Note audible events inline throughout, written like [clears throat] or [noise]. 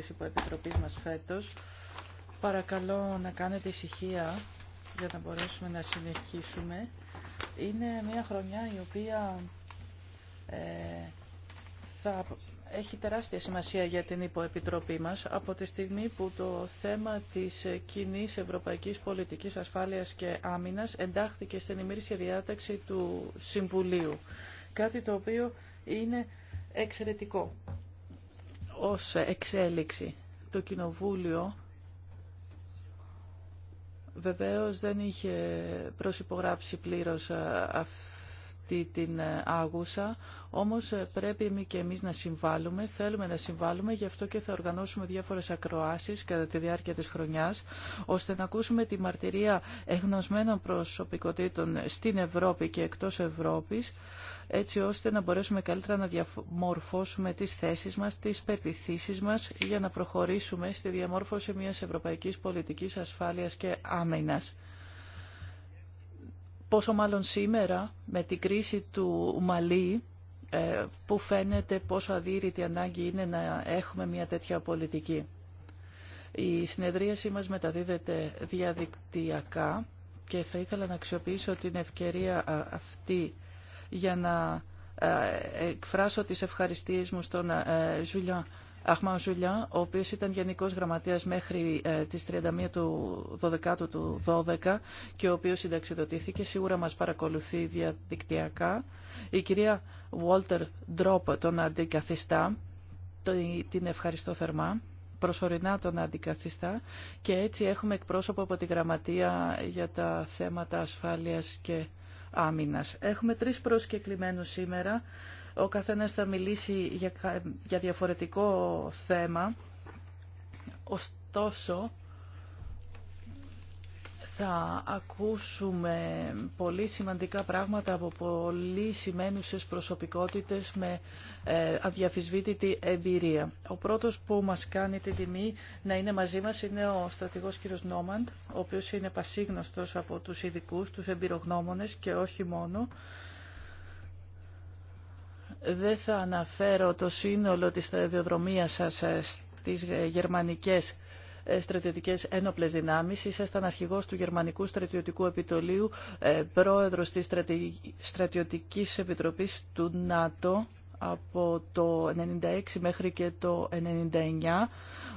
της υποεπιτροπής μας φέτος. Παρακαλώ να κάνετε ησυχία για να μπορέσουμε να συνεχίσουμε. Είναι μια χρονιά η οποία ε, θα έχει τεράστια σημασία για την υποεπιτροπή μας από τη στιγμή που το θέμα της κοινή ευρωπαϊκής πολιτικής ασφάλειας και άμυνας εντάχθηκε στην ημερήσια διάταξη του Συμβουλίου. Κάτι το οποίο είναι εξαιρετικό ως εξέλιξη. Το Κοινοβούλιο βεβαίως δεν είχε προσυπογράψει πλήρως ε, την ε, άγουσα, όμως ε, πρέπει και εμείς να συμβάλλουμε, θέλουμε να συμβάλλουμε, γι' αυτό και θα οργανώσουμε διάφορες ακροάσεις κατά τη διάρκεια της χρονιάς, ώστε να ακούσουμε τη μαρτυρία εγνωσμένων προσωπικότητων στην Ευρώπη και εκτός Ευρώπης, έτσι ώστε να μπορέσουμε καλύτερα να διαμορφώσουμε τις θέσεις μας, τις πεπιθήσεις μας για να προχωρήσουμε στη διαμόρφωση μιας ευρωπαϊκής πολιτικής ασφάλειας και άμυνας πόσο μάλλον σήμερα με την κρίση του Μαλή ε, που φαίνεται πόσο αδύρυτη ανάγκη είναι να έχουμε μια τέτοια πολιτική. Η συνεδρίασή μας μεταδίδεται διαδικτυακά και θα ήθελα να αξιοποιήσω την ευκαιρία αυτή για να ε, εκφράσω τις ευχαριστίες μου στον Ζουλιαν ε, Αχμαν Ζουλιά, ο οποίος ήταν Γενικός Γραμματέας μέχρι ε, τις 31 του 12 του 12 και ο οποίος συνταξιδοτήθηκε, σίγουρα μας παρακολουθεί διαδικτυακά. Η κυρία Βόλτερ Ντρόπ τον αντικαθιστά, την ευχαριστώ θερμά προσωρινά τον αντικαθιστά και έτσι έχουμε εκπρόσωπο από τη Γραμματεία για τα θέματα ασφάλειας και άμυνας. Έχουμε τρεις προσκεκλημένους σήμερα. Ο καθένας θα μιλήσει για, διαφορετικό θέμα. Ωστόσο, θα ακούσουμε πολύ σημαντικά πράγματα από πολύ σημαίνουσες προσωπικότητες με ε, αδιαφυσβήτητη εμπειρία. Ο πρώτος που μας κάνει την τιμή να είναι μαζί μας είναι ο στρατηγός κ. Νόμαντ, ο οποίος είναι πασίγνωστος από τους ειδικού, τους εμπειρογνώμονες και όχι μόνο. Δεν θα αναφέρω το σύνολο της σταδιοδρομίας σας ε, στις ε, γερμανικές ε, στρατιωτικές ένοπλες δυνάμεις. Ήσασταν αρχηγός του Γερμανικού Στρατιωτικού Επιτολίου, πρόεδρος της Στρατιωτικής Επιτροπής του ΝΑΤΟ από το 1996 μέχρι και το 1999.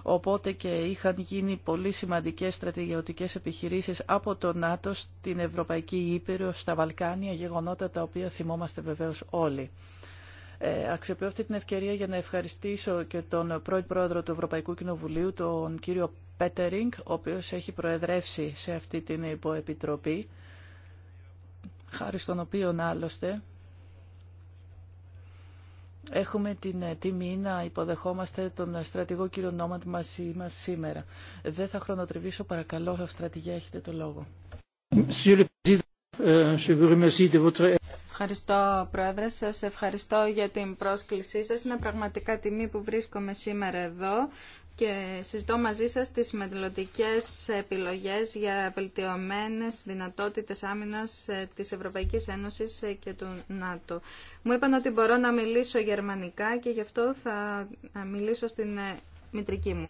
οπότε και είχαν γίνει πολύ σημαντικές στρατιωτικές επιχειρήσεις από το ΝΑΤΟ στην Ευρωπαϊκή Ήπειρο, στα Βαλκάνια, γεγονότα τα οποία θυμόμαστε βεβαίως όλοι. Ε, αξιοποιώ αυτή την ευκαιρία για να ευχαριστήσω και τον πρώην πρόεδρο του Ευρωπαϊκού Κοινοβουλίου, τον κύριο Πέτερινγκ, ο οποίος έχει προεδρεύσει σε αυτή την υποεπιτροπή, χάρη στον οποίο άλλωστε Έχουμε την τιμή να υποδεχόμαστε τον στρατηγό κύριο Νόμαντ μαζί μας σήμερα. Δεν θα χρονοτριβήσω παρακαλώ, στρατηγέ έχετε το λόγο. Euh, ευχαριστώ Πρόεδρε, Σα ευχαριστώ για την πρόσκλησή σας. Είναι πραγματικά τιμή που βρίσκομαι σήμερα εδώ και συζητώ μαζί σα τις μελλοντικέ επιλογές για βελτιωμένε δυνατότητες άμυνα ε, της Ευρωπαϊκής Ένωση ε, και του ΝΑΤΟ. Μου είπαν ότι μπορώ να μιλήσω γερμανικά και γι' αυτό θα ε, μιλήσω στην μητρική μου.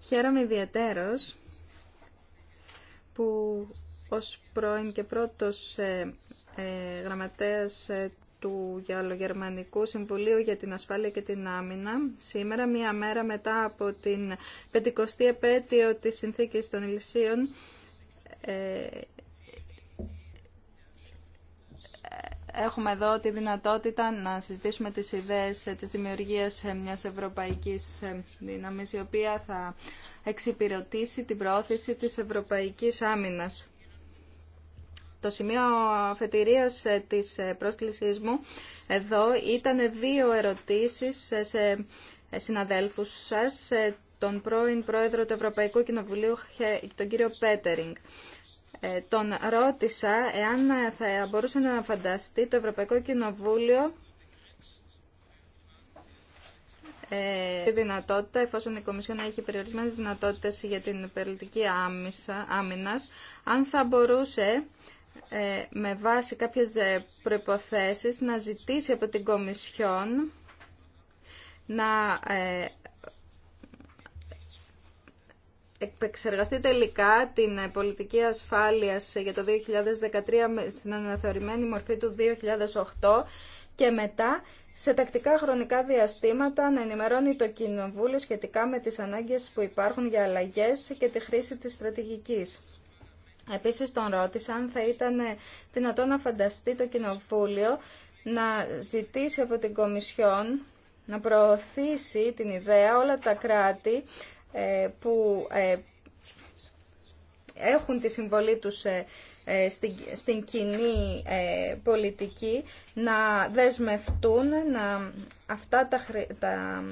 Χαίρομαι ιδιαίτερος που ως πρώην και πρώτος ε, ε, γραμματέας ε, του Γαλλογερμανικού Συμβουλίου για την Ασφάλεια και την Άμυνα. Σήμερα, μία μέρα μετά από την 50η επέτειο της Συνθήκης των Ηλυσίων, έχουμε εδώ τη δυνατότητα να συζητήσουμε τις ιδέες ε, της δημιουργίας ε, μιας ευρωπαϊκής ε, δύναμης η οποία θα εξυπηρετήσει την πρόθεση της ευρωπαϊκής άμυνας. Το σημείο αφετηρίας της πρόσκλησής μου εδώ ήταν δύο ερωτήσεις σε συναδέλφους σας, τον πρώην πρόεδρο του Ευρωπαϊκού Κοινοβουλίου, τον κύριο Πέτερινγκ. Ε, τον ρώτησα εάν ε, θα μπορούσε να φανταστεί το Ευρωπαϊκό Κοινοβούλιο ε, τη δυνατότητα, εφόσον η Κομισιόν έχει περιορισμένες δυνατότητες για την περιοριστική άμυνα αν θα μπορούσε με βάση κάποιες προϋποθέσεις να ζητήσει από την Κομισιόν να επεξεργαστεί τελικά την πολιτική ασφάλειας για το 2013 στην αναθεωρημένη μορφή του 2008 και μετά σε τακτικά χρονικά διαστήματα να ενημερώνει το Κοινοβούλιο σχετικά με τις ανάγκες που υπάρχουν για αλλαγές και τη χρήση της στρατηγικής. Επίσης τον ρώτησα αν θα ήταν δυνατό να φανταστεί το Κοινοβούλιο να ζητήσει από την Κομισιόν να προωθήσει την ιδέα όλα τα κράτη ε, που ε, έχουν τη συμβολή τους ε, στην κοινή πολιτική να δεσμευτούν να αυτά τα, τα,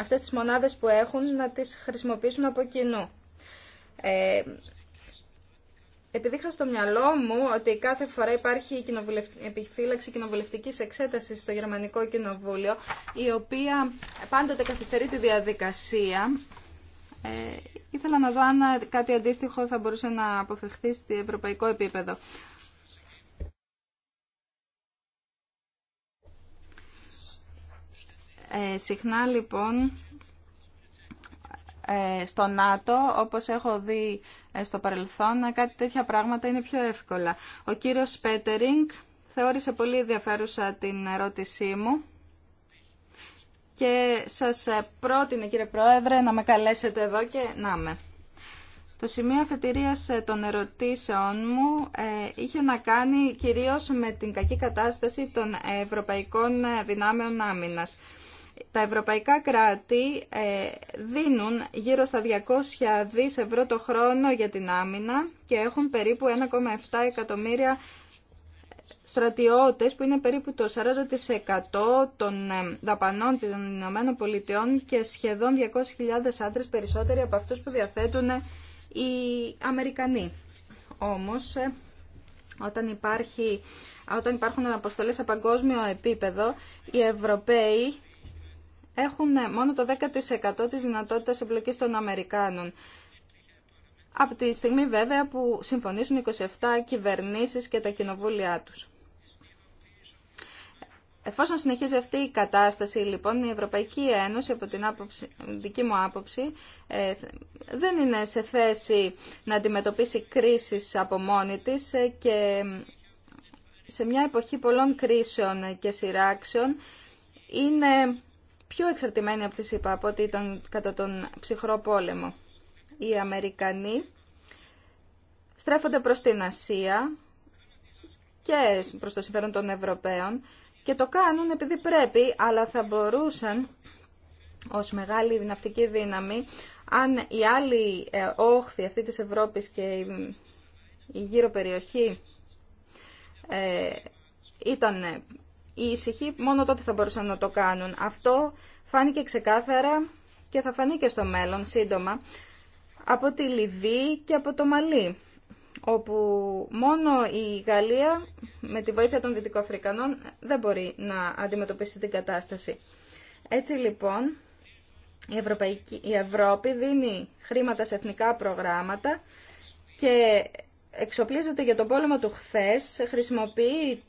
αυτές τις μονάδες που έχουν να τις χρησιμοποιήσουν από κοινού επειδή είχα στο μυαλό μου ότι κάθε φορά υπάρχει επιφύλαξη κοινοβουλευτική εξέταση στο Γερμανικό Κοινοβούλιο, η οποία πάντοτε καθυστερεί τη διαδικασία, ε, ήθελα να δω αν ε, κάτι αντίστοιχο θα μπορούσε να αποφευχθεί στο ευρωπαϊκό επίπεδο. Ε, συχνά λοιπόν ε, στο ΝΑΤΟ, όπως έχω δει ε, στο παρελθόν, κάτι τέτοια πράγματα είναι πιο εύκολα. Ο κύριος Πέτερινγκ θεώρησε πολύ ενδιαφέρουσα την ερώτησή μου και σας ε, πρότεινε κύριε Πρόεδρε να με καλέσετε εδώ και να με. Το σημείο αφετηρίας των ερωτήσεων μου είχε να κάνει κυρίως με την κακή κατάσταση των ευρωπαϊκών δυνάμεων άμυνας. Τα ευρωπαϊκά κράτη ε, δίνουν γύρω στα 200 δις ευρώ το χρόνο για την άμυνα και έχουν περίπου 1,7 εκατομμύρια στρατιώτες που είναι περίπου το 40% των ε, δαπανών των Ηνωμένων Πολιτειών και σχεδόν 200.000 άντρες περισσότεροι από αυτούς που διαθέτουν ε, οι Αμερικανοί. Όμως, όταν, υπάρχει, όταν υπάρχουν αποστολές σε παγκόσμιο επίπεδο, οι Ευρωπαίοι έχουν μόνο το 10% της δυνατότητας εμπλοκής των Αμερικάνων. Από τη στιγμή βέβαια που συμφωνήσουν 27 κυβερνήσεις και τα κοινοβούλια τους. Εφόσον συνεχίζει αυτή η κατάσταση, λοιπόν, η Ευρωπαϊκή Ένωση, από την άποψη, δική μου άποψη, ε, δεν είναι σε θέση να αντιμετωπίσει κρίσεις από μόνη της ε, και σε μια εποχή πολλών κρίσεων και σειράξεων είναι πιο εξαρτημένοι από τη ΣΥΠΑ από ότι ήταν κατά τον ψυχρό πόλεμο. Οι Αμερικανοί στρέφονται προς την Ασία και προς το συμφέρον των Ευρωπαίων και το κάνουν επειδή πρέπει, αλλά θα μπορούσαν ως μεγάλη ναυτική δύναμη αν η άλλοι ε, όχθη αυτή της Ευρώπης και η γύρω περιοχή ε, ήταν οι ήσυχοι μόνο τότε θα μπορούσαν να το κάνουν. Αυτό φάνηκε ξεκάθαρα και θα φανεί και στο μέλλον σύντομα από τη Λιβύη και από το Μαλί όπου μόνο η Γαλλία με τη βοήθεια των Δυτικοαφρικανών δεν μπορεί να αντιμετωπίσει την κατάσταση. Έτσι λοιπόν η, η Ευρώπη δίνει χρήματα σε εθνικά προγράμματα και εξοπλίζεται για τον πόλεμο του χθες, χρησιμοποιεί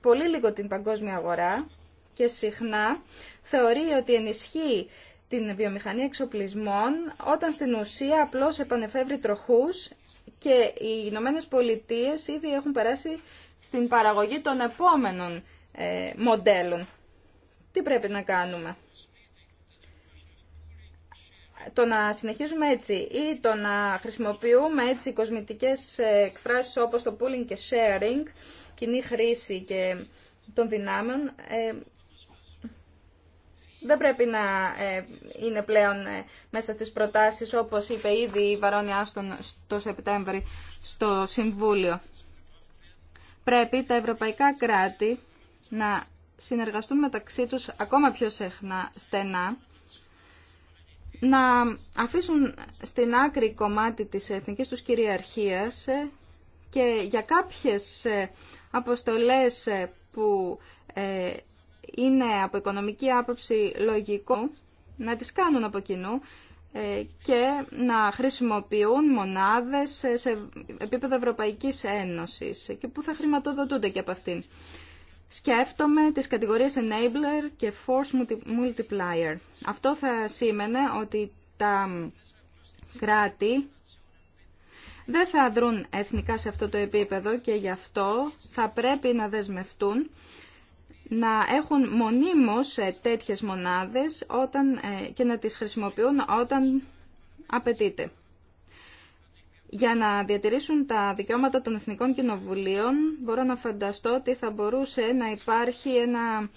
πολύ λίγο την παγκόσμια αγορά και συχνά θεωρεί ότι ενισχύει την βιομηχανία εξοπλισμών όταν στην ουσία απλώς επανεφεύρει τροχούς και οι Ηνωμένε Πολιτείε ήδη έχουν περάσει στην παραγωγή των επόμενων ε, μοντέλων. Τι πρέπει να κάνουμε. Το να συνεχίζουμε έτσι ή το να χρησιμοποιούμε έτσι κοσμητικές ε, εκφράσεις όπως το pooling και sharing κοινή χρήση και των δυνάμεων ε, δεν πρέπει να ε, είναι πλέον ε, μέσα στις προτάσεις, όπως είπε ήδη η Βαρόνια Άστον στο Σεπτέμβρη στο Συμβούλιο. Πρέπει τα ευρωπαϊκά κράτη να συνεργαστούν μεταξύ τους ακόμα πιο στενά, να αφήσουν στην άκρη κομμάτι της εθνικής τους κυριαρχίας και για κάποιες αποστολές ε, που ε, είναι από οικονομική άποψη λογικό να τις κάνουν από κοινού ε, και να χρησιμοποιούν μονάδες σε επίπεδο Ευρωπαϊκής Ένωσης και που θα χρηματοδοτούνται και από αυτήν. Σκέφτομαι τις κατηγορίες Enabler και Force Multiplier. Αυτό θα σήμαινε ότι τα κράτη δεν θα αντρούν εθνικά σε αυτό το επίπεδο και γι' αυτό θα πρέπει να δεσμευτούν να έχουν μονίμως ε, τέτοιες μονάδες όταν, ε, και να τις χρησιμοποιούν όταν απαιτείται. Για να διατηρήσουν τα δικαιώματα των Εθνικών Κοινοβουλίων μπορώ να φανταστώ ότι θα μπορούσε να υπάρχει ένα,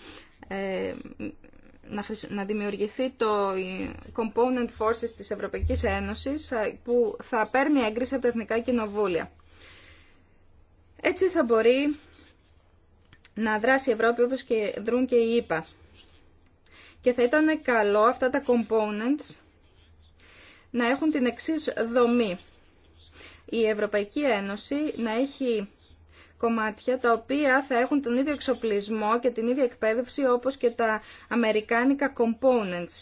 ε, να δημιουργηθεί το Component Forces της Ευρωπαϊκής Ένωσης που θα παίρνει έγκριση από τα Εθνικά Κοινοβούλια. Έτσι θα μπορεί να δράσει η Ευρώπη όπως και δρούν και οι ΕΕ. Και θα ήταν καλό αυτά τα components να έχουν την εξής δομή. Η Ευρωπαϊκή Ένωση να έχει κομμάτια τα οποία θα έχουν τον ίδιο εξοπλισμό και την ίδια εκπαίδευση όπως και τα αμερικάνικα components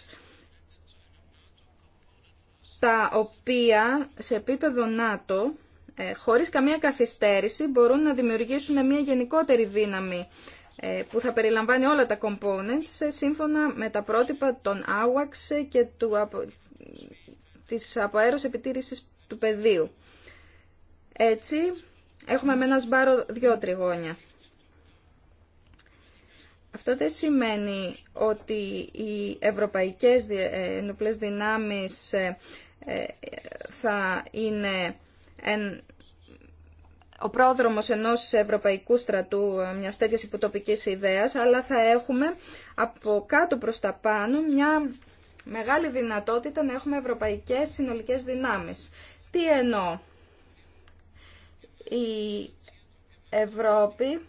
τα οποία σε επίπεδο ΝΑΤΟ ε, χωρίς καμία καθυστέρηση μπορούν να δημιουργήσουν μια γενικότερη δύναμη ε, που θα περιλαμβάνει όλα τα components ε, σύμφωνα με τα πρότυπα των AWACS και του, της αποαέρωσης επιτήρησης του πεδίου. Έτσι, Έχουμε με ένα σπάρο δύο τριγώνια. Αυτό δεν σημαίνει ότι οι ευρωπαϊκές ε, ενοπλές δυνάμεις ε, ε, θα είναι ο πρόδρομος ενός ευρωπαϊκού στρατού μια τέτοιας υποτοπικής ιδέας, αλλά θα έχουμε από κάτω προς τα πάνω μια μεγάλη δυνατότητα να έχουμε ευρωπαϊκές συνολικές δυνάμεις. Τι εννοώ η Ευρώπη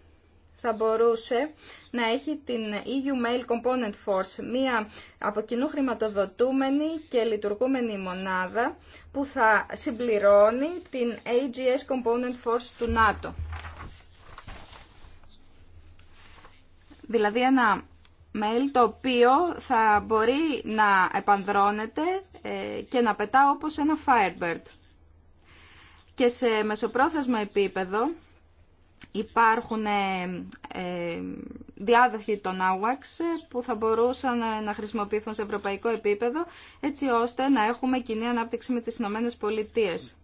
θα μπορούσε να έχει την EU Mail Component Force, μία από κοινού χρηματοδοτούμενη και λειτουργούμενη μονάδα που θα συμπληρώνει την AGS Component Force του ΝΑΤΟ. Δηλαδή ένα mail το οποίο θα μπορεί να επανδρώνεται ε, και να πετά όπως ένα Firebird και σε μεσοπρόθεσμο επίπεδο υπάρχουν ε, ε, διάδοχοι των AWACS ε, που θα μπορούσαν να χρησιμοποιηθούν σε ευρωπαϊκό επίπεδο έτσι ώστε να έχουμε κοινή ανάπτυξη με τις Ηνωμένες Πολιτείες.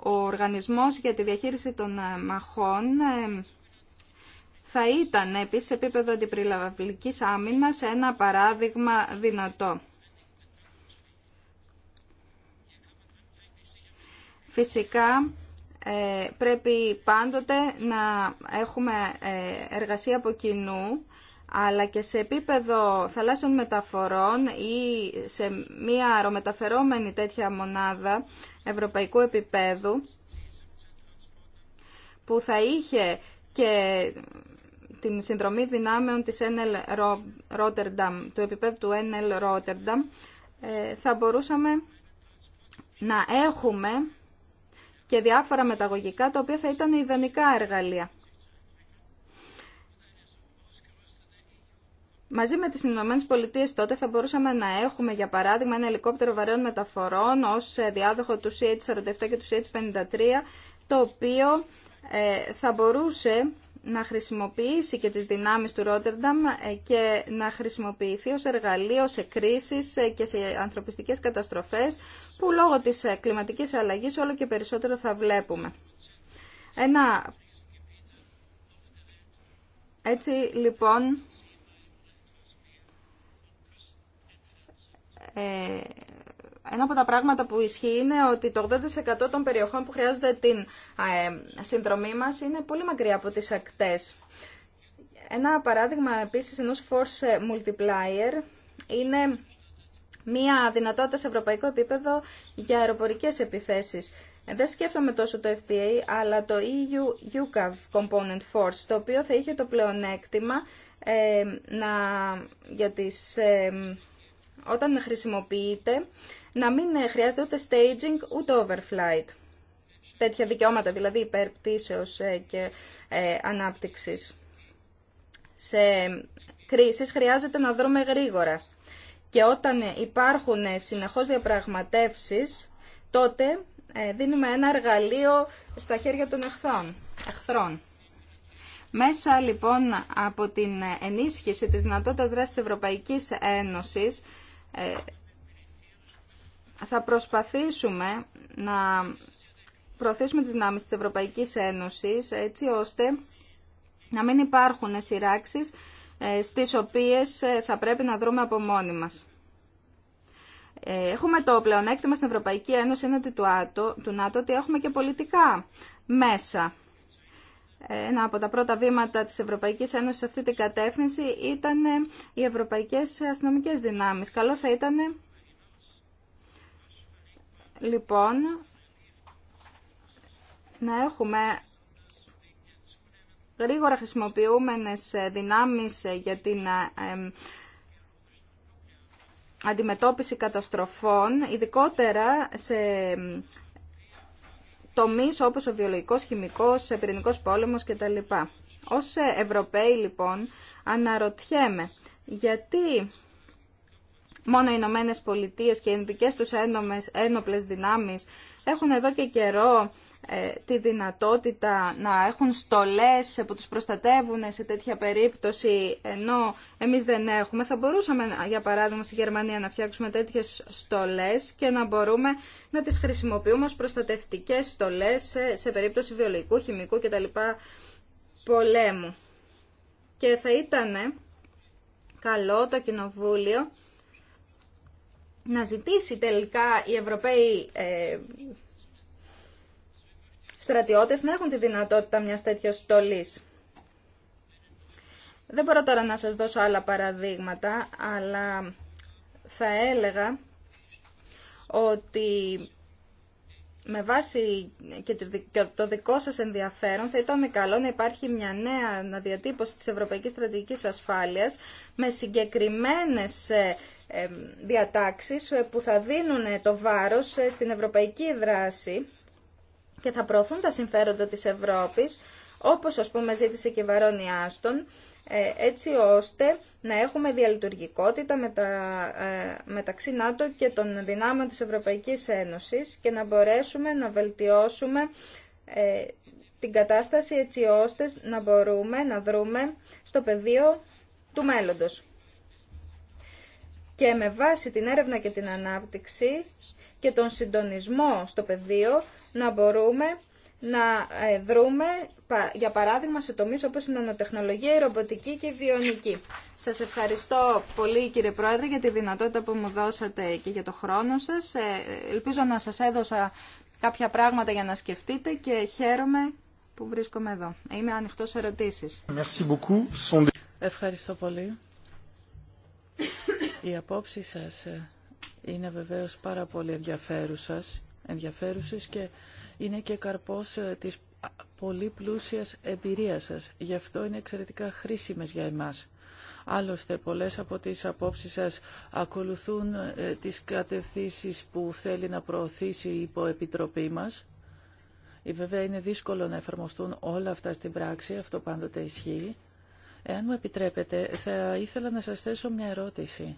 Ο Οργανισμός για τη Διαχείριση των Μαχών θα ήταν επίσης σε επίπεδο αντιπριλαβλικής άμυνας ένα παράδειγμα δυνατό. Φυσικά ε, πρέπει πάντοτε να έχουμε ε, εργασία από κοινού, αλλά και σε επίπεδο θαλάσσιων μεταφορών ή σε μια αερομεταφερόμενη τέτοια μονάδα ευρωπαϊκού επίπεδου, που θα είχε και την συνδρομή δυνάμεων της NL Rotterdam, του επίπεδου του NL Rotterdam, ε, θα μπορούσαμε να έχουμε και διάφορα μεταγωγικά τα οποία θα ήταν ιδανικά εργαλεία. Μαζί με τις Ηνωμένες Πολιτείες τότε θα μπορούσαμε να έχουμε, για παράδειγμα, ένα ελικόπτερο βαρέων μεταφορών ως ε, διάδοχο του CH-47 και του CH-53, το οποίο ε, θα μπορούσε να χρησιμοποιήσει και τις δυνάμεις του Ρότερνταμ ε, και να χρησιμοποιηθεί ως εργαλείο σε κρίσεις ε, και σε ανθρωπιστικές καταστροφές που λόγω της ε, κλιματικής αλλαγής όλο και περισσότερο θα βλέπουμε. Ένα... Έτσι λοιπόν ένα από τα πράγματα που ισχύει είναι ότι το 80% των περιοχών που χρειάζονται την ε, συνδρομή μας είναι πολύ μακριά από τις ακτές. Ένα παράδειγμα επίσης ενός force multiplier είναι μια δυνατότητα σε ευρωπαϊκό επίπεδο για αεροπορικές επιθέσεις. Δεν σκέφτομαι τόσο το FPA, αλλά το EU UCAV Component Force, το οποίο θα είχε το πλεονέκτημα ε, να, για τις... Ε, όταν χρησιμοποιείται να μην χρειάζεται ούτε staging ούτε overflight. Τέτοια δικαιώματα δηλαδή υπερπτήσεως ε, και ε, ανάπτυξης. Σε κρίσεις χρειάζεται να δρούμε γρήγορα και όταν υπάρχουν ε, συνεχώς διαπραγματεύσεις τότε δίνουμε ένα εργαλείο στα χέρια των εχθρών. Μέσα λοιπόν από την ενίσχυση της δυνατότητας δράσης της Ευρωπαϊκής Ένωσης ε, θα προσπαθήσουμε να προωθήσουμε τις δυνάμεις της Ευρωπαϊκής Ένωσης έτσι ώστε να μην υπάρχουν σειράξεις ε, στις οποίες ε, θα πρέπει να δρούμε από μόνοι μας. Έχουμε το πλεονέκτημα στην Ευρωπαϊκή Ένωση άτο του ΝΑΤΟ ότι έχουμε και πολιτικά μέσα ένα από τα πρώτα βήματα της Ευρωπαϊκής Ένωσης σε αυτή την κατεύθυνση ήταν ε, οι ευρωπαϊκές αστυνομικές δυνάμεις. Καλό θα ήταν λοιπόν να έχουμε γρήγορα χρησιμοποιούμενες δυνάμεις για την ε, αντιμετώπιση καταστροφών, ειδικότερα σε Τομεί, όπω ο βιολογικό, χημικό, πυρηνικό πόλεμο κτλ. Ω Ευρωπαίοι λοιπόν αναρωτιέμαι γιατί μόνο οι Ηνωμένε Πολιτείε και οι δικές του ένοπλε δυνάμει έχουν εδώ και καιρό ε, τη δυνατότητα να έχουν στολές που τους προστατεύουν σε τέτοια περίπτωση ενώ εμείς δεν έχουμε. Θα μπορούσαμε για παράδειγμα στη Γερμανία να φτιάξουμε τέτοιες στολές και να μπορούμε να τις χρησιμοποιούμε ως προστατευτικές στολές σε περίπτωση βιολογικού, χημικού κτλ. πολέμου. Και θα ήταν καλό το Κοινοβούλιο να ζητήσει τελικά οι Ευρωπαίοι ε, στρατιώτες να έχουν τη δυνατότητα μιας τέτοιας στολής. Δεν μπορώ τώρα να σας δώσω άλλα παραδείγματα, αλλά θα έλεγα ότι με βάση και το δικό σας ενδιαφέρον θα ήταν καλό να υπάρχει μια νέα αναδιατύπωση της Ευρωπαϊκής Στρατηγικής Ασφάλειας με συγκεκριμένες ε, ε, διατάξεις που θα δίνουν το βάρος ε, στην ευρωπαϊκή δράση και θα προωθούν τα συμφέροντα της Ευρώπης, όπως ας πούμε ζήτησε και η Άστον, ε, έτσι ώστε να έχουμε διαλειτουργικότητα μετα, ε, μεταξύ ΝΑΤΟ και των δυνάμεων της Ευρωπαϊκής Ένωσης και να μπορέσουμε να βελτιώσουμε ε, την κατάσταση έτσι ώστε να μπορούμε να δρούμε στο πεδίο του μέλλοντος. Και με βάση την έρευνα και την ανάπτυξη και τον συντονισμό στο πεδίο να μπορούμε να ε, δρούμε, για παράδειγμα, σε τομείς όπως η νανοτεχνολογία, η ρομποτική και η βιονική. Σας ευχαριστώ πολύ κύριε Πρόεδρε για τη δυνατότητα που μου δώσατε και για το χρόνο σας. Ε, ελπίζω να σας έδωσα κάποια πράγματα για να σκεφτείτε και χαίρομαι που βρίσκομαι εδώ. Είμαι ανοιχτό σε ερωτήσεις. Ευχαριστώ πολύ. Η απόψη σας ε, είναι βεβαίως πάρα πολύ ενδιαφέρουσας, ενδιαφέρουσες και είναι και καρπός ε, της πολύ πλούσιας εμπειρίας σας. Γι' αυτό είναι εξαιρετικά χρήσιμες για εμάς. Άλλωστε, πολλές από τις απόψεις σας ακολουθούν ε, τις κατευθύνσεις που θέλει να προωθήσει η υποεπιτροπή μας. Ε, βέβαια, είναι δύσκολο να εφαρμοστούν όλα αυτά στην πράξη, αυτό πάντοτε ισχύει. Εάν μου επιτρέπετε, θα ήθελα να σας θέσω μια ερώτηση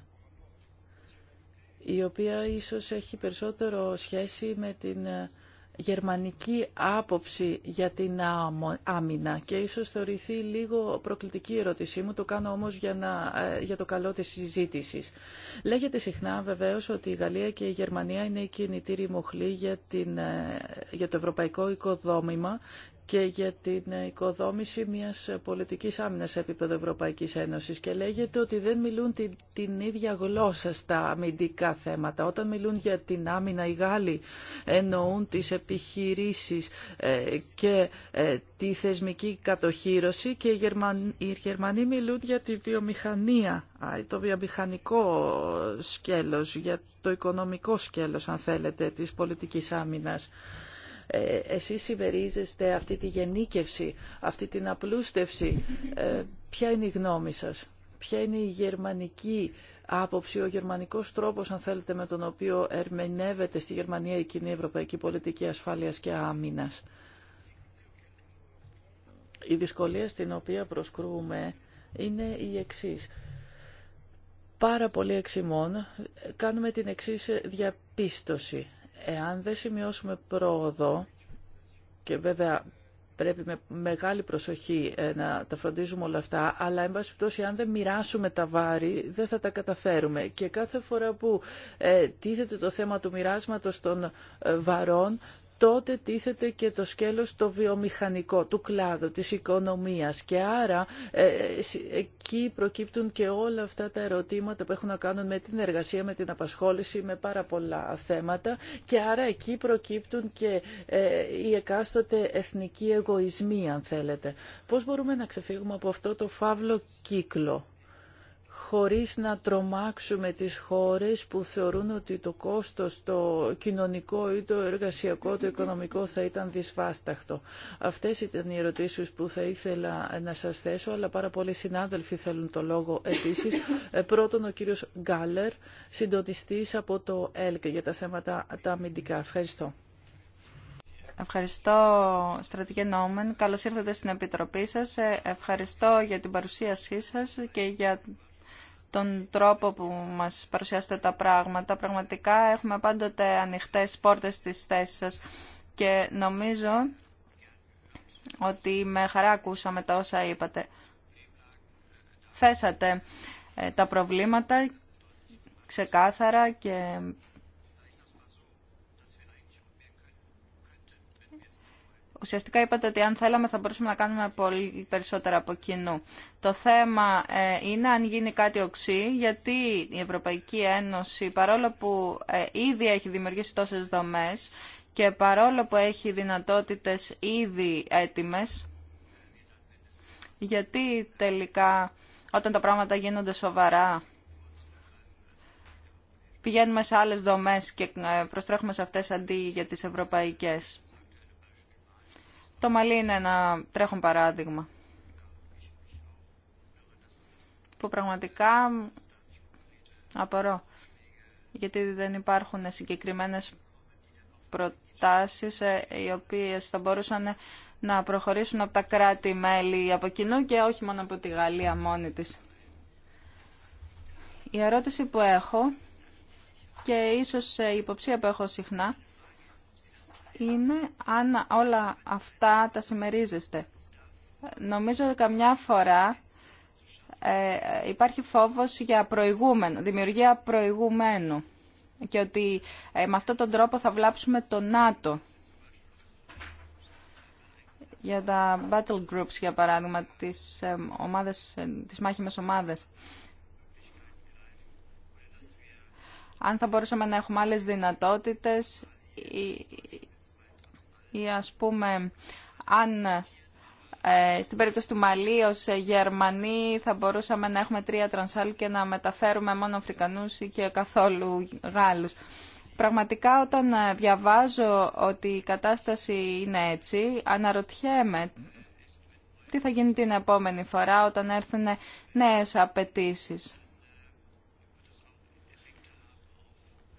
η οποία ίσως έχει περισσότερο σχέση με την ε, γερμανική άποψη για την άμυνα και ίσως θεωρηθεί λίγο προκλητική ερώτησή μου, το κάνω όμως για, να, ε, για το καλό της συζήτησης. Λέγεται συχνά βεβαίως ότι η Γαλλία και η Γερμανία είναι η κινητήρη μοχλή για, την, ε, για το ευρωπαϊκό οικοδόμημα και για την οικοδόμηση μιας πολιτικής άμυνας σε επίπεδο Ευρωπαϊκής Ένωσης και λέγεται ότι δεν μιλούν την, την ίδια γλώσσα στα αμυντικά θέματα. Όταν μιλούν για την άμυνα οι Γάλλοι εννοούν τις επιχειρήσεις ε, και ε, τη θεσμική κατοχήρωση και οι Γερμανοί, οι Γερμανοί μιλούν για τη βιομηχανία, το βιομηχανικό σκέλος, για το οικονομικό σκέλος αν θέλετε της πολιτικής άμυνας. Ε, εσείς συμμερίζεστε αυτή τη γενίκευση, αυτή την απλούστευση. Ε, ποια είναι η γνώμη σας, ποια είναι η γερμανική άποψη, ο γερμανικός τρόπος, αν θέλετε, με τον οποίο ερμενεύεται στη Γερμανία η κοινή ευρωπαϊκή πολιτική ασφάλειας και άμυνας. Η δυσκολία στην οποία προσκρούμε είναι η εξής. Πάρα πολύ εξημών κάνουμε την εξής διαπίστωση. Εάν δεν σημειώσουμε πρόοδο, και βέβαια πρέπει με μεγάλη προσοχή ε, να τα φροντίζουμε όλα αυτά, αλλά εν πάση πτώση αν δεν μοιράσουμε τα βάρη δεν θα τα καταφέρουμε. Και κάθε φορά που ε, τίθεται το θέμα του μοιράσματος των ε, βαρών, τότε τίθεται και το σκέλος το βιομηχανικό, του κλάδου, της οικονομίας και άρα ε, εκεί προκύπτουν και όλα αυτά τα ερωτήματα που έχουν να κάνουν με την εργασία, με την απασχόληση, με πάρα πολλά θέματα και άρα εκεί προκύπτουν και ε, οι εκάστοτε εθνικοί εγωισμοί αν θέλετε. Πώς μπορούμε να ξεφύγουμε από αυτό το φαύλο κύκλο χωρίς να τρομάξουμε τις χώρες που θεωρούν ότι το κόστος το κοινωνικό ή το εργασιακό, το οικονομικό θα ήταν δυσβάσταχτο. Αυτές ήταν οι ερωτήσεις που θα ήθελα να σας θέσω, αλλά πάρα πολλοί συνάδελφοι θέλουν το λόγο επίσης. Ε, πρώτον ο κύριος Γκάλερ, συντονιστής από το ΕΛΚ για τα θέματα τα αμυντικά. Ευχαριστώ. Ευχαριστώ, στρατηγέ Νόμεν. Καλώς ήρθατε στην Επιτροπή σας. Ε, ευχαριστώ για την παρουσίασή σας και για τον τρόπο που μας παρουσιάσετε τα πράγματα. Πραγματικά έχουμε πάντοτε ανοιχτές πόρτες στις θέσεις σας και νομίζω ότι με χαρά ακούσαμε τα όσα είπατε. Θέσατε ε, τα προβλήματα ξεκάθαρα και Ουσιαστικά είπατε ότι αν θέλαμε θα μπορούσαμε να κάνουμε πολύ περισσότερα από κοινού. Το θέμα ε, είναι αν γίνει κάτι οξύ, γιατί η Ευρωπαϊκή Ένωση, παρόλο που ε, ήδη έχει δημιουργήσει τόσες δομές και παρόλο που έχει δυνατότητες ήδη έτοιμες, γιατί τελικά όταν τα πράγματα γίνονται σοβαρά πηγαίνουμε σε άλλες δομές και ε, προστρέχουμε σε αυτές αντί για τις ευρωπαϊκές. Το μαλλι είναι ένα τρέχον παράδειγμα που πραγματικά απορώ γιατί δεν υπάρχουν συγκεκριμένες προτάσεις ε, οι οποίες θα μπορούσαν να προχωρήσουν από τα κράτη-μέλη από κοινού και όχι μόνο από τη Γαλλία μόνη της. Η ερώτηση που έχω και ίσως ε, η υποψία που έχω συχνά είναι αν όλα αυτά τα συμμερίζεστε. Νομίζω ότι καμιά φορά ε, υπάρχει φόβος για προηγούμενο, δημιουργία προηγουμένου και ότι ε, με αυτόν τον τρόπο θα βλάψουμε το ΝΑΤΟ. Για τα battle groups, για παράδειγμα, τις, ε, ομάδες, ε, τις μάχημες ομάδες. Αν θα μπορούσαμε να έχουμε άλλες δυνατότητες ή ας πούμε αν ε, στην περίπτωση του Μαλή ως Γερμανοί θα μπορούσαμε να έχουμε τρία τρανσάλ και να μεταφέρουμε μόνο Αφρικανούς και καθόλου Γάλλους. Πραγματικά όταν ε, διαβάζω ότι η κατάσταση είναι έτσι, αναρωτιέμαι τι θα γίνει την επόμενη φορά όταν έρθουν νέες απαιτήσει.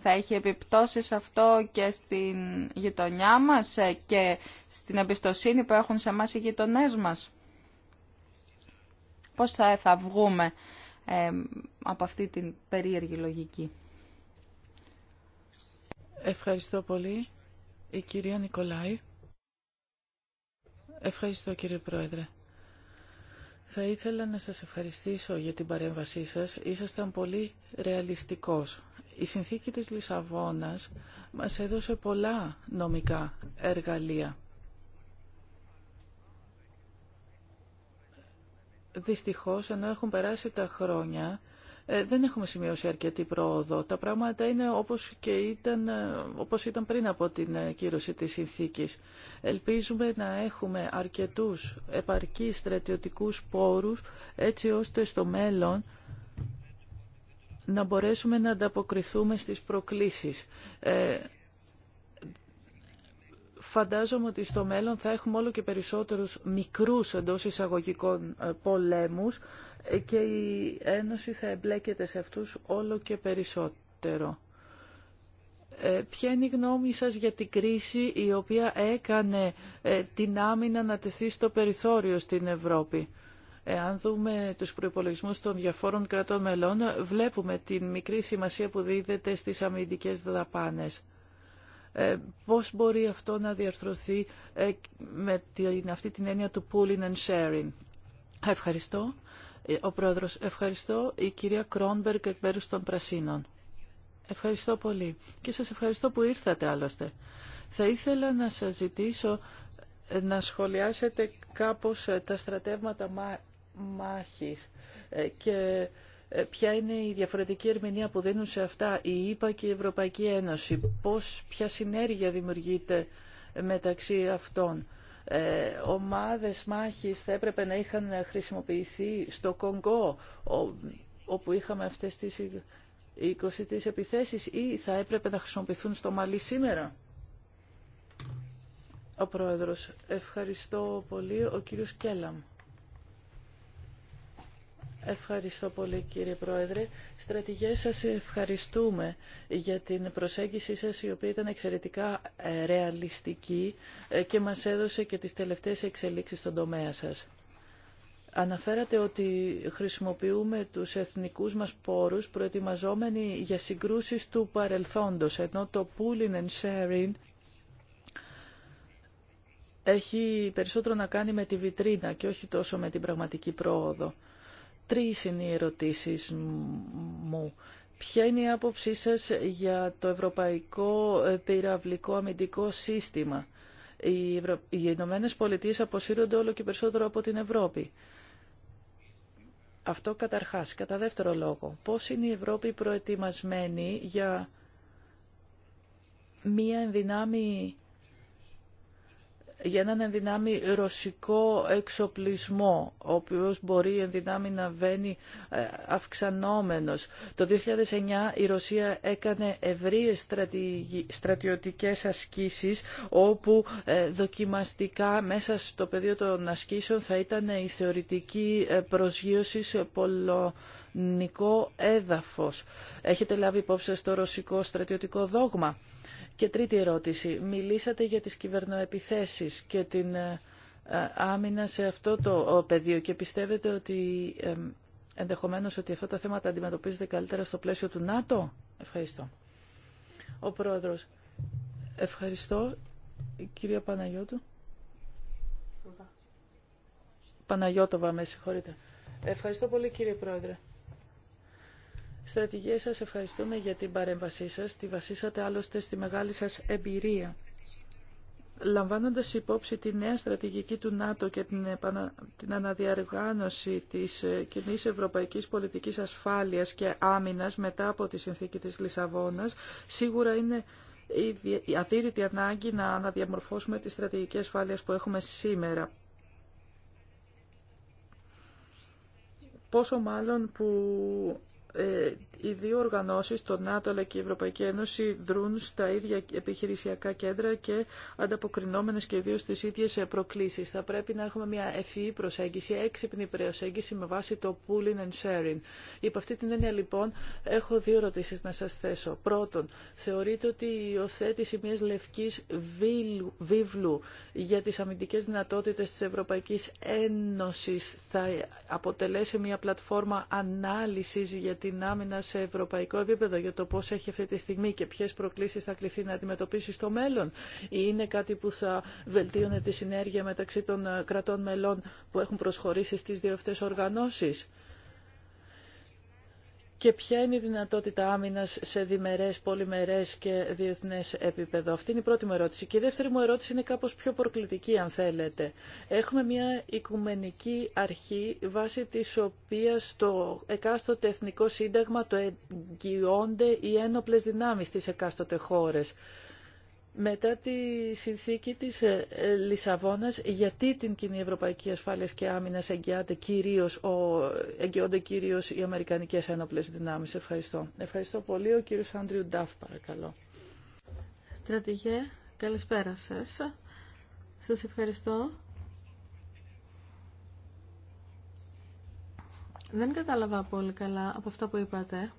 θα έχει επιπτώσεις αυτό και στην γειτονιά μας ε, και στην εμπιστοσύνη που έχουν σε μας οι γειτονές μας. Πώς θα, βγούμε ε, από αυτή την περίεργη λογική. Ευχαριστώ πολύ. Η κυρία Νικολάη. Ευχαριστώ κύριε Πρόεδρε. Θα ήθελα να σας ευχαριστήσω για την παρέμβασή σας. Ήσασταν πολύ ρεαλιστικός η συνθήκη της Λισαβόνας μας έδωσε πολλά νομικά εργαλεία. Δυστυχώς, ενώ έχουν περάσει τα χρόνια, ε, δεν έχουμε σημειώσει αρκετή πρόοδο. Τα πράγματα είναι όπως, και ήταν, ε, όπως ήταν πριν από την ε, κύρωση της συνθήκης. Ελπίζουμε να έχουμε αρκετούς επαρκείς στρατιωτικούς πόρους, έτσι ώστε στο μέλλον να μπορέσουμε να ανταποκριθούμε στις προκλήσεις. Ε, φαντάζομαι ότι στο μέλλον θα έχουμε όλο και περισσότερους μικρούς εντό εισαγωγικών ε, πολέμους ε, και η Ένωση θα εμπλέκεται σε αυτούς όλο και περισσότερο. ποια είναι η γνώμη σας για την κρίση η οποία έκανε την άμυνα να τεθεί στο περιθώριο στην Ευρώπη. Εάν δούμε τους προϋπολογισμούς των διαφόρων κρατών μελών, βλέπουμε την μικρή σημασία που δίδεται στις αμυντικές δαπάνες. Ε, πώς μπορεί αυτό να διαρθρωθεί ε, με την, αυτή την έννοια του pooling and sharing. Ευχαριστώ. Ε, ο Πρόεδρος, ευχαριστώ. Η κυρία Κρόνμπεργκ εκ μέρους των Πρασίνων. Ευχαριστώ πολύ. Και σας ευχαριστώ που ήρθατε άλλωστε. Θα ήθελα να σας ζητήσω ε, να σχολιάσετε κάπως τα στρατεύματα μάχης ε, και ε, ποια είναι η διαφορετική ερμηνεία που δίνουν σε αυτά η ΕΠΑ ΕΕ και η Ευρωπαϊκή Ένωση. Πώς, ποια συνέργεια δημιουργείται μεταξύ αυτών. Ε, ομάδες μάχης θα έπρεπε να είχαν χρησιμοποιηθεί στο Κονγκό όπου είχαμε αυτές τις 20 τις επιθέσεις ή θα έπρεπε να χρησιμοποιηθούν στο Μαλί σήμερα. Ο Πρόεδρος, ευχαριστώ πολύ. Ο κύριος Κέλαμ. Ευχαριστώ πολύ κύριε Πρόεδρε. Στρατηγέ σας ευχαριστούμε για την προσέγγιση σας η οποία ήταν εξαιρετικά ε, ρεαλιστική ε, και μας έδωσε και τις τελευταίες εξελίξεις στον τομέα σας. Αναφέρατε ότι χρησιμοποιούμε τους εθνικούς μας πόρους προετοιμαζόμενοι για συγκρούσεις του παρελθόντος, ενώ το pooling and sharing έχει περισσότερο να κάνει με τη βιτρίνα και όχι τόσο με την πραγματική πρόοδο. Τρεις είναι οι ερωτήσεις μου. Ποια είναι η άποψή σας για το Ευρωπαϊκό ε, Πυραυλικό Αμυντικό Σύστημα. Οι, Ευρω... Ηνωμένε Πολιτείες αποσύρονται όλο και περισσότερο από την Ευρώπη. Αυτό καταρχάς. Κατά δεύτερο λόγο, πώς είναι η Ευρώπη προετοιμασμένη για μία ενδυνάμει για έναν ενδυνάμει ρωσικό εξοπλισμό, ο οποίος μπορεί ενδυνάμει να βαίνει ε, αυξανόμενος. Το 2009 η Ρωσία έκανε ευρείες στρατιωτικές ασκήσεις, όπου ε, δοκιμαστικά μέσα στο πεδίο των ασκήσεων θα ήταν η θεωρητική ε, προσγείωση σε πολλο έδαφος. Έχετε λάβει υπόψη το ρωσικό στρατιωτικό δόγμα. Και τρίτη ερώτηση. Μιλήσατε για τις κυβερνοεπιθέσεις και την ε, ε, άμυνα σε αυτό το πεδίο και πιστεύετε ότι ε, ενδεχομένως ότι αυτά τα θέματα αντιμετωπίζονται καλύτερα στο πλαίσιο του ΝΑΤΟ. Ευχαριστώ. Ο Πρόεδρος. Ευχαριστώ. Η κυρία Παναγιώτου. Παναγιώτοβα, με συγχωρείτε. Ευχαριστώ πολύ κύριε Πρόεδρε. Στρατηγέ, σας ευχαριστούμε για την παρέμβασή σας. Τη βασίσατε άλλωστε στη μεγάλη σας εμπειρία. Λαμβάνοντας υπόψη τη νέα στρατηγική του ΝΑΤΟ και την, την αναδιαργάνωση της ε, κοινή ευρωπαϊκής πολιτικής ασφάλειας και άμυνας μετά από τη συνθήκη της Λισαβόνας, σίγουρα είναι η αθήρητη ανάγκη να αναδιαμορφώσουμε τη στρατηγική ασφάλειας που έχουμε σήμερα. Πόσο μάλλον που ε, οι δύο οργανώσεις, το ΝΑΤΟ αλλά και η Ευρωπαϊκή Ένωση, δρούν στα ίδια επιχειρησιακά κέντρα και ανταποκρινόμενες και δύο στις ίδιες προκλήσεις. Θα πρέπει να έχουμε μια ευφυή προσέγγιση, έξυπνη προσέγγιση με βάση το pooling and sharing. Υπό αυτή την έννοια λοιπόν έχω δύο ερωτήσει να σας θέσω. Πρώτον, θεωρείτε ότι η υιοθέτηση μιας λευκής βίβλου για τις αμυντικές δυνατότητες της Ευρωπαϊκής Ένωσης θα αποτελέσει μια πλατφόρμα ανάλυσης για την άμυνα σε ευρωπαϊκό επίπεδο για το πώς έχει αυτή τη στιγμή και ποιες προκλήσεις θα κληθεί να αντιμετωπίσει στο μέλλον ή είναι κάτι που θα βελτίωνε τη συνέργεια μεταξύ των ε, κρατών μελών που έχουν προσχωρήσει στις δύο αυτές οργανώσεις και ποια είναι η δυνατότητα άμυνας σε διμερές, πολυμερές και διεθνές επίπεδο. Αυτή είναι η πρώτη μου ερώτηση. Και η δεύτερη μου ερώτηση είναι κάπως πιο προκλητική, αν θέλετε. Έχουμε μια οικουμενική αρχή, βάσει της οποίας το εκάστοτε εθνικό σύνταγμα το εγγυώνται οι ένοπλες δυνάμεις της εκάστοτε χώρες μετά τη συνθήκη της ε, ε, Λισαβόνας, γιατί την κοινή ευρωπαϊκή ασφάλεια και άμυνας εγγυάται κυρίως, ο, εγγυώνται κυρίως οι Αμερικανικές ένοπλες δυνάμεις. Ευχαριστώ. Ευχαριστώ πολύ. Ο κύριος Άντριου Νταφ, παρακαλώ. Στρατηγέ, καλησπέρα σας. Σας ευχαριστώ. Δεν κατάλαβα πολύ καλά από αυτά που είπατε.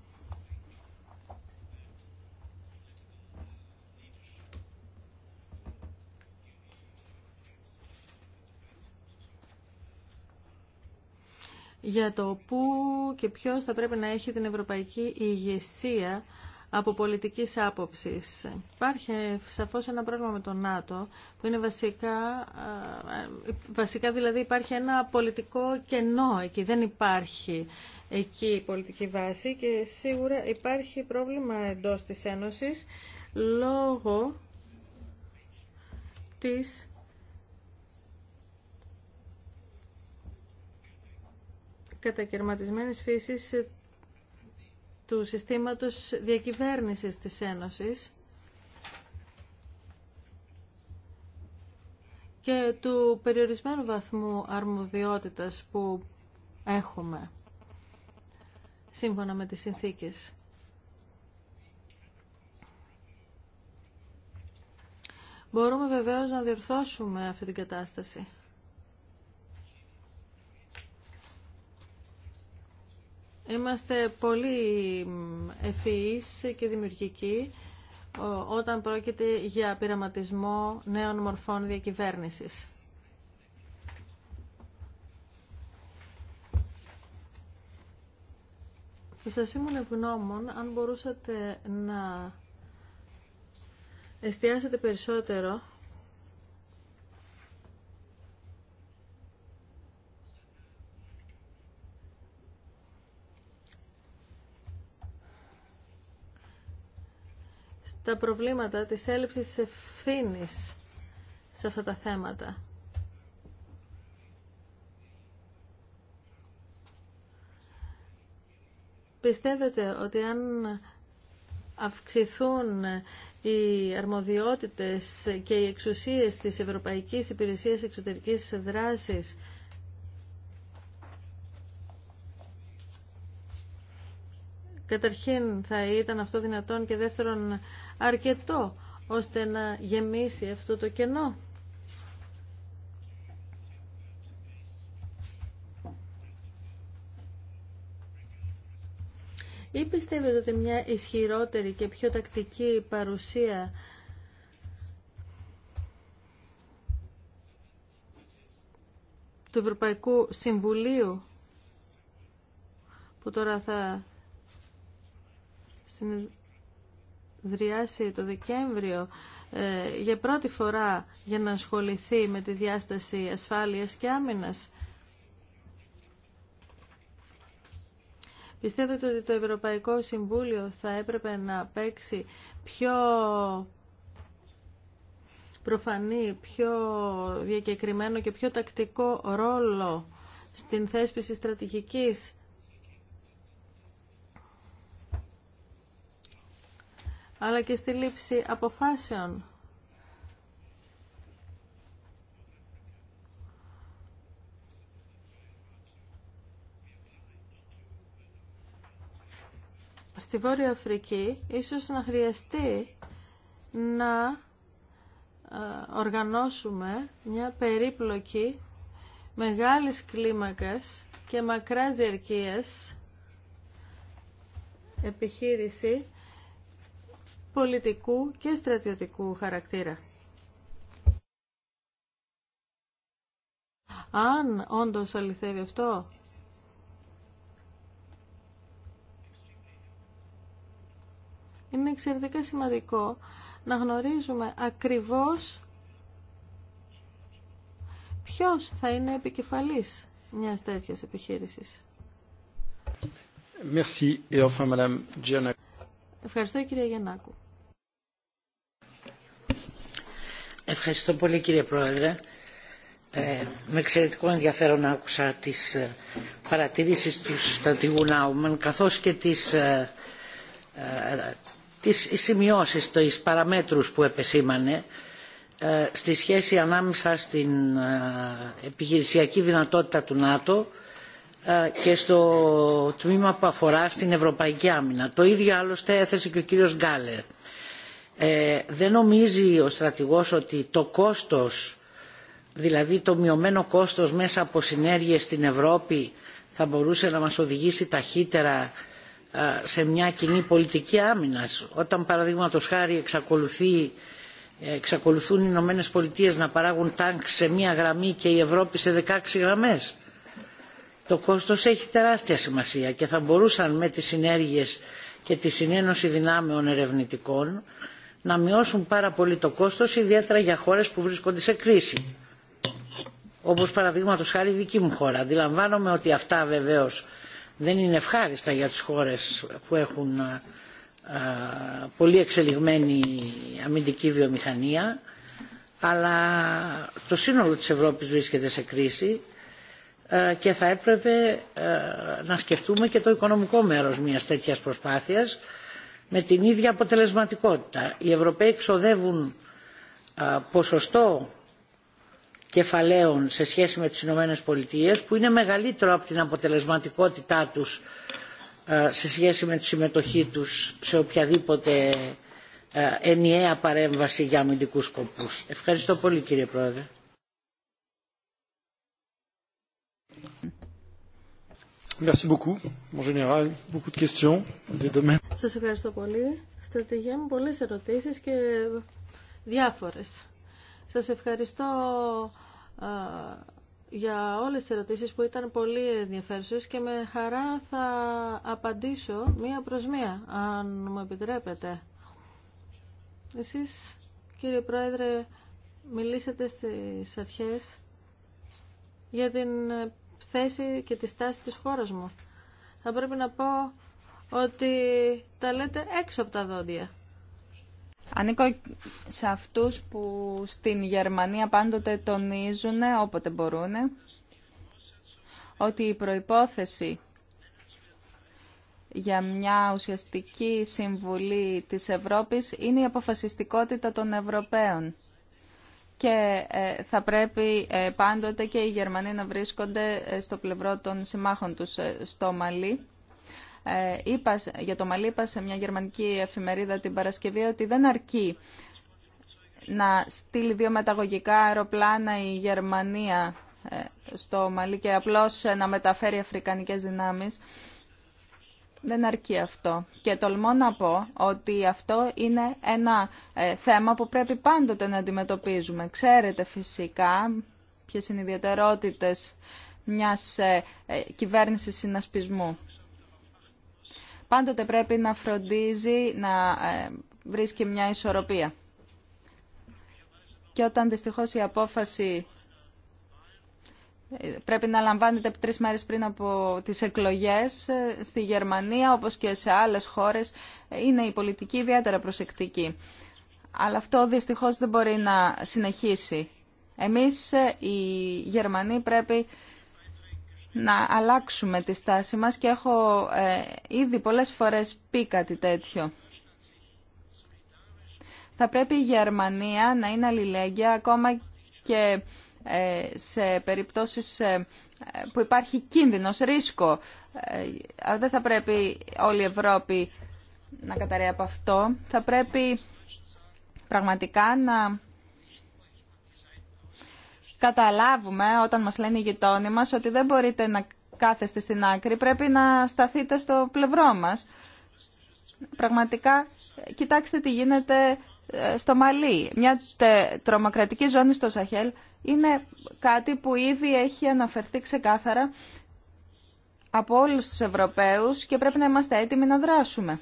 για το πού και ποιος θα πρέπει να έχει την ευρωπαϊκή ηγεσία από πολιτικής άποψης. Υπάρχει σαφώς ένα πρόβλημα με το ΝΑΤΟ που είναι βασικά, ε, βασικά δηλαδή υπάρχει ένα πολιτικό κενό εκεί, δεν υπάρχει εκεί πολιτική βάση και σίγουρα υπάρχει πρόβλημα εντός της Ένωσης λόγω της κατακαιρματισμένης φύσης ε, του συστήματος διακυβέρνησης της Ένωσης και του περιορισμένου βαθμού αρμοδιότητας που έχουμε σύμφωνα με τις συνθήκες. Μπορούμε βεβαίως να διορθώσουμε αυτή την κατάσταση. Είμαστε πολύ ευφυείς και δημιουργικοί όταν πρόκειται για πειραματισμό νέων μορφών διακυβέρνησης. Θα σας ήμουν ευγνώμων αν μπορούσατε να εστιάσετε περισσότερο τα προβλήματα της έλλειψης ευθύνη σε αυτά τα θέματα. Πιστεύετε ότι αν αυξηθούν οι αρμοδιότητες και οι εξουσίες της Ευρωπαϊκής Υπηρεσίας Εξωτερικής Δράσης Καταρχήν θα ήταν αυτό δυνατόν και δεύτερον αρκετό ώστε να γεμίσει αυτό το κενό. Ή πιστεύετε ότι μια ισχυρότερη και πιο τακτική παρουσία του Ευρωπαϊκού Συμβουλίου που τώρα θα δριάσει το Δεκέμβριο ε, για πρώτη φορά για να ασχοληθεί με τη διάσταση ασφάλειας και άμυνας. Πιστεύετε ότι το Ευρωπαϊκό Συμβούλιο θα έπρεπε να παίξει πιο προφανή, πιο διακεκριμένο και πιο τακτικό ρόλο στην θέσπιση στρατηγικής αλλά και στη λήψη αποφάσεων. στη Βόρεια Αφρική ίσως να χρειαστεί να ε, οργανώσουμε μια περίπλοκη μεγάλης κλίμακας και μακράς διαρκείας επιχείρηση πολιτικού και στρατιωτικού χαρακτήρα. Αν όντως αληθεύει αυτό, είναι εξαιρετικά σημαντικό να γνωρίζουμε ακριβώς ποιος θα είναι επικεφαλής μιας τέτοιας επιχείρησης. Ευχαριστώ κυρία Γιαννάκου. Ευχαριστώ πολύ κύριε Πρόεδρε. Ε, με εξαιρετικό ενδιαφέρον άκουσα τις ε, παρατηρήσεις του στρατηγού Νάουμεν καθώς και τις, ε, ε, τις σημειώσεις, τις παραμέτρους που επεσήμανε ε, στη σχέση ανάμεσα στην ε, επιχειρησιακή δυνατότητα του ΝΑΤΟ και στο τμήμα που αφορά στην Ευρωπαϊκή Άμυνα. Το ίδιο άλλωστε έθεσε και ο κύριος Γκάλερ ε, δεν νομίζει ο στρατηγός ότι το κόστος, δηλαδή το μειωμένο κόστος μέσα από συνέργειες στην Ευρώπη θα μπορούσε να μας οδηγήσει ταχύτερα ε, σε μια κοινή πολιτική άμυνας. Όταν παραδείγματο χάρη ε, εξακολουθούν οι Ηνωμένε Πολιτείε να παράγουν τάγκ σε μια γραμμή και η Ευρώπη σε 16 γραμμές. Το κόστος έχει τεράστια σημασία και θα μπορούσαν με τις συνέργειες και τη συνένωση δυνάμεων ερευνητικών να μειώσουν πάρα πολύ το κόστος, ιδιαίτερα για χώρες που βρίσκονται σε κρίση. Όπως παραδείγματος χάρη η δική μου χώρα. Αντιλαμβάνομαι ότι αυτά βεβαίως δεν είναι ευχάριστα για τις χώρες που έχουν πολύ εξελιγμένη αμυντική βιομηχανία, αλλά το σύνολο της Ευρώπης βρίσκεται σε κρίση και θα έπρεπε να σκεφτούμε και το οικονομικό μέρος μιας τέτοιας προσπάθειας με την ίδια αποτελεσματικότητα. Οι Ευρωπαίοι ξοδεύουν ποσοστό κεφαλαίων σε σχέση με τις Ηνωμένες Πολιτείες που είναι μεγαλύτερο από την αποτελεσματικότητά τους σε σχέση με τη συμμετοχή τους σε οποιαδήποτε ενιαία παρέμβαση για αμυντικούς σκοπούς. Ευχαριστώ πολύ κύριε Πρόεδρε. Merci Σας ευχαριστώ πολύ. Στρατηγέ μου, πολλές ερωτήσεις και διάφορες. Σας ευχαριστώ για όλες τις ερωτήσεις που ήταν πολύ ενδιαφέρουσες και με χαρά θα απαντήσω μία προς μία, αν μου επιτρέπετε. Εσείς, κύριε Πρόεδρε, μιλήσατε στις αρχές για την θέση και τη στάση της χώρας μου. Θα πρέπει να πω ότι τα λέτε έξω από τα δόντια. Ανήκω σε αυτούς που στην Γερμανία πάντοτε τονίζουν όποτε μπορούν ότι η προϋπόθεση για μια ουσιαστική συμβουλή της Ευρώπης είναι η αποφασιστικότητα των Ευρωπαίων και ε, θα πρέπει ε, πάντοτε και οι Γερμανοί να βρίσκονται ε, στο πλευρό των συμμάχων τους στο Μαλί. Είπα, για το Μαλί είπα σε μια γερμανική εφημερίδα την Παρασκευή ότι δεν αρκεί να στείλει δύο μεταγωγικά αεροπλάνα η Γερμανία στο Μαλί και απλώς να μεταφέρει αφρικανικές δυνάμεις δεν αρκεί αυτό. Και τολμώ να πω ότι αυτό είναι ένα ε, θέμα που πρέπει πάντοτε να αντιμετωπίζουμε. Ξέρετε φυσικά ποιες είναι οι ιδιαιτερότητες μιας ε, ε, κυβέρνησης συνασπισμού. Πάντοτε πρέπει να φροντίζει να βρίσκει μια ισορροπία. Και όταν δυστυχώς η απόφαση πρέπει να λαμβάνετε τρεις μέρες πριν από τις εκλογές ε, στη Γερμανία, όπως και σε άλλες χώρες, είναι η πολιτική ιδιαίτερα προσεκτική. Αλλά αυτό δυστυχώς δεν μπορεί να συνεχίσει. Εμείς ε, οι Γερμανοί πρέπει να αλλάξουμε τη στάση μας και έχω ε, ήδη πολλές φορές πει κάτι τέτοιο. Θα πρέπει η Γερμανία να είναι αλληλέγγυα ακόμα και ε, σε περιπτώσεις ε, που υπάρχει κίνδυνος, ρίσκο. Ε, δεν θα πρέπει όλη η Ευρώπη να καταραίει από αυτό. Θα πρέπει πραγματικά να καταλάβουμε όταν μας λένε οι γειτόνοι μας ότι δεν μπορείτε να κάθεστε στην άκρη, πρέπει να σταθείτε στο πλευρό μας. Πραγματικά, κοιτάξτε τι γίνεται στο Μαλί. Μια τρομοκρατική ζώνη στο Σαχέλ είναι κάτι που ήδη έχει αναφερθεί ξεκάθαρα από όλους τους Ευρωπαίους και πρέπει να είμαστε έτοιμοι να δράσουμε.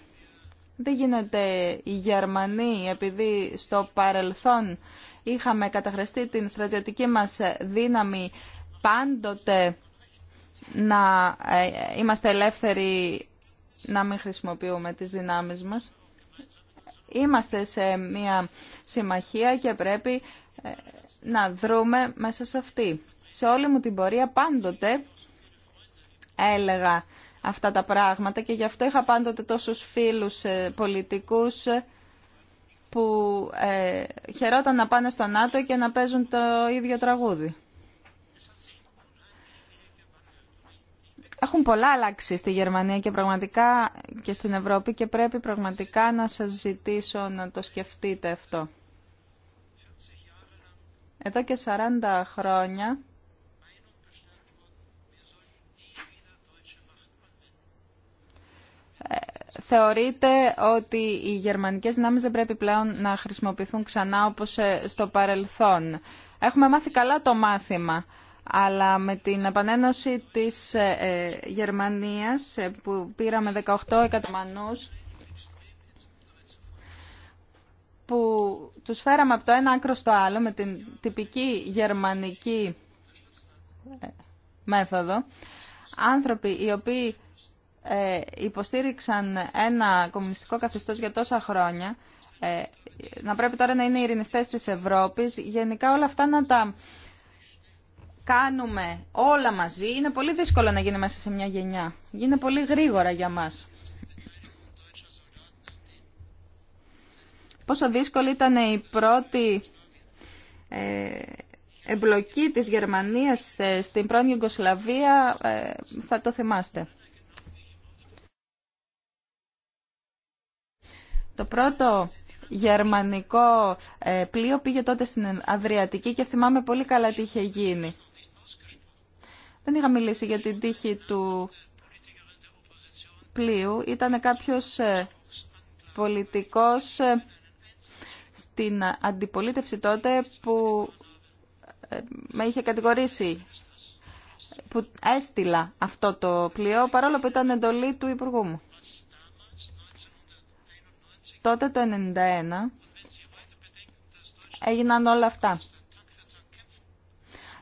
Δεν γίνεται οι Γερμανοί, επειδή στο παρελθόν είχαμε καταχρεστεί την στρατιωτική μας δύναμη πάντοτε να ε, είμαστε ελεύθεροι να μην χρησιμοποιούμε τις δυνάμεις μας. Είμαστε σε μια συμμαχία και πρέπει να δρούμε μέσα σε αυτή. Σε όλη μου την πορεία πάντοτε έλεγα αυτά τα πράγματα και γι' αυτό είχα πάντοτε τόσους φίλους ε, πολιτικούς ε, που ε, χαιρόταν να πάνε στο ΝΑΤΟ και να παίζουν το ίδιο τραγούδι. Έχουν πολλά αλλάξει στη Γερμανία και πραγματικά και στην Ευρώπη και πρέπει πραγματικά να σας ζητήσω να το σκεφτείτε αυτό. Εδώ και 40 χρόνια θεωρείται ότι οι γερμανικές δυνάμεις δεν πρέπει πλέον να χρησιμοποιηθούν ξανά όπως ε, στο παρελθόν. Έχουμε μάθει καλά το μάθημα, αλλά με την επανένωση της ε, ε, Γερμανίας που πήραμε 18 εκατομμύρια. που τους φέραμε από το ένα άκρο στο άλλο με την τυπική γερμανική ε, μέθοδο, άνθρωποι οι οποίοι ε, υποστήριξαν ένα κομμουνιστικό καθεστώς για τόσα χρόνια, ε, να πρέπει τώρα να είναι ειρηνιστές της Ευρώπης, γενικά όλα αυτά να τα κάνουμε όλα μαζί, είναι πολύ δύσκολο να γίνει μέσα σε μια γενιά. Είναι πολύ γρήγορα για μας. πόσο δύσκολη ήταν η πρώτη ε, εμπλοκή της Γερμανίας ε, στην πρώην Ιουγκοσλαβία, ε, θα το θυμάστε. Το πρώτο γερμανικό πλοίο πήγε τότε στην Αδριατική και θυμάμαι πολύ καλά τι είχε γίνει. Δεν είχα μιλήσει για την τύχη του πλοίου. Ήταν κάποιος πολιτικός στην αντιπολίτευση τότε που ε, με είχε κατηγορήσει που έστειλα αυτό το πλοίο παρόλο που ήταν εντολή του Υπουργού μου. Τότε το 1991 έγιναν όλα αυτά.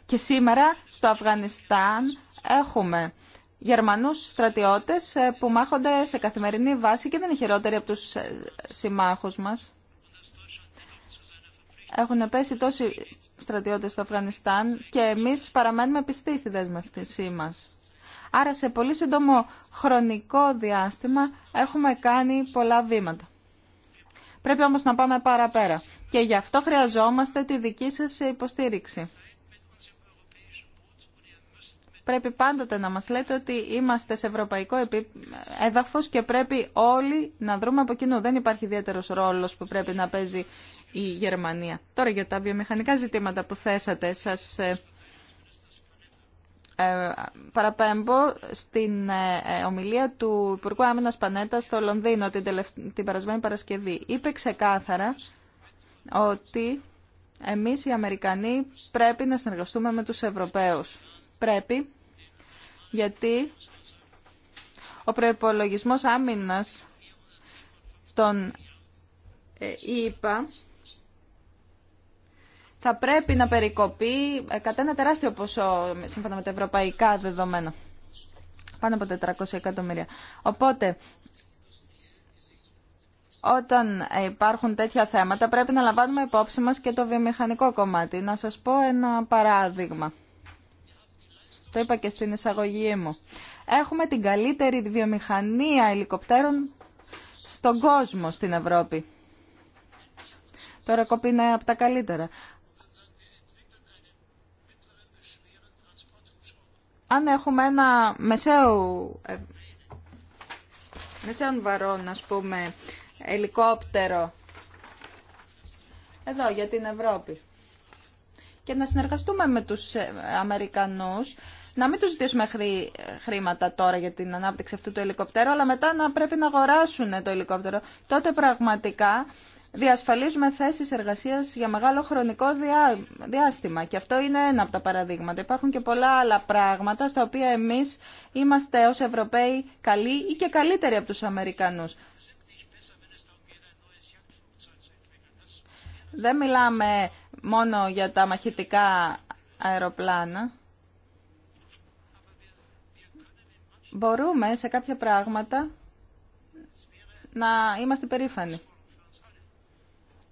Και σήμερα στο Αφγανιστάν έχουμε Γερμανούς στρατιώτες ε, που μάχονται σε καθημερινή βάση και δεν είναι χειρότεροι από τους ε, συμμάχους μας. Έχουν πέσει τόσοι στρατιώτες στο Αφγανιστάν και εμείς παραμένουμε πιστοί στη δέσμευσή μας. Άρα σε πολύ σύντομο χρονικό διάστημα έχουμε κάνει πολλά βήματα. Πρέπει όμως να πάμε παραπέρα και γι' αυτό χρειαζόμαστε τη δική σας υποστήριξη πρέπει πάντοτε να μας λέτε ότι είμαστε σε ευρωπαϊκό έδαφος και πρέπει όλοι να δρούμε από κοινού. Δεν υπάρχει ιδιαίτερο ρόλος που πρέπει να παίζει η Γερμανία. Τώρα για τα βιομηχανικά ζητήματα που θέσατε, σας ε, ε, παραπέμπω στην ε, ομιλία του Υπουργού Άμυνας Πανέτα στο Λονδίνο την παρασμένη Παρασκευή. Είπε ξεκάθαρα ότι εμείς οι Αμερικανοί πρέπει να συνεργαστούμε με τους Ευρωπαίους. Πρέπει γιατί ο προϋπολογισμός άμυνας των ε, ΙΠΑ θα πρέπει να περικοπεί ε, κατά ένα τεράστιο ποσό σύμφωνα με τα ευρωπαϊκά δεδομένα. Πάνω από 400 εκατομμύρια. Οπότε, όταν υπάρχουν τέτοια θέματα πρέπει να λαμβάνουμε υπόψη μας και το βιομηχανικό κομμάτι. Να σας πω ένα παράδειγμα. Το είπα και στην εισαγωγή μου. Έχουμε την καλύτερη βιομηχανία ελικοπτέρων στον κόσμο στην Ευρώπη. Τώρα κοπεί είναι από τα καλύτερα. Αν έχουμε ένα μεσαίου, ε, μεσαίων βαρών, πούμε, ελικόπτερο, εδώ για την Ευρώπη και να συνεργαστούμε με τους ε, Αμερικανούς, να μην τους ζητήσουμε χρήματα τώρα για την ανάπτυξη αυτού του ελικόπτερου, αλλά μετά να πρέπει να αγοράσουν το ελικόπτερο. Τότε πραγματικά διασφαλίζουμε θέσεις εργασίας για μεγάλο χρονικό διάστημα. Και αυτό είναι ένα από τα παραδείγματα. Υπάρχουν και πολλά άλλα πράγματα στα οποία εμείς είμαστε ως Ευρωπαίοι καλοί ή και καλύτεροι από τους Αμερικανούς. Δεν μιλάμε μόνο για τα μαχητικά αεροπλάνα. Μπορούμε σε κάποια πράγματα να είμαστε περήφανοι.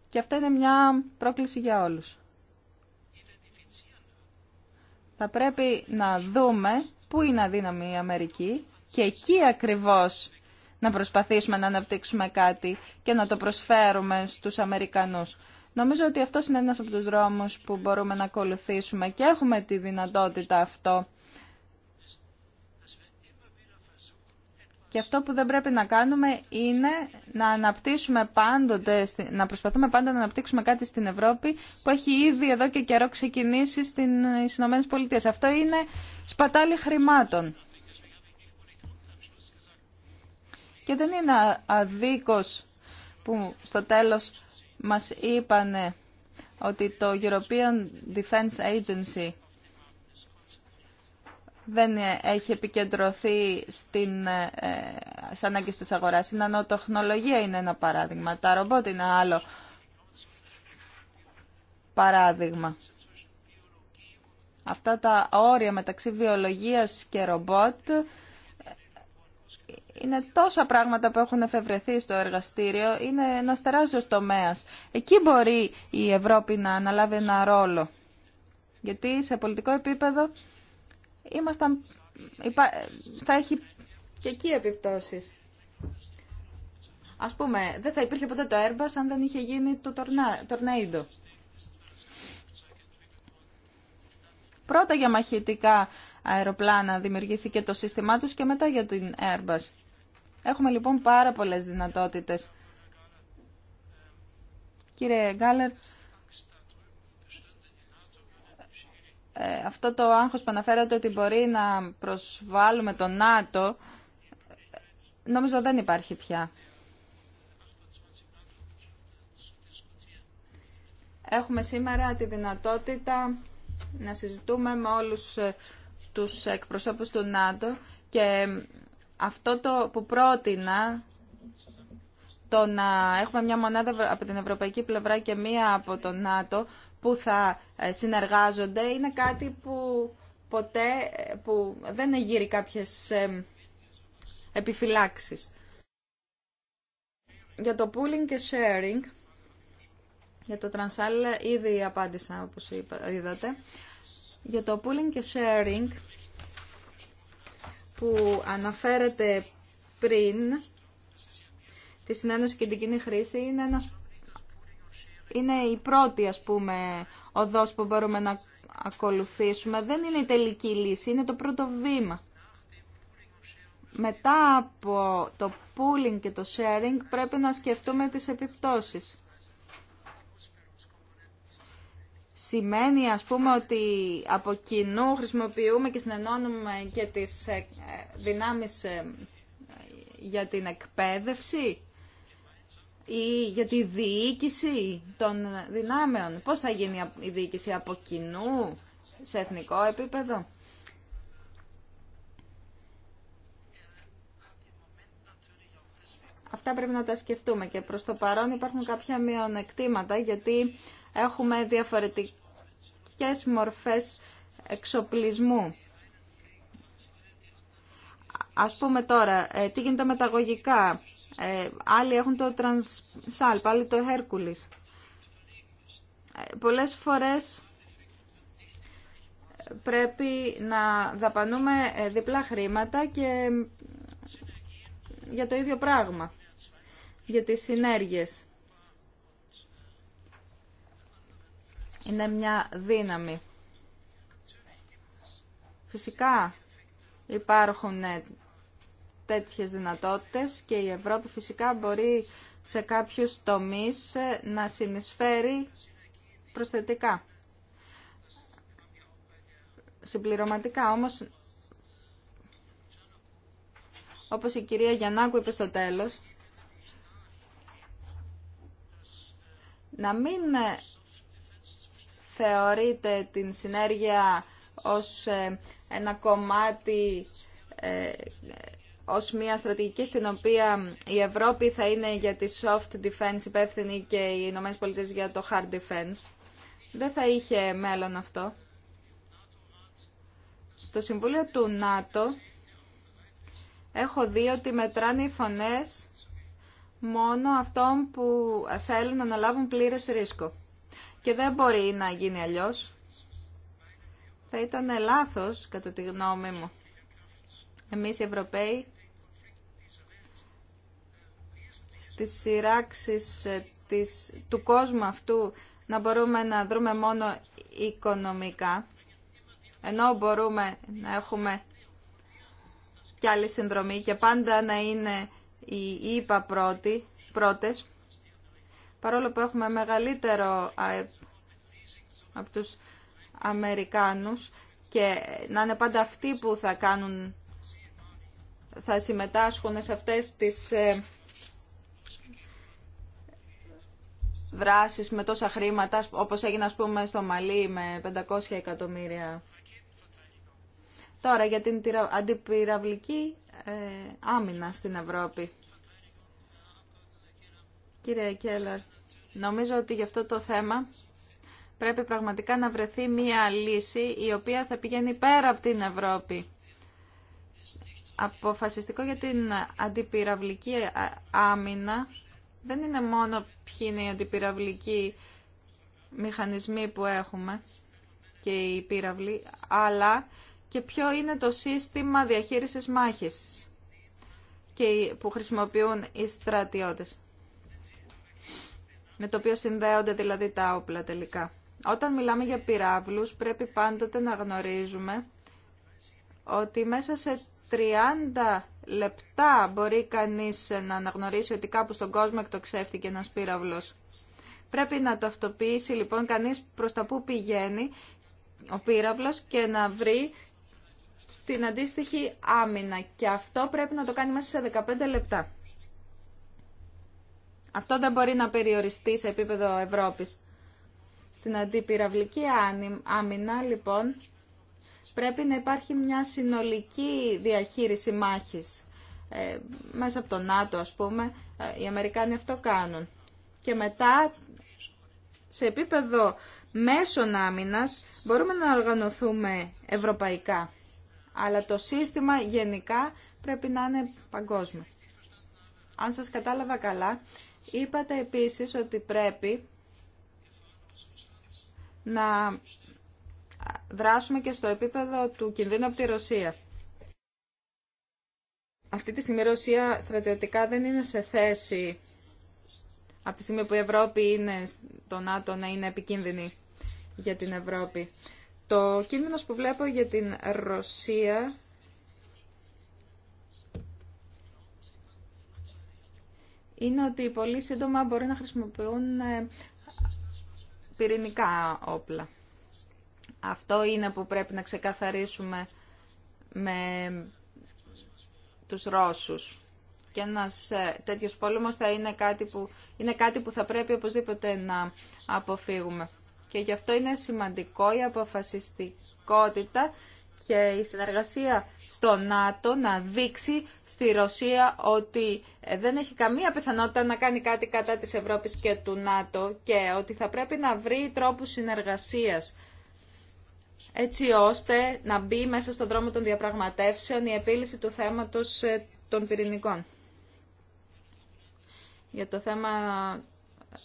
Και αυτό είναι μια πρόκληση για όλους. Θα πρέπει να δούμε πού είναι αδύναμη η Αμερική και εκεί ακριβώς να προσπαθήσουμε να αναπτύξουμε κάτι και να το προσφέρουμε στους Αμερικανούς. Νομίζω ότι αυτό είναι ένας από τους δρόμους που μπορούμε να ακολουθήσουμε και έχουμε τη δυνατότητα αυτό. Και αυτό που δεν πρέπει να κάνουμε είναι να αναπτύσσουμε πάντοτε, να προσπαθούμε πάντα να αναπτύξουμε κάτι στην Ευρώπη που έχει ήδη εδώ και καιρό ξεκινήσει στις Ηνωμένες Πολιτείες. Αυτό είναι σπατάλη χρημάτων. Και δεν είναι αδίκως που στο τέλος μας είπαν ότι το European Defense Agency δεν έχει επικεντρωθεί στην, ε, στις ανάγκες της αγοράς. Η νανοτεχνολογία είναι ένα παράδειγμα. Τα ρομπότ είναι άλλο παράδειγμα. Αυτά τα όρια μεταξύ βιολογίας και ρομπότ είναι τόσα πράγματα που έχουν εφευρεθεί στο εργαστήριο, είναι ένα τεράστιο τομέα. Εκεί μπορεί η Ευρώπη να αναλάβει ένα ρόλο. Γιατί σε πολιτικό επίπεδο ήμασταν, θα έχει και εκεί επιπτώσεις. Ας πούμε, δεν θα υπήρχε ποτέ το Airbus αν δεν είχε γίνει το Τορνέιντο. Πρώτα για μαχητικά αεροπλάνα δημιουργήθηκε το σύστημά τους και μετά για την Airbus. Έχουμε λοιπόν πάρα πολλές δυνατότητες. Κύριε Γκάλερ, ε, αυτό το άγχος που αναφέρατε ότι μπορεί να προσβάλλουμε το ΝΑΤΟ, νομίζω δεν υπάρχει πια. Έχουμε σήμερα τη δυνατότητα να συζητούμε με όλους ε, τους εκπροσώπους του ΝΑΤΟ και αυτό το που πρότεινα το να έχουμε μια μονάδα από την ευρωπαϊκή πλευρά και μία από το ΝΑΤΟ που θα ε, συνεργάζονται είναι κάτι που ποτέ ε, που δεν εγείρει κάποιες επιφυλάξεις. Για το pooling και sharing, για το Transal ήδη απάντησα όπως είπα, είδατε για το pooling και sharing που αναφέρεται πριν τη συνένωση και την κοινή χρήση είναι, ένας, είναι η πρώτη ας πούμε οδός που μπορούμε να ακολουθήσουμε. Δεν είναι η τελική λύση, είναι το πρώτο βήμα. Μετά από το pooling και το sharing πρέπει να σκεφτούμε τις επιπτώσεις. Σημαίνει ας πούμε ότι από κοινού χρησιμοποιούμε και συνενώνουμε και τις ε, δυνάμεις ε, για την εκπαίδευση ή για τη διοίκηση των δυνάμεων. Πώς θα γίνει η διοίκηση από κοινού σε εθνικό επίπεδο. Αυτά πρέπει να τα σκεφτούμε και προς το παρόν υπάρχουν κάποια μειονεκτήματα γιατί Έχουμε διαφορετικές μορφές εξοπλισμού. Ας πούμε τώρα, ε, τι γίνεται με τα ε, Άλλοι έχουν το Transalp, άλλοι το Hercules. Ε, πολλές φορές πρέπει να δαπανούμε διπλά χρήματα και για το ίδιο πράγμα, για τις συνέργειες. είναι μια δύναμη. Φυσικά υπάρχουν ε, τέτοιες δυνατότητες και η Ευρώπη φυσικά μπορεί σε κάποιους τομείς ε, να συνεισφέρει προσθετικά. Συμπληρωματικά όμως, όπως η κυρία Γιαννάκου είπε στο τέλος, να μην ε, θεωρείτε την συνέργεια ως ε, ένα κομμάτι, ε, ως μια στρατηγική στην οποία η Ευρώπη θα είναι για τη soft defense υπεύθυνη και οι Ηνωμένες Πολιτείες για το hard defense. Δεν θα είχε μέλλον αυτό. Στο Συμβούλιο του ΝΑΤΟ έχω δει ότι μετράνε οι φωνές μόνο αυτών που θέλουν να αναλάβουν πλήρες ρίσκο και δεν μπορεί να γίνει αλλιώς. Θα ήταν λάθος, κατά τη γνώμη μου. Εμείς οι Ευρωπαίοι στις σειράξεις ε, του κόσμου αυτού να μπορούμε να δρούμε μόνο οικονομικά, ενώ μπορούμε να έχουμε και άλλη συνδρομή και πάντα να είναι οι ΙΠΑ πρώτοι, πρώτες, παρόλο που έχουμε μεγαλύτερο ΑΕΠ από τους Αμερικάνους και να είναι πάντα αυτοί που θα κάνουν θα συμμετάσχουν σε αυτές τις ε, δράσεις με τόσα χρήματα, όπως έγινε ας πούμε στο Μαλί με 500 εκατομμύρια. Τώρα για την αντιπυραυλική ε, άμυνα στην Ευρώπη. Κύριε Κέλλαρ, νομίζω ότι για αυτό το θέμα πρέπει πραγματικά να βρεθεί μία λύση η οποία θα πηγαίνει πέρα από την Ευρώπη. Αποφασιστικό για την αντιπυραυλική άμυνα δεν είναι μόνο ποιοι είναι οι αντιπυραυλικοί μηχανισμοί που έχουμε και οι πύραυλοι, αλλά και ποιο είναι το σύστημα διαχείρισης μάχης που χρησιμοποιούν οι στρατιώτες με το οποίο συνδέονται δηλαδή τα όπλα τελικά. Όταν μιλάμε για πυράβλους πρέπει πάντοτε να γνωρίζουμε ότι μέσα σε 30 λεπτά μπορεί κανείς να αναγνωρίσει ότι κάπου στον κόσμο εκτοξεύτηκε ένας πύραυλος. Πρέπει να το αυτοποιήσει λοιπόν κανείς προς τα που πηγαίνει ο πύραυλος και να βρει την αντίστοιχη άμυνα. Και αυτό πρέπει να το κάνει μέσα σε 15 λεπτά. Αυτό δεν μπορεί να περιοριστεί σε επίπεδο Ευρώπης. Στην αντιπυραυλική άμυνα, λοιπόν, πρέπει να υπάρχει μια συνολική διαχείριση μάχης. Ε, μέσα από το ΝΑΤΟ, ας πούμε, ε, οι Αμερικάνοι αυτό κάνουν. Και μετά, σε επίπεδο μέσων άμυνας, μπορούμε να οργανωθούμε ευρωπαϊκά. Αλλά το σύστημα γενικά πρέπει να είναι παγκόσμιο. Αν σας κατάλαβα καλά, Είπατε επίσης ότι πρέπει να δράσουμε και στο επίπεδο του κινδύνου από τη Ρωσία. Αυτή τη στιγμή η Ρωσία στρατιωτικά δεν είναι σε θέση, από τη στιγμή που η Ευρώπη είναι στο ΝΑΤΟ, να είναι επικίνδυνη για την Ευρώπη. Το κίνδυνος που βλέπω για την Ρωσία είναι ότι πολύ σύντομα μπορεί να χρησιμοποιούν ε, πυρηνικά όπλα. Αυτό είναι που πρέπει να ξεκαθαρίσουμε με τους Ρώσους. Και ένας ε, τέτοιος πόλεμος θα είναι κάτι που, είναι κάτι που θα πρέπει οπωσδήποτε να αποφύγουμε. Και γι' αυτό είναι σημαντικό η αποφασιστικότητα και η συνεργασία στο ΝΑΤΟ να δείξει στη Ρωσία ότι ε, δεν έχει καμία πιθανότητα να κάνει κάτι κατά της Ευρώπης και του ΝΑΤΟ και ότι θα πρέπει να βρει τρόπους συνεργασίας έτσι ώστε να μπει μέσα στον δρόμο των διαπραγματεύσεων η επίλυση του θέματος ε, των πυρηνικών. Για το θέμα ε,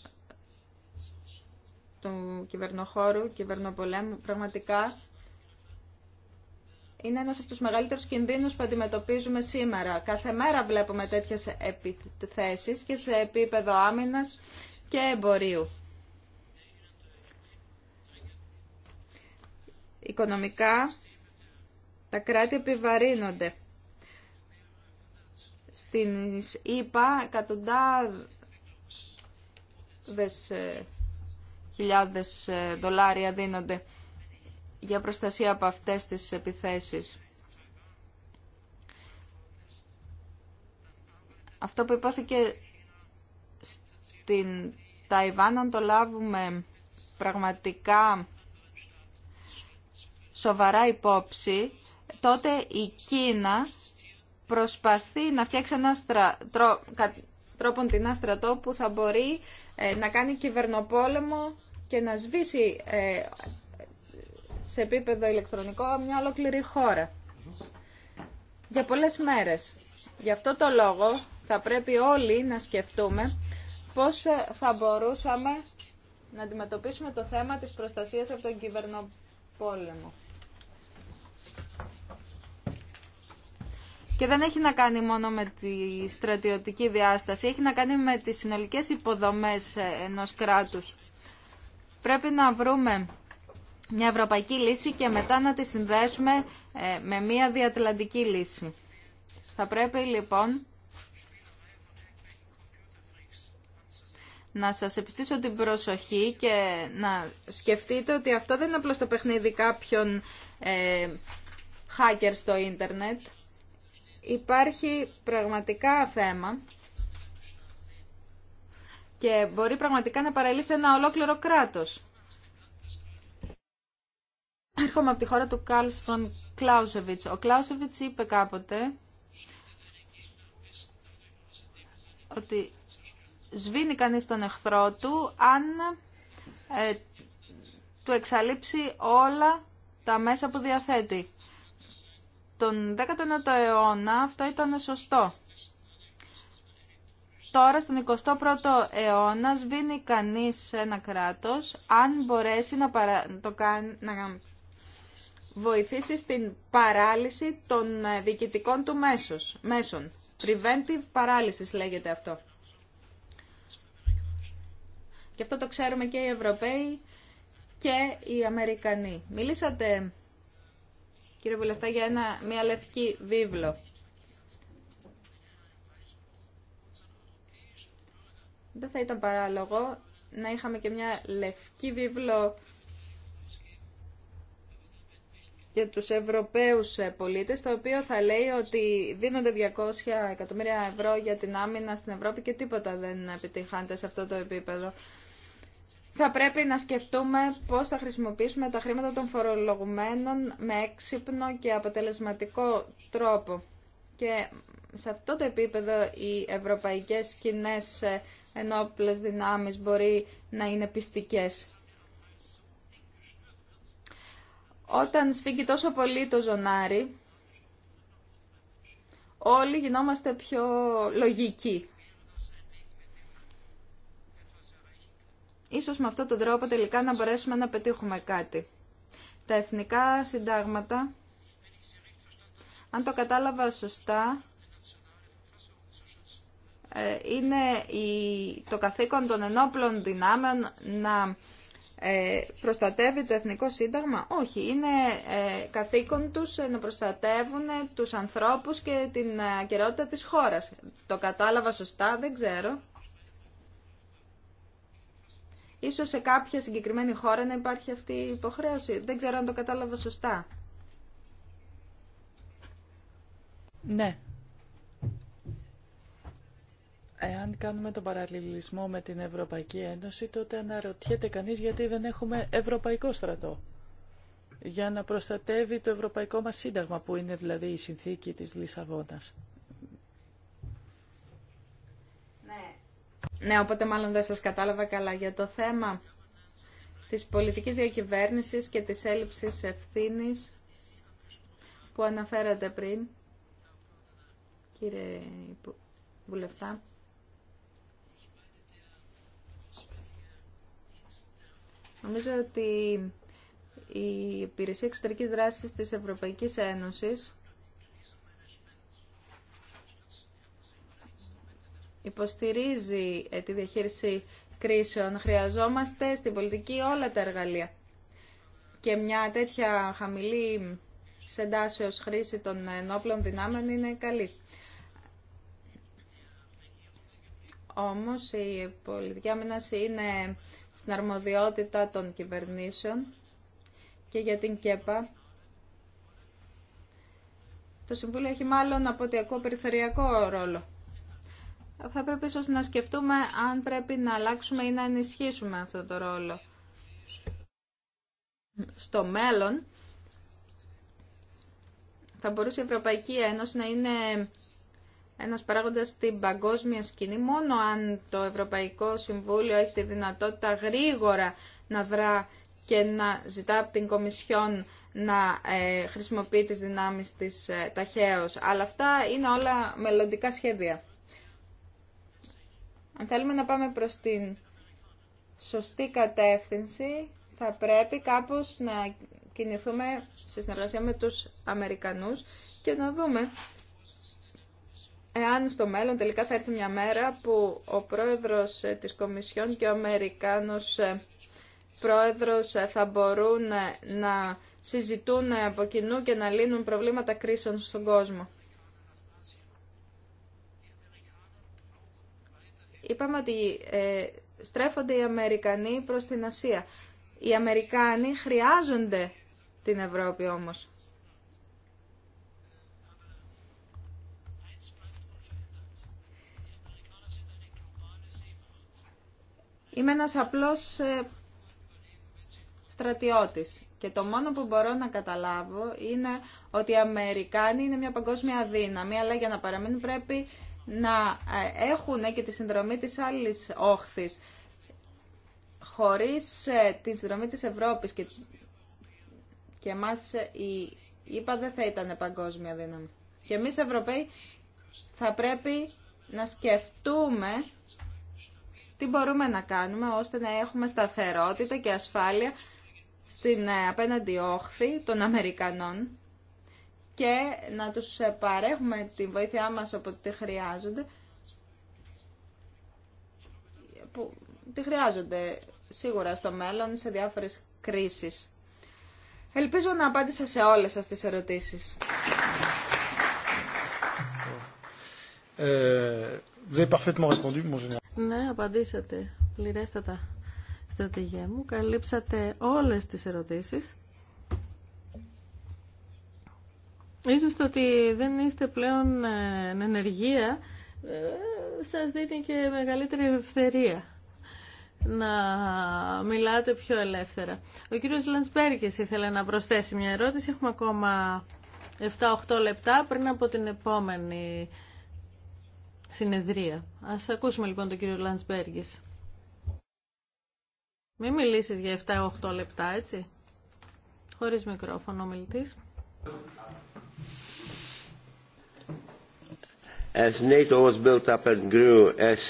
του κυβερνοχώρου, κυβερνοπολέμου, πραγματικά είναι ένας από τους μεγαλύτερους κινδύνους που αντιμετωπίζουμε σήμερα. Κάθε μέρα βλέπουμε τέτοιες επιθέσεις και σε επίπεδο άμυνας και εμπορίου. Οικονομικά τα κράτη επιβαρύνονται. Στην ΙΠΑ εκατοντάδες ε, χιλιάδες ε, δολάρια δίνονται για προστασία από αυτές τις επιθέσεις. Αυτό που υπόθηκε στην Ταϊβάν, αν το λάβουμε πραγματικά σοβαρά υπόψη, τότε η Κίνα προσπαθεί να φτιάξει ένα στρα... τρόπον την άστρατό που θα μπορεί ε, να κάνει κυβερνοπόλεμο και να σβήσει ε, σε επίπεδο ηλεκτρονικό μια ολόκληρη χώρα. Για πολλές μέρες. Γι' αυτό το λόγο θα πρέπει όλοι να σκεφτούμε πώς θα μπορούσαμε να αντιμετωπίσουμε το θέμα της προστασίας από τον κυβερνοπόλεμο. Και δεν έχει να κάνει μόνο με τη στρατιωτική διάσταση, έχει να κάνει με τις συνολικές υποδομές ενός κράτους. Πρέπει να βρούμε μια ευρωπαϊκή λύση και μετά να τη συνδέσουμε ε, με μια διατλαντική λύση. Θα πρέπει λοιπόν να σας επιστήσω την προσοχή και να σκεφτείτε ότι αυτό δεν είναι απλώς το παιχνίδι κάποιων ε, hacker στο ίντερνετ. Υπάρχει πραγματικά θέμα και μπορεί πραγματικά να παραλύσει ένα ολόκληρο κράτος. Έρχομαι από τη χώρα του Κάλστον Κλάουσεβιτς. Ο Κλάουσεβιτς είπε κάποτε ότι σβήνει κανείς τον εχθρό του αν ε, του εξαλείψει όλα τα μέσα που διαθέτει. Τον 19ο αιώνα αυτό ήταν σωστό. Τώρα, στον 21ο αιώνα, σβήνει κανείς ένα κράτος αν μπορέσει να, το κάνει... να βοηθήσει στην παράλυση των ε, διοικητικών του μέσους, μέσων. Preventive παράλυση, λέγεται αυτό. Και αυτό το ξέρουμε και οι Ευρωπαίοι και οι Αμερικανοί. Μιλήσατε, κύριε Βουλευτά, για ένα, μια λευκή βίβλο. Δεν θα ήταν παράλογο να είχαμε και μια λευκή βίβλο για τους Ευρωπαίους πολίτες, το οποίο θα λέει ότι δίνονται 200 εκατομμύρια ευρώ για την άμυνα στην Ευρώπη και τίποτα δεν επιτυχάνεται σε αυτό το επίπεδο. Θα πρέπει να σκεφτούμε πώς θα χρησιμοποιήσουμε τα χρήματα των φορολογουμένων με έξυπνο και αποτελεσματικό τρόπο. Και σε αυτό το επίπεδο οι ευρωπαϊκές κοινέ ενόπλες δυνάμεις μπορεί να είναι πιστικές. Όταν σφίγγει τόσο πολύ το ζωνάρι, όλοι γινόμαστε πιο λογικοί. Ίσως με αυτόν τον τρόπο τελικά να μπορέσουμε να πετύχουμε κάτι. Τα εθνικά συντάγματα, αν το κατάλαβα σωστά, ε, είναι το καθήκον των ενόπλων δυνάμεων να ε, προστατεύει το Εθνικό Σύνταγμα. Όχι, είναι ε, καθήκον τους ε, να προστατεύουν τους ανθρώπους και την καιρότητα της χώρας. Το κατάλαβα σωστά, δεν ξέρω. Ίσως σε κάποια συγκεκριμένη χώρα να υπάρχει αυτή η υποχρέωση. Δεν ξέρω αν το κατάλαβα σωστά. Ναι, Εάν κάνουμε τον παραλληλισμό με την Ευρωπαϊκή Ένωση, τότε αναρωτιέται κανείς γιατί δεν έχουμε ευρωπαϊκό στρατό για να προστατεύει το ευρωπαϊκό μας σύνταγμα, που είναι δηλαδή η συνθήκη της Λισαβόνας. Ναι, ναι οπότε μάλλον δεν σας κατάλαβα καλά για το θέμα της πολιτικής διακυβέρνησης και της έλλειψης ευθύνης που αναφέρατε πριν, κύριε Βουλευτά. Νομίζω ότι η Υπηρεσία Εξωτερικής Δράσης της Ευρωπαϊκής Ένωσης υποστηρίζει ε, τη διαχείριση κρίσεων. Χρειαζόμαστε στην πολιτική όλα τα εργαλεία. Και μια τέτοια χαμηλή σεντάσεως χρήση των ενόπλων δυνάμεων είναι καλή. Όμως η πολιτική άμυνας είναι στην αρμοδιότητα των κυβερνήσεων και για την ΚΕΠΑ. Το Συμβούλιο έχει μάλλον αποτιακό περιφερειακό ρόλο. Θα πρέπει ίσως να σκεφτούμε αν πρέπει να αλλάξουμε ή να ενισχύσουμε αυτό το ρόλο. Στο μέλλον θα μπορούσε η Ευρωπαϊκή Ένωση να είναι ένας παράγοντας στην παγκόσμια σκηνή μόνο αν το Ευρωπαϊκό Συμβούλιο έχει τη δυνατότητα γρήγορα να δρά και να ζητά από την Κομισιόν να ε, χρησιμοποιεί τις δυνάμεις της ε, Αλλά αυτά είναι όλα μελλοντικά σχέδια. Αν θέλουμε να πάμε προς την σωστή κατεύθυνση, θα πρέπει κάπως να κινηθούμε σε συνεργασία με τους Αμερικανούς και να δούμε εάν στο μέλλον τελικά θα έρθει μια μέρα που ο πρόεδρος ε, της Κομισιόν και ο Αμερικάνος ε, πρόεδρος ε, θα μπορούν να συζητούν από κοινού και να λύνουν προβλήματα κρίσεων στον κόσμο. Είπαμε ότι στρέφονται οι Αμερικανοί προς την Ασία. Οι Αμερικάνοι χρειάζονται την Ευρώπη όμως. Είμαι ένας απλός ε, στρατιώτης και το μόνο που μπορώ να καταλάβω είναι ότι οι Αμερικάνοι είναι μια παγκόσμια δύναμη, αλλά για να παραμείνουν πρέπει να ε, έχουν και τη συνδρομή της άλλης όχθης. Χωρίς ε, τη συνδρομή της Ευρώπης και, και εμάς η δεν θα ήταν παγκόσμια δύναμη. Και εμείς Ευρωπαίοι θα πρέπει να σκεφτούμε τι μπορούμε να κάνουμε ώστε να έχουμε σταθερότητα και ασφάλεια στην ε, απέναντι όχθη των Αμερικανών και να τους παρέχουμε τη βοήθειά μας τη χρειάζονται που τη χρειάζονται σίγουρα στο μέλλον σε διάφορες κρίσεις. Ελπίζω να απάντησα σε όλες σας τις ερωτήσεις. Ε, ναι, απαντήσατε πληρέστατα στρατηγέ μου. Καλύψατε όλες τις ερωτήσεις. Ίσως το ότι δεν είστε πλέον ε, εν ενεργεία ε, σας δίνει και μεγαλύτερη ευθερία να μιλάτε πιο ελεύθερα. Ο κύριος Λανσπέρκης ήθελε να προσθέσει μια ερώτηση. Έχουμε ακόμα 7-8 λεπτά πριν από την επόμενη συνεδρία. Ας ακούσουμε λοιπόν τον κύριο Λαντσμπέργης. Μην μιλήσεις για 7-8 λεπτά, έτσι. Χωρίς μικρόφωνο, μιλητής. As NATO was built up and grew as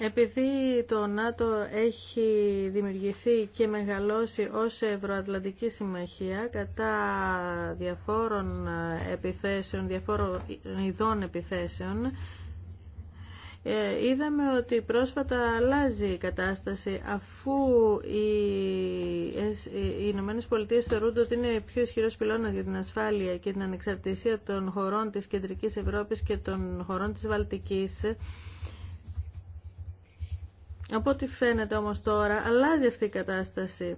επειδή το ΝΑΤΟ έχει δημιουργηθεί και μεγαλώσει ως Ευρωατλαντική Συμμαχία κατά διαφόρων ε, επιθέσεων, διαφόρων ειδών επιθέσεων, ε, είδαμε ότι πρόσφατα αλλάζει η κατάσταση αφού οι Ηνωμένε Πολιτείε θεωρούνται ότι είναι πιο ισχυρό πυλώνα για την ασφάλεια και την ανεξαρτησία των χωρών της Κεντρικής Ευρώπης και των χωρών της Βαλτικής από ό,τι φαίνεται όμως τώρα αλλάζει αυτή η κατάσταση.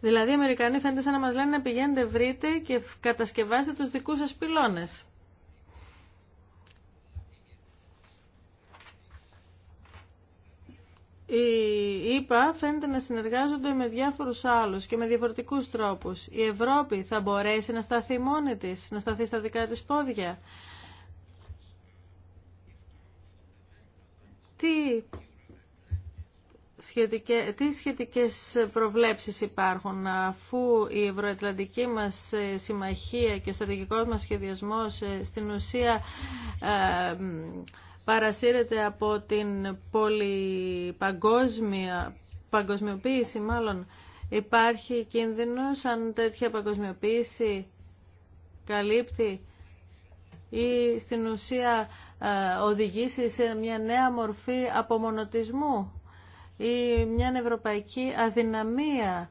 Δηλαδή οι Αμερικανοί φαίνεται σαν να μας λένε να πηγαίνετε βρείτε και κατασκευάστε τους δικούς σας πυλώνες. Οι ΕΠΑ φαίνεται να συνεργάζονται με διάφορους άλλους και με διαφορετικούς τρόπους. Η Ευρώπη θα μπορέσει να σταθεί μόνη της, να σταθεί στα δικά της πόδια. τι σχετικές, τι σχετικές προβλέψεις υπάρχουν αφού η ευρωατλαντική μας ε, συμμαχία και ο στρατηγικός μας σχεδιασμός ε, στην ουσία ε, παρασύρεται από την πολυπαγκόσμια παγκοσμιοποίηση μάλλον υπάρχει κίνδυνος αν τέτοια παγκοσμιοποίηση καλύπτει ή στην ουσία ε, οδηγήσει σε μια νέα μορφή απομονωτισμού ή μια ευρωπαϊκή αδυναμία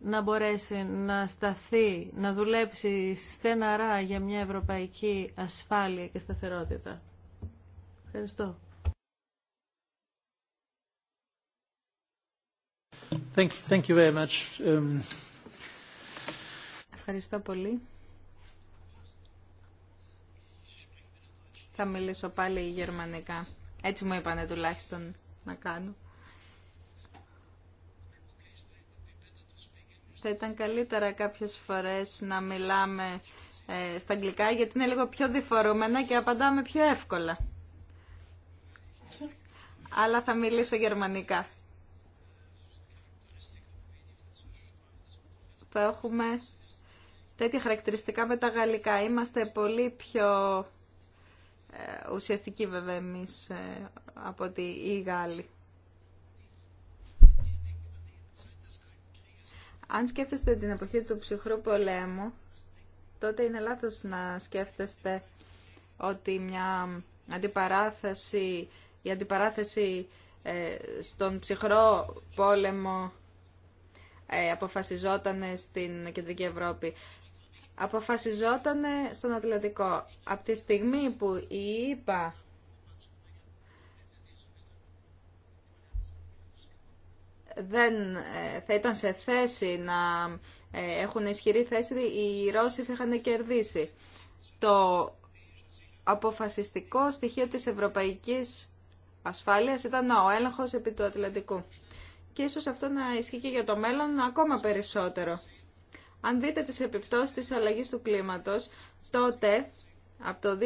να μπορέσει να σταθεί, να δουλέψει στεναρά για μια ευρωπαϊκή ασφάλεια και σταθερότητα. Ευχαριστώ. Thank thank you very much. Um, Ευχαριστώ πολύ. Θα μιλήσω πάλι γερμανικά. Έτσι μου είπανε τουλάχιστον να κάνω. Θα ήταν καλύτερα κάποιες φορές να μιλάμε ε, στα αγγλικά γιατί είναι λίγο πιο διφορούμενα και απαντάμε πιο εύκολα. Αλλά θα μιλήσω γερμανικά. Θα έχουμε τέτοια χαρακτηριστικά με τα γαλλικά. Είμαστε πολύ πιο ε, ουσιαστική βέβαια εμείς ε, από ότι οι Γάλλοι. Αν σκέφτεστε την εποχή του ψυχρού πολέμου, τότε είναι λάθος να σκέφτεστε ότι μια αντιπαράθεση, η αντιπαράθεση ε, στον ψυχρό πόλεμο αποφασιζόταν στην Κεντρική Ευρώπη αποφασιζόταν στον Ατλαντικό. Από τη στιγμή που η ΕΠΑ δεν ε, θα ήταν σε θέση να ε, έχουν ισχυρή θέση, οι Ρώσοι θα είχαν κερδίσει. Το αποφασιστικό στοιχείο της ευρωπαϊκής ασφάλειας ήταν ο έλεγχος επί του Ατλαντικού. Και ίσως αυτό να ισχύει και για το μέλλον ακόμα περισσότερο. Αν δείτε τις επιπτώσεις της αλλαγής του κλίματος, τότε από το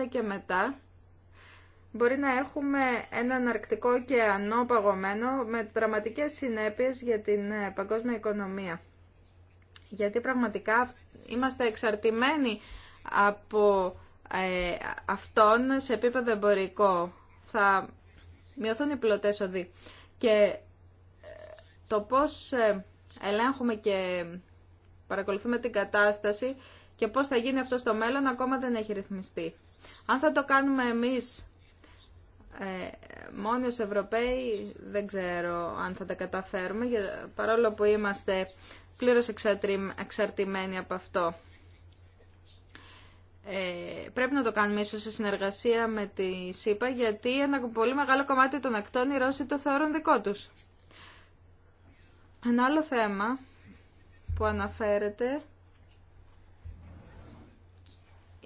2030 και μετά μπορεί να έχουμε έναν αρκτικό και παγωμένο με δραματικές συνέπειες για την ε, παγκόσμια οικονομία. Γιατί πραγματικά είμαστε εξαρτημένοι από ε, αυτόν σε επίπεδο εμπορικό. Θα μειωθούν οι πλωτές οδοί. Και ε, το πώς ελέγχουμε και παρακολουθούμε την κατάσταση και πώς θα γίνει αυτό στο μέλλον ακόμα δεν έχει ρυθμιστεί. Αν θα το κάνουμε εμείς ε, μόνοι ως Ευρωπαίοι δεν ξέρω αν θα τα καταφέρουμε παρόλο που είμαστε πλήρως εξαρτημένοι από αυτό. Ε, πρέπει να το κάνουμε ίσως σε συνεργασία με τη ΣΥΠΑ γιατί ένα πολύ μεγάλο κομμάτι των ακτών οι Ρώσοι το θεωρούν δικό τους. Ένα άλλο θέμα που αναφέρεται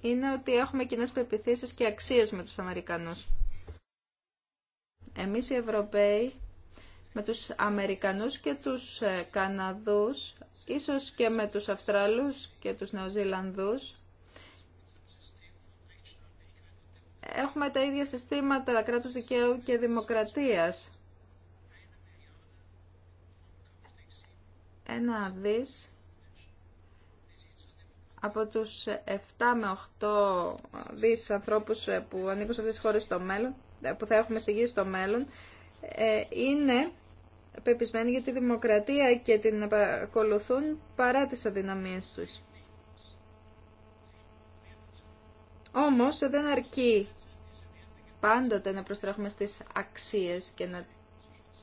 είναι ότι έχουμε κοινέ πεπιθήσεις και αξίες με τους Αμερικανούς. Εμείς οι Ευρωπαίοι με τους Αμερικανούς και τους ε, Καναδούς, ίσως και με τους Αυστραλούς και τους Νεοζηλανδούς, έχουμε τα ίδια συστήματα κράτους δικαίου και δημοκρατίας. ένα δις από τους 7 με 8 δις ανθρώπους που ανήκουν σε αυτές τις χώρες στο μέλλον, που θα έχουμε στη γη στο μέλλον, ε, είναι πεπισμένοι για τη δημοκρατία και την ακολουθούν παρά τις αδυναμίες τους. Όμως ε, δεν αρκεί πάντοτε να προστρέχουμε στις αξίες και να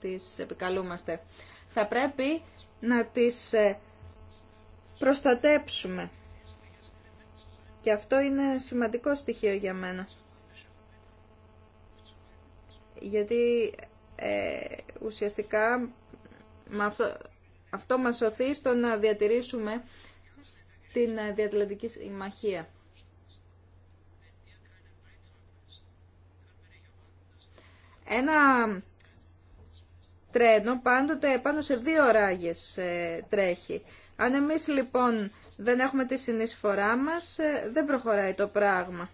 τις επικαλούμαστε θα πρέπει να τις ε, προστατέψουμε. Και αυτό είναι σημαντικό στοιχείο για μένα. Γιατί ε, ουσιαστικά αυτό, αυτό μας σωθεί στο να διατηρήσουμε την ε, διατλαντική συμμαχία. Ένα τρένο πάντοτε πάνω σε δύο ράγες ε, τρέχει. Αν εμείς λοιπόν δεν έχουμε τη συνεισφορά μας, ε, δεν προχωράει το πράγμα.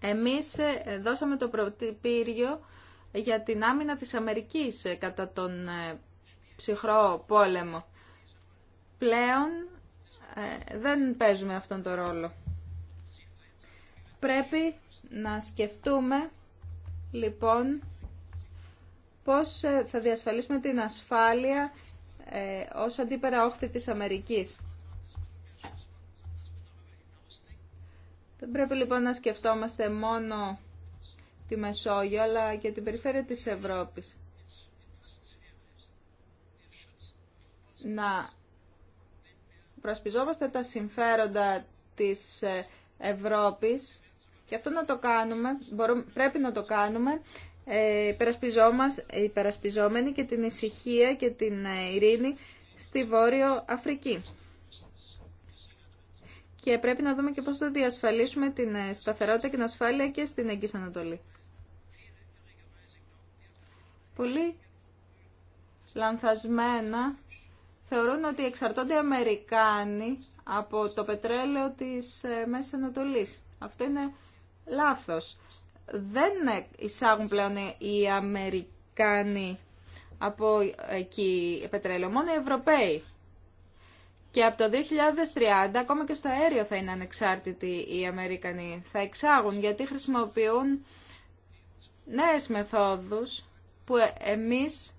Εμείς ε, δώσαμε το πρωτοπύριο για την άμυνα της Αμερικής κατά τον ψυχρό πόλεμο. Πλέον δεν παίζουμε αυτόν τον ρόλο. Πρέπει να σκεφτούμε λοιπόν πώς ε, θα διασφαλίσουμε την ασφάλεια ε, ως αντίπερα όχθη της Αμερικής. Δεν πρέπει λοιπόν να σκεφτόμαστε μόνο τη Μεσόγειο, αλλά και την περιφέρεια της Ευρώπης. Να προσπιζόμαστε τα συμφέροντα της ε, Ευρώπης και αυτό να το κάνουμε, πρέπει να το κάνουμε ε, υπερασπιζόμενοι και την ησυχία και την ε, ειρήνη στη Βόρειο Αφρική. Και πρέπει να δούμε και πώς θα διασφαλίσουμε την ε, σταθερότητα και την ασφάλεια και στην Αγγής Ανατολή. Πολύ λανθασμένα θεωρούν ότι εξαρτώνται οι Αμερικάνοι από το πετρέλαιο της Μέσης Ανατολής. Αυτό είναι λάθος δεν εισάγουν πλέον οι Αμερικάνοι από εκεί πετρέλαιο, μόνο οι Ευρωπαίοι. Και από το 2030 ακόμα και στο αέριο θα είναι ανεξάρτητοι οι Αμερικανοί. Θα εξάγουν γιατί χρησιμοποιούν νέες μεθόδους που εμείς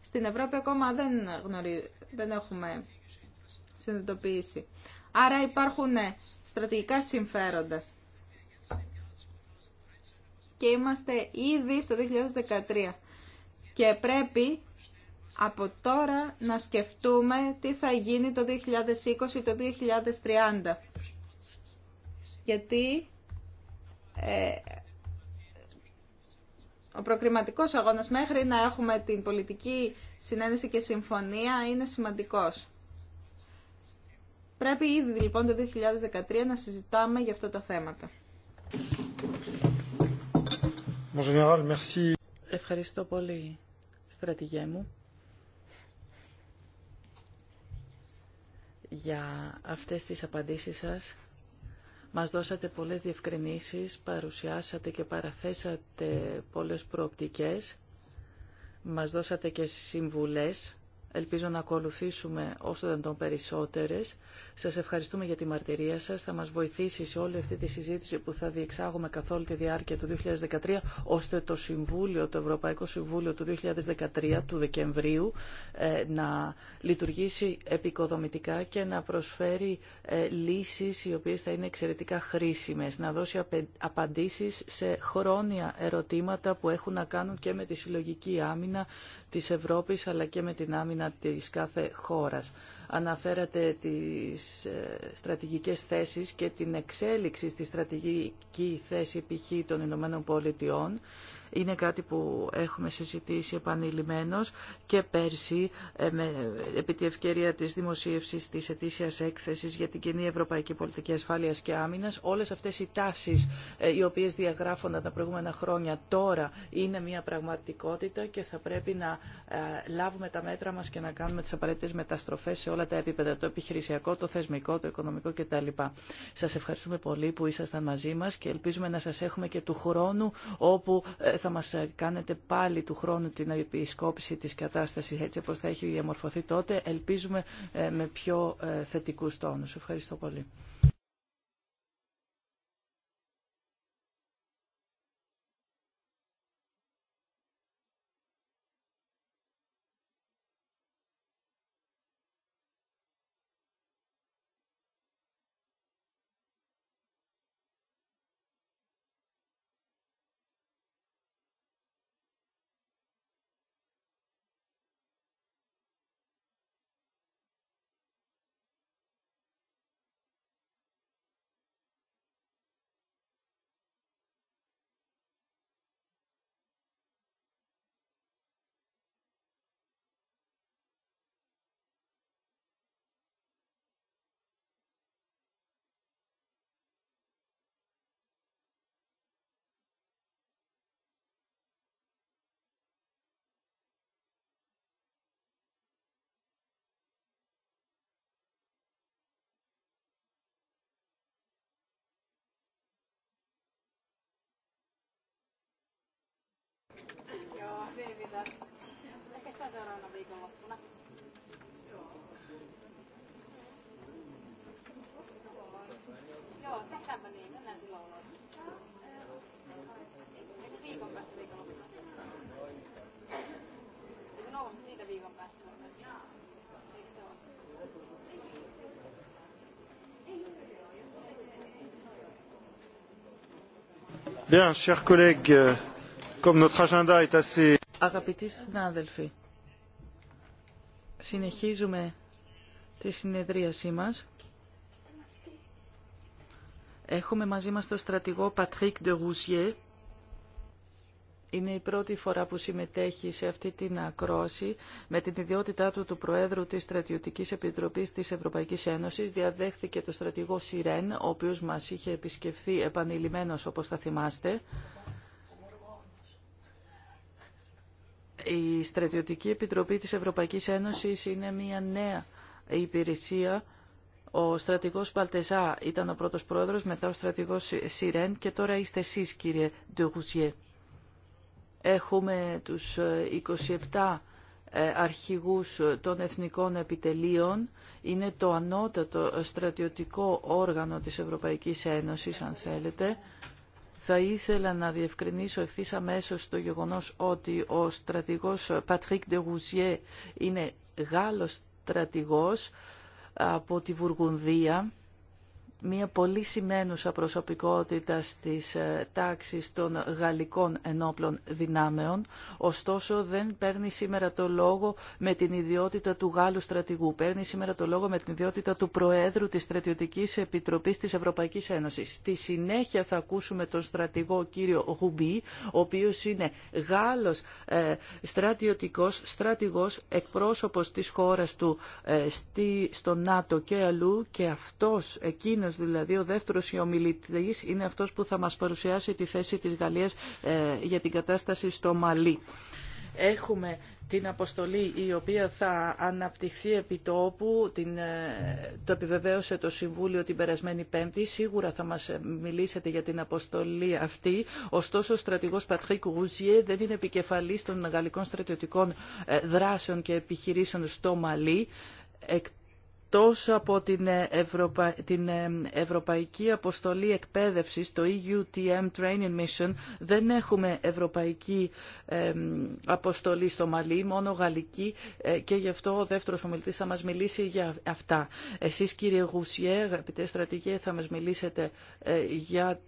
στην Ευρώπη ακόμα δεν, γνωρί, δεν έχουμε συνειδητοποιήσει. Άρα υπάρχουν στρατηγικά συμφέροντα και είμαστε ήδη στο 2013. Και πρέπει από τώρα να σκεφτούμε τι θα γίνει το 2020 το 2030. Γιατί ε, ο προκριματικός αγώνας μέχρι να έχουμε την πολιτική συνένεση και συμφωνία είναι σημαντικός. Πρέπει ήδη λοιπόν το 2013 να συζητάμε για αυτά τα θέματα. Ευχαριστώ πολύ, στρατηγέ μου, για αυτές τις απαντήσεις σας. Μας δώσατε πολλές διευκρινήσεις, παρουσιάσατε και παραθέσατε πολλές προοπτικές, μας δώσατε και συμβουλές Ελπίζω να ακολουθήσουμε όσο δεν τον περισσότερες. Σας ευχαριστούμε για τη μαρτυρία σας. Θα μας βοηθήσει σε όλη αυτή τη συζήτηση που θα διεξάγουμε καθ' όλη τη διάρκεια του 2013, ώστε το Συμβούλιο, το Ευρωπαϊκό Συμβούλιο του 2013, του Δεκεμβρίου, ε, να λειτουργήσει επικοδομητικά και να προσφέρει ε, λύσεις οι οποίες θα είναι εξαιρετικά χρήσιμες, να δώσει απαντήσεις σε χρόνια ερωτήματα που έχουν να κάνουν και με τη συλλογική άμυνα, της Ευρώπης αλλά και με την άμυνα της κάθε χώρας. Αναφέρατε τις ε, στρατηγικές θέσεις και την εξέλιξη στη στρατηγική θέση π.χ. των Ηνωμένων Πολιτειών είναι κάτι που έχουμε συζητήσει επανειλημμένως και πέρσι ε, με, επί τη ευκαιρία της δημοσίευσης της ετήσιας έκθεσης για την κοινή ευρωπαϊκή πολιτική ασφάλειας και άμυνας. Όλες αυτές οι τάσεις ε, οι οποίες διαγράφονταν τα προηγούμενα χρόνια τώρα είναι μια πραγματικότητα και θα πρέπει να ε, λάβουμε τα μέτρα μας και να κάνουμε τις απαραίτητες μεταστροφές σε όλα τα επίπεδα, το επιχειρησιακό, το θεσμικό, το οικονομικό κτλ. Σας ευχαριστούμε πολύ που ήσασταν μαζί μας και ελπίζουμε να σας έχουμε και του χρόνου όπου θα μας κάνετε πάλι του χρόνου την επισκόπηση της κατάστασης έτσι όπως θα έχει διαμορφωθεί τότε. Ελπίζουμε ε, με πιο ε, θετικούς τόνους. Ευχαριστώ πολύ. Euh, Αγαπητοί συνάδελφοι, συνεχίζουμε τη συνεδρίασή μας. Έχουμε μαζί μας τον στρατηγό Πατρίκ de είναι η πρώτη φορά που συμμετέχει σε αυτή την ακρόαση με την ιδιότητά του του Προέδρου της Στρατιωτικής Επιτροπής της Ευρωπαϊκής Ένωσης. Διαδέχθηκε το στρατηγό Σιρέν, ο οποίος μας είχε επισκεφθεί επανειλημμένος όπως θα θυμάστε. Η Στρατιωτική Επιτροπή της Ευρωπαϊκής Ένωσης είναι μια νέα υπηρεσία ο στρατηγός Παλτεζά ήταν ο πρώτος πρόεδρος, μετά ο στρατηγός Σιρέν και τώρα είστε εσείς κύριε Ντεγουζιέ. Έχουμε τους 27 ε, ε, αρχηγούς των εθνικών επιτελείων. Είναι το ανώτατο στρατιωτικό όργανο της Ευρωπαϊκής Ένωσης, αν θέλετε. Θα ήθελα να διευκρινίσω ευθύ αμέσω το γεγονός ότι ο στρατηγός Πατρίκ Ντεγουζιέ είναι Γάλλος στρατηγός από τη Βουργουνδία μια πολύ σημαίνουσα προσωπικότητα στις ε, τάξεις των γαλλικών ενόπλων δυνάμεων, ωστόσο δεν παίρνει σήμερα το λόγο με την ιδιότητα του Γάλλου στρατηγού. Παίρνει σήμερα το λόγο με την ιδιότητα του Προέδρου της Στρατιωτικής Επιτροπής της Ευρωπαϊκής Ένωσης. Στη συνέχεια θα ακούσουμε τον στρατηγό κύριο Γουμπί, ο οποίος είναι Γάλλος ε, στρατιωτικός, στρατηγός, εκπρόσωπος της χώρας του ε, στο ΝΑΤΟ και αλλού και αυτός δηλαδή, ο δεύτερος ομιλητής είναι αυτός που θα μας παρουσιάσει τη θέση της Γαλλίας ε, για την κατάσταση στο Μαλί. Έχουμε την αποστολή η οποία θα αναπτυχθεί επί τόπου, την, ε, το επιβεβαίωσε το Συμβούλιο την περασμένη Πέμπτη. Σίγουρα θα μας μιλήσετε για την αποστολή αυτή. Ωστόσο, ο στρατηγός Πατρίκου Γουζιέ δεν είναι επικεφαλής των γαλλικών στρατιωτικών ε, δράσεων και επιχειρήσεων στο Μαλί. Τόσο από την, ε, την ε, Ευρωπαϊκή Αποστολή Εκπαίδευσης, το EUTM Training Mission, δεν έχουμε Ευρωπαϊκή ε, Αποστολή στο Μαλί, μόνο Γαλλική και γι' αυτό ο δεύτερος ομιλητής θα μας μιλήσει για αυτά. Εσείς κύριε Γουσιέ, αγαπητέ στρατηγέ, θα μας μιλήσετε για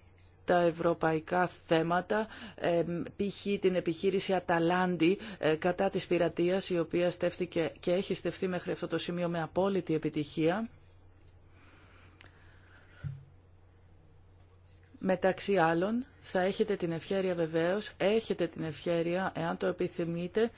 τα ευρωπαϊκά θέματα, ε, π.χ. την επιχείρηση Αταλάντη ε, κατά της πειρατείας, η οποία στεύθηκε και έχει στεφθεί μέχρι αυτό το σημείο με απόλυτη επιτυχία. Μεταξύ άλλων, θα έχετε την ευχαίρεια βεβαίως, έχετε την ευχαίρεια, εάν το επιθυμείτε,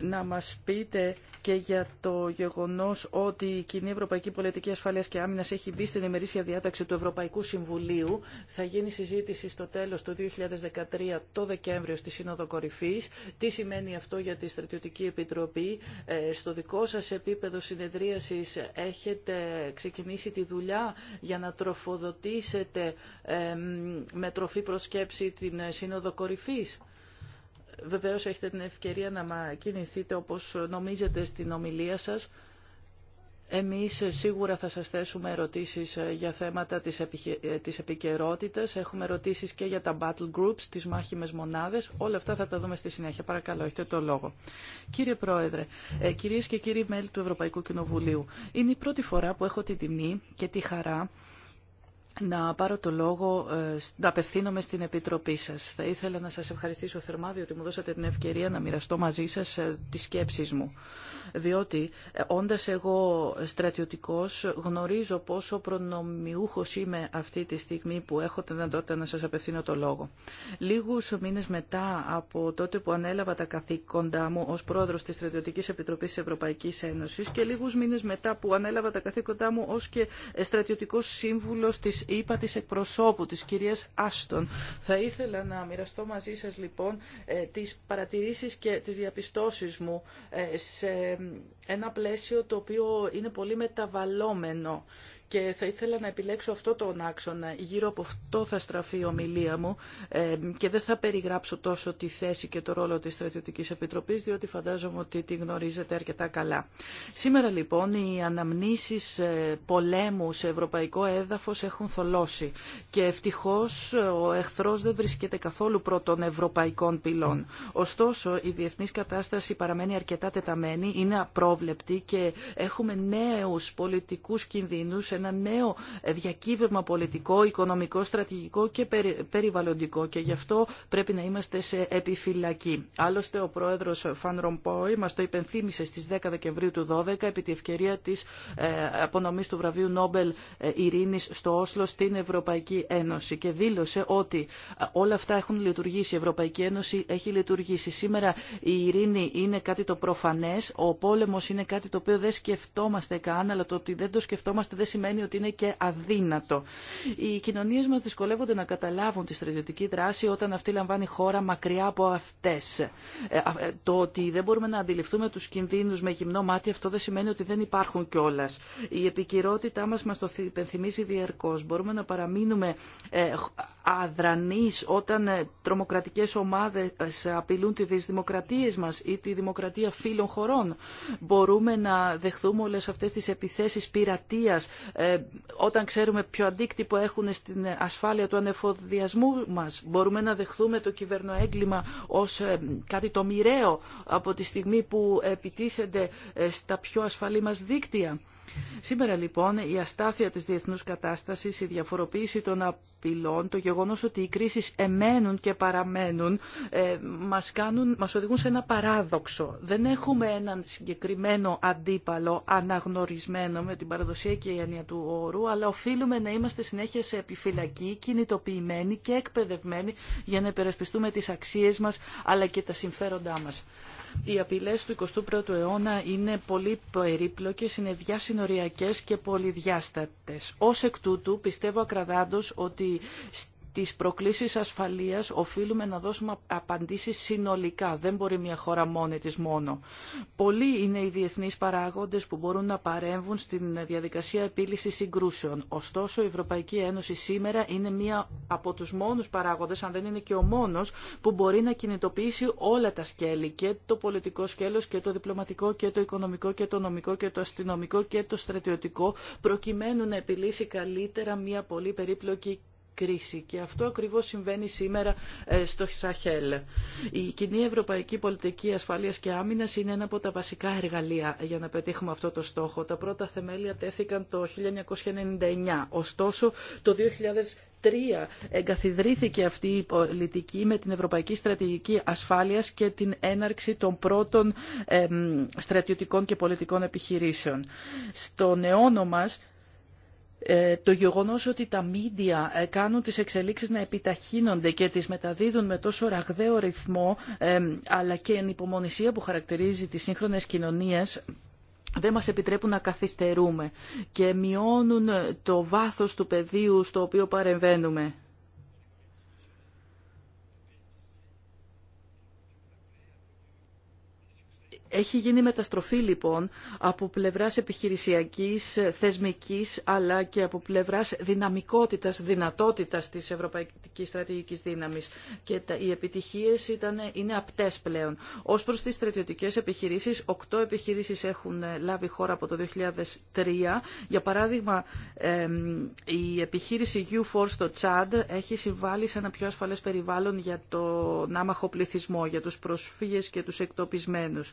να μας πείτε και για το γεγονός ότι η κοινή Ευρωπαϊκή Πολιτική Ασφαλείας και Άμυνας έχει μπει στην ημερήσια διάταξη του Ευρωπαϊκού Συμβουλίου. Θα γίνει συζήτηση στο τέλος του 2013 το Δεκέμβριο στη Σύνοδο Κορυφής. Τι σημαίνει αυτό για τη Στρατιωτική Επιτροπή. Ε, στο δικό σας επίπεδο συνεδρίασης έχετε ξεκινήσει τη δουλειά για να τροφοδοτήσετε με τροφή προσκέψη την Σύνοδο Κορυφής. Βεβαίως έχετε την ευκαιρία να κινηθείτε όπως νομίζετε στην ομιλία σας. Εμείς ε, σίγουρα θα σας θέσουμε ερωτήσεις ε, για θέματα της, ε, επικαιρότητα. Έχουμε ερωτήσεις και για τα battle groups, τις μάχημες μονάδες. Όλα αυτά θα τα δούμε στη συνέχεια. Παρακαλώ, έχετε το λόγο. Κύριε Πρόεδρε, κυρίες και κύριοι μέλη του Ευρωπαϊκού Κοινοβουλίου, είναι η πρώτη φορά που έχω την τιμή και τη χαρά να πάρω το λόγο, ε, να απευθύνομαι στην Επιτροπή σας. Θα ήθελα να σας ευχαριστήσω θερμά, διότι μου δώσατε την ευκαιρία να μοιραστώ μαζί σας ε, τις σκέψεις μου. Διότι, ε, όντας εγώ στρατιωτικός, γνωρίζω πόσο προνομιούχος είμαι αυτή τη στιγμή που έχω την δυνατότητα να σας απευθύνω το λόγο. Λίγους μήνες μετά από τότε που ανέλαβα τα καθήκοντά μου ως πρόεδρος της Στρατιωτικής Επιτροπής της Ευρωπαϊκής Ένωσης και λίγους μήνες μετά που ανέλαβα τα καθήκοντά μου ως και στρατιωτικός σύμβουλος της είπα της εκπροσώπου της κυρίας Άστον. Θα ήθελα να μοιραστώ μαζί σας λοιπόν ε, τις παρατηρήσεις και τις διαπιστώσεις μου ε, σε ένα πλαίσιο το οποίο είναι πολύ μεταβαλλόμενο και θα ήθελα να επιλέξω αυτό τον άξονα. Γύρω από αυτό θα στραφεί η ομιλία μου ε, και δεν θα περιγράψω τόσο τη θέση και το ρόλο της Στρατιωτικής Επιτροπής, διότι φαντάζομαι ότι τη γνωρίζετε αρκετά καλά. Σήμερα λοιπόν οι αναμνήσεις ε, πολέμου σε ευρωπαϊκό έδαφος έχουν θολώσει και ευτυχώς ε, ο εχθρός δεν βρίσκεται καθόλου πρώτων ευρωπαϊκών πυλών. Ωστόσο η διεθνής κατάσταση παραμένει αρκετά τεταμένη, είναι απρόβλεπτη και έχουμε νέου πολιτικού κινδύνους ένα νέο διακύβευμα πολιτικό, οικονομικό, στρατηγικό και περιβαλλοντικό και γι' αυτό πρέπει να είμαστε σε επιφυλακή. Άλλωστε ο πρόεδρος Φαν Ρομπόη μας το υπενθύμησε στις 10 Δεκεμβρίου του 2012 επί τη ευκαιρία της ε, απονομής του βραβείου Νόμπελ ε, Ειρήνης στο Όσλο στην Ευρωπαϊκή Ένωση και δήλωσε ότι ε, όλα αυτά έχουν λειτουργήσει. Η Ευρωπαϊκή Ένωση έχει λειτουργήσει. Σήμερα η ειρήνη είναι κάτι το προφανές, ο πόλεμος είναι κάτι το οποίο δεν σκεφτόμαστε καν, αλλά το ότι δεν το σκεφτόμαστε δεν σημαίνει σημαίνει ότι είναι και αδύνατο. Οι κοινωνίε μα δυσκολεύονται να καταλάβουν τη στρατιωτική δράση όταν αυτή λαμβάνει χώρα μακριά από αυτέ. Ε, ε, το ότι δεν μπορούμε να αντιληφθούμε του κινδύνου με γυμνό μάτι, αυτό δεν σημαίνει ότι δεν υπάρχουν κιόλα. Η επικυρότητά μα μα το υπενθυμίζει διαρκώ. Μπορούμε να παραμείνουμε ε, αδρανεί όταν τρομοκρατικέ ομάδε απειλούν τι δημοκρατίε μα ή τη δημοκρατία φίλων χωρών. Μπορούμε να δεχθούμε όλε αυτέ τι επιθέσει πειρατεία ε, όταν ξέρουμε ποιο αντίκτυπο έχουν στην ασφάλεια του ανεφοδιασμού μας. Μπορούμε να δεχθούμε το κυβερνοέγκλημα ως ε, κάτι το μοιραίο από τη στιγμή που επιτίθενται ε, στα πιο ασφαλή μας δίκτυα. Σήμερα λοιπόν η αστάθεια της διεθνούς κατάστασης, η διαφοροποίηση των απειλών, το γεγονός ότι οι κρίσεις εμένουν και παραμένουν, ε, μας, κάνουν, μας οδηγούν σε ένα παράδοξο. Δεν έχουμε έναν συγκεκριμένο αντίπαλο αναγνωρισμένο με την παραδοσία και η έννοια του όρου, αλλά οφείλουμε να είμαστε συνέχεια σε επιφυλακή, κινητοποιημένοι και εκπαιδευμένοι για να υπερασπιστούμε τις αξίες μας αλλά και τα συμφέροντά μας. Οι απειλές του 21ου αιώνα είναι πολύ περίπλοκες, είναι διασυνοριακές και πολυδιάστατες. Ως εκ τούτου πιστεύω ακραδάντως ότι τις προκλήσεις ασφαλείας οφείλουμε να δώσουμε απαντήσεις συνολικά. Δεν μπορεί μια χώρα μόνη της μόνο. Πολλοί είναι οι διεθνείς παράγοντες που μπορούν να παρέμβουν στην διαδικασία επίλυσης συγκρούσεων. Ωστόσο, η Ευρωπαϊκή Ένωση σήμερα είναι μία από τους μόνους παράγοντες, αν δεν είναι και ο μόνος, που μπορεί να κινητοποιήσει όλα τα σκέλη, και το πολιτικό σκέλος και το διπλωματικό και το οικονομικό και το νομικό και το αστυνομικό και το στρατιωτικό, προκειμένου να επιλύσει καλύτερα μία πολύ περίπλοκη κρίση και αυτό ακριβώς συμβαίνει σήμερα ε, στο Σαχέλ. Η κοινή ευρωπαϊκή πολιτική ασφαλείας και άμυνας είναι ένα από τα βασικά εργαλεία για να πετύχουμε αυτό το στόχο. Τα πρώτα θεμέλια τέθηκαν το 1999. Ωστόσο, το 2003 εγκαθιδρύθηκε αυτή η πολιτική με την Ευρωπαϊκή Στρατηγική Ασφάλειας και την έναρξη των πρώτων στρατιωτικών και πολιτικών επιχειρήσεων. Στον αιώνο μας ε, το γεγονός ότι τα μίντια ε, κάνουν τις εξελίξεις να επιταχύνονται και τις μεταδίδουν με τόσο ραγδαίο ρυθμό ε, αλλά και ενυπομονησία που χαρακτηρίζει τις σύγχρονες κοινωνίες δεν μας επιτρέπουν να καθυστερούμε και μειώνουν το βάθος του πεδίου στο οποίο παρεμβαίνουμε. Έχει γίνει μεταστροφή λοιπόν από πλευράς επιχειρησιακής, θεσμικής αλλά και από πλευράς δυναμικότητας, δυνατότητας της ευρωπαϊκής στρατηγικής δύναμης και τα, οι επιτυχίες ήταν, είναι απτές πλέον. Ως προς τις στρατιωτικές επιχειρήσεις, οκτώ επιχειρήσεις έχουν ε, λάβει χώρα από το 2003. Για παράδειγμα, η επιχείρηση U4 στο Τσάντ έχει συμβάλει σε ένα πιο ασφαλές περιβάλλον για τον άμαχο πληθυσμό, για τους προσφύγες και τους εκτοπισμένους.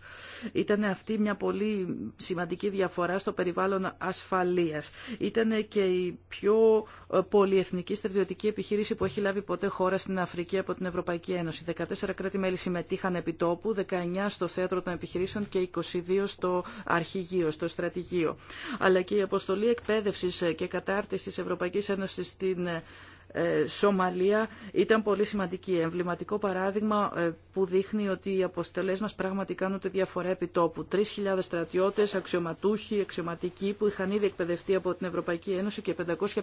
Ήταν αυτή μια πολύ σημαντική διαφορά στο περιβάλλον ασφαλείας. Ήταν και η πιο ε, πολυεθνική στρατιωτική επιχείρηση που έχει λάβει ποτέ χώρα στην Αφρική από την Ευρωπαϊκή Ένωση. 14 κράτη-μέλη συμμετείχαν επί τόπου, 19 στο θέατρο των επιχειρήσεων και 22 στο αρχηγείο, στο στρατηγείο. Αλλά και η αποστολή εκπαίδευση ε, και κατάρτιση τη Ευρωπαϊκή Ένωση στην ε, ε, Σομαλία ήταν πολύ σημαντική. Εμβληματικό παράδειγμα ε, που δείχνει ότι οι αποστελέ μα πραγματικά κάνουν τη διαφορά επί τόπου. 3.000 στρατιώτες, αξιωματούχοι, αξιωματικοί που είχαν ήδη εκπαιδευτεί από την Ευρωπαϊκή Ένωση και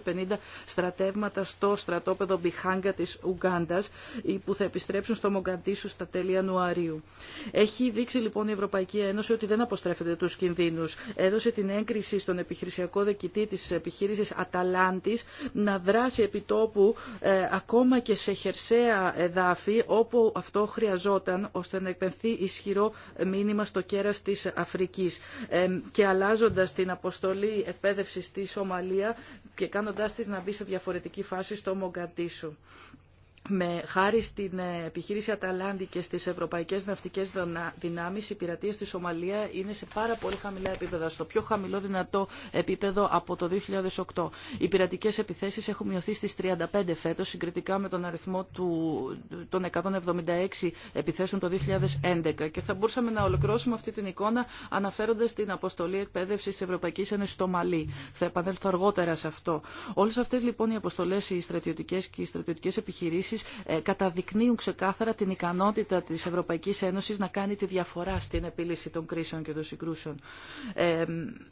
550 στρατεύματα στο στρατόπεδο Μπιχάγκα τη Ουγγάντα που θα επιστρέψουν στο Μογκαντήσου στα τέλη Ιανουαρίου. Έχει δείξει λοιπόν η Ευρωπαϊκή Ένωση ότι δεν αποστρέφεται του κινδύνου. Έδωσε την έγκριση στον επιχειρησιακό δεκητή τη επιχείρηση Αταλάντη να δράσει επί τόπου ε, ακόμα και σε χερσαία εδάφη όπου αυτό χρειαζόταν ώστε να εκπαιδευτεί ισχυρό μήνυμα στο κέρας της Αφρικής ε, και αλλάζοντας την αποστολή εκπαίδευση στη Σομαλία και κάνοντάς της να μπει σε διαφορετική φάση στο Μογκαντήσου με χάρη στην ε, επιχείρηση Αταλάντη και στις ευρωπαϊκές ναυτικές δυνάμεις οι πειρατείες στη Σομαλία είναι σε πάρα πολύ χαμηλά επίπεδα, στο πιο χαμηλό δυνατό επίπεδο από το 2008. Οι πειρατικές επιθέσεις έχουν μειωθεί στις 35 φέτος συγκριτικά με τον αριθμό του, των 176 επιθέσεων το 2011 και θα μπορούσαμε να ολοκληρώσουμε αυτή την εικόνα αναφέροντας την αποστολή εκπαίδευση της Ευρωπαϊκής Ένωσης στο Μαλί. Θα επανέλθω αργότερα σε αυτό. Όλες αυτές λοιπόν οι αποστολέ οι στρατιωτικέ και οι στρατιωτικές ε, καταδεικνύουν ξεκάθαρα την ικανότητα της Ευρωπαϊκής Ένωσης να κάνει τη διαφορά στην επίλυση των κρίσεων και των συγκρούσεων. Ε,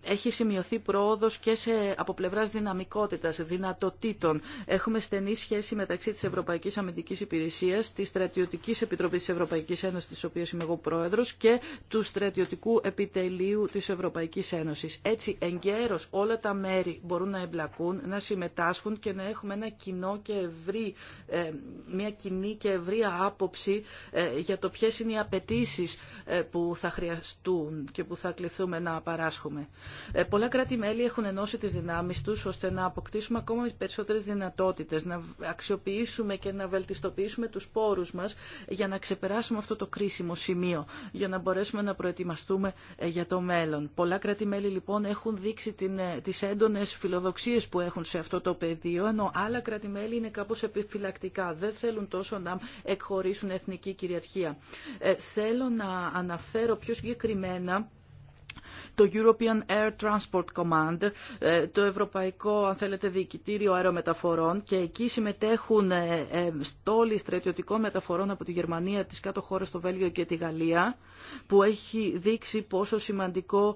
έχει σημειωθεί πρόοδος και σε, από πλευράς δυναμικότητας, δυνατοτήτων. Έχουμε στενή σχέση μεταξύ της Ευρωπαϊκής Αμυντικής Υπηρεσίας, της Στρατιωτικής Επιτροπής της Ευρωπαϊκής Ένωσης, της οποίας είμαι εγώ πρόεδρος, και του Στρατιωτικού Επιτελείου της Ευρωπαϊκής Ένωσης. Έτσι, εγκαίρως όλα τα μέρη μπορούν να εμπλακούν, να συμμετάσχουν και να έχουμε ένα κοινό και ευρύ ε, μια κοινή και ευρία άποψη ε, για το ποιες είναι οι απαιτήσει ε, που θα χρειαστούν και που θα κληθούμε να παράσχουμε. Ε, πολλά κράτη-μέλη έχουν ενώσει τις δυνάμεις τους ώστε να αποκτήσουμε ακόμα περισσότερες δυνατότητες, να αξιοποιήσουμε και να βελτιστοποιήσουμε τους πόρους μας για να ξεπεράσουμε αυτό το κρίσιμο σημείο, για να μπορέσουμε να προετοιμαστούμε για το μέλλον. Πολλά κράτη-μέλη λοιπόν έχουν δείξει την, τις έντονες φιλοδοξίες που έχουν σε αυτό το πεδίο, ενώ άλλα κράτη-μέλη είναι κάπως επιφυλακτικά δεν θέλουν τόσο να εκχωρήσουν εθνική κυριαρχία. Ε, θέλω να αναφέρω πιο συγκεκριμένα το European Air Transport Command, ε, το Ευρωπαϊκό αν θέλετε, Διοικητήριο Αερομεταφορών και εκεί συμμετέχουν ε, ε, στόλοι στρατιωτικών μεταφορών από τη Γερμανία, τις κάτω χώρες, το Βέλγιο και τη Γαλλία που έχει δείξει πόσο σημαντικό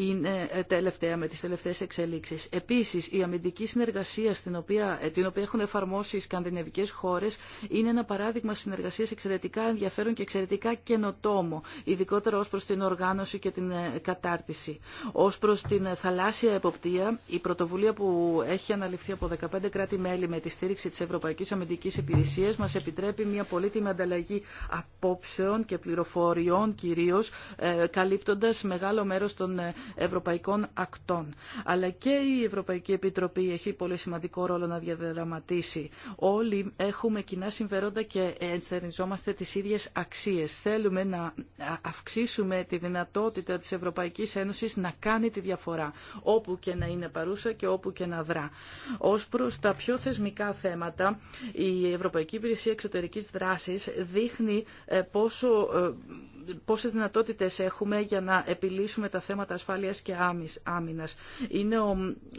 είναι τελευταία με τις τελευταίες εξελίξεις. Επίσης, η αμυντική συνεργασία στην οποία, την οποία έχουν εφαρμόσει οι σκανδιναβικές χώρες είναι ένα παράδειγμα συνεργασίας εξαιρετικά ενδιαφέρον και εξαιρετικά καινοτόμο, ειδικότερα ως προς την οργάνωση και την κατάρτιση. Ως προς την θαλάσσια εποπτεία, η πρωτοβουλία που έχει αναλυφθεί από 15 κράτη-μέλη με τη στήριξη τη Ευρωπαϊκή Αμυντική Υπηρεσία μα επιτρέπει μια πολύτιμη ανταλλαγή απόψεων και πληροφοριών κυρίω ε, καλύπτοντα μεγάλο μέρο των ε, ευρωπαϊκών ακτών. Αλλά και η Ευρωπαϊκή Επιτροπή έχει πολύ σημαντικό ρόλο να διαδραματίσει. Όλοι έχουμε κοινά συμφέροντα και ενστερνιζόμαστε τι ίδιε αξίε. Θέλουμε να αυξήσουμε τη δυνατότητα τη Ευρωπαϊκή. Ευρωπαϊκής Ένωσης να κάνει τη διαφορά, όπου και να είναι παρούσα και όπου και να δρά. Ως προς τα πιο θεσμικά θέματα, η Ευρωπαϊκή Υπηρεσία Εξωτερικής Δράσης δείχνει ε, πόσο ε, πόσες δυνατότητες έχουμε για να επιλύσουμε τα θέματα ασφάλειας και άμυνας. Είναι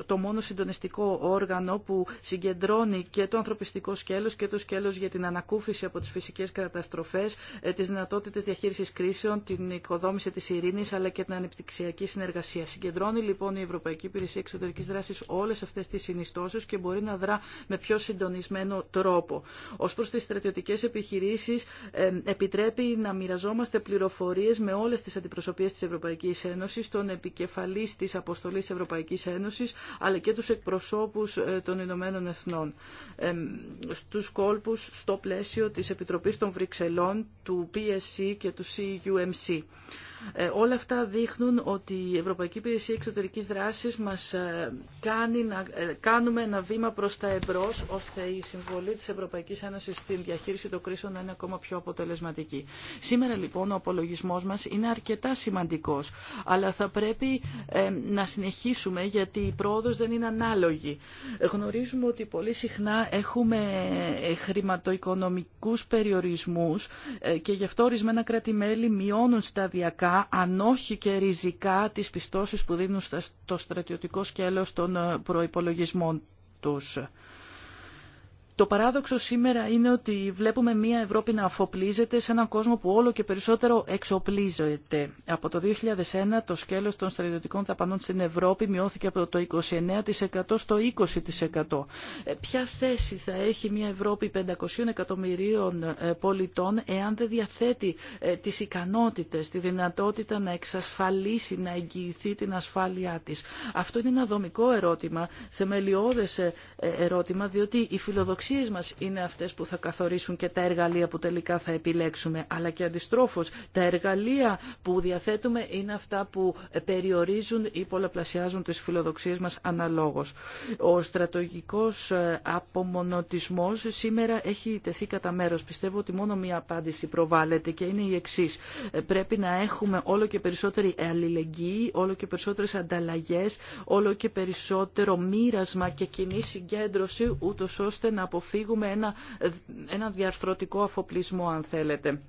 το μόνο συντονιστικό όργανο που συγκεντρώνει και το ανθρωπιστικό σκέλος και το σκέλος για την ανακούφιση από τις φυσικές καταστροφές, ε, τις δυνατότητες διαχείρισης κρίσεων, την οικοδόμηση της ειρήνης αλλά και την ανεπτυξιακή συνεργασία. Συγκεντρώνει λοιπόν η Ευρωπαϊκή Υπηρεσία Εξωτερικής Δράσης όλες αυτές τις συνιστώσεις και μπορεί να δρά με πιο συντονισμένο τρόπο. Ως προς τις στρατιωτικές επιχειρήσεις ε, επιτρέπει να μοιραζόμαστε πληροφορίες με όλες τις αντιπροσωπείες της Ευρωπαϊκής Ένωσης, τον επικεφαλής της Αποστολής Ευρωπαϊκής Ένωσης, αλλά και τους εκπροσώπους ε, των Ηνωμένων Εθνών. Στους κόλπους, στο πλαίσιο της Επιτροπής των Βρυξελών, του PSC και του CUMC. Ε, όλα αυτά δείχνουν ότι η Ευρωπαϊκή Υπηρεσία Εξωτερικής Δράσης μας ε, κάνει να ε, κάνουμε ένα βήμα προς τα εμπρός ώστε η συμβολή της Ευρωπαϊκής Ένωσης στην διαχείριση των κρίσεων να είναι ακόμα πιο αποτελεσματική. Σήμερα λοιπόν ο απολογισμός μας είναι αρκετά σημαντικός αλλά θα πρέπει να συνεχίσουμε γιατί η πρόοδος δεν είναι ανάλογη. Γνωρίζουμε ότι πολύ συχνά έχουμε χρηματοοικονομικούς περιορισμούς και γι' αυτό ορισμένα κράτη-μέλη μειώνουν σταδιακά αν όχι και ριζικά, τις πιστώσεις που δίνουν στο στρατιωτικό σκέλος των ε, προϋπολογισμών τους. Το παράδοξο σήμερα είναι ότι βλέπουμε μια Ευρώπη να αφοπλίζεται σε έναν κόσμο που όλο και περισσότερο εξοπλίζεται. Από το 2001 το σκέλος των στρατιωτικών δαπανών στην Ευρώπη μειώθηκε από το 29% στο 20%. Ε, ποια θέση θα έχει μια Ευρώπη 500 εκατομμυρίων ε, πολιτών εάν δεν διαθέτει ε, τις ικανότητες, τη δυνατότητα να εξασφαλίσει, να εγγυηθεί την ασφάλειά της. Αυτό είναι ένα δομικό ερώτημα, θεμελιώδες ερώτημα, διότι η φιλοδοξία φιλοδοξίες μας είναι αυτές που θα καθορίσουν και τα εργαλεία που τελικά θα επιλέξουμε, αλλά και αντιστρόφως τα εργαλεία που διαθέτουμε είναι αυτά που περιορίζουν ή πολλαπλασιάζουν τις φιλοδοξίες μας αναλόγως. Ο στρατογικός ε, απομονωτισμός σήμερα έχει τεθεί κατά μέρο. Πιστεύω ότι μόνο μία απάντηση προβάλλεται και είναι η εξή. Ε, πρέπει να έχουμε όλο και περισσότερη αλληλεγγύη, όλο και περισσότερες ανταλλαγές, όλο και περισσότερο μοίρασμα και κοινή συγκέντρωση, ούτω ώστε να αποφύγουμε ένα, ε, ένα διαρθρωτικό αφοπλισμό αν θέλετε.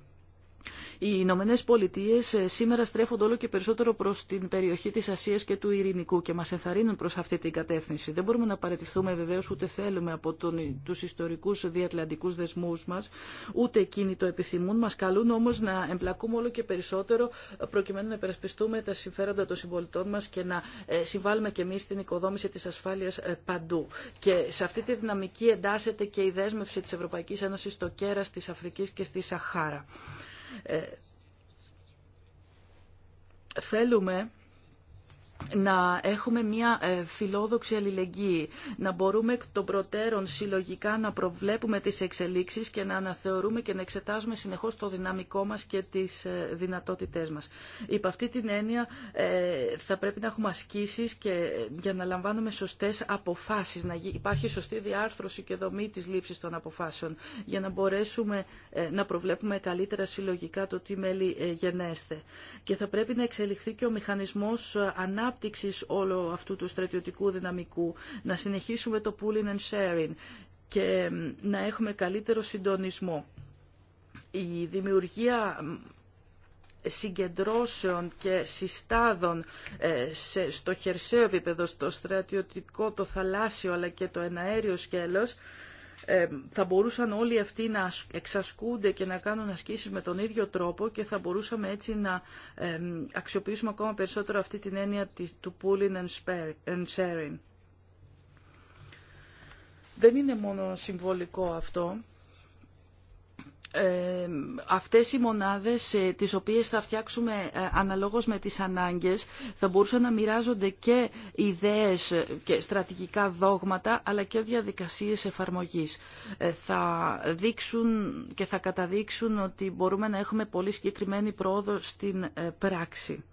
Οι Ηνωμένε Πολιτείε ε, σήμερα στρέφονται όλο και περισσότερο προ την περιοχή τη Ασία και του Ειρηνικού και μα ενθαρρύνουν προ αυτή την κατεύθυνση. Δεν μπορούμε να παραιτηθούμε βεβαίω ούτε θέλουμε από του ιστορικού διατλαντικού δεσμού μα, ούτε εκείνοι το επιθυμούν. Μα καλούν όμω να εμπλακούμε όλο και περισσότερο ε, προκειμένου να υπερασπιστούμε τα συμφέροντα των συμπολιτών μα και να ε, συμβάλλουμε και εμεί στην οικοδόμηση τη ασφάλεια παντού. Και σε αυτή τη δυναμική εντάσσεται και η δέσμευση τη Ευρωπαϊκή Ένωση στο κέρα τη Αφρική και στη Σαχάρα. Ε, θέλουμε να έχουμε μια ε, φιλόδοξη αλληλεγγύη, να μπορούμε εκ των προτέρων συλλογικά να προβλέπουμε τις εξελίξεις και να αναθεωρούμε και να εξετάζουμε συνεχώς το δυναμικό μας και τις ε, δυνατότητές μας. Υπ' αυτή την έννοια ε, θα πρέπει να έχουμε ασκήσεις και για να λαμβάνουμε σωστές αποφάσεις, να υπάρχει σωστή διάρθρωση και δομή της λήψης των αποφάσεων, για να μπορέσουμε να προβλέπουμε καλύτερα συλλογικά το τι μέλη γενέστε. Και θα πρέπει να εξελιχθεί και ο μηχανισμός ανάπτυξης ανάπτυξης όλου αυτού του στρατιωτικού δυναμικού, να συνεχίσουμε το pooling and sharing και να έχουμε καλύτερο συντονισμό. Η δημιουργία συγκεντρώσεων και συστάδων ε, στο χερσαίο επίπεδο, στο στρατιωτικό, το θαλάσσιο αλλά και το εναέριο σκέλος ε, θα μπορούσαν όλοι αυτοί να εξασκούνται και να κάνουν ασκήσεις με τον ίδιο τρόπο και θα μπορούσαμε έτσι να αξιοποιήσουμε ακόμα περισσότερο αυτή την έννοια του pooling and sharing. Δεν είναι μόνο συμβολικό αυτό αυτές οι μονάδες ε, τις οποίες θα φτιάξουμε ε, αναλόγως με τις ανάγκες θα μπορούσαν να μοιράζονται και ιδέες ε, και στρατηγικά δόγματα αλλά και διαδικασίες εφαρμογής. Θα δείξουν και θα καταδείξουν ότι μπορούμε να έχουμε πολύ συγκεκριμένη πρόοδο στην πράξη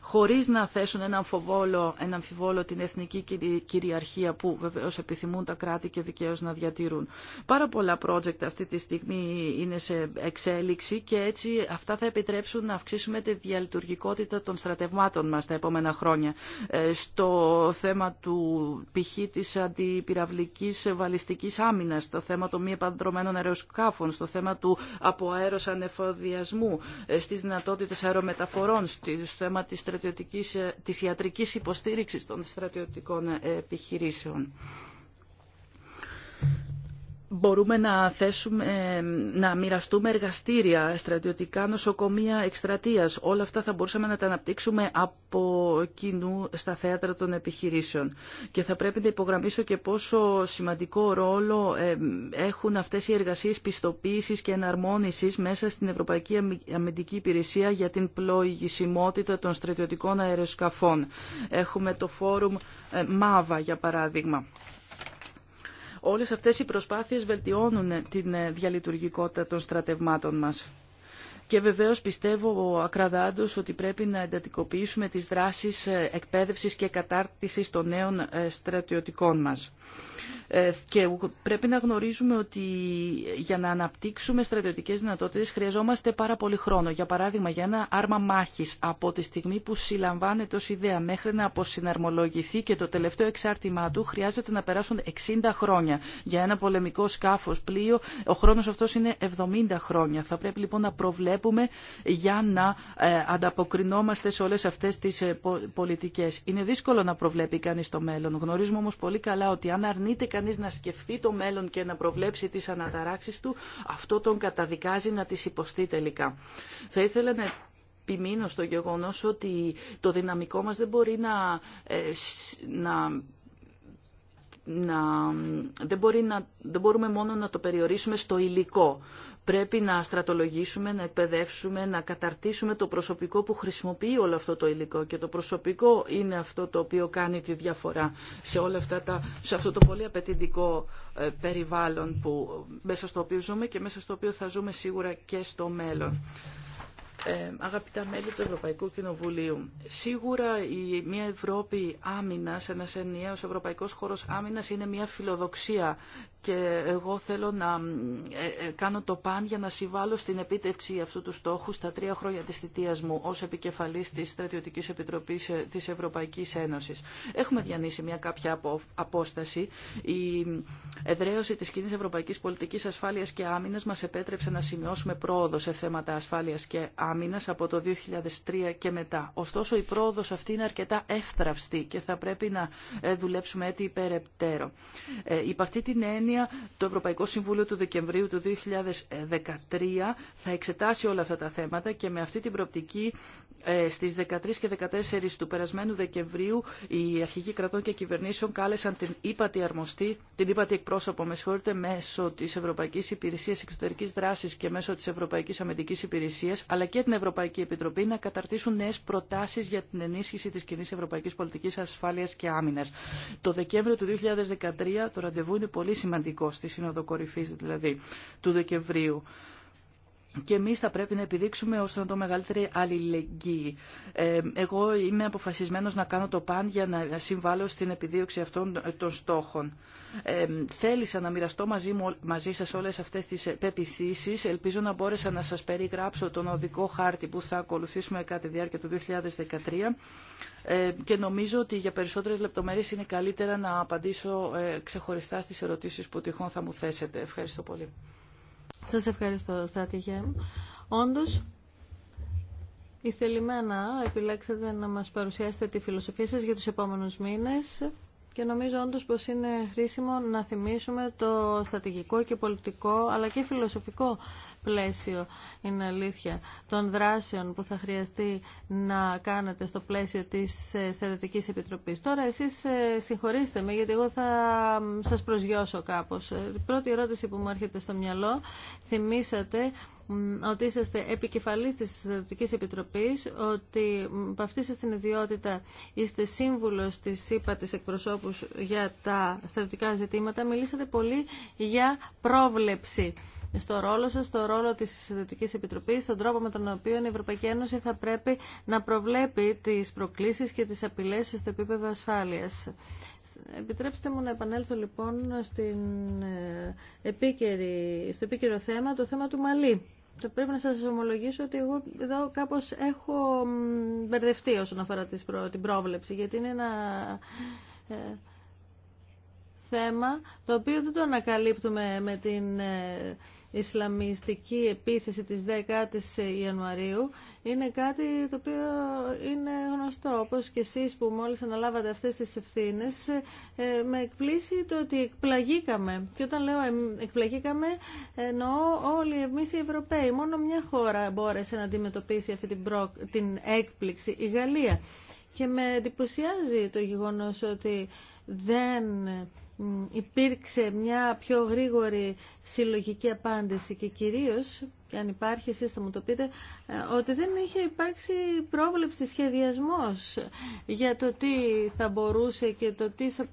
χωρίς να θέσουν ένα αμφιβόλο, ένα την εθνική κυριαρχία που βεβαίως επιθυμούν τα κράτη και δικαίως να διατηρούν. Πάρα πολλά project αυτή τη στιγμή είναι σε εξέλιξη και έτσι αυτά θα επιτρέψουν να αυξήσουμε τη διαλειτουργικότητα των στρατευμάτων μας τα επόμενα χρόνια. Ε, στο θέμα του π.χ. της αντιπυραυλικής βαλιστικής άμυνας, στο θέμα των μη επανδρομένων αεροσκάφων, στο θέμα του αποαέρος ανεφοδιασμού, ε, στις δυνατότητες αερομεταφορών, στο θέμα της στρατιωτικής, ε, της ιατρικής υποστήριξης των στρατιωτικών ε, επιχειρήσεων μπορούμε να, θέσουμε, να μοιραστούμε εργαστήρια, στρατιωτικά νοσοκομεία εκστρατεία. Όλα αυτά θα μπορούσαμε να τα αναπτύξουμε από κοινού στα θέατρα των επιχειρήσεων. Και θα πρέπει να υπογραμμίσω και πόσο σημαντικό ρόλο ε, έχουν αυτές οι εργασίες πιστοποίησης και εναρμόνισης μέσα στην Ευρωπαϊκή Αμυντική Υπηρεσία για την πλοηγησιμότητα των στρατιωτικών αεροσκαφών. Έχουμε το φόρουμ ε, ΜΑΒΑ, για παράδειγμα Όλες αυτές οι προσπάθειες βελτιώνουν ε, την ε, διαλειτουργικότητα των στρατευμάτων μας. Και βεβαίως πιστεύω ακραδάντως ότι πρέπει να εντατικοποιήσουμε τις δράσεις ε, εκπαίδευσης και κατάρτισης των νέων στρατιωτικών μας. Ε, και πρέπει να γνωρίζουμε ότι για να αναπτύξουμε στρατιωτικές δυνατότητες χρειαζόμαστε πάρα πολύ χρόνο. Για παράδειγμα, για ένα άρμα μάχης από τη στιγμή που συλλαμβάνεται ως ιδέα μέχρι να αποσυναρμολογηθεί και το τελευταίο εξάρτημά του χρειάζεται να περάσουν 60 χρόνια. Για ένα πολεμικό σκάφος, πλοίο, ο χρόνος αυτός είναι 70 χρόνια. Θα πρέπει λοιπόν να προβλέπουμε για να ε, ανταποκρινόμαστε σε όλες αυτές τις ε, πολιτικές. Είναι δύσκολο να προβλέπει κανείς το μέλλον. Γνωρίζουμε όμως πολύ καλά ότι αν αρνείται κανείς να σκεφτεί το μέλλον και να προβλέψει τις αναταράξεις του, αυτό τον καταδικάζει να τις υποστεί τελικά. Θα ήθελα να επιμείνω στο γεγονός ότι το δυναμικό μας δεν μπορεί να, ε, να να, δεν, μπορεί να, δεν μπορούμε μόνο να το περιορίσουμε στο υλικό. Πρέπει να στρατολογήσουμε, να εκπαιδεύσουμε, να καταρτήσουμε το προσωπικό που χρησιμοποιεί όλο αυτό το υλικό και το προσωπικό είναι αυτό το οποίο κάνει τη διαφορά σε, όλα αυτά τα, σε αυτό το πολύ απαιτητικό ε, περιβάλλον που, μέσα στο οποίο ζούμε και μέσα στο οποίο θα ζούμε σίγουρα και στο μέλλον. Ε, αγαπητά μέλη του Ευρωπαϊκού Κοινοβουλίου, σίγουρα η, μια Ευρώπη άμυνα, ένα ενιαίο ευρωπαϊκό χώρο άμυνα είναι μια φιλοδοξία και εγώ θέλω να ε, ε, κάνω το παν για να συμβάλλω στην επίτευξη αυτού του στόχου στα τρία χρόνια της θητείας μου ως επικεφαλής της Στρατιωτικής Επιτροπής ε, της Ευρωπαϊκής Ένωσης. Έχουμε διανύσει μια κάποια απόσταση. Η εδραίωση της κοινή ευρωπαϊκής πολιτικής ασφάλειας και άμυνας μας επέτρεψε να σημειώσουμε πρόοδο σε θέματα ασφάλειας και άμυνας από το 2003 και μετά. Ωστόσο η πρόοδος αυτή είναι αρκετά εύθραυστη και θα πρέπει να δουλέψουμε έτσι υπερεπτέρω. Ε, υπ' αυτή την έννοια το Ευρωπαϊκό Συμβούλιο του Δεκεμβρίου του 2013 θα εξετάσει όλα αυτά τα θέματα και με αυτή την προοπτική ε, στις 13 και 14 του περασμένου Δεκεμβρίου οι αρχηγοί κρατών και κυβερνήσεων κάλεσαν την ύπατη αρμοστή, την ύπατη εκπρόσωπο, με συγχωρείτε, μέσω της Ευρωπαϊκής Υπηρεσίας Εξωτερικής Δράσης και μέσω της Ευρωπαϊκής Αμυντικής Υπηρεσίας, αλλά και την Ευρωπαϊκή Επιτροπή να καταρτήσουν νέες προτάσεις για την ενίσχυση της κοινή ευρωπαϊκής πολιτικής ασφάλειας και άμυνας. Το Δεκέμβριο του 2013 το ραντεβού είναι πολύ σημαντικό σημαντικό στη Σύνοδο Κορυφής δηλαδή του Δεκεμβρίου και εμείς θα πρέπει να επιδείξουμε ώστε να το μεγαλύτερη αλληλεγγύη. Ε, εγώ είμαι αποφασισμένος να κάνω το παν για να συμβάλλω στην επιδίωξη αυτών των στόχων. Ε, θέλησα να μοιραστώ μαζί, μου, μαζί σας όλες αυτές τις πεπιθήσεις. Ελπίζω να μπόρεσα να σας περιγράψω τον οδικό χάρτη που θα ακολουθήσουμε κατά τη διάρκεια του 2013 ε, και νομίζω ότι για περισσότερες λεπτομέρειες είναι καλύτερα να απαντήσω ξεχωριστά στις ερωτήσεις που τυχόν θα μου θέσετε. Ευχαριστώ πολύ. Σας ευχαριστώ, στρατηγέ μου. Όντως, ήθελημένα επιλέξατε να μας παρουσιάσετε τη φιλοσοφία σας για τους επόμενους μήνες και νομίζω όντω πως είναι χρήσιμο να θυμίσουμε το στρατηγικό και πολιτικό αλλά και φιλοσοφικό πλαίσιο είναι αλήθεια των δράσεων που θα χρειαστεί να κάνετε στο πλαίσιο της ε, Στρατιωτική Επιτροπής. Τώρα εσείς ε, συγχωρήστε με γιατί εγώ θα σας προσγειώσω κάπως. Η ε, πρώτη ερώτηση που μου έρχεται στο μυαλό θυμήσατε ότι είσαστε επικεφαλής της Στρατιωτικής Επιτροπής, ότι από αυτή την ιδιότητα είστε σύμβουλος της ΥΠΑ της για τα στρατιωτικά ζητήματα. Μιλήσατε πολύ για πρόβλεψη στο ρόλο σας, στο ρόλο της Συντατικής Επιτροπής, στον τρόπο με τον οποίο η Ευρωπαϊκή Ένωση θα πρέπει να προβλέπει τις προκλήσεις και τις απειλές στο επίπεδο ασφάλειας. Επιτρέψτε μου να επανέλθω λοιπόν στην ε, επίκαιρη, στο επίκαιρο θέμα, το θέμα του Μαλή θα πρέπει να σας ομολογήσω ότι εγώ εδώ κάπως έχω μπερδευτεί όσον αφορά την πρόβλεψη, γιατί είναι ένα ε, θέμα το οποίο δεν το ανακαλύπτουμε με την ε, Ισλαμιστική επίθεση της 10ης Ιανουαρίου είναι κάτι το οποίο είναι γνωστό όπως και εσείς που μόλις αναλάβατε αυτές τις ευθύνες ε, με εκπλήσει το ότι εκπλαγήκαμε και όταν λέω εκπλαγήκαμε εννοώ όλοι εμείς οι Ευρωπαίοι μόνο μια χώρα μπόρεσε να αντιμετωπίσει αυτή την, την έκπληξη η Γαλλία και με εντυπωσιάζει το γεγονός ότι δεν υπήρξε μια πιο γρήγορη συλλογική απάντηση και κυρίως, και αν υπάρχει εσείς θα μου το πείτε, ε, ότι δεν είχε υπάρξει πρόβλεψη, σχεδιασμός για το τι θα μπορούσε και το τι θα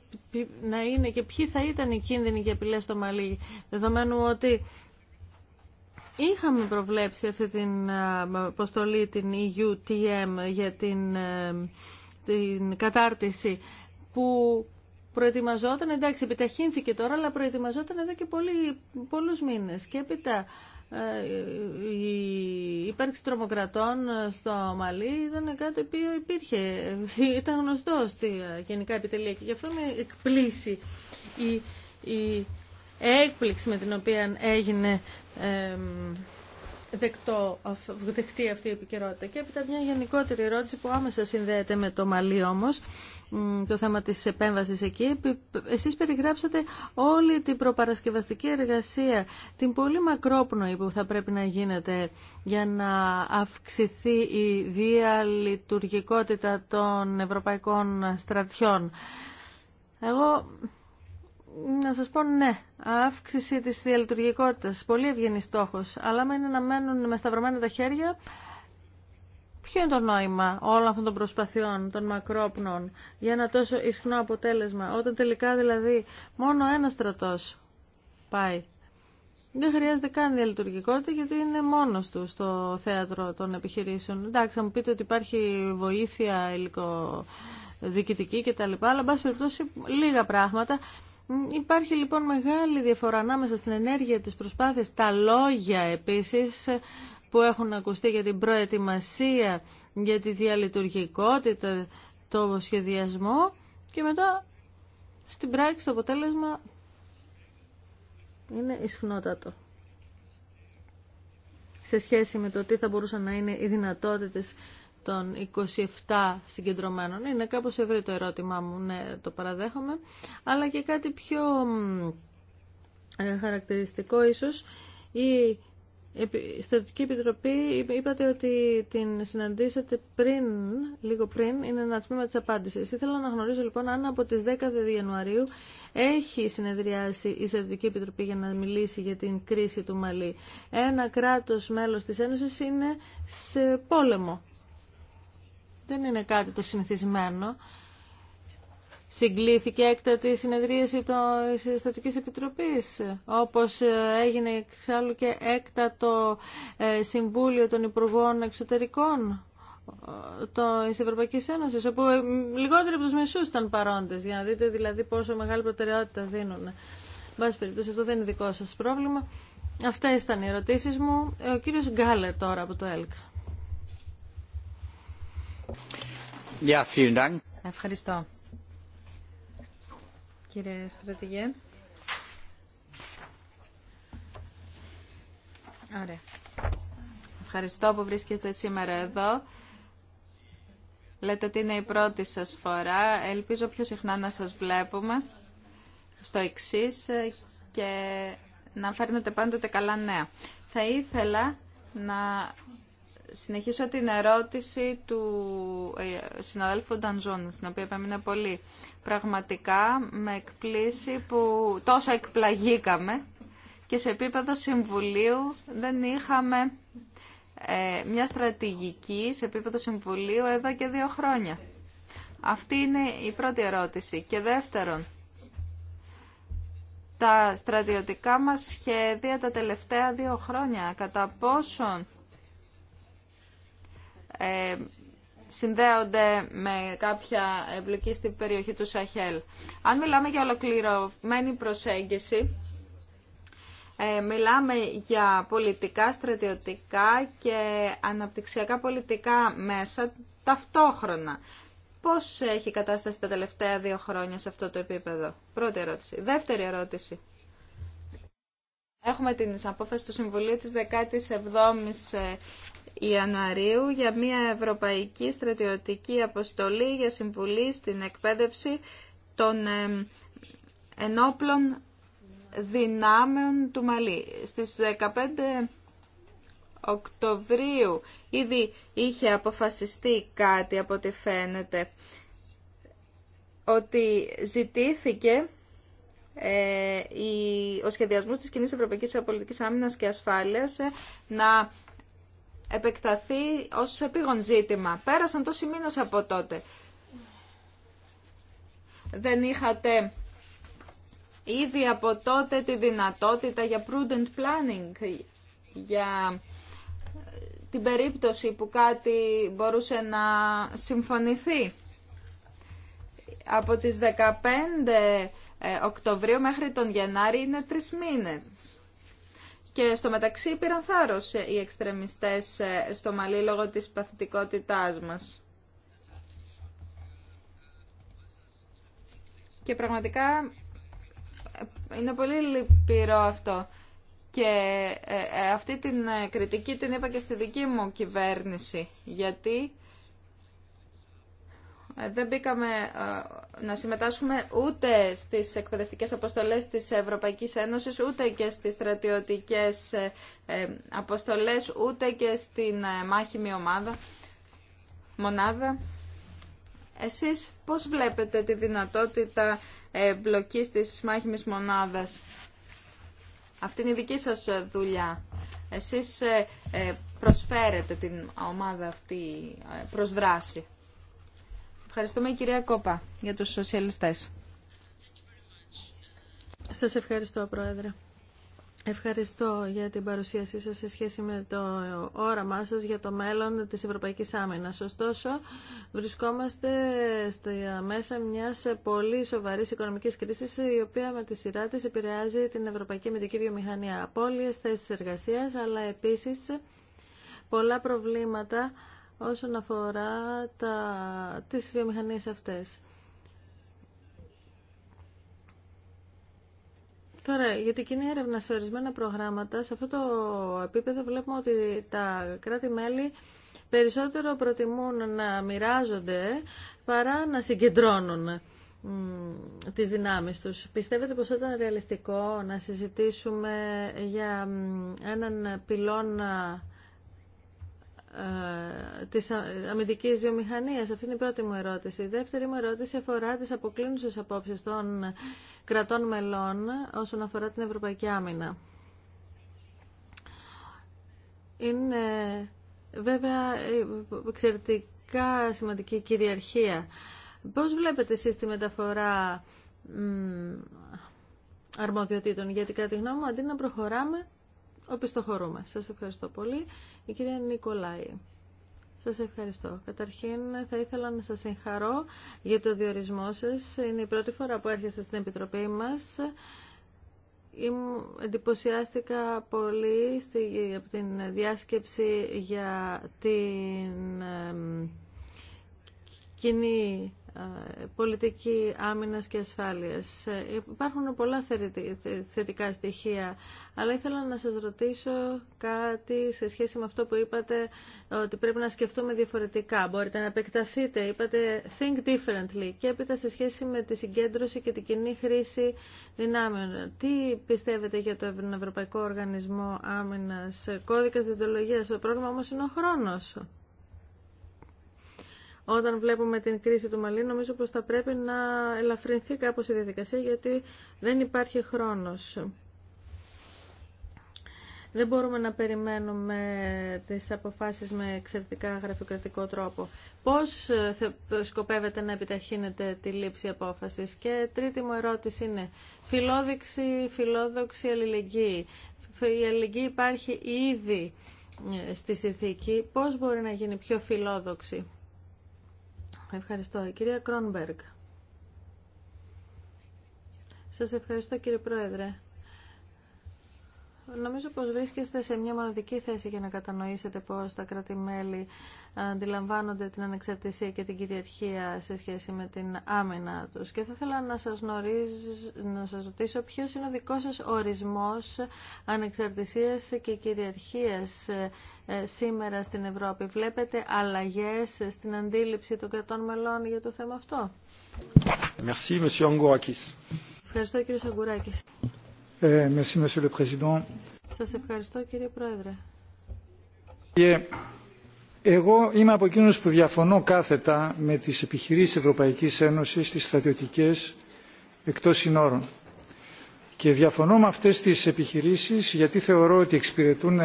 να είναι και ποιοι θα ήταν οι κίνδυνοι και απειλές στο Μαλί, δεδομένου ότι είχαμε προβλέψει αυτή την ε, αποστολή, την EUTM, για την, ε, την κατάρτιση που προετοιμαζόταν, εντάξει επιταχύνθηκε τώρα, αλλά προετοιμαζόταν εδώ και πολύ, πολλούς μήνες. Και έπειτα ε, η ύπαρξη τρομοκρατών στο Μαλί ήταν κάτι που υπήρχε, ήταν γνωστό στη ε, Γενικά Επιτελεία και γι' αυτό με εκπλήσει η, η έκπληξη με την οποία έγινε ε, δεκτό, αυτή η επικαιρότητα. Και έπειτα μια γενικότερη ερώτηση που άμεσα συνδέεται με το Μαλί όμως, το θέμα της επέμβασης εκεί. Εσείς περιγράψατε όλη την προπαρασκευαστική εργασία, την πολύ μακρόπνοη που θα πρέπει να γίνεται για να αυξηθεί η διαλειτουργικότητα των ευρωπαϊκών στρατιών. Εγώ να σας πω ναι, αύξηση της διαλειτουργικότητας, πολύ ευγενής στόχος, αλλά με είναι να μένουν με σταυρωμένα τα χέρια, ποιο είναι το νόημα όλων αυτών των προσπαθειών, των μακρόπνων, για ένα τόσο ισχνό αποτέλεσμα, όταν τελικά δηλαδή μόνο ένα στρατός πάει. Δεν χρειάζεται καν η διαλειτουργικότητα γιατί είναι μόνος του στο θέατρο των επιχειρήσεων. Εντάξει, θα μου πείτε ότι υπάρχει βοήθεια υλικό κτλ. Αλλά, εν πάση περιπτώσει, λίγα πράγματα Υπάρχει λοιπόν μεγάλη διαφορά ανάμεσα στην ενέργεια της προσπάθειας, τα λόγια επίσης ε, που έχουν ακουστεί για την προετοιμασία, για τη διαλειτουργικότητα, το σχεδιασμό και μετά στην πράξη το αποτέλεσμα είναι ισχνότατο σε σχέση με το τι θα μπορούσαν να είναι οι δυνατότητες των 27 συγκεντρωμένων. Είναι κάπως ευρύ το ερώτημά μου, ναι, το παραδέχομαι. Αλλά και κάτι πιο ε, χαρακτηριστικό ίσως, η Στρατιωτική Επιτροπή είπατε ότι την συναντήσατε πριν, λίγο πριν, είναι ένα τμήμα της απάντησης. Ήθελα να γνωρίζω λοιπόν αν από τις 10 Ιανουαρίου έχει συνεδριάσει η Στρατιωτική Επιτροπή για να μιλήσει για την κρίση του Μαλή. Ένα κράτος μέλος της Ένωσης είναι σε πόλεμο. Δεν είναι κάτι το συνηθισμένο. Συγκλήθηκε έκτατη συνεδρίαση της Στατικής Επιτροπής, όπως ε, έγινε εξάλλου και έκτατο ε, Συμβούλιο των Υπουργών Εξωτερικών ε, τη Ευρωπαϊκή Ένωση, όπου λιγότεροι από τους μισού ήταν παρόντες, για να δείτε δηλαδή πόσο μεγάλη προτεραιότητα δίνουν. πάση περιπτώσει, αυτό δεν είναι δικό σας πρόβλημα. Αυτά ήταν οι ερωτήσεις μου. Ο κύριο Γκάλερ τώρα από το ΕΛΚ. Ευχαριστώ. Κύριε Στρατηγέ. Ευχαριστώ που βρίσκεστε σήμερα εδώ. Λέτε ότι είναι η πρώτη σας φορά. Ελπίζω πιο συχνά να σας βλέπουμε στο εξή ε, και να φέρνετε πάντοτε καλά νέα. Θα ήθελα να συνεχίσω την ερώτηση του ε, συναδέλφου Ντανζόνα, στην οποία επέμεινε πολύ. Πραγματικά με εκπλήσει που τόσο εκπλαγήκαμε και σε επίπεδο Συμβουλίου δεν είχαμε ε, μια στρατηγική σε επίπεδο Συμβουλίου εδώ και δύο χρόνια. Αυτή είναι η πρώτη ερώτηση. Και δεύτερον, τα στρατιωτικά μας σχέδια τα τελευταία δύο χρόνια, κατά πόσον ε, συνδέονται με κάποια εμπλοκή στην περιοχή του Σαχέλ. Αν μιλάμε για ολοκληρωμένη προσέγγιση, ε, μιλάμε για πολιτικά, στρατιωτικά και αναπτυξιακά πολιτικά μέσα ταυτόχρονα. Πώς έχει κατάσταση τα τελευταία δύο χρόνια σε αυτό το επίπεδο. Πρώτη ερώτηση. Δεύτερη ερώτηση. Έχουμε την απόφαση του Συμβουλίου της 17ης Ιανουαρίου για μια ευρωπαϊκή στρατιωτική αποστολή για συμβουλή στην εκπαίδευση των ενόπλων δυνάμεων του Μαλή. Στις 15 Οκτωβρίου ήδη είχε αποφασιστεί κάτι από ό,τι φαίνεται ότι ζητήθηκε ε, ο σχεδιασμός της κοινής ευρωπαϊκής πολιτικής άμυνας και ασφάλειας ε, να επεκταθεί ως επίγον ζήτημα. Πέρασαν τόσοι μήνες από τότε. Δεν είχατε ήδη από τότε τη δυνατότητα για prudent planning, για την περίπτωση που κάτι μπορούσε να συμφωνηθεί. Από τις 15 ε, Οκτωβρίου μέχρι τον Γενάρη είναι τρεις μήνες. Και στο μεταξύ πήραν θάρρο οι εξτρεμιστέ ε, στο Μαλί λόγω της παθητικότητάς μας. Και πραγματικά ε, είναι πολύ λυπηρό αυτό. Και ε, αυτή την κριτική την είπα και στη δική μου κυβέρνηση. Γιατί δεν μπήκαμε ε, να συμμετάσχουμε ούτε στις εκπαιδευτικές αποστολές της Ευρωπαϊκής Ένωσης, ούτε και στις στρατιωτικές ε, ε, αποστολές, ούτε και στην μάχημη ομάδα, μονάδα. Εσείς πώς βλέπετε τη δυνατότητα μπλοκής της μάχημης μονάδας. Αυτή είναι η δική σας δουλειά. Εσείς προσφέρετε την ομάδα αυτή προς δράση. Ευχαριστούμε η κυρία Κόπα για τους σοσιαλιστές. Σας ευχαριστώ, Πρόεδρε. Ευχαριστώ για την παρουσίασή σας σε σχέση με το όραμά σας για το μέλλον της Ευρωπαϊκής Άμυνας. Ωστόσο, βρισκόμαστε στα μέσα μιας πολύ σοβαρής οικονομικής κρίσης, η οποία με τη σειρά της επηρεάζει την Ευρωπαϊκή Μητική Βιομηχανία. Απόλυες θέσεις εργασίας, αλλά επίσης πολλά προβλήματα όσον αφορά τα, τις βιομηχανίες αυτές. Τώρα, για την κοινή έρευνα σε ορισμένα προγράμματα, σε αυτό το επίπεδο βλέπουμε ότι τα κράτη-μέλη περισσότερο προτιμούν να μοιράζονται παρά να συγκεντρώνουν τις δυνάμεις τους. Πιστεύετε πως ήταν ρεαλιστικό να συζητήσουμε για έναν πυλώνα της αμυντικής βιομηχανίας. Αυτή είναι η πρώτη μου ερώτηση. Η δεύτερη μου ερώτηση αφορά τις αποκλίνουσες απόψεις των κρατών μελών όσον αφορά την Ευρωπαϊκή Άμυνα. Είναι βέβαια εξαιρετικά σημαντική κυριαρχία. Πώς βλέπετε εσείς τη μεταφορά αρμοδιοτήτων, γιατί κατά τη γνώμη μου αντί να προχωράμε οπισθοχωρούμε. Σας ευχαριστώ πολύ. Η κυρία Νικολάη. Σας ευχαριστώ. Καταρχήν θα ήθελα να σας συγχαρώ για το διορισμό σας. Είναι η πρώτη φορά που έρχεστε στην Επιτροπή μας. Εντυπωσιάστηκα πολύ από την διάσκεψη για την κοινή πολιτική άμυνας και ασφάλειας. Ε, υπάρχουν πολλά θετικά στοιχεία, αλλά ήθελα να σας ρωτήσω κάτι σε σχέση με αυτό που είπατε, ότι πρέπει να σκεφτούμε διαφορετικά. Μπορείτε να επεκταθείτε, είπατε think differently και έπειτα σε σχέση με τη συγκέντρωση και την κοινή χρήση δυνάμεων. Τι πιστεύετε για τον Ευρωπαϊκό Οργανισμό Άμυνας, κώδικας διοντολογίας, το πρόβλημα όμως είναι ο χρόνος όταν βλέπουμε την κρίση του Μαλή, νομίζω πως θα πρέπει να ελαφρυνθεί κάπως η διαδικασία, γιατί δεν υπάρχει χρόνος. Δεν μπορούμε να περιμένουμε τις αποφάσεις με εξαιρετικά γραφειοκρατικό τρόπο. Πώς ε, σκοπεύετε να επιταχύνετε τη λήψη απόφασης. Και τρίτη μου ερώτηση είναι φιλόδοξη, φιλόδοξη αλληλεγγύη. Η αλληλεγγύη υπάρχει ήδη ε, στη συνθήκη. Πώς μπορεί να γίνει πιο φιλόδοξη. Ευχαριστώ. Η κυρία Κρόνμπεργκ. Σας ευχαριστώ κύριε Πρόεδρε. Νομίζω πως βρίσκεστε σε μια μοναδική θέση για να κατανοήσετε πως τα κράτη-μέλη αντιλαμβάνονται την ανεξαρτησία και την κυριαρχία σε σχέση με την άμυνα τους. Και θα ήθελα να σας, γνωρίζ, να σας ρωτήσω ποιος είναι ο δικός σας ορισμός ανεξαρτησίας και κυριαρχίας ε, σήμερα στην Ευρώπη. Βλέπετε αλλαγές στην αντίληψη των κρατών μελών για το θέμα αυτό. Ευχαριστώ κύριε Σαγκουράκης. Ε, ευχαριστώ κύριε Πρόεδρε. εγώ είμαι από εκείνους που διαφωνώ κάθετα με τις επιχειρήσεις Ευρωπαϊκής Ένωσης, τις στρατιωτικές, εκτός συνόρων. Και διαφωνώ με αυτές τις επιχειρήσεις γιατί θεωρώ ότι εξυπηρετούν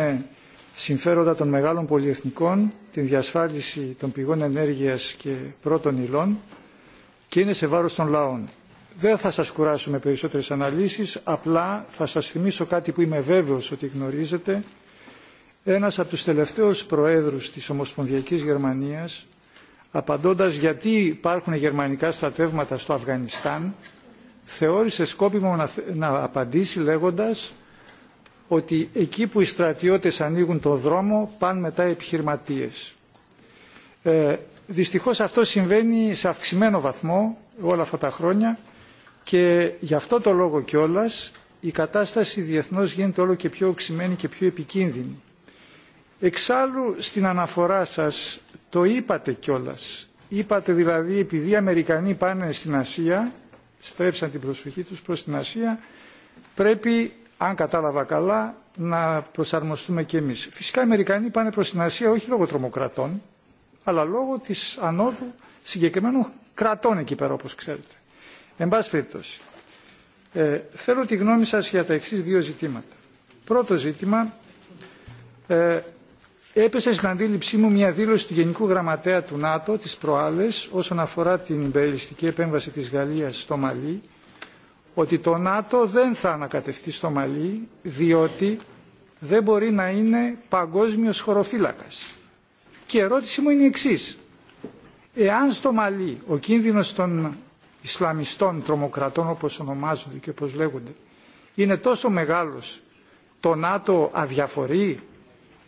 συμφέροντα των μεγάλων πολυεθνικών, την διασφάλιση των πηγών ενέργειας και πρώτων υλών και είναι σε βάρος των λαών. Δεν θα σας κουράσω με περισσότερες αναλύσεις, απλά θα σας θυμίσω κάτι που είμαι βέβαιος ότι γνωρίζετε. Ένας από τους τελευταίους προέδρους της Ομοσπονδιακής Γερμανίας, απαντώντας γιατί υπάρχουν γερμανικά στρατεύματα στο Αφγανιστάν, θεώρησε σκόπιμο να, να απαντήσει λέγοντας ότι εκεί που οι στρατιώτες ανοίγουν τον δρόμο πάνε μετά οι επιχειρηματίες. Ε, δυστυχώς αυτό συμβαίνει σε αυξημένο βαθμό όλα αυτά τα χρόνια και γι' αυτό το λόγο κιόλας η κατάσταση διεθνώς γίνεται όλο και πιο οξυμένη και πιο επικίνδυνη. Εξάλλου στην αναφορά σας το είπατε κιόλας. Είπατε δηλαδή επειδή οι Αμερικανοί πάνε στην Ασία, στρέψαν την προσοχή τους προς την Ασία, πρέπει, αν κατάλαβα καλά, να προσαρμοστούμε κι εμείς. Φυσικά οι Αμερικανοί πάνε προς την Ασία όχι λόγω τρομοκρατών, αλλά λόγω της ανόδου συγκεκριμένων κρατών εκεί πέρα όπως ξέρετε. Εν πάση περιπτώσει, ε, θέλω τη γνώμη σας για τα εξής δύο ζητήματα. Πρώτο ζήτημα, ε, έπεσε στην αντίληψή μου μια δήλωση του Γενικού Γραμματέα του ΝΑΤΟ της προάλλες όσον αφορά την υπερελιστική επέμβαση της Γαλλίας στο Μαλί, ότι το ΝΑΤΟ δεν θα ανακατευτεί στο Μαλί διότι δεν μπορεί να είναι παγκόσμιος χωροφύλακας. Και η ερώτηση μου είναι η εξής. Εάν στο Μαλί ο κίνδυνος των Ισλαμιστών τρομοκρατών όπως ονομάζονται και όπως λέγονται είναι τόσο μεγάλος το ΝΑΤΟ αδιαφορεί,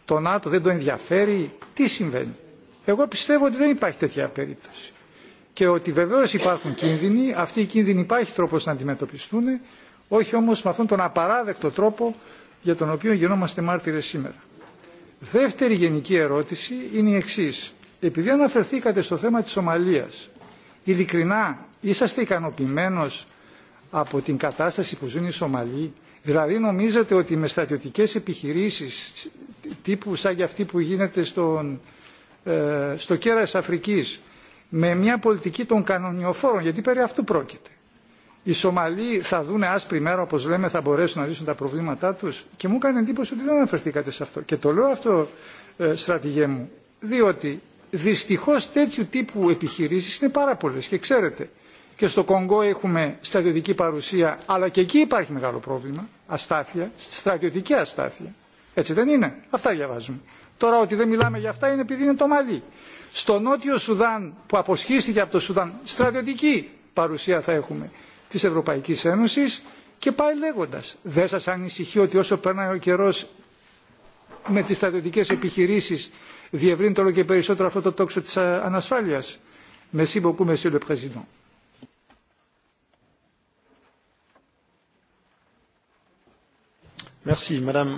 το ΝΑΤΟ δεν το ενδιαφέρει, τι συμβαίνει. Εγώ πιστεύω ότι δεν υπάρχει τέτοια περίπτωση και ότι βεβαίως υπάρχουν κίνδυνοι, αυτοί οι κίνδυνοι υπάρχει τρόπος να αντιμετωπιστούν, όχι όμως με αυτόν τον απαράδεκτο τρόπο για τον οποίο γινόμαστε μάρτυρες σήμερα. Δεύτερη γενική ερώτηση είναι η εξή: Επειδή αναφερθήκατε στο θέμα της Σομαλίας, ειλικρινά Είσαστε ικανοποιημένο από την κατάσταση που ζουν οι Σομαλοί. Δηλαδή νομίζετε ότι με στρατιωτικές επιχειρήσεις τύπου σαν και αυτή που γίνεται στον, ε, στο κέρας Αφρικής με μια πολιτική των κανονιοφόρων, γιατί περί αυτού πρόκειται. Οι Σομαλοί θα δούνε άσπρη μέρα, όπως λέμε, θα μπορέσουν να λύσουν τα προβλήματά τους και μου έκανε εντύπωση ότι δεν αναφερθήκατε σε αυτό. Και το λέω αυτό, ε, στρατηγέ μου, διότι δυστυχώς τέτοιου τύπου επιχειρήσεις είναι πάρα πολλές και ξέρετε, και στο Κονγκό έχουμε στρατιωτική παρουσία, αλλά και εκεί υπάρχει μεγάλο πρόβλημα, αστάθεια, στρατιωτική αστάθεια. Έτσι δεν είναι. Αυτά διαβάζουμε. Τώρα ότι δεν μιλάμε για αυτά είναι επειδή είναι το Μαλί. Στο Νότιο Σουδάν που αποσχίστηκε από το Σουδάν στρατιωτική παρουσία θα έχουμε της Ευρωπαϊκής Ένωσης και πάει λέγοντας. Δεν σας ανησυχεί ότι όσο περνάει ο καιρός με τις στρατιωτικές επιχειρήσεις διευρύνεται όλο και περισσότερο αυτό το τόξο τη ανασφάλεια, Merci beaucoup, Monsieur le Président. Σα ε, Σας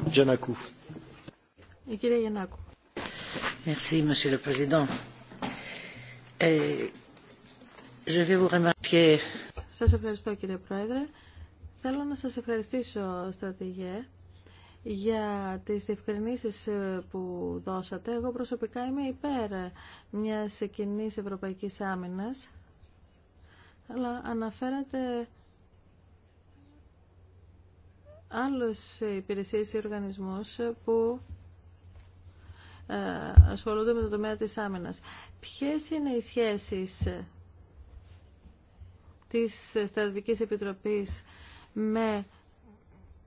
ευχαριστώ, κύριε Πρόεδρε. Θέλω να σας ευχαριστήσω, στρατηγέ, για τις ευκρινήσεις ε, που δώσατε. Εγώ προσωπικά είμαι υπέρ μιας κοινή ευρωπαϊκής άμυνας, αλλά αναφέρατε Άλλος υπηρεσίες ή οργανισμούς που ε, ασχολούνται με το τομέα της άμυνας. Ποιες είναι οι σχέσεις της Στρατηγικής Επιτροπής με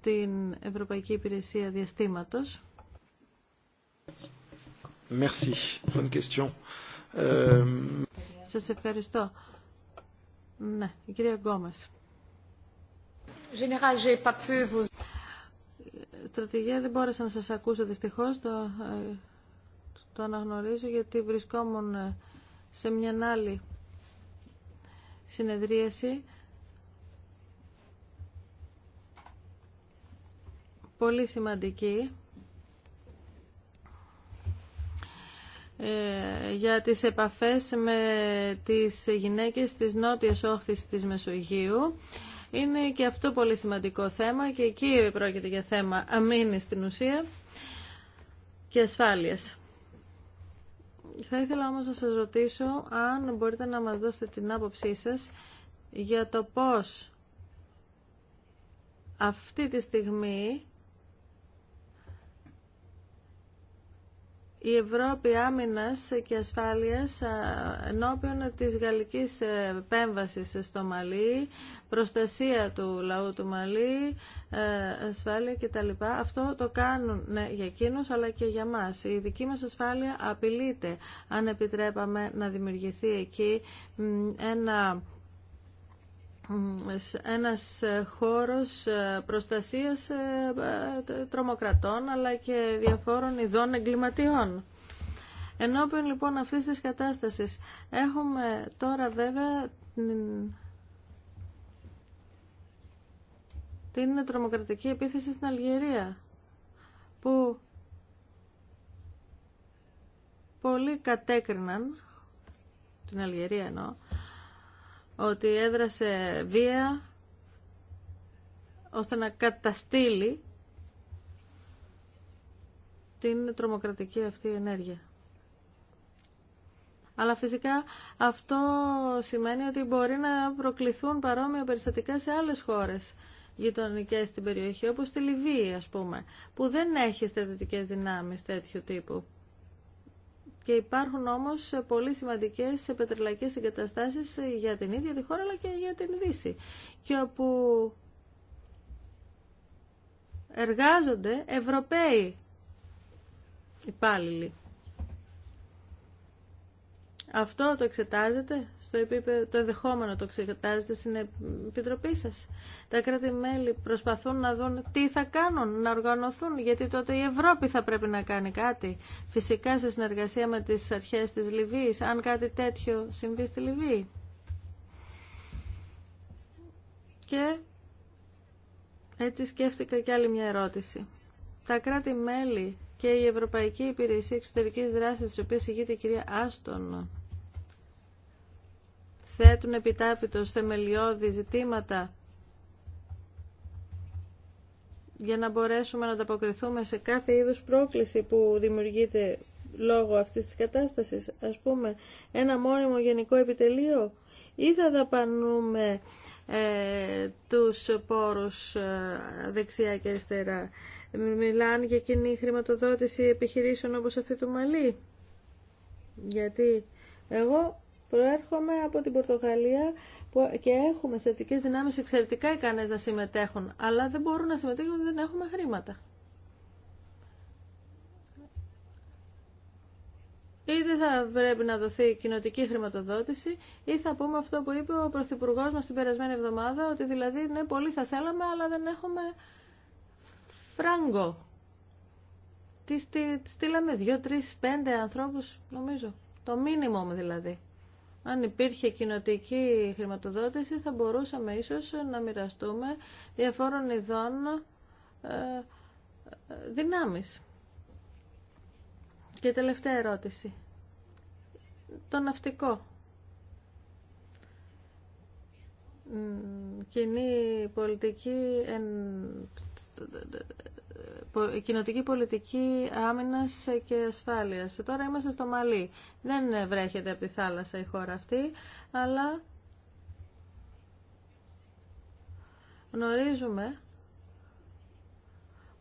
την Ευρωπαϊκή Υπηρεσία Διαστήματος. Merci. Bonne question. Σας ευχαριστώ. Ναι, η κυρία Γκόμες. Στρατηγία δεν μπόρεσα να σας ακούσω δυστυχώς, το, ε, το αναγνωρίζω γιατί βρισκόμουν ε, σε μια άλλη συνεδρίαση. Πολύ σημαντική. Ε, για τις επαφές με τις γυναίκες της νότιας όχθης της Μεσογείου είναι και αυτό πολύ σημαντικό θέμα και εκεί πρόκειται για θέμα αμήνη στην ουσία και ασφάλειας. Θα ήθελα όμως να σας ρωτήσω αν μπορείτε να μας δώσετε την άποψή σας για το πώς αυτή τη στιγμή η Ευρώπη άμυνας και ασφάλειας ενώπιον της γαλλικής ε, επέμβασης στο Μαλή, προστασία του λαού του Μαλί, ε, ασφάλεια κτλ. Αυτό το κάνουν ναι, για εκείνους αλλά και για μας. Η δική μας ασφάλεια απειλείται αν επιτρέπαμε να δημιουργηθεί εκεί ένα ένας ε, χώρος ε, προστασίας ε, τρομοκρατών αλλά και διαφόρων ειδών εγκληματιών. Ενώπιον λοιπόν αυτής της κατάστασης έχουμε τώρα βέβαια την, την τρομοκρατική επίθεση στην Αλγερία που πολλοί κατέκριναν την Αλγερία εννοώ ότι έδρασε βία ώστε να καταστήλει την τρομοκρατική αυτή ενέργεια. Αλλά φυσικά αυτό σημαίνει ότι μπορεί να προκληθούν παρόμοια περιστατικά σε άλλες χώρες γειτονικέ στην περιοχή, όπως τη Λιβύη ας πούμε, που δεν έχει στρατιωτικές δυνάμεις τέτοιου τύπου. Και υπάρχουν όμως πολύ σημαντικές πετρελαϊκές εγκαταστάσεις για την ίδια τη χώρα αλλά και για την Δύση. Και όπου εργάζονται Ευρωπαίοι υπάλληλοι. Αυτό το εξετάζετε, στο επίπεδο, το εδεχόμενο το εξετάζετε στην Επιτροπή σας. Τα κράτη-μέλη προσπαθούν να δουν τι θα κάνουν, να οργανωθούν, γιατί τότε η Ευρώπη θα πρέπει να κάνει κάτι. Φυσικά σε συνεργασία με τις αρχές της Λιβύης, αν κάτι τέτοιο συμβεί στη Λιβύη. Και έτσι σκέφτηκα κι άλλη μια ερώτηση. Τα κράτη-μέλη και η Ευρωπαϊκή Υπηρεσία Εξωτερικής Δράσης, της οποίας ηγείται η κυρία Άστον, θέτουν επιτάπητος θεμελιώδη ζητήματα για να μπορέσουμε να ανταποκριθούμε σε κάθε είδους πρόκληση που δημιουργείται λόγω αυτής της κατάστασης. Ας πούμε, ένα μόνιμο γενικό επιτελείο ή θα δαπανούμε ε, τους πόρους ε, δεξιά και αριστερά. Μιλάνε για κοινή χρηματοδότηση επιχειρήσεων όπως αυτή του Μαλή. Γιατί εγώ Προέρχομαι από την Πορτογαλία και έχουμε θετικέ δυνάμει εξαιρετικά ικανέ να συμμετέχουν, αλλά δεν μπορούν να συμμετέχουν γιατί δεν έχουμε χρήματα. δεν θα πρέπει να δοθεί κοινοτική χρηματοδότηση, ή θα πούμε αυτό που είπε ο Πρωθυπουργό μα την περασμένη εβδομάδα, ότι δηλαδή ναι, πολύ θα θέλαμε, αλλά δεν έχουμε φράγκο. Τι στείλαμε, δύο, τρει, πέντε ανθρώπου, νομίζω. Το μήνυμο μου δηλαδή αν υπήρχε κοινοτική χρηματοδότηση θα μπορούσαμε ίσως να μοιραστούμε διαφόρων ειδών ε, δυνάμεις. Και τελευταία ερώτηση. Το ναυτικό. Κοινή πολιτική εν κοινοτική πολιτική άμυνας και ασφάλειας. Τώρα είμαστε στο Μαλί. Δεν βρέχεται από τη θάλασσα η χώρα αυτή, αλλά γνωρίζουμε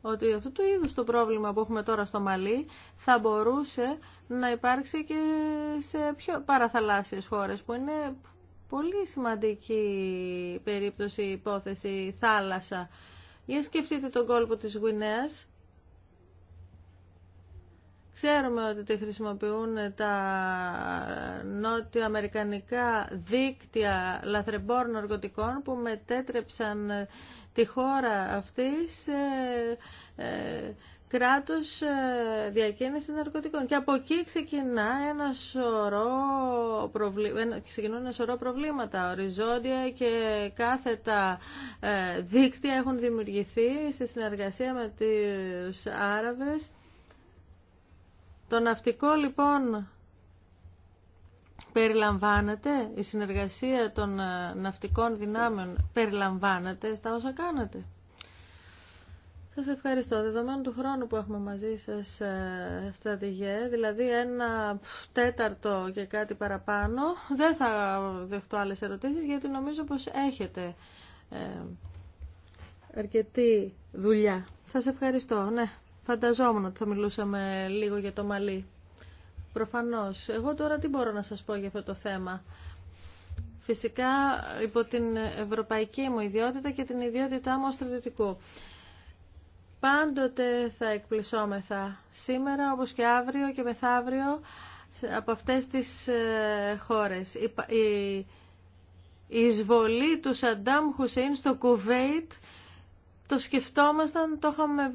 ότι αυτό το είδους το πρόβλημα που έχουμε τώρα στο Μαλί θα μπορούσε να υπάρξει και σε πιο παραθαλάσσιες χώρες που είναι πολύ σημαντική περίπτωση υπόθεση θάλασσα. Για σκεφτείτε τον κόλπο της Γουινέας. Ξέρουμε ότι τη χρησιμοποιούν τα νότιο-αμερικανικά δίκτυα λαθρεμπόρων ναρκωτικών που μετέτρεψαν τη χώρα αυτή σε ε, κράτος ε, διακίνηση ναρκωτικών. Και από εκεί ξεκινά ένα σωρό προβλήματα, ξεκινούν ένα σωρό προβλήματα. Οριζόντια και κάθετα ε, δίκτυα έχουν δημιουργηθεί στη συνεργασία με τους Άραβες. Το ναυτικό λοιπόν περιλαμβάνεται, η συνεργασία των ε, ναυτικών δυνάμεων περιλαμβάνεται στα όσα κάνατε. Σα ευχαριστώ. Δεδομένου του χρόνου που έχουμε μαζί σας, ε, στρατηγέ, δηλαδή ένα τέταρτο και κάτι παραπάνω, δεν θα δεχτώ άλλε ερωτήσει, γιατί νομίζω πως έχετε ε, αρκετή δουλειά. Σα ευχαριστώ. Ναι, φανταζόμουν ότι θα μιλούσαμε λίγο για το μαλλί. Προφανώς. Εγώ τώρα τι μπορώ να σας πω για αυτό το θέμα. Φυσικά υπό την ευρωπαϊκή μου ιδιότητα και την ιδιότητά μου ως στρατιωτικού. Πάντοτε θα εκπλησώμεθα σήμερα όπως και αύριο και μεθαύριο από αυτές τις ε, χώρες. Η εισβολή του Σαντάμ Χουσέιν στο Κουβέιτ το σκεφτόμασταν, το είχαμε ε,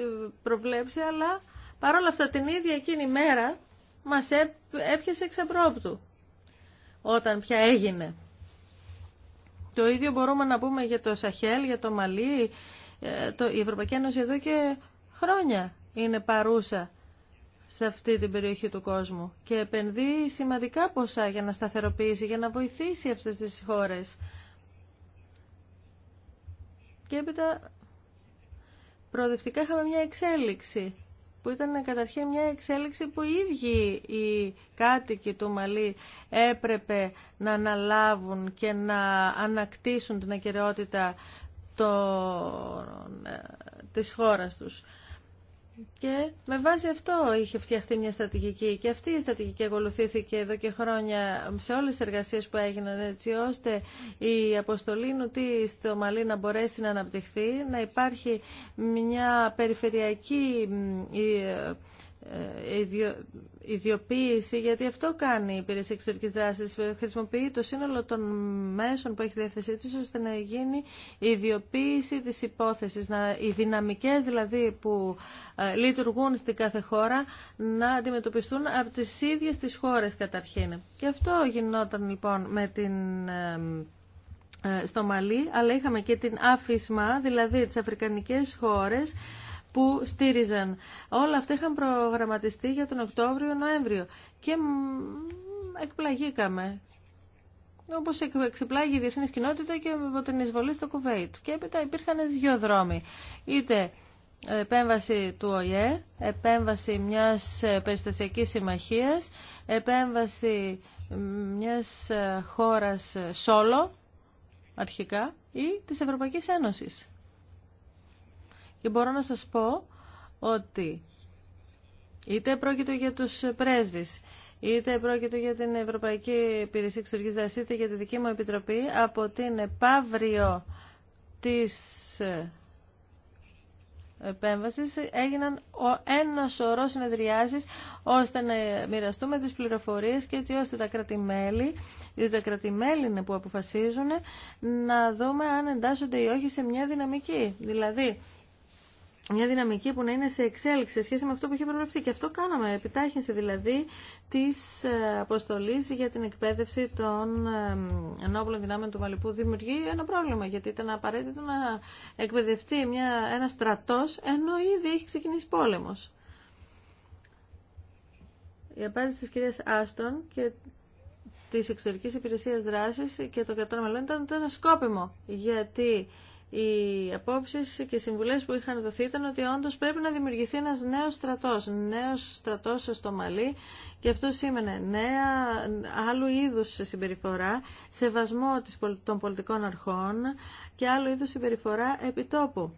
ε, προβλέψει, αλλά παρόλα αυτά την ίδια εκείνη μέρα μας έπιασε εξαπρόπτου όταν πια έγινε. Το ίδιο μπορούμε να πούμε για το Σαχέλ, για το Μαλί, ε, το, η Ευρωπαϊκή Ένωση εδώ και χρόνια είναι παρούσα σε αυτή την περιοχή του κόσμου και επενδύει σημαντικά ποσά για να σταθεροποιήσει, για να βοηθήσει αυτές τις χώρες. Και έπειτα προοδευτικά είχαμε μια εξέλιξη που ήταν καταρχήν μια εξέλιξη που οι ίδιοι οι κάτοικοι του Μαλή έπρεπε να αναλάβουν και να ανακτήσουν την ακαιρεότητα τον ε, της χώρας τους. Και με βάση αυτό είχε φτιαχτεί μια στρατηγική και αυτή η στρατηγική ακολουθήθηκε εδώ και χρόνια σε όλες τις εργασίες που έγιναν έτσι ώστε η αποστολή νουτή στο Μαλή να μπορέσει να αναπτυχθεί, να υπάρχει μια περιφερειακή ε, ιδιοποίηση, γιατί αυτό κάνει η υπηρεσία εξωτερική δράση. Χρησιμοποιεί το σύνολο των μέσων που έχει διαθέσει τη, ώστε να γίνει η ιδιοποίηση τη υπόθεση. Οι δυναμικέ δηλαδή που ε, λειτουργούν στην κάθε χώρα να αντιμετωπιστούν από τι ίδιε τι χώρε καταρχήν. Και αυτό γινόταν λοιπόν με την ε, στο Μαλί, αλλά είχαμε και την αφισμά, δηλαδή τις αφρικανικές χώρες, που στήριζαν. Όλα αυτά είχαν προγραμματιστεί για τον Οκτώβριο-Νοέμβριο και εκπλαγήκαμε. Όπως εξεπλάγει η διεθνή κοινότητα και από την εισβολή στο Κουβέιτ. Και έπειτα υπήρχαν δύο δρόμοι. Είτε επέμβαση του ΟΗΕ, επέμβαση μιας περιστασιακής συμμαχίας, επέμβαση μιας χώρας σόλο, αρχικά, ή της Ευρωπαϊκής Ένωσης. Και μπορώ να σας πω ότι είτε πρόκειται για τους πρέσβεις, είτε πρόκειται για την Ευρωπαϊκή Υπηρεσία Εξωτερικής Δράσης, είτε για τη δική μου επιτροπή, από την επαύριο της επέμβασης έγιναν ένα σωρό συνεδριάσεις ώστε να μοιραστούμε τις πληροφορίες και έτσι ώστε τα κρατημέλη, τα κρατημέλη που αποφασίζουν, να δούμε αν εντάσσονται ή όχι σε μια δυναμική. Δηλαδή, μια δυναμική που να είναι σε εξέλιξη σε σχέση με αυτό που είχε προβλεφθεί. Και αυτό κάναμε, επιτάχυνση δηλαδή τη ε, αποστολή για την εκπαίδευση των ε, ενόπλων δυνάμεων του Μαλιπού. Δημιουργεί ένα πρόβλημα, γιατί ήταν απαραίτητο να εκπαιδευτεί μια, ένα στρατός, ενώ ήδη έχει ξεκινήσει πόλεμος. Η απάντηση τη κυρία Άστον και τη εξωτερική υπηρεσία δράση και των κρατών μελών ήταν, ήταν σκόπιμο, γιατί οι απόψει και οι συμβουλέ που είχαν δοθεί ήταν ότι όντω πρέπει να δημιουργηθεί ένας νέος στρατός, νέο στρατός στο Μαλί και αυτό σήμαινε νέα, άλλου είδου συμπεριφορά, σεβασμό των πολιτικών αρχών και άλλου είδου συμπεριφορά επιτόπου,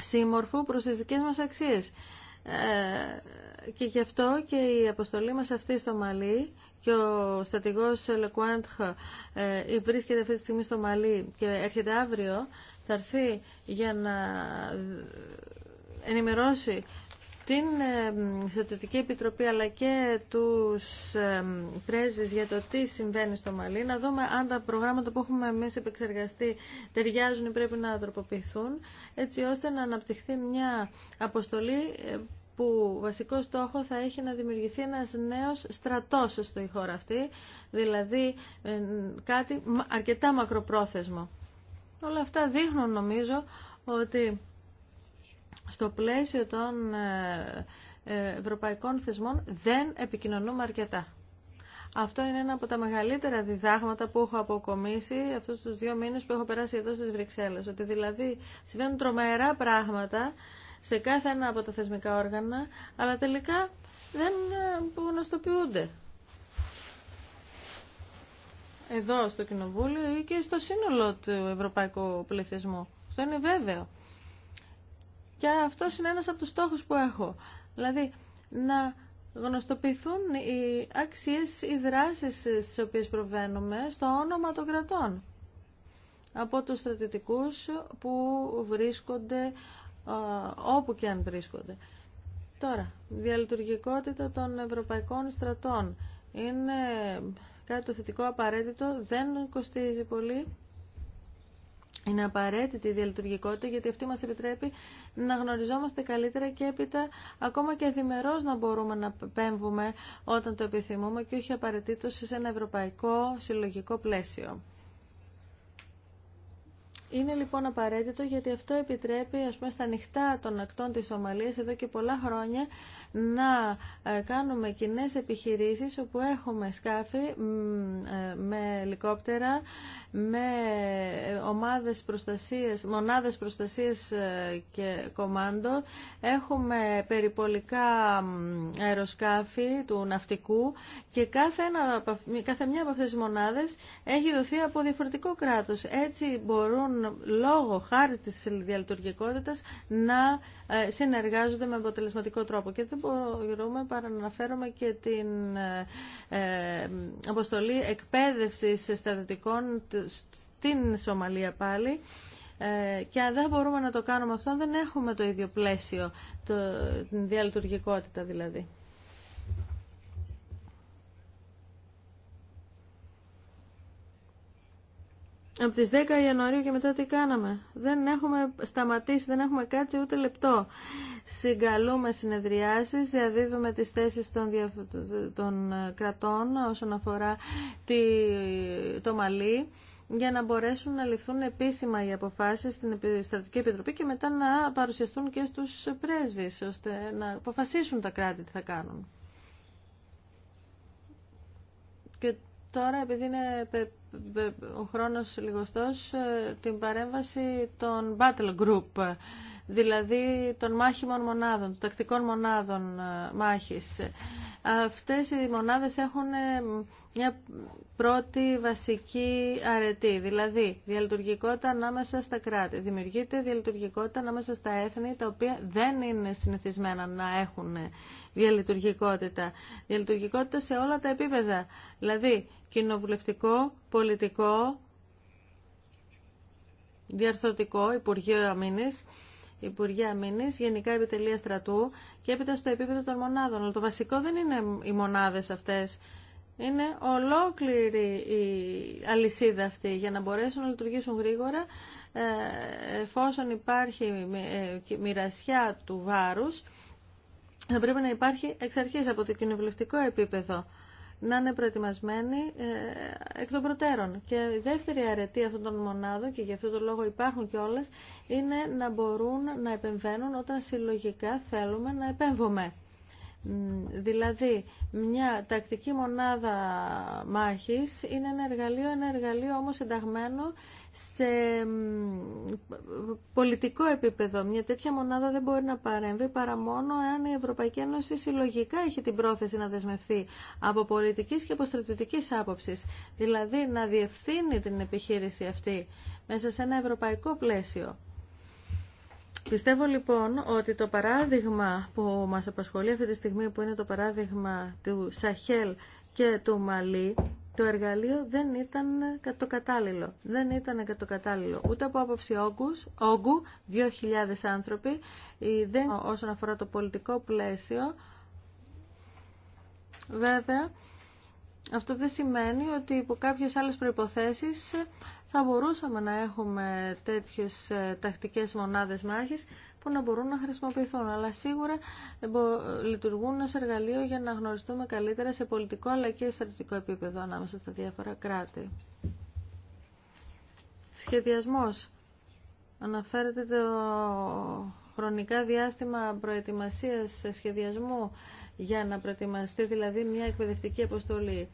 σύμμορφου προ τι δικέ μας αξίες. Ε, και γι' αυτό και η αποστολή μας αυτή στο Μαλί και ο στρατηγός Λεκουάντχα ε, βρίσκεται αυτή τη στιγμή στο Μαλί και έρχεται αύριο, θα έρθει για να ε, ενημερώσει την ε, Στατιωτική Επιτροπή αλλά και τους πρέσβεις για το τι συμβαίνει στο Μαλί, να δούμε αν τα προγράμματα που έχουμε εμείς επεξεργαστεί ταιριάζουν ή πρέπει να τροποποιηθούν, έτσι ώστε να αναπτυχθεί μια αποστολή που βασικό στόχο θα έχει να δημιουργηθεί ένας νέος στρατός στη χώρα αυτή, δηλαδή ε, κάτι αρκετά μακροπρόθεσμο. Όλα αυτά δείχνουν νομίζω ότι στο πλαίσιο των ε, ε, ευρωπαϊκών θεσμών δεν επικοινωνούμε αρκετά. Αυτό είναι ένα από τα μεγαλύτερα διδάγματα που έχω αποκομίσει αυτούς τους δύο μήνες που έχω περάσει εδώ στις Βρυξέλλες. Ότι δηλαδή συμβαίνουν τρομερά πράγματα σε κάθε ένα από τα θεσμικά όργανα, αλλά τελικά δεν ε, γνωστοποιούνται. Εδώ στο Κοινοβούλιο ή και στο σύνολο του ευρωπαϊκού πληθυσμού. Αυτό είναι βέβαιο. Και αυτό είναι ένας από τους στόχους που έχω. Δηλαδή, να γνωστοποιηθούν οι αξίες, οι δράσεις στις οποίες προβαίνουμε στο όνομα των κρατών από τους στρατιωτικούς που βρίσκονται όπου και αν βρίσκονται. Τώρα, διαλειτουργικότητα των ευρωπαϊκών στρατών. Είναι κάτι το θετικό απαραίτητο, δεν κοστίζει πολύ. Είναι απαραίτητη η διαλειτουργικότητα γιατί αυτή μας επιτρέπει να γνωριζόμαστε καλύτερα και έπειτα ακόμα και διμερώς να μπορούμε να πέμβουμε όταν το επιθυμούμε και όχι απαραίτητο σε ένα ευρωπαϊκό συλλογικό πλαίσιο. Είναι λοιπόν απαραίτητο γιατί αυτό επιτρέπει ας πούμε, στα ανοιχτά των ακτών της Σομαλίας εδώ και πολλά χρόνια να ε, κάνουμε κοινέ επιχειρήσεις όπου έχουμε σκάφη ε, με ελικόπτερα, με ε, ομάδες προστασίες μονάδες προστασίας ε, και κομάντο. Έχουμε περιπολικά αεροσκάφη του ναυτικού και κάθε, κάθε μια από αυτές τις μονάδες έχει δοθεί από διαφορετικό κράτος. Έτσι μπορούν λόγω χάρη της διαλειτουργικότητας να ε, συνεργάζονται με αποτελεσματικό τρόπο. Και δεν μπορούμε παρά να αναφέρομαι και την αποστολή εκπαίδευσης στρατιωτικών στην Σομαλία πάλι ε, και αν δεν μπορούμε να το κάνουμε αυτό, δεν έχουμε το ίδιο πλαίσιο, το, την διαλειτουργικότητα δηλαδή. Από τις 10 Ιανουαρίου και μετά τι κάναμε. Δεν έχουμε σταματήσει, δεν έχουμε κάτσει ούτε λεπτό. Συγκαλούμε συνεδριάσεις, διαδίδουμε τις θέσεις των, των κρατών όσον αφορά τη... το Μαλί για να μπορέσουν να ληφθούν επίσημα οι αποφάσεις στην Στρατική Επιτροπή και μετά να παρουσιαστούν και στους πρέσβεις, ώστε να αποφασίσουν τα κράτη τι θα κάνουν. Και τώρα, επειδή είναι ο χρόνος λιγοστός, ε, την παρέμβαση των Battle Group, δηλαδή των μάχημων μονάδων, των τακτικών μονάδων ε, μάχης αυτές οι μονάδες έχουν ε, μια πρώτη βασική αρετή, δηλαδή διαλειτουργικότητα ανάμεσα στα κράτη. Δημιουργείται διαλειτουργικότητα ανάμεσα στα έθνη, τα οποία δεν είναι συνηθισμένα να έχουν ε, διαλειτουργικότητα. Διαλειτουργικότητα σε όλα τα επίπεδα, δηλαδή κοινοβουλευτικό, πολιτικό, διαρθρωτικό, Υπουργείο Αμήνης, Υπουργεία Αμήνη, Γενικά Επιτελεία Στρατού και έπειτα στο επίπεδο των μονάδων. Αλλά το βασικό δεν είναι οι μονάδε αυτέ. Είναι ολόκληρη η αλυσίδα αυτή για να μπορέσουν να λειτουργήσουν γρήγορα ε, εφόσον υπάρχει ε, μοιρασιά του βάρους θα πρέπει να υπάρχει εξ αρχής από το κοινοβουλευτικό επίπεδο να είναι προετοιμασμένοι ε, εκ των προτέρων. Και η δεύτερη αρετή αυτών των μονάδων, και γι' αυτό το λόγο υπάρχουν όλες είναι να μπορούν να επεμβαίνουν όταν συλλογικά θέλουμε να επέμβουμε. Δηλαδή, μια τακτική μονάδα μάχης είναι ένα εργαλείο, ένα εργαλείο όμως ενταγμένο σε πολιτικό επίπεδο. Μια τέτοια μονάδα δεν μπορεί να παρέμβει παρά μόνο αν η Ευρωπαϊκή Ένωση συλλογικά έχει την πρόθεση να δεσμευθεί από πολιτικής και από στρατιωτικής άποψης. Δηλαδή, να διευθύνει την επιχείρηση αυτή μέσα σε ένα ευρωπαϊκό πλαίσιο. Πιστεύω λοιπόν ότι το παράδειγμα που μας απασχολεί αυτή τη στιγμή που είναι το παράδειγμα του Σαχέλ και του Μαλή το εργαλείο δεν ήταν το κατάλληλο. Δεν ήταν το κατάλληλο ούτε από άποψη όγκους, όγκου, 2.000 άνθρωποι, δεν, όσον αφορά το πολιτικό πλαίσιο. Βέβαια, αυτό δεν σημαίνει ότι υπό κάποιες άλλες προϋποθέσεις θα μπορούσαμε να έχουμε τέτοιες ε, τακτικές μονάδες μάχης που να μπορούν να χρησιμοποιηθούν. Αλλά σίγουρα ε, λειτουργούν ως εργαλείο για να γνωριστούμε καλύτερα σε πολιτικό αλλά και στρατιωτικό επίπεδο ανάμεσα στα διάφορα κράτη. Σχεδιασμός. Αναφέρεται το χρονικά διάστημα προετοιμασίας ε, σχεδιασμού για να προετοιμαστεί δηλαδή μια εκπαιδευτική αποστολή.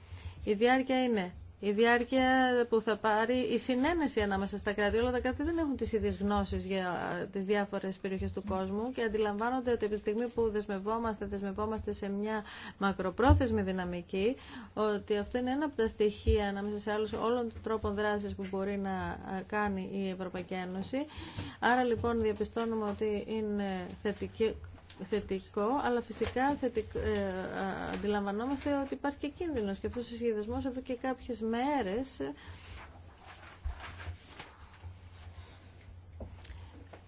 Η διάρκεια είναι η διάρκεια που θα πάρει η συνένεση ανάμεσα στα κράτη. Όλα τα κράτη δεν έχουν τις ίδιες γνώσεις για τις διάφορες περιοχές του κόσμου και αντιλαμβάνονται ότι από τη στιγμή που δεσμευόμαστε, δεσμευόμαστε σε μια μακροπρόθεσμη δυναμική, ότι αυτό είναι ένα από τα στοιχεία ανάμεσα σε άλλους όλων των τρόπων δράσης που μπορεί να κάνει η Ευρωπαϊκή Ένωση. Άρα λοιπόν διαπιστώνουμε ότι είναι θετική θετικό, αλλά φυσικά ε, αντιλαμβανόμαστε ότι υπάρχει και κίνδυνος και αυτός ο σχεδιασμός εδώ και κάποιες μέρες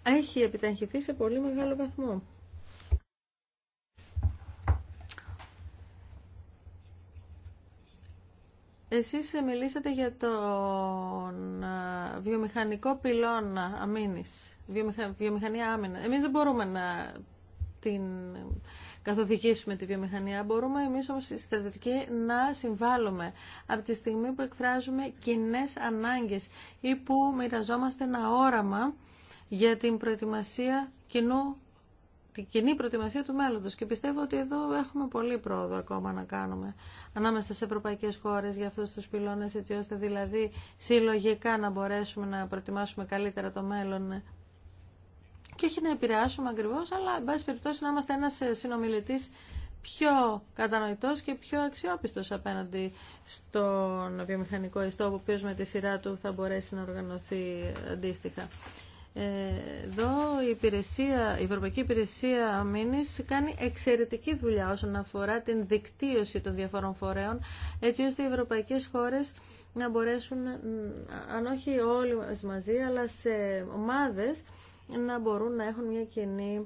έχει επιταχυθεί σε πολύ μεγάλο βαθμό. Εσείς μιλήσατε για τον βιομηχανικό πυλώνα αμήνης, βιομηχανία άμυνα. Εμείς δεν μπορούμε να την καθοδηγήσουμε τη βιομηχανία. Μπορούμε εμείς όμως στη στρατηγική να συμβάλλουμε από τη στιγμή που εκφράζουμε κοινέ ανάγκες ή που μοιραζόμαστε ένα όραμα για την προετοιμασία κοινού την κοινή προετοιμασία του μέλλοντος και πιστεύω ότι εδώ έχουμε πολύ πρόοδο ακόμα να κάνουμε ανάμεσα σε ευρωπαϊκές χώρες για αυτούς τους πυλώνες έτσι ώστε δηλαδή συλλογικά να μπορέσουμε να προετοιμάσουμε καλύτερα το μέλλον και όχι να επηρεάσουμε ακριβώ, αλλά εν πάση περιπτώσει να είμαστε ένα ε, συνομιλητή πιο κατανοητό και πιο αξιόπιστο απέναντι στον βιομηχανικό ιστό, ο οποίο με τη σειρά του θα μπορέσει να οργανωθεί αντίστοιχα. Ε, εδώ η, υπηρεσία, η Ευρωπαϊκή Υπηρεσία Αμήνη κάνει εξαιρετική δουλειά όσον αφορά την δικτύωση των διαφορών φορέων, έτσι ώστε οι ευρωπαϊκέ χώρε να μπορέσουν, αν όχι όλοι μαζί, αλλά σε ομάδες, να μπορούν να έχουν μια κοινή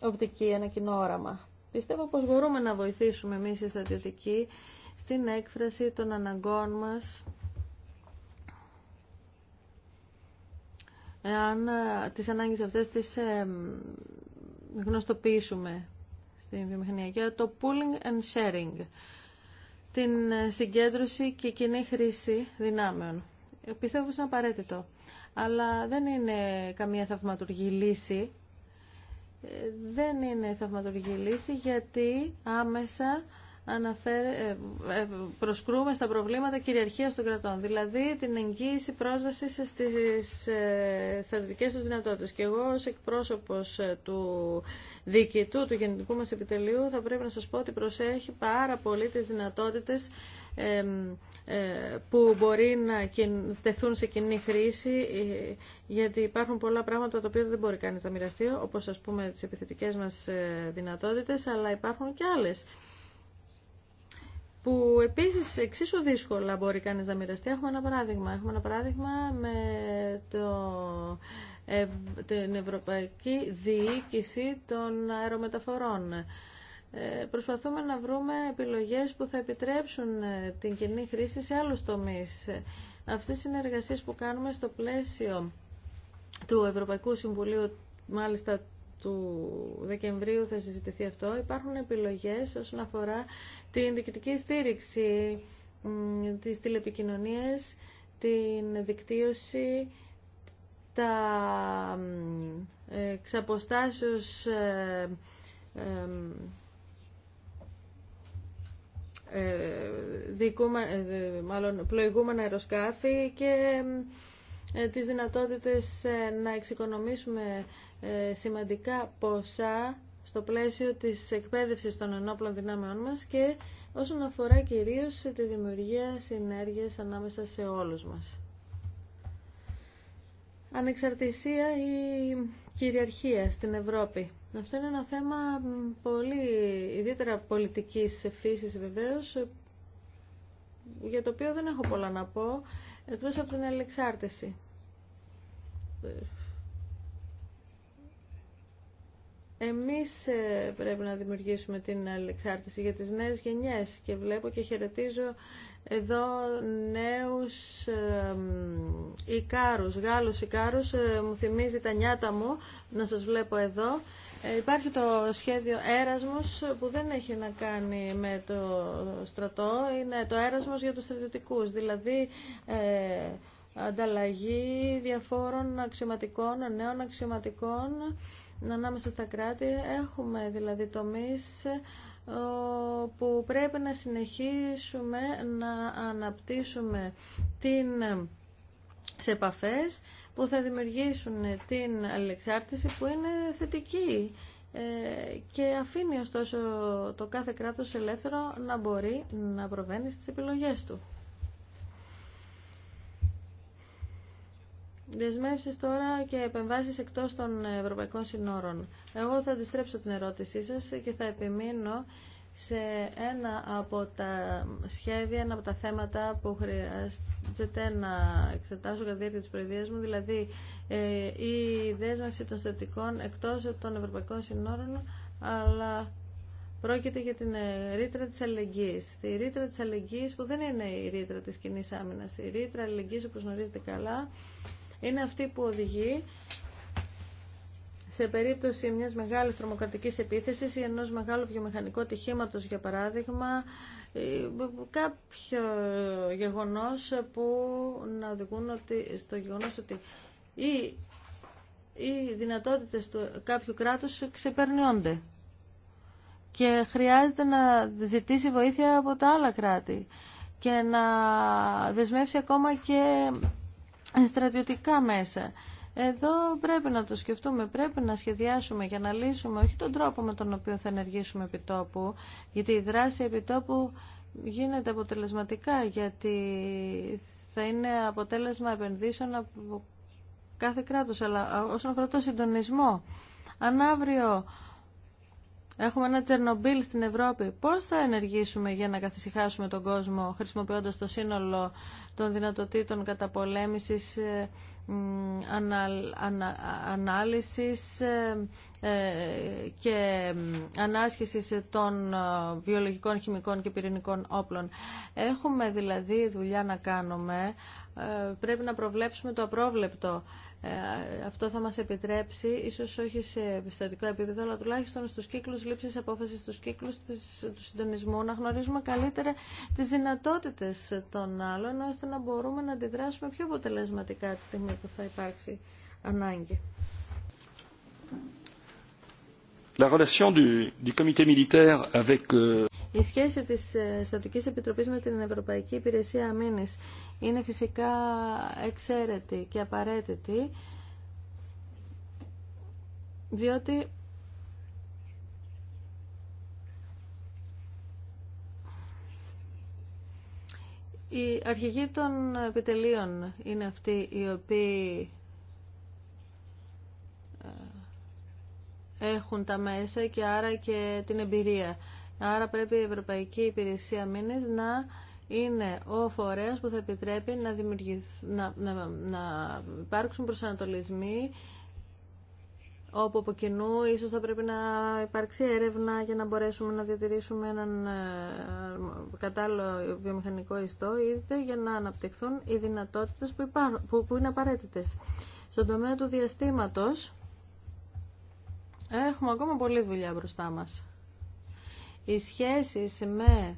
οπτική, ένα κοινό όραμα. Πιστεύω πως μπορούμε να βοηθήσουμε εμείς οι στρατιωτικοί στην έκφραση των αναγκών μας εάν ε, τις ανάγκες αυτές τις ε, γνωστοποιήσουμε στην βιομηχανία για το pooling and sharing την ε, συγκέντρωση και κοινή χρήση δυνάμεων. Πιστεύω πως είναι απαραίτητο αλλά δεν είναι καμία θαυματουργή λύση. Ε, δεν είναι θαυματουργή λύση γιατί άμεσα αναφέρε, ε, ε, προσκρούμε στα προβλήματα κυριαρχίας των κρατών, δηλαδή την εγγύηση πρόσβαση στις στρατιωτικές τους δυνατότητες. Και εγώ ως εκπρόσωπος του διοικητού του γενικού μας επιτελείου θα πρέπει να σας πω ότι προσέχει πάρα πολύ τις δυνατότητες ε, που μπορεί να τεθούν σε κοινή χρήση ε, γιατί υπάρχουν πολλά πράγματα τα οποία δεν μπορεί κανείς να μοιραστεί όπως ας πούμε τις επιθετικές μας ε, δυνατότητες αλλά υπάρχουν και άλλες που επίσης εξίσου δύσκολα μπορεί κανείς να μοιραστεί. Έχουμε ένα παράδειγμα. Έχουμε ένα παράδειγμα με το, την Ευρωπαϊκή Διοίκηση των Αερομεταφορών ε, προσπαθούμε να βρούμε επιλογές που θα επιτρέψουν ε, την κοινή χρήση σε άλλους τομείς. Αυτές οι συνεργασίες που κάνουμε στο πλαίσιο του Ευρωπαϊκού Συμβουλίου, μάλιστα του Δεκεμβρίου θα συζητηθεί αυτό, υπάρχουν επιλογές όσον αφορά την διοικητική στήριξη, τις τηλεπικοινωνίες, την δικτύωση, τα ξαποστάσους ε, ε, μάλλον πλοηγούμενα αεροσκάφη και ε, τις δυνατότητες να εξοικονομήσουμε σημαντικά ποσά στο πλαίσιο της εκπαίδευσης των ενόπλων δυνάμεών μας και όσον αφορά κυρίως τη δημιουργία συνέργειας ανάμεσα σε όλους μας. Ανεξαρτησία ή κυριαρχία στην Ευρώπη. Αυτό είναι ένα θέμα πολύ ιδιαίτερα πολιτικής φύσης βεβαίως, για το οποίο δεν έχω πολλά να πω, εκτός από την ελεξάρτηση. Εμείς ε, πρέπει να δημιουργήσουμε την αλεξάρτηση για τις νέες γενιές και βλέπω και χαιρετίζω εδώ νέους ε, Ικάρους, Γάλλους Ικάρους, ε, μου θυμίζει τα νιάτα μου να σας βλέπω εδώ ε, υπάρχει το σχέδιο Έρασμος που δεν έχει να κάνει με το στρατό, είναι το Έρασμος για τους στρατιωτικούς, δηλαδή ε, ανταλλαγή διαφόρων αξιωματικών, νέων αξιωματικών ανάμεσα στα κράτη. Έχουμε δηλαδή τομείς ε, που πρέπει να συνεχίσουμε να αναπτύσσουμε την ε, σε που θα δημιουργήσουν την αλληλεξάρτηση που είναι θετική ε, και αφήνει ωστόσο το κάθε κράτος ελεύθερο να μπορεί να προβαίνει στις επιλογές του. Δεσμεύσει τώρα και επεμβάσει εκτό των ευρωπαϊκών συνόρων. Εγώ θα αντιστρέψω την ερώτησή σα και θα επιμείνω σε ένα από τα σχέδια, ένα από τα θέματα που χρειάζεται να εξετάσω κατά τη διάρκεια της προεδρίας μου, δηλαδή ε, η δέσμευση των στατικών εκτός των ευρωπαϊκών συνόρων, αλλά πρόκειται για την ε, ρήτρα της αλληλεγγύης. Η ρήτρα της αλληλεγγύης που δεν είναι η ρήτρα της κοινή άμυνας. Η ρήτρα αλληλεγγύης, όπως γνωρίζετε καλά, είναι αυτή που οδηγεί σε περίπτωση μιας μεγάλης τρομοκρατικής επίθεσης ή ενός μεγάλου βιομηχανικού ατυχήματος, για παράδειγμα, ε, κάποιο γεγονός που να οδηγούν ότι, στο γεγονός ότι οι, οι δυνατότητες του κάποιου κράτους ξεπερνιόνται και χρειάζεται να ζητήσει βοήθεια από τα άλλα κράτη και να δεσμεύσει ακόμα και στρατιωτικά μέσα. Εδώ πρέπει να το σκεφτούμε, πρέπει να σχεδιάσουμε και να λύσουμε όχι τον τρόπο με τον οποίο θα ενεργήσουμε επιτόπου, γιατί η δράση επιτόπου γίνεται αποτελεσματικά, γιατί θα είναι αποτέλεσμα επενδύσεων από κάθε κράτος, αλλά όσον αφορά το συντονισμό. Αν αύριο Έχουμε ένα Τσερνομπίλ στην Ευρώπη. Πώς θα ενεργήσουμε για να καθησυχάσουμε τον κόσμο χρησιμοποιώντας το σύνολο των δυνατοτήτων καταπολέμησης, ε, ανα, ανάλυσης ε, ε, και ανάσχεση των βιολογικών, χημικών και πυρηνικών όπλων. Έχουμε δηλαδή δουλειά να κάνουμε. Πρέπει να προβλέψουμε το απρόβλεπτο. Ε, αυτό θα μας επιτρέψει, ίσως όχι σε επιστατικό επίπεδο, αλλά τουλάχιστον στους κύκλους λήψης απόφασης, στους κύκλους του συντονισμού, να γνωρίζουμε καλύτερα τις δυνατότητες των άλλων, ώστε να μπορούμε να αντιδράσουμε πιο αποτελεσματικά τη στιγμή που θα υπάρξει ανάγκη. La relation du, du comité militaire avec... Euh, η σχέση της ε, στατική Επιτροπής με την Ευρωπαϊκή Υπηρεσία Αμήνης είναι φυσικά εξαίρετη και απαραίτητη, διότι η αρχηγοί των επιτελείων είναι αυτοί οι οποίοι ε, έχουν τα μέσα και άρα και την εμπειρία. Άρα πρέπει η Ευρωπαϊκή Υπηρεσία Μήνες να είναι ο φορέας που θα επιτρέπει να, να, να, να υπάρξουν προσανατολισμοί όπου από κοινού ίσως θα πρέπει να υπάρξει έρευνα για να μπορέσουμε να διατηρήσουμε έναν ε, κατάλληλο βιομηχανικό ιστό είτε για να αναπτυχθούν οι δυνατότητες που, που, που είναι απαραίτητες. Στον τομέα του διαστήματος έχουμε ακόμα πολλή δουλειά μπροστά μας οι σχέσεις με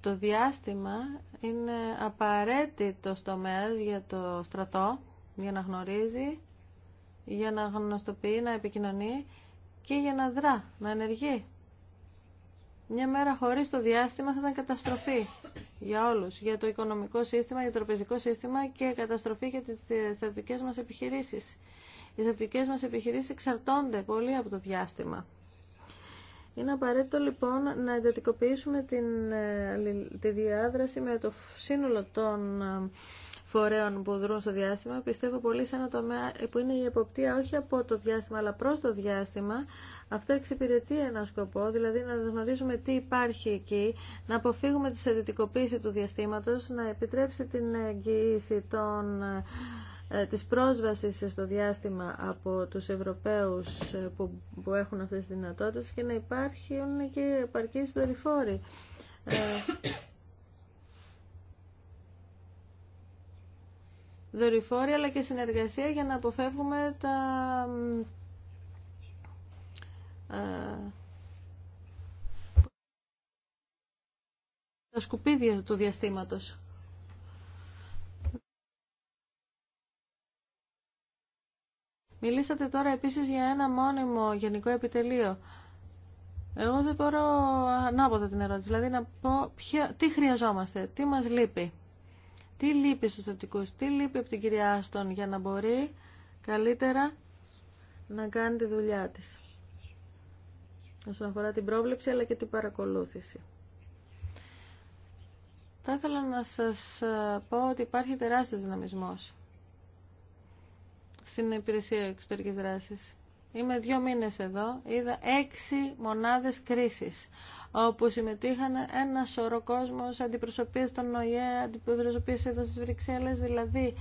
το διάστημα είναι απαραίτητο τομέα για το στρατό, για να γνωρίζει, για να γνωστοποιεί, να επικοινωνεί και για να δρά, να ενεργεί. Μια μέρα χωρίς το διάστημα θα ήταν καταστροφή για όλους, για το οικονομικό σύστημα, για το τροπεζικό σύστημα και καταστροφή για τις στρατιωτικές μας επιχειρήσεις. Οι στρατιωτικές μας επιχειρήσεις εξαρτώνται πολύ από το διάστημα. Είναι απαραίτητο λοιπόν να εντατικοποιήσουμε την, ε, τη διάδραση με το σύνολο των ε, φορέων που δρούν στο διάστημα. Πιστεύω πολύ σε ένα τομέα που είναι η εποπτεία όχι από το διάστημα αλλά προς το διάστημα. Αυτό εξυπηρετεί ένα σκοπό, δηλαδή να γνωρίζουμε τι υπάρχει εκεί, να αποφύγουμε τη συνδετικοποίηση του διαστήματος, να επιτρέψει την εγγυήση των ε, ε, της πρόσβασης στο διάστημα από τους Ευρωπαίους ε, που, που έχουν αυτές τις δυνατότητες και να υπάρχουν και επαρκείς δορυφόροι. Ε, δορυφόροι αλλά και συνεργασία για να αποφεύγουμε τα τα σκουπίδια του διαστήματος. Μιλήσατε τώρα επίσης για ένα μόνιμο γενικό επιτελείο. Εγώ δεν μπορώ ανάποδα την ερώτηση, δηλαδή να πω τι χρειαζόμαστε, τι μας λείπει. Τι λείπει στους θετικούς, τι λείπει από την κυρία Άστον για να μπορεί καλύτερα να κάνει τη δουλειά της. Όσον αφορά την πρόβλεψη αλλά και την παρακολούθηση. Θα ήθελα να σας πω ότι υπάρχει τεράστιος δυναμισμός στην υπηρεσία εξωτερικής δράσης. Είμαι δύο μήνες εδώ, είδα έξι μονάδες κρίσης, όπου συμμετείχαν ένα σωρό κόσμος, αντιπροσωπείες των ΟΗΕ, αντιπροσωπείες εδώ στις Βρυξέλλες, δηλαδή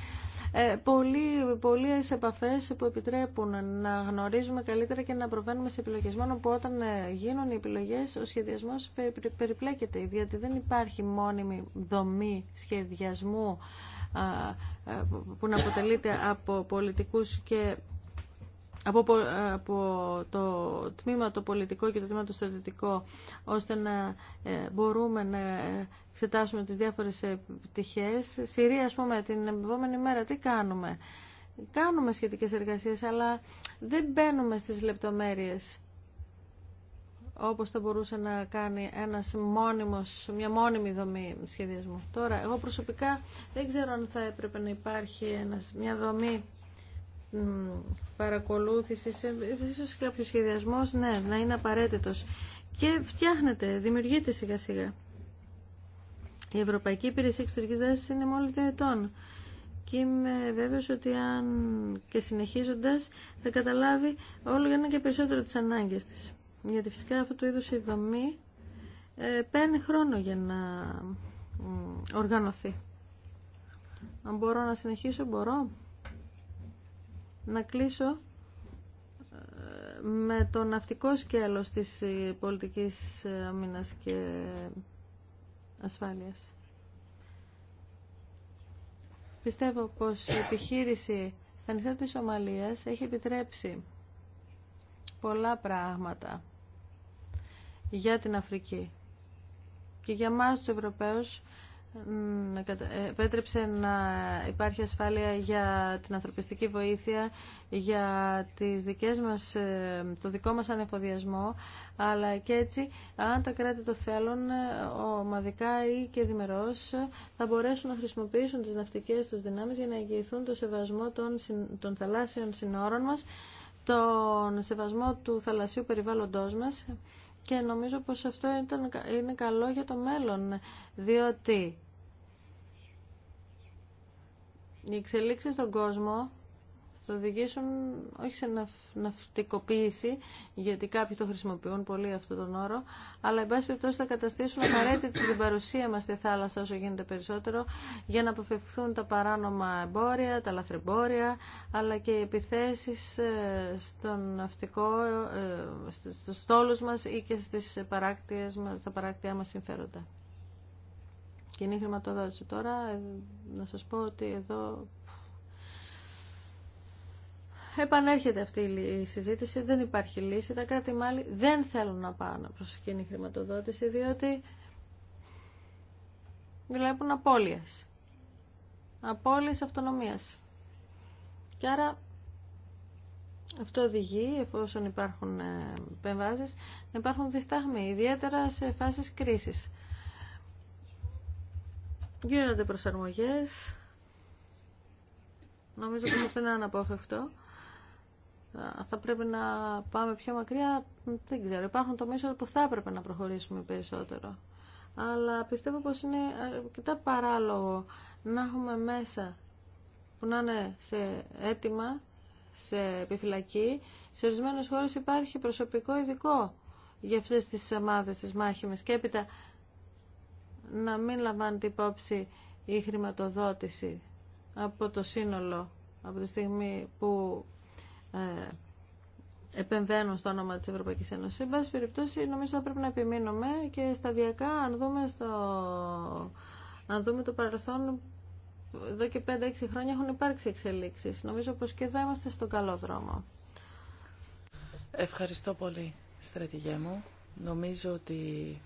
ε, πολλοί, πολλές επαφές που επιτρέπουν να γνωρίζουμε καλύτερα και να προβαίνουμε σε επιλογές. Μόνο που όταν ε, γίνουν οι επιλογές, ο σχεδιασμός περιπλέκεται, διότι δεν υπάρχει μόνιμη δομή σχεδιασμού που να αποτελείται από πολιτικούς και από, από το τμήμα το πολιτικό και το τμήμα το στρατητικό ώστε να ε, μπορούμε να εξετάσουμε τις διάφορες πτυχές. Συρία, ας πούμε, την επόμενη μέρα τι κάνουμε. Κάνουμε σχετικές εργασίες, αλλά δεν μπαίνουμε στις λεπτομέρειες όπως θα μπορούσε να κάνει ένας μόνιμος, μια μόνιμη δομή σχεδιασμού. Τώρα, εγώ προσωπικά δεν ξέρω αν θα έπρεπε να υπάρχει ένας, μια δομή παρακολούθησης, ε, ίσως κάποιος σχεδιασμός, ναι, να είναι απαραίτητος. Και φτιάχνεται, δημιουργείται σιγά σιγά. Η Ευρωπαϊκή Υπηρεσία Εξωτερικής Δράσης είναι μόλις δύο ετών και είμαι βέβαιος ότι αν και συνεχίζοντας θα καταλάβει όλο για ένα και περισσότερο τις ανάγκες της. Γιατί φυσικά αυτό το είδος η δομή ε, παίρνει χρόνο για να οργανωθεί. Αν μπορώ να συνεχίσω, μπορώ να κλείσω ε, με το ναυτικό σκέλος της ε, πολιτικής αμήνας και ασφάλειας. Πιστεύω πως η επιχείρηση στα νησιά της Ομαλίας έχει επιτρέψει πολλά πράγματα για την Αφρική. Και για μας τους Ευρωπαίους ε, επέτρεψε να υπάρχει ασφάλεια για την ανθρωπιστική βοήθεια, για τις δικές μας, ε, το δικό μας ανεφοδιασμό, αλλά και έτσι, αν τα κράτη το θέλουν, ε, ομαδικά ή και διμερώς, θα μπορέσουν να χρησιμοποιήσουν τις ναυτικές τους δυνάμεις για να εγγυηθούν το σεβασμό των, των θαλάσσιων συνόρων μας, τον σεβασμό του θαλασσίου περιβάλλοντός μας και νομίζω πως αυτό είναι καλό για το μέλλον, διότι οι εξελίξεις στον κόσμο το οδηγήσουν όχι σε ναυτικοποίηση, γιατί κάποιοι το χρησιμοποιούν πολύ αυτόν τον όρο, αλλά εν πάση περιπτώσει θα καταστήσουν απαραίτητη την παρουσία μας στη θάλασσα όσο γίνεται περισσότερο, για να αποφευχθούν τα παράνομα εμπόρια, τα λαθρεμπόρια, αλλά και οι επιθέσεις ε, στον ναυτικό, ε, στους στόλου μας ή και στις παράκτιες μας, στα παράκτια μας συμφέροντα. Κοινή χρηματοδότηση τώρα, ε, να σας πω ότι εδώ επανέρχεται αυτή η συζήτηση, δεν υπάρχει λύση. Τα κρατη μάλλη δεν θέλουν να πάνε προς χρηματοδότηση, διότι βλέπουν απώλειες. Απώλειες αυτονομίας. Και άρα αυτό οδηγεί, εφόσον υπάρχουν ε, επεμβάσεις, να υπάρχουν δισταγμοί, ιδιαίτερα σε φάσεις κρίσης. Γίνονται προσαρμογές. Νομίζω πως αυτό είναι αναπόφευκτο θα πρέπει να πάμε πιο μακριά. Δεν ξέρω, υπάρχουν τομείς που θα έπρεπε να προχωρήσουμε περισσότερο. Αλλά πιστεύω πως είναι αρκετά παράλογο να έχουμε μέσα που να είναι σε έτοιμα, σε επιφυλακή. Σε ορισμένες χώρες υπάρχει προσωπικό ειδικό για αυτές τις ομάδες, τις μάχημες και έπειτα να μην λαμβάνεται υπόψη η χρηματοδότηση από το σύνολο από τη στιγμή που ε, επεμβαίνουν στο όνομα της Ευρωπαϊκής Ένωσης. Σε βάση περιπτώσει, νομίζω θα πρέπει να επιμείνουμε και σταδιακά, αν δούμε, στο... αν δούμε το παρελθόν, εδώ και 5-6 χρόνια έχουν υπάρξει εξελίξεις. Νομίζω πως και εδώ είμαστε στον καλό δρόμο. Ευχαριστώ πολύ, στρατηγέ μου. Νομίζω ότι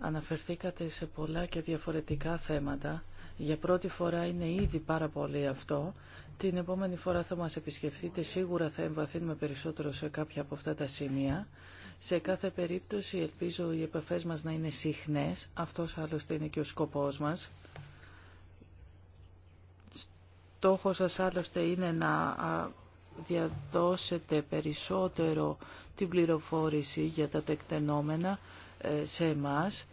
αναφερθήκατε σε πολλά και διαφορετικά θέματα για πρώτη φορά είναι ήδη πάρα πολύ αυτό. Την επόμενη φορά θα μας επισκεφθείτε, σίγουρα θα εμβαθύνουμε περισσότερο σε κάποια από αυτά τα σημεία. Σε κάθε περίπτωση ελπίζω οι επαφές μας να είναι συχνές, αυτός άλλωστε είναι και ο σκοπός μας. Στόχος σας άλλωστε είναι να διαδώσετε περισσότερο την πληροφόρηση για τα τεκτενόμενα ε, σε εμάς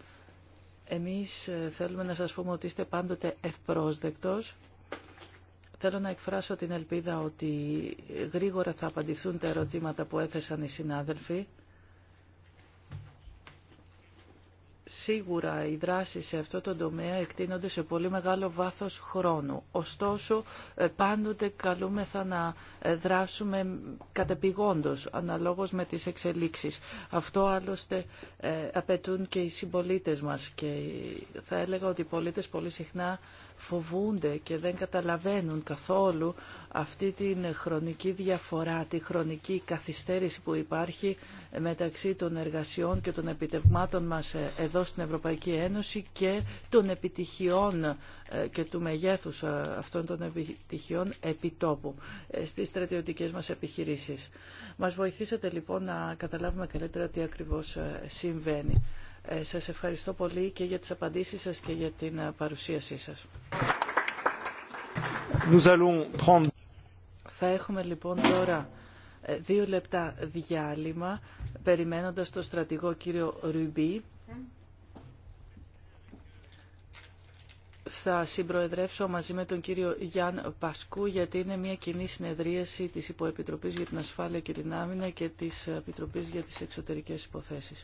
εμείς ε, θέλουμε να σας πούμε ότι είστε πάντοτε ευπρόσδεκτος. Θέλω να εκφράσω την ελπίδα ότι γρήγορα θα απαντηθούν τα ερωτήματα που έθεσαν οι συνάδελφοι. Σίγουρα οι δράσεις σε αυτό το τομέα εκτείνονται σε πολύ μεγάλο βάθος χρόνου. Ωστόσο, ε, πάντοτε καλούμεθα να ε, δράσουμε κατεπηγόντως, αναλόγως με τις εξελίξεις. Αυτό άλλωστε ε, απαιτούν και οι συμπολίτες μας και θα έλεγα ότι οι πολίτες πολύ συχνά φοβούνται και δεν καταλαβαίνουν καθόλου αυτή την χρονική διαφορά, τη χρονική καθυστέρηση που υπάρχει μεταξύ των εργασιών και των επιτευγμάτων μας ε, εδώ στην Ευρωπαϊκή Ένωση και των επιτυχιών ε, και του μεγέθους ε, αυτών των επιτυχιών επιτόπου στις στρατιωτικές μας επιχειρήσεις. Μας βοηθήσατε λοιπόν να καταλάβουμε καλύτερα τι ακριβώς συμβαίνει. Ε, σας ευχαριστώ πολύ και για τις απαντήσεις σας και για την ε, παρουσίασή σας. Θα έχουμε λοιπόν τώρα ε, δύο λεπτά διάλειμμα περιμένοντας τον στρατηγό κύριο Ρουμπί. Θα συμπροεδρεύσω μαζί με τον κύριο Γιάν Πασκού γιατί είναι μια κοινή συνεδρίαση της Υποεπιτροπής για την Ασφάλεια και την Άμυνα και της Επιτροπής για τις Εξωτερικές Υποθέσεις.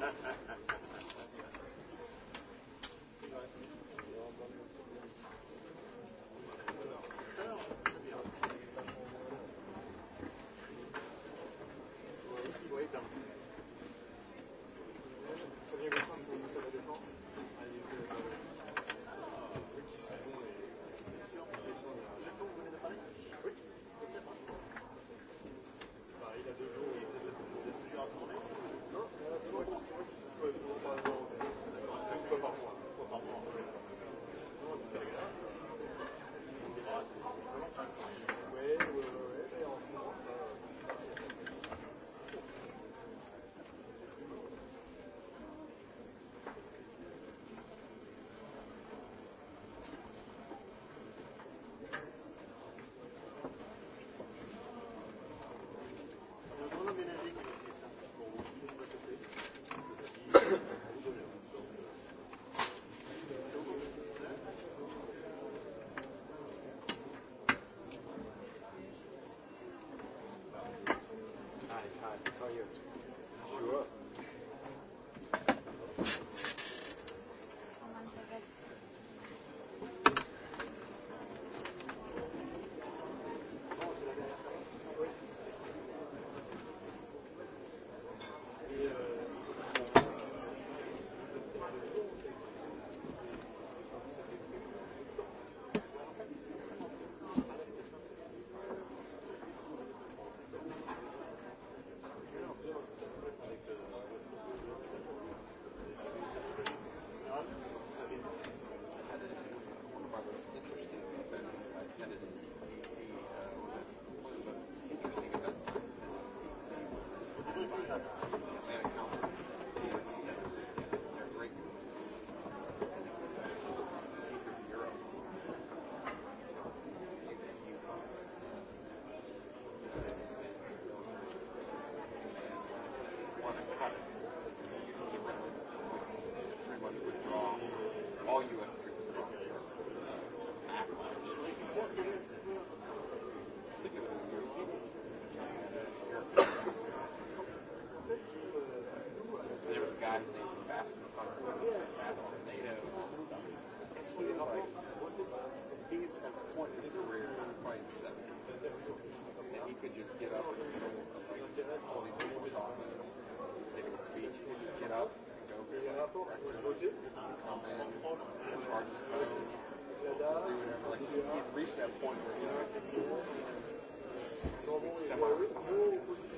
he's at the point in his career, he's probably in the 70s, and he could just get up in the middle of like, all these people talking, giving a speech, he could just get up and go get like, breakfast, come in, charge his phone, do whatever. Like, he's reached that point where he'd be semi-retired.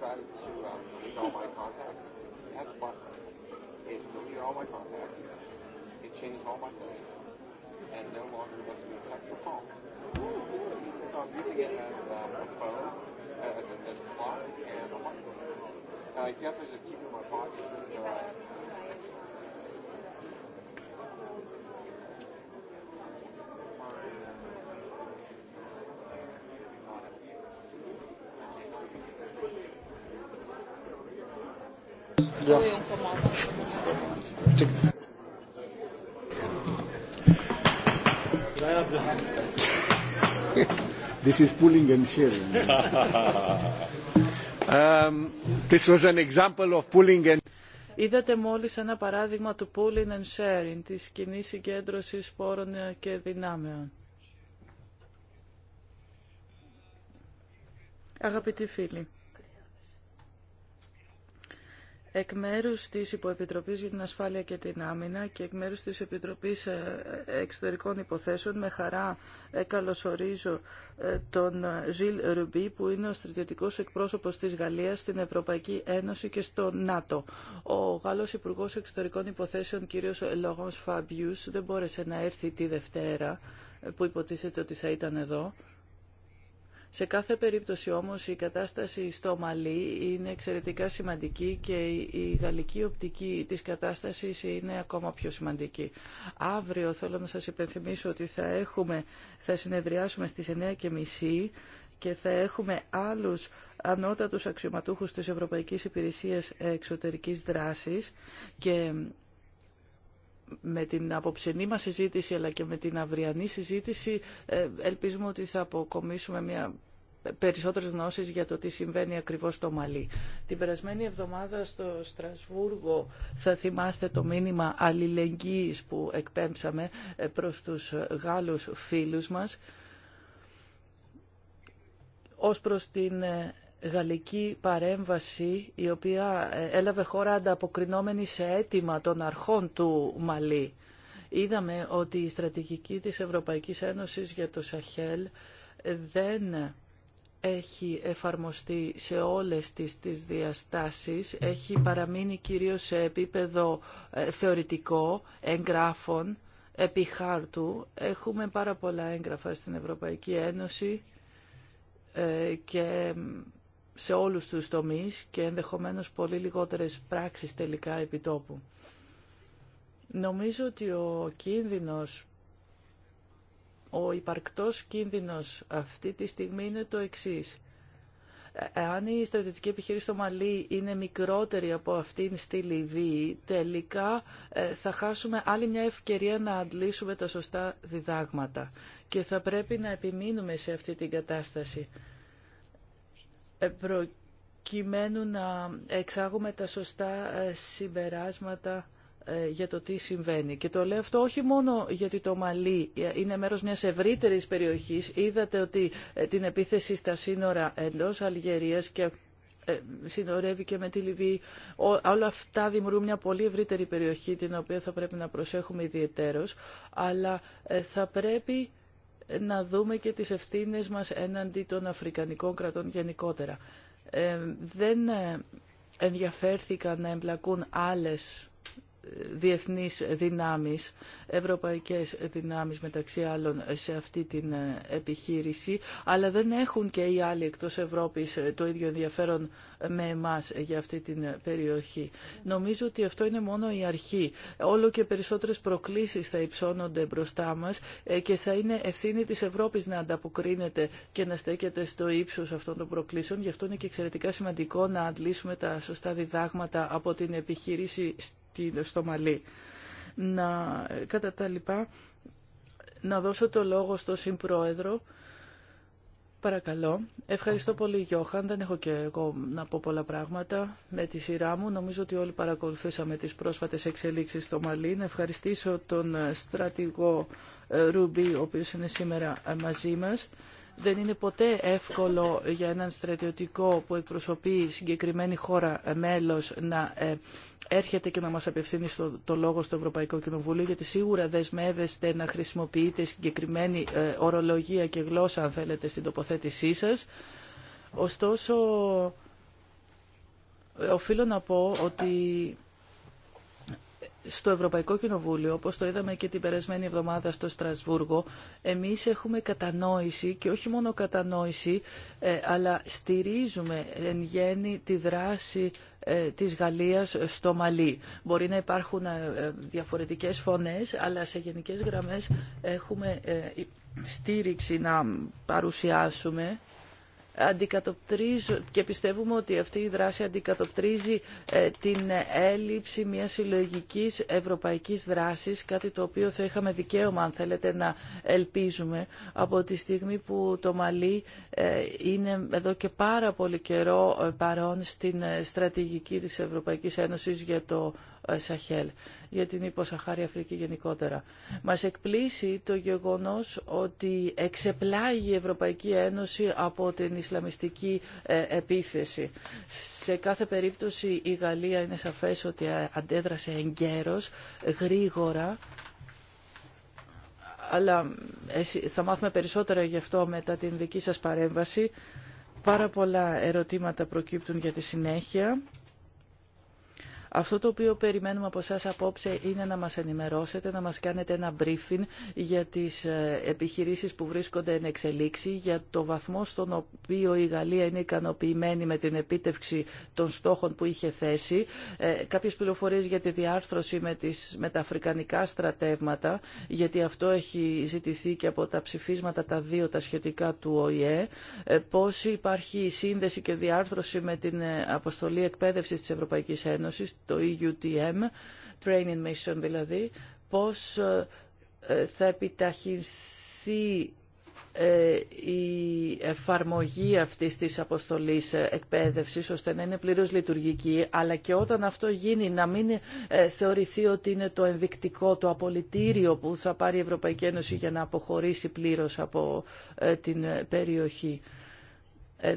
decided to um, delete all my contacts. It has a button. It deleted all my contacts. It changed all my things. And no longer lets me text or call. So I'm using it as um, a phone, as a, as a clock, and a microphone. I guess I just keep it in my pocket so I This is pulling and sharing. um, this was an example of pulling and Είδατε μόλις ένα παράδειγμα του pooling and sharing, της κοινής συγκέντρωσης πόρων και δυνάμεων. Αγαπητοί φίλοι, εκ μέρου τη Υποεπιτροπή για την Ασφάλεια και την Άμυνα και εκ μέρου τη Επιτροπή ε, Εξωτερικών Υποθέσεων, με χαρά ε, καλωσορίζω ε, τον Ζιλ Ρουμπί, που είναι ο στρατιωτικό εκπρόσωπο τη Γαλλία στην Ευρωπαϊκή Ένωση και στο ΝΑΤΟ. Ο Γάλλο Υπουργό Εξωτερικών Υποθέσεων, κ. Λογόν Φαμπιού, δεν μπόρεσε να έρθει τη Δευτέρα, που υποτίθεται ότι θα ήταν εδώ. Σε κάθε περίπτωση όμως η κατάσταση στο Μαλή είναι εξαιρετικά σημαντική και η γαλλική οπτική της κατάστασης είναι ακόμα πιο σημαντική. Αύριο θέλω να σας υπενθυμίσω ότι θα, έχουμε, θα συνεδριάσουμε στις 9.30 και θα έχουμε άλλους ανώτατους αξιωματούχους της Ευρωπαϊκής Υπηρεσίας Εξωτερικής Δράσης και με την απόψενή μας συζήτηση αλλά και με την αυριανή συζήτηση ε, ελπίζουμε ότι θα αποκομίσουμε μια περισσότερες γνώσεις για το τι συμβαίνει ακριβώς στο Μαλί. Την περασμένη εβδομάδα στο Στρασβούργο θα θυμάστε το μήνυμα αλληλεγγύης που εκπέμψαμε ε, προς τους Γάλλους φίλους μας ως προς την ε, γαλλική παρέμβαση η οποία ε, έλαβε χώρα ανταποκρινόμενη σε αίτημα των αρχών του Μαλή. Είδαμε ότι η στρατηγική της Ευρωπαϊκής Ένωσης για το Σαχέλ ε, δεν έχει εφαρμοστεί σε όλες τις, τις διαστάσεις, έχει παραμείνει κυρίως σε επίπεδο ε, θεωρητικό, εγγράφων, επί χάρτου. Έχουμε πάρα πολλά έγγραφα στην Ευρωπαϊκή Ένωση και σε όλους τους τομείς και ενδεχομένως πολύ λιγότερες πράξεις τελικά επιτόπου. Νομίζω ότι ο κίνδυνος, ο υπαρκτός κίνδυνος αυτή τη στιγμή είναι το εξής. Αν η στρατιωτική επιχείρηση στο Μαλί είναι μικρότερη από αυτήν στη Λιβύη, τελικά ε, θα χάσουμε άλλη μια ευκαιρία να αντλήσουμε τα σωστά διδάγματα και θα πρέπει να επιμείνουμε σε αυτή την κατάσταση προκειμένου να εξάγουμε τα σωστά ε, συμπεράσματα ε, για το τι συμβαίνει. Και το λέω αυτό όχι μόνο γιατί το Μαλί ε, είναι μέρος μιας ευρύτερης περιοχής. Είδατε ότι την επίθεση στα σύνορα εντός Αλγερίας και συνορεύει και με τη Λιβύη. Όλα αυτά δημιουργούν μια πολύ ευρύτερη περιοχή την οποία θα πρέπει να προσέχουμε ιδιαιτέρως, αλλά θα πρέπει να δούμε και τις ευθύνες μας έναντι των Αφρικανικών κρατών γενικότερα. Ε, δεν ε, ενδιαφέρθηκαν να εμπλακούν άλλες διεθνείς δυνάμεις, ευρωπαϊκές δυνάμεις μεταξύ άλλων σε αυτή την ε, επιχείρηση, αλλά δεν έχουν και οι άλλοι εκτός Ευρώπης ε, το ίδιο ενδιαφέρον ε, με εμάς για αυτή την περιοχή. Νομίζω ότι αυτό είναι μόνο η αρχή. Όλο και περισσότερες προκλήσεις θα υψώνονται μπροστά μας και θα είναι ευθύνη της Ευρώπης να ανταποκρίνεται και να στέκεται στο ύψος αυτών των προκλήσεων. Γι' αυτό είναι και εξαιρετικά σημαντικό να αντλήσουμε τα σωστά διδάγματα από την επιχείρηση στο Μαλή Να, κατά τα λοιπά, να δώσω το λόγο στον Συμπρόεδρο. Παρακαλώ. Ευχαριστώ πολύ Γιώχαν. Δεν έχω και εγώ να πω πολλά πράγματα με τη σειρά μου. Νομίζω ότι όλοι παρακολουθήσαμε τις πρόσφατες εξελίξεις στο Μαλί. Να ευχαριστήσω τον στρατηγό ε, Ρουμπί, ο οποίος είναι σήμερα ε, μαζί μας. Δεν είναι ποτέ εύκολο για έναν στρατιωτικό που εκπροσωπεί συγκεκριμένη χώρα ε, μέλος να ε, έρχεται και να μας απευθύνει το λόγο στο Ευρωπαϊκό Κοινοβούλιο γιατί σίγουρα δεσμεύεστε να χρησιμοποιείτε συγκεκριμένη ε, ορολογία και γλώσσα αν θέλετε στην τοποθέτησή σας. Ωστόσο, οφείλω να πω ότι στο Ευρωπαϊκό Κοινοβούλιο, όπως το είδαμε και την περασμένη εβδομάδα στο Στρασβούργο, εμείς έχουμε κατανόηση και όχι μόνο κατανόηση, ε, αλλά στηρίζουμε εν γέννη τη δράση ε, της Γαλλίας στο Μαλί. Μπορεί να υπάρχουν ε, διαφορετικές φωνές, αλλά σε γενικές γραμμές έχουμε στήριξη να παρουσιάσουμε και πιστεύουμε ότι αυτή η δράση αντικατοπτρίζει ε, την έλλειψη μιας συλλογικής ευρωπαϊκής δράσης, κάτι το οποίο θα είχαμε δικαίωμα, αν θέλετε, να ελπίζουμε από τη στιγμή που το Μαλί ε, είναι εδώ και πάρα πολύ καιρό ε, παρόν στην στρατηγική της Ευρωπαϊκής Ένωσης για το Σαχέλ, για την υποσαχάρη Αφρική γενικότερα. Μας εκπλήσει το γεγονός ότι εξεπλάγει η Ευρωπαϊκή Ένωση από την Ισλαμιστική ε, επίθεση. Σε κάθε περίπτωση η Γαλλία είναι σαφές ότι ε, αντέδρασε εγκαίρως, γρήγορα, αλλά ε, θα μάθουμε περισσότερα γι' αυτό μετά την δική σας παρέμβαση. Πάρα πολλά ερωτήματα προκύπτουν για τη συνέχεια. Αυτό το οποίο περιμένουμε από εσά απόψε είναι να μας ενημερώσετε, να μας κάνετε ένα briefing για τις ε, επιχειρήσεις που βρίσκονται εν εξελίξη, για το βαθμό στον οποίο η Γαλλία είναι ικανοποιημένη με την επίτευξη των στόχων που είχε θέσει, ε, κάποιες πληροφορίες για τη διάρθρωση με, τις, με τα αφρικανικά στρατεύματα, γιατί αυτό έχει ζητηθεί και από τα ψηφίσματα τα δύο τα σχετικά του ΟΗΕ, ε, πώς υπάρχει η σύνδεση και διάρθρωση με την αποστολή εκπαίδευσης της Ευρωπαϊκής Ένωσης, το EUTM, Training Mission δηλαδή, πώς ε, ε, θα επιταχυνθεί ε, η εφαρμογή αυτής της αποστολής εκπαίδευσης ώστε να είναι πλήρως λειτουργική αλλά και όταν αυτό γίνει να μην θεωρηθεί ότι είναι το ενδεικτικό, το απολυτήριο που θα πάρει η Ευρωπαϊκή Ένωση για να αποχωρήσει πλήρως από την περιοχή.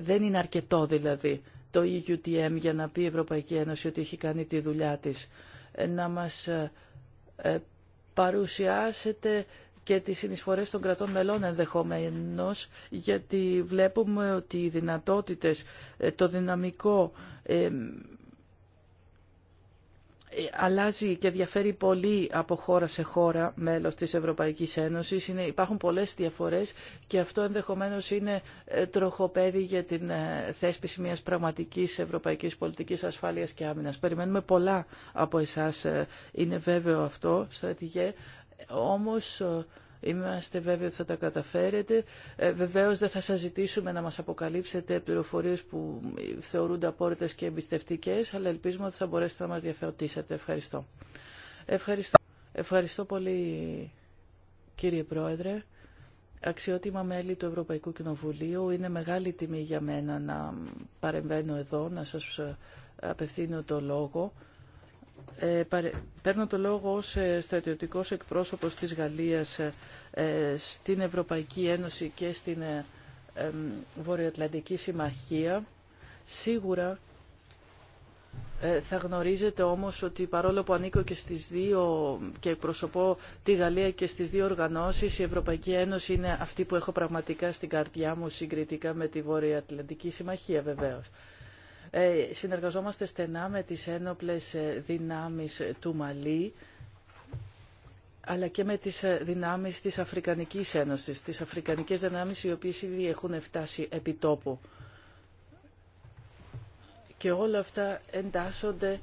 Δεν είναι αρκετό δηλαδή το EUTM για να πει η Ευρωπαϊκή Ένωση ότι έχει κάνει τη δουλειά της. Ε, να μας ε, ε, παρουσιάσετε και τις συνεισφορές των κρατών μελών ενδεχομένως, γιατί βλέπουμε ότι οι δυνατότητες, το δυναμικό αλλάζει και διαφέρει πολύ από χώρα σε χώρα μέλος της Ευρωπαϊκής Ένωσης. υπάρχουν πολλές διαφορές και αυτό ενδεχομένως είναι ε, τροχοπέδι για την ε, θέσπιση μιας πραγματικής ευρωπαϊκής πολιτικής ασφάλειας και άμυνας. Περιμένουμε πολλά από εσάς, ε, είναι βέβαιο αυτό, στρατηγέ. Όμως Είμαστε βέβαιοι ότι θα τα καταφέρετε. Ε, Βεβαίω δεν θα σας ζητήσουμε να μας αποκαλύψετε πληροφορίες που θεωρούνται απόρριτε και εμπιστευτικέ, αλλά ελπίζουμε ότι θα μπορέσετε να μας διαφεωτήσετε. Ευχαριστώ. Ευχαριστώ, Ευχαριστώ πολύ κύριε Πρόεδρε. Αξιότιμα μέλη του Ευρωπαϊκού Κοινοβουλίου, είναι μεγάλη τιμή για μένα να παρεμβαίνω εδώ, να σας ε, απευθύνω το λόγο. Ε, παίρνω το λόγο ως ε, στρατιωτικός εκπρόσωπος της Γαλλίας ε, στην Ευρωπαϊκή Ένωση και στην Βορειοατλαντική Συμμαχία. Σίγουρα θα γνωρίζετε όμως ότι παρόλο που ανήκω και στις δύο και εκπροσωπώ τη Γαλλία και στις δύο οργανώσεις, η Ευρωπαϊκή Ένωση είναι αυτή που έχω πραγματικά στην καρδιά μου συγκριτικά με τη Βορειοατλαντική Συμμαχία βεβαίως. Ε, συνεργαζόμαστε στενά με τις ένοπλες ε, δυνάμεις ε, του Μαλή αλλά και με τις δυνάμεις της Αφρικανικής Ένωσης, τις Αφρικανικές δυνάμεις οι οποίες ήδη έχουν φτάσει επί τόπου. Και όλα αυτά εντάσσονται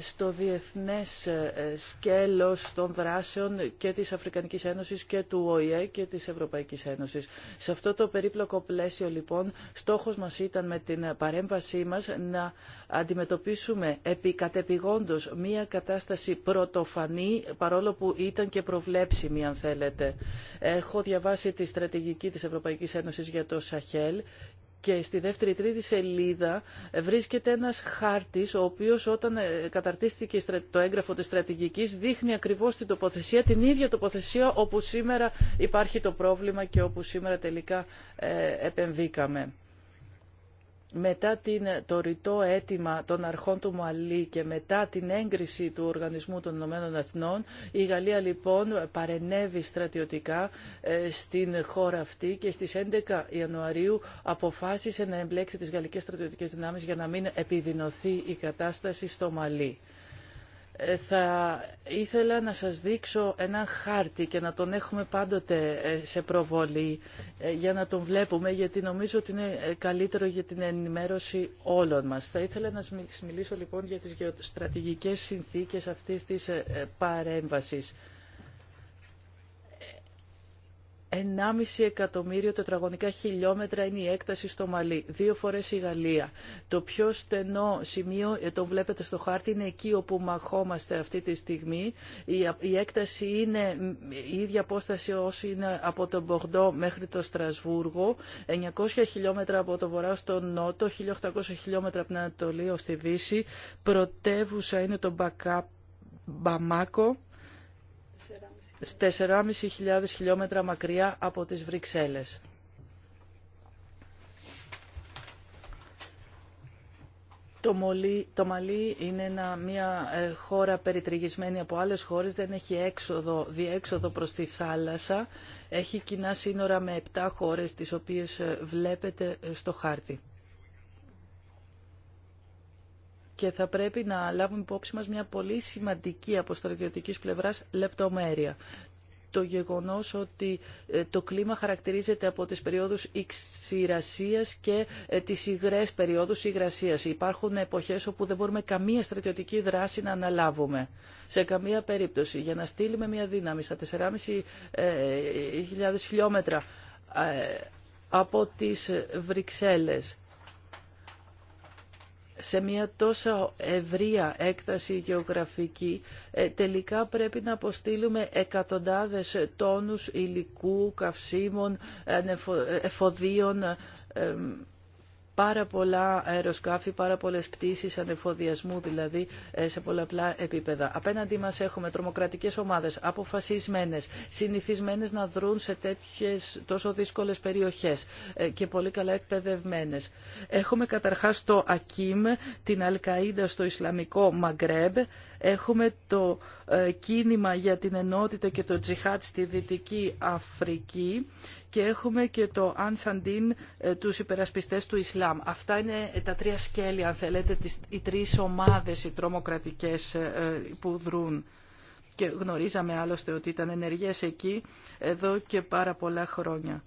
στο διεθνές ε, σκέλος των δράσεων και της Αφρικανικής Ένωσης και του ΟΗΕ και της Ευρωπαϊκής Ένωσης. Σε αυτό το περίπλοκο πλαίσιο λοιπόν στόχος μας ήταν με την παρέμβασή μας να αντιμετωπίσουμε επί κατεπηγόντως μία κατάσταση πρωτοφανή παρόλο που ήταν και προβλέψιμη αν θέλετε. Έχω διαβάσει τη στρατηγική της Ευρωπαϊκής Ένωσης για το Σαχέλ και στη δεύτερη τρίτη σελίδα βρίσκεται ένας χάρτης ο οποίος όταν ε, καταρτίστηκε το έγγραφο της στρατηγικής δείχνει ακριβώς την τοποθεσία, την ίδια τοποθεσία όπου σήμερα υπάρχει το πρόβλημα και όπου σήμερα τελικά ε, επεμβήκαμε μετά την, το ρητό αίτημα των αρχών του Μαλή και μετά την έγκριση του Οργανισμού των Ηνωμένων Εθνών, η Γαλλία λοιπόν παρενέβη στρατιωτικά ε, στην χώρα αυτή και στις 11 Ιανουαρίου αποφάσισε να εμπλέξει τις γαλλικές στρατιωτικές δυνάμεις για να μην επιδεινωθεί η κατάσταση στο Μαλή θα ήθελα να σας δείξω ένα χάρτη και να τον έχουμε πάντοτε ε, σε προβολή ε, για να τον βλέπουμε γιατί νομίζω ότι είναι ε, καλύτερο για την ενημέρωση όλων μας. Θα ήθελα να σας μιλήσω λοιπόν για τις γεωστρατηγικές συνθήκες αυτής της παρέμβασης. 1,5 εκατομμύριο τετραγωνικά χιλιόμετρα είναι η έκταση στο Μαλί, δύο φορές η Γαλλία. Το πιο στενό σημείο, ε, το βλέπετε στο χάρτη, είναι εκεί όπου μαχόμαστε αυτή τη στιγμή. Η, έκταση είναι η ίδια απόσταση όσο είναι από τον Μπογντό μέχρι το Στρασβούργο, 900 χιλιόμετρα από το βορρά στο νότο, 1800 χιλιόμετρα από την Ανατολή ω τη Δύση. Πρωτεύουσα είναι το Μπαμάκο, 4.500 χιλιόμετρα μακριά από τις Βρυξέλλες. Το, Μαλί είναι μια ε, χώρα περιτριγισμένη από άλλες χώρες, δεν έχει έξοδο, διέξοδο προς τη θάλασσα, έχει κοινά σύνορα με 7 χώρες τις οποίες ε, βλέπετε ε, στο χάρτη και θα πρέπει να λάβουμε υπόψη μας μια πολύ σημαντική από στρατιωτικής πλευράς λεπτομέρεια. Το γεγονός ότι ε, το κλίμα χαρακτηρίζεται από τις περιόδους ξηρασίας και ε, τις υγρές περιόδους υγρασίας. Υπάρχουν εποχές όπου δεν μπορούμε καμία στρατιωτική δράση να αναλάβουμε. Σε καμία περίπτωση. Για να στείλουμε μια δύναμη στα 4.500 ε, χιλιόμετρα από τις Βρυξέλλες σε μια τόσα ευρεία έκταση γεωγραφική ε, τελικά πρέπει να αποστείλουμε εκατοντάδες τόνους υλικού, καυσίμων, ε, ε, εφοδίων πάρα πολλά αεροσκάφη, πάρα πολλέ πτήσει ανεφοδιασμού δηλαδή ε, σε πολλαπλά επίπεδα. Απέναντί μας έχουμε τρομοκρατικές ομάδες αποφασισμένες, συνηθισμένες να δρουν σε τέτοιες τόσο δύσκολες περιοχές ε, και πολύ καλά εκπαιδευμένε. Έχουμε καταρχά το ΑΚΙΜ, την Αλκαΐδα στο Ισλαμικό Μαγκρέμπ, έχουμε το ε, κίνημα για την ενότητα και το τζιχάτ στη Δυτική Αφρική και έχουμε και το Ανσαντίν, ε, τους υπερασπιστές του Ισλάμ. Αυτά είναι ε, τα τρία σκέλη, αν θέλετε, τις, οι τρεις ομάδες οι τρομοκρατικές ε, που δρούν και γνωρίζαμε άλλωστε ότι ήταν ενεργές εκεί εδώ και πάρα πολλά χρόνια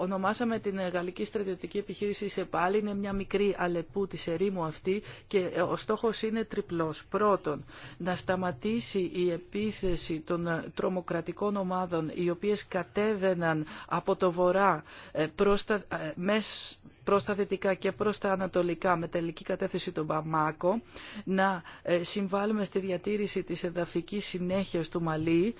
ονομάσαμε την ε, γαλλική στρατιωτική επιχείρηση σε πάλι, είναι μια μικρή αλεπού της ερήμου αυτή και ε, ο στόχος είναι τριπλός. Πρώτον, να σταματήσει η επίθεση των ε, τρομοκρατικών ομάδων οι οποίες κατέβαιναν από το βορρά προς τα, προς δυτικά και προς τα ανατολικά με τελική κατεύθυνση των παμάκο να συμβάλλουμε στη διατήρηση της εδαφικής συνέχειας του Μαλή,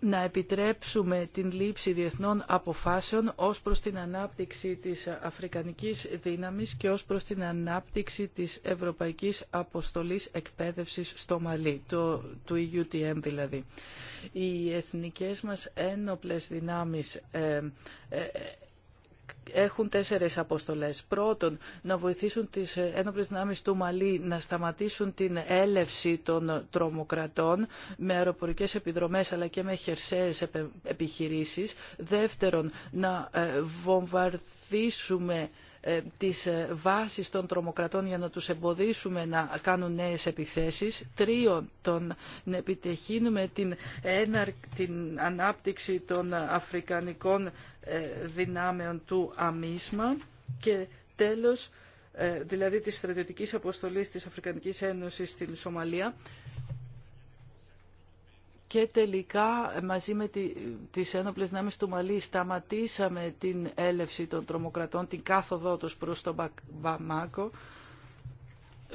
να επιτρέψουμε την λήψη διεθνών αποφάσεων ως προς την ανάπτυξη της αφρικανικής δύναμης και ως προς την ανάπτυξη της Ευρωπαϊκής Αποστολής Εκπαίδευσης στο Μαλί, το, του EUTM δηλαδή. Οι εθνικές μας ένοπλες δυνάμεις ε, ε, έχουν τέσσερες αποστολές. Πρώτον, να βοηθήσουν τις ένοπλες δυνάμεις του Μαλή να σταματήσουν την έλευση των τρομοκρατών με αεροπορικές επιδρομές αλλά και με χερσαίες επιχειρήσεις. Δεύτερον, να ε, βομβαρδίσουμε ε, τις ε, βάσεις των τρομοκρατών για να τους εμποδίσουμε να κάνουν νέες επιθέσεις. Τρίον, τον, να επιτεχύνουμε την, την ανάπτυξη των αφρικανικών ε, δυνάμεων του αμίσμα και τέλος, δηλαδή της στρατιωτικής αποστολής της Αφρικανικής Ένωσης στην Σομαλία, και τελικά μαζί με τη, τις ένοπλες του Μαλή σταματήσαμε την έλευση των τρομοκρατών, την κάθοδό τους προς τον Μπαμάκο.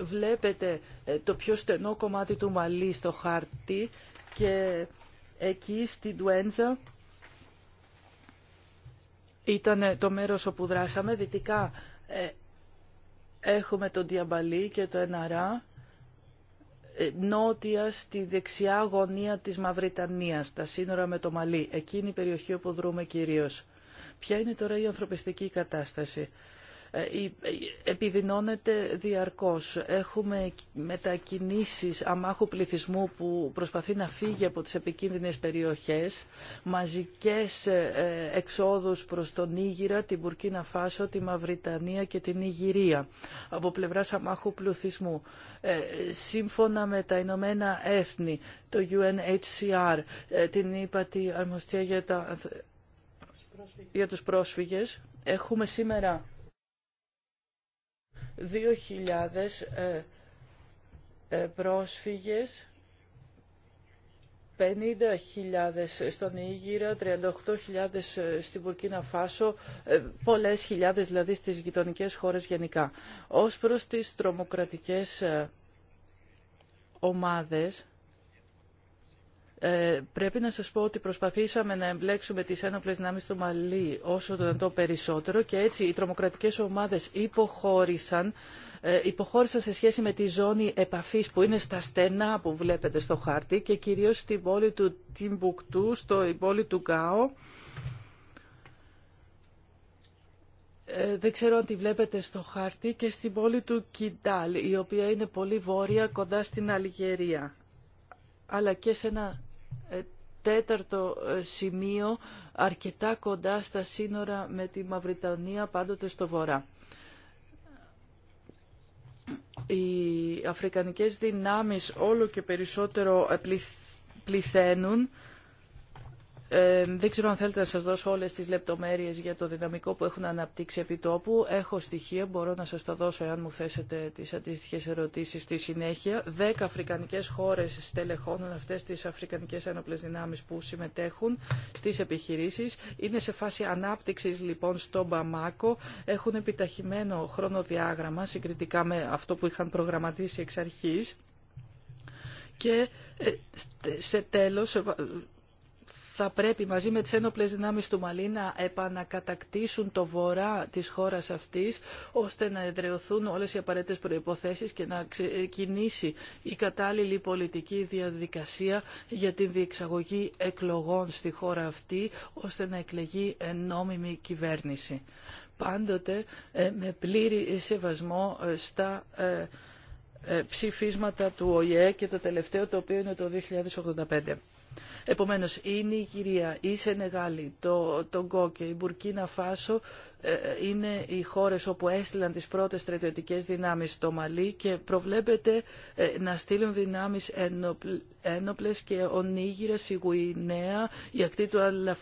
Βλέπετε ε, το πιο στενό κομμάτι του Μαλή στο χάρτη και εκεί στην Τουέντζα ήταν ε, το μέρος όπου δράσαμε. Δυτικά ε, έχουμε τον Διαμπαλή και το Εναρά νότια στη δεξιά γωνία της Μαυριτανίας, τα σύνορα με το Μαλί, εκείνη η περιοχή όπου δρούμε κυρίως. Ποια είναι τώρα η ανθρωπιστική κατάσταση. Ε, ε, επιδεινώνεται διαρκώς. Έχουμε μετακινήσεις αμάχου πληθυσμού που προσπαθεί να φύγει από τις επικίνδυνες περιοχές, μαζικές ε, εξόδους προς τον Ήγυρα, την Μπουρκίνα Φάσο, τη Μαυριτανία και την Ιγυρία από πλευράς αμάχου πληθυσμού. Σύμφωνα με τα Ηνωμένα Έθνη, το UNHCR, την ύπατη αρμοστία για τα για τους πρόσφυγες. Έχουμε σήμερα 2.000 ε, ε, πρόσφυγες 50.000 στον Ήγυρα, 38.000 ε, στην Πουρκίνα Φάσο, πολλές χιλιάδες δηλαδή στις γειτονικές χώρες γενικά. Ως προς τις τρομοκρατικές ομάδες, ε, πρέπει να σας πω ότι προσπαθήσαμε να εμπλέξουμε τις ένοπλες δυνάμεις του Μαλή όσο το δυνατόν περισσότερο και έτσι οι τρομοκρατικές ομάδες υποχώρησαν, ε, υποχώρησαν σε σχέση με τη ζώνη επαφής που είναι στα στενά που βλέπετε στο χάρτη και κυρίως στην πόλη του Τιμπουκτού, στην πόλη του Γκάο. Ε, δεν ξέρω αν τη βλέπετε στο χάρτη και στην πόλη του Κιντάλ, η οποία είναι πολύ βόρεια κοντά στην Αλγερία αλλά και σε ένα ε, τέταρτο ε, σημείο αρκετά κοντά στα σύνορα με τη Μαυριτανία πάντοτε στο βορρά. Οι αφρικανικές δυνάμεις όλο και περισσότερο πληθαίνουν ε, δεν ξέρω αν θέλετε να σας δώσω όλες τις λεπτομέρειες για το δυναμικό που έχουν αναπτύξει επί τόπου. Έχω στοιχεία, μπορώ να σας τα δώσω εάν μου θέσετε τις αντίστοιχες ερωτήσεις στη συνέχεια. Δέκα αφρικανικές χώρες στελεχώνουν αυτές τις αφρικανικές ένοπλες δυνάμεις που συμμετέχουν στις επιχειρήσεις. Είναι σε φάση ανάπτυξης λοιπόν στο Μπαμάκο. Έχουν επιταχυμένο χρονοδιάγραμμα συγκριτικά με αυτό που είχαν προγραμματίσει εξ αρχής. Και ε, σε τέλος, θα πρέπει μαζί με τις ένοπλες δυνάμεις του Μαλή να επανακατακτήσουν το βορρά της χώρας αυτής ώστε να εδρεωθούν όλες οι απαραίτητες προϋποθέσεις και να ξεκινήσει η κατάλληλη πολιτική διαδικασία για την διεξαγωγή εκλογών στη χώρα αυτή ώστε να εκλεγεί νόμιμη κυβέρνηση. Πάντοτε ε, με πλήρη σεβασμό ε, στα ε, ψηφίσματα του ΟΗΕ και το τελευταίο το οποίο είναι το 2085. Επομένως, η Νιγηρία, η Σενεγάλη, το, το Γκό και η Μπουρκίνα Φάσο ε, ε, είναι οι χώρες όπου έστειλαν τις πρώτες στρατιωτικές δυνάμεις στο Μαλί και προβλέπεται ε, να στείλουν δυνάμεις ένοπλες και ο Νίγηρας, η Γουινέα, η ακτή του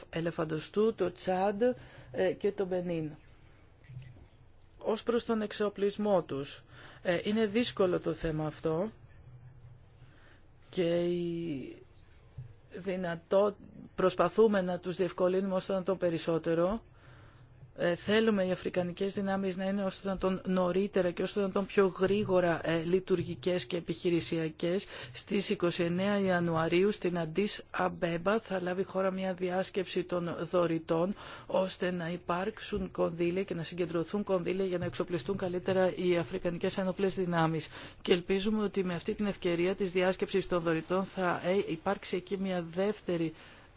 Ελεφαντοστού, το Τσάντ και το Μπενίν. Ως προς τον εξοπλισμό τους, είναι δύσκολο το θέμα αυτό και η δυνατό, προσπαθούμε να τους διευκολύνουμε όσο να το περισσότερο ε, θέλουμε οι αφρικανικές δυνάμεις να είναι ώστε να τον νωρίτερα και όσο να τον πιο γρήγορα ε, λειτουργικές και επιχειρησιακές. Στις 29 Ιανουαρίου στην Αντίς Αμπέμπα θα λάβει χώρα μια διάσκεψη των δωρητών ώστε να υπάρξουν κονδύλια και να συγκεντρωθούν κονδύλια για να εξοπλιστούν καλύτερα οι αφρικανικές ανοπλές δυνάμεις. Και ελπίζουμε ότι με αυτή την ευκαιρία της διάσκεψης των δωρητών θα ε, υπάρξει εκεί μια δεύτερη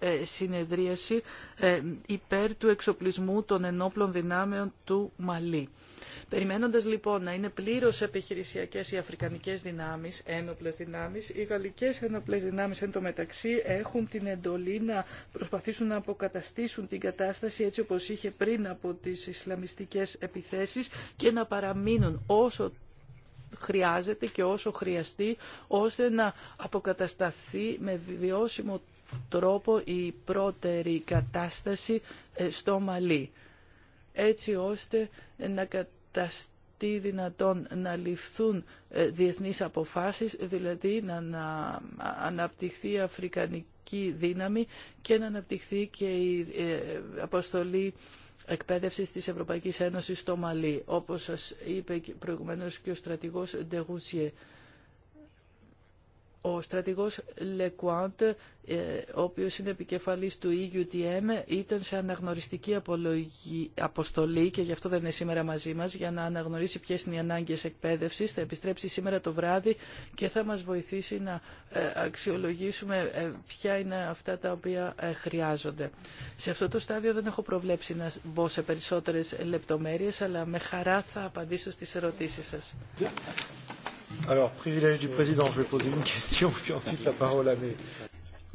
ε, συνεδρίαση ε, υπέρ του εξοπλισμού των ενόπλων δυνάμεων του Μαλή. Περιμένοντας λοιπόν να είναι πλήρως επιχειρησιακές οι αφρικανικές δυνάμεις, ένοπλες δυνάμεις, οι γαλλικές ένοπλες δυνάμεις εν τω μεταξύ έχουν την εντολή να προσπαθήσουν να αποκαταστήσουν την κατάσταση έτσι όπως είχε πριν από τις Ισλαμιστικές επιθέσεις και να παραμείνουν όσο χρειάζεται και όσο χρειαστεί ώστε να αποκατασταθεί με βιώσιμο τρόπο η πρώτερη κατάσταση ε, στο Μαλί, έτσι ώστε να καταστεί δυνατόν να ληφθούν ε, διεθνείς αποφάσεις, δηλαδή να αναπτυχθεί η αφρικανική δύναμη και να αναπτυχθεί και η ε, αποστολή εκπαίδευσης της Ευρωπαϊκής Ένωσης στο Μαλί, όπως σας είπε προηγουμένως και ο στρατηγός Ντεγούσιε. Ο στρατηγός Λεκουάντ, ο οποίος είναι επικεφαλής του EUTM, ήταν σε αναγνωριστική αποστολή και γι' αυτό δεν είναι σήμερα μαζί μας, για να αναγνωρίσει ποιες είναι οι ανάγκες εκπαίδευσης. Θα επιστρέψει σήμερα το βράδυ και θα μας βοηθήσει να ε, αξιολογήσουμε ε, ποια είναι αυτά τα οποία ε, χρειάζονται. Σε αυτό το στάδιο δεν έχω προβλέψει να μπω σε περισσότερες λεπτομέρειες, αλλά με χαρά θα απαντήσω στις ερωτήσεις σας.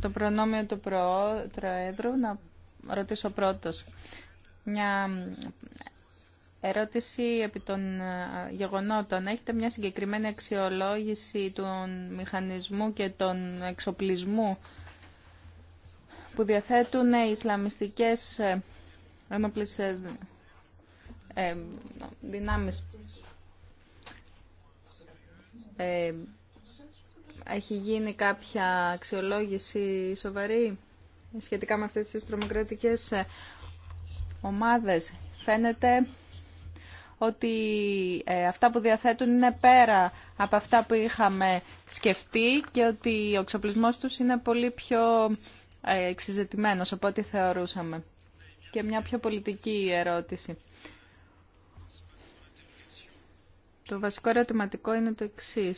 Το προνόμιο του Προέδρου να ρωτήσω πρώτος. Μια ερώτηση επί των ε, γεγονότων. Έχετε μια συγκεκριμένη αξιολόγηση του μηχανισμού και των εξοπλισμού που διαθέτουν οι Ισλαμιστικές ε, ενόπλες ε, δυνάμεις ε, έχει γίνει κάποια αξιολόγηση σοβαρή σχετικά με αυτές τις τρομοκρατικές ε, ομάδες. Φαίνεται ότι ε, αυτά που διαθέτουν είναι πέρα από αυτά που είχαμε σκεφτεί και ότι ο εξοπλισμός τους είναι πολύ πιο ε, εξυζετημένος από ό,τι θεωρούσαμε. Και μια πιο πολιτική ερώτηση. Το βασικό ερωτηματικό είναι το εξή.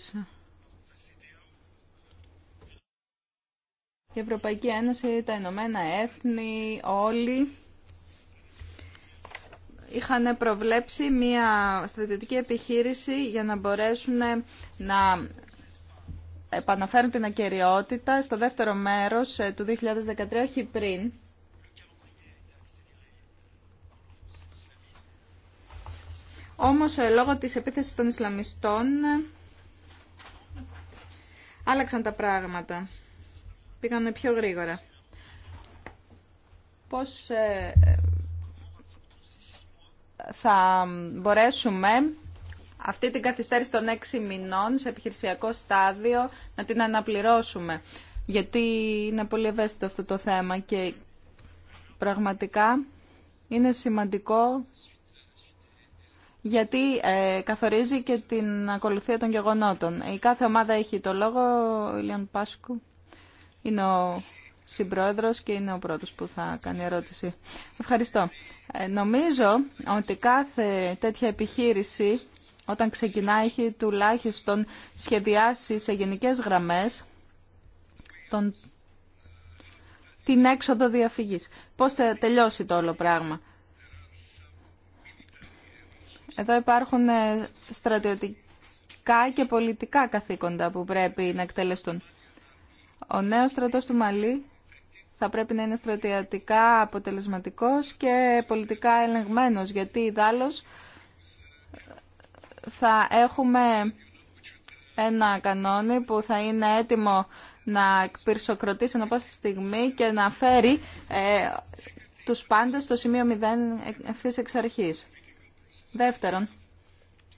Η Ευρωπαϊκή Ένωση, τα Ηνωμένα Έθνη, όλοι είχαν προβλέψει μια στρατιωτική επιχείρηση για να μπορέσουν να επαναφέρουν την ακεριότητα στο δεύτερο μέρος ε, του 2013, όχι πριν. Όμως ε, λόγω της επίθεσης των Ισλαμιστών ε, άλλαξαν τα πράγματα. Πήγαν πιο γρήγορα. Πώς ε, θα μπορέσουμε αυτή την καθυστέρηση των έξι μηνών σε επιχειρησιακό στάδιο να την αναπληρώσουμε. Γιατί είναι πολύ ευαίσθητο αυτό το θέμα και πραγματικά είναι σημαντικό γιατί ε, καθορίζει και την ακολουθία των γεγονότων. Η κάθε ομάδα έχει το λόγο. Ο Ιλιαν Πάσκου είναι ο συμπρόεδρος και είναι ο πρώτος που θα κάνει ερώτηση. Ευχαριστώ. Ε, νομίζω ότι κάθε τέτοια επιχείρηση όταν ξεκινάει, έχει τουλάχιστον σχεδιάσει σε γενικές γραμμές τον... την έξοδο διαφυγής. Πώς θα τελειώσει το όλο πράγμα. Εδώ υπάρχουν ε, στρατιωτικά και πολιτικά καθήκοντα που πρέπει να εκτελεστούν. Ο νέος στρατός του Μαλή θα πρέπει να είναι στρατιωτικά αποτελεσματικός και πολιτικά ελεγμένος, γιατί ιδάλλως ε, θα έχουμε ένα κανόνι που θα είναι έτοιμο να πυρσοκροτήσει να στη στιγμή και να φέρει ε, τους πάντες στο σημείο μηδέν ευθύς εξ αρχής. Δεύτερον,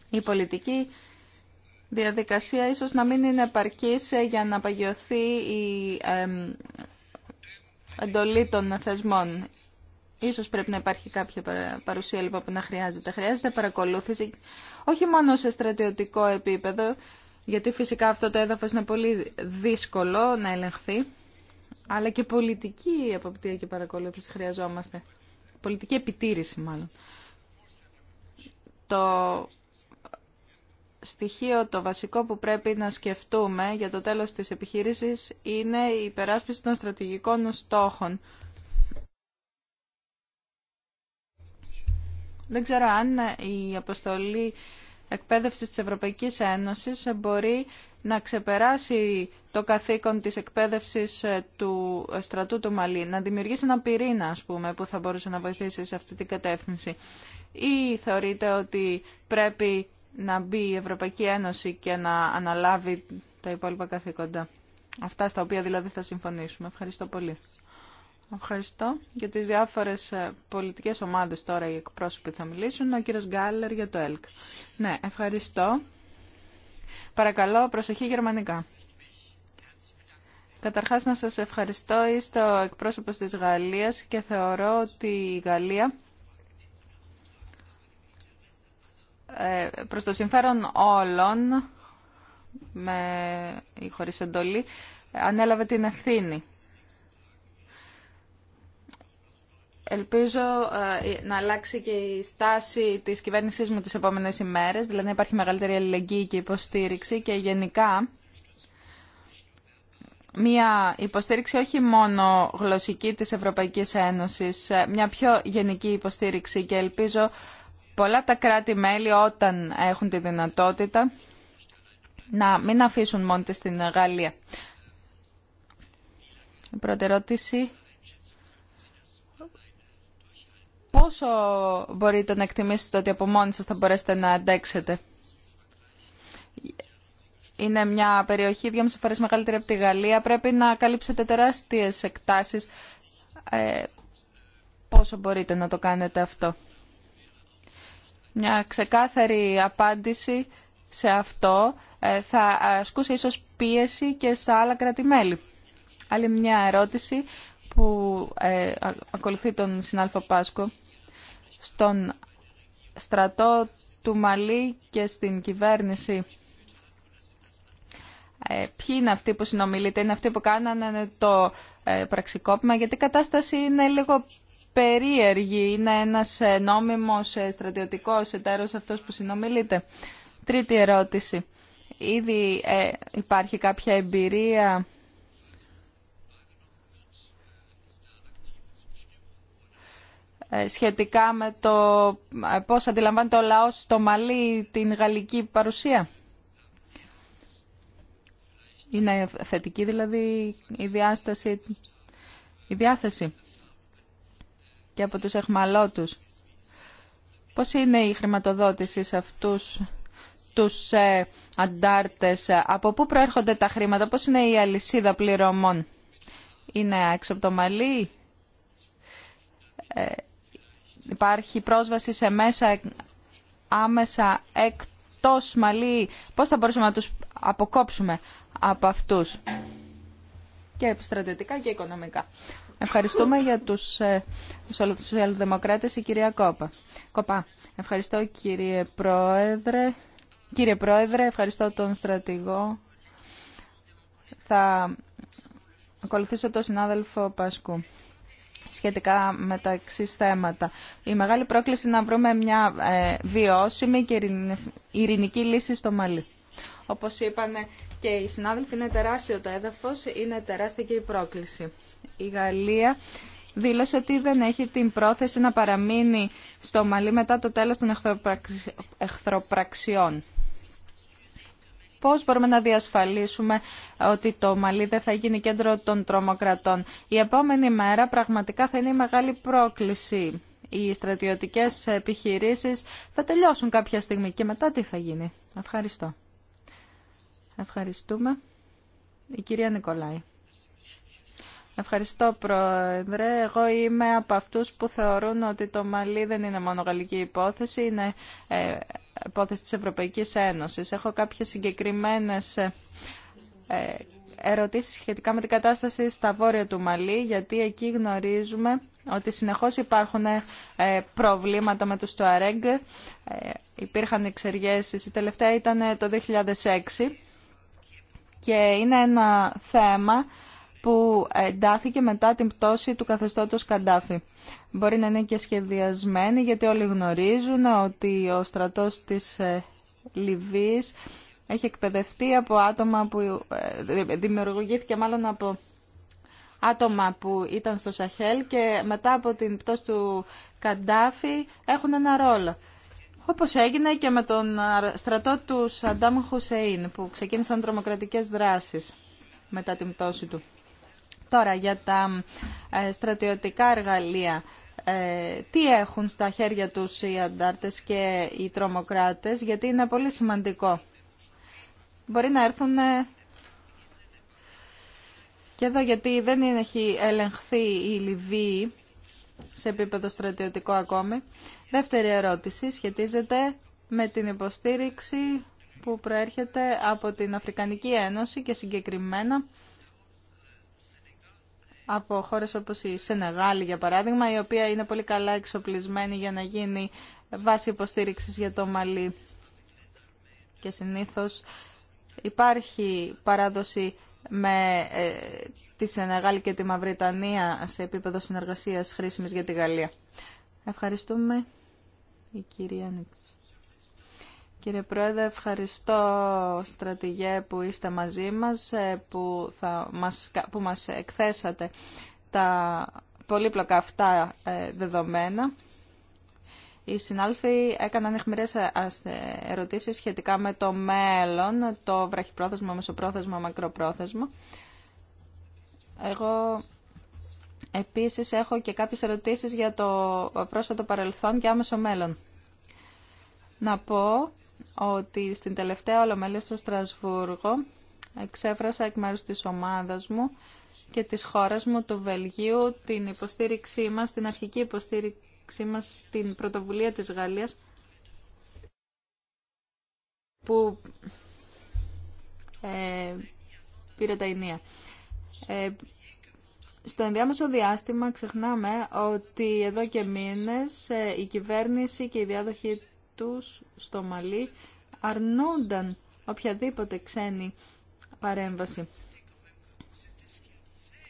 η πολιτική διαδικασία ίσως να μην είναι επαρκής ε, για να παγιωθεί η εντολή των θεσμών. Ίσως πρέπει να υπάρχει κάποια παρουσία λοιπόν που να χρειάζεται. Χρειάζεται παρακολούθηση όχι μόνο σε στρατιωτικό επίπεδο, γιατί φυσικά αυτό το έδαφος είναι πολύ δύσκολο να ελεγχθεί, αλλά και πολιτική αποπτία και παρακολούθηση χρειαζόμαστε. Πολιτική επιτήρηση μάλλον το στοιχείο το βασικό που πρέπει να σκεφτούμε για το τέλος της επιχείρησης είναι η υπεράσπιση των στρατηγικών στόχων. Δεν ξέρω αν η αποστολή εκπαίδευσης της Ευρωπαϊκής Ένωσης μπορεί να ξεπεράσει το καθήκον της εκπαίδευσης ε, του ε, στρατού του Μαλή, να δημιουργήσει ένα πυρήνα, ας πούμε, που θα μπορούσε να βοηθήσει σε αυτή την κατεύθυνση. Ή θεωρείτε ότι πρέπει να μπει η Ευρωπαϊκή Ένωση και να αναλάβει τα υπόλοιπα καθήκοντα. Αυτά στα οποία δηλαδή θα συμφωνήσουμε. Ευχαριστώ πολύ. Ευχαριστώ. Για τις διάφορες ε, πολιτικές ομάδες τώρα οι εκπρόσωποι θα μιλήσουν. Ο κύριος Γκάλερ για το ΕΛΚ. Ναι, ευχαριστώ. Παρακαλώ, προσοχή γερμανικά. Καταρχάς να σας ευχαριστώ. Είστε ο εκπρόσωπος της Γαλλίας και θεωρώ ότι η Γαλλία ε, προς το συμφέρον όλων με ή χωρίς εντολή ανέλαβε την ευθύνη. Ελπίζω ε, να αλλάξει και η στάση της κυβέρνησής μου τις επόμενες ημέρες, δηλαδή να υπάρχει μεγαλύτερη αλληλεγγύη και υποστήριξη και γενικά μια υποστήριξη όχι μόνο γλωσσική της Ευρωπαϊκής Ένωσης, ε, μια πιο γενική υποστήριξη και ελπίζω πολλά τα κράτη-μέλη όταν έχουν τη δυνατότητα να μην αφήσουν μόνο τη στην Γαλλία. Η πρώτη ερώτηση. Πόσο μπορείτε να εκτιμήσετε ότι από μόνοι σας θα μπορέσετε να αντέξετε είναι μια περιοχή δυόμιση φορέ μεγαλύτερη από τη Γαλλία. Πρέπει να καλύψετε τεράστιε εκτάσει. Ε, πόσο μπορείτε να το κάνετε αυτό. Μια ξεκάθαρη απάντηση σε αυτό ε, θα ασκούσε ίσως πίεση και στα άλλα κρατημέλη. Άλλη μια ερώτηση που ε, ακολουθεί τον Συνάλφο Πάσκο. Στον στρατό του Μαλή και στην κυβέρνηση ε, ποιοι είναι αυτοί που συνομιλείτε, είναι αυτοί που κάνανε το ε, πραξικόπημα, γιατί η κατάσταση είναι λίγο περίεργη. Είναι ένας ε, νόμιμος στρατιωτικός εταίρος αυτός που συνομιλείτε; Τρίτη ερώτηση. Ήδη υπάρχει κάποια εμπειρία σχετικά με το πώς αντιλαμβάνεται ο λαός στο Μαλί την γαλλική παρουσία. Είναι θετική δηλαδή η διάσταση, η διάθεση και από τους εχμαλώτους. Πώς είναι η χρηματοδότηση σε αυτούς τους ε, αντάρτες, από πού προέρχονται τα χρήματα, πώς είναι η αλυσίδα πληρωμών. Είναι έξω από το μαλλί. Ε, υπάρχει πρόσβαση σε μέσα άμεσα εκτός μαλλί. Πώς θα μπορούσαμε να τους αποκόψουμε από αυτούς και στρατιωτικά και οικονομικά. Ευχαριστούμε για τους ε, σοσιαλδημοκράτες η κυρία Κόπα. Κοπά. Ευχαριστώ κύριε Πρόεδρε. Κύριε Πρόεδρε, ευχαριστώ τον στρατηγό. Θα ακολουθήσω τον συνάδελφο Πασκού σχετικά με τα εξή θέματα. Η μεγάλη πρόκληση είναι να βρούμε μια ε, βιώσιμη και ειρηνική λύση στο Μαλί. Όπως είπαν και οι συνάδελφοι, είναι τεράστιο το έδαφος, είναι τεράστια και η πρόκληση. Η Γαλλία δήλωσε ότι δεν έχει την πρόθεση να παραμείνει στο Μαλί μετά το τέλος των εχθροπραξιών. Πώς μπορούμε να διασφαλίσουμε ότι το Μαλί δεν θα γίνει κέντρο των τρομοκρατών. Η επόμενη μέρα πραγματικά θα είναι η μεγάλη πρόκληση. Οι στρατιωτικές επιχειρήσεις θα τελειώσουν κάποια στιγμή και μετά τι θα γίνει. Ευχαριστώ. Ευχαριστούμε. Η κυρία Νικολάη. Ευχαριστώ Πρόεδρε. Εγώ είμαι από αυτούς που θεωρούν ότι το Μαλί δεν είναι μόνο γαλλική υπόθεση, είναι ε, υπόθεση της Ευρωπαϊκής Ένωσης. Έχω κάποιες συγκεκριμένες ε, ε, ερωτήσεις σχετικά με την κατάσταση στα βόρεια του Μαλί, γιατί εκεί γνωρίζουμε ότι συνεχώς υπάρχουν ε, προβλήματα με τους Τουαρέγκ. Ε, υπήρχαν εξεργέσεις, η τελευταία ήταν το 2006 και είναι ένα θέμα που εντάθηκε μετά την πτώση του καθεστώτος Καντάφη. Μπορεί να είναι και σχεδιασμένη γιατί όλοι γνωρίζουν ότι ο στρατός της ε, Λιβύης έχει εκπαιδευτεί από άτομα που ε, δημιουργήθηκε μάλλον από άτομα που ήταν στο Σαχέλ και μετά από την πτώση του Καντάφη έχουν ένα ρόλο όπως έγινε και με τον στρατό του Σαντάμ Χουσέιν που ξεκίνησαν τρομοκρατικές δράσεις μετά την πτώση του. Τώρα για τα ε, στρατιωτικά εργαλεία. Ε, τι έχουν στα χέρια τους οι αντάρτες και οι τρομοκράτες, γιατί είναι πολύ σημαντικό. Μπορεί να έρθουν ε, και εδώ γιατί δεν έχει ελεγχθεί η Λιβύη σε επίπεδο στρατιωτικό ακόμη. Δεύτερη ερώτηση σχετίζεται με την υποστήριξη που προέρχεται από την Αφρικανική Ένωση και συγκεκριμένα από χώρες όπως η Σενεγάλη για παράδειγμα, η οποία είναι πολύ καλά εξοπλισμένη για να γίνει βάση υποστήριξης για το Μαλί. Και συνήθως υπάρχει παράδοση με ε, τη Σενεγάλη και τη Μαυριτανία σε επίπεδο συνεργασίας χρήσιμης για τη Γαλλία. Ευχαριστούμε η κυρία Κύριε Πρόεδρε, ευχαριστώ στρατηγέ που είστε μαζί μας, ε, που, θα μας, που μας εκθέσατε τα πολύπλοκα αυτά ε, δεδομένα. Οι συνάλφοι έκαναν αιχμηρές ε, ερωτήσεις σχετικά με το μέλλον, το βραχυπρόθεσμο, μεσοπρόθεσμο, μακροπρόθεσμο. Εγώ Επίσης έχω και κάποιες ερωτήσεις για το πρόσφατο παρελθόν και άμεσο μέλλον. Να πω ότι στην τελευταία ολομέλεια στο Στρασβούργο εξέφρασα εκ μέρους της ομάδας μου και της χώρας μου, του Βελγίου, την υποστήριξή μας, την αρχική υποστήριξή μας στην πρωτοβουλία της Γαλλίας που ε, πήρε τα Ινία. Ε, στο ενδιάμεσο διάστημα ξεχνάμε ότι εδώ και μήνες ε, η κυβέρνηση και οι διάδοχοι τους στο Μαλή αρνούνταν οποιαδήποτε ξένη παρέμβαση.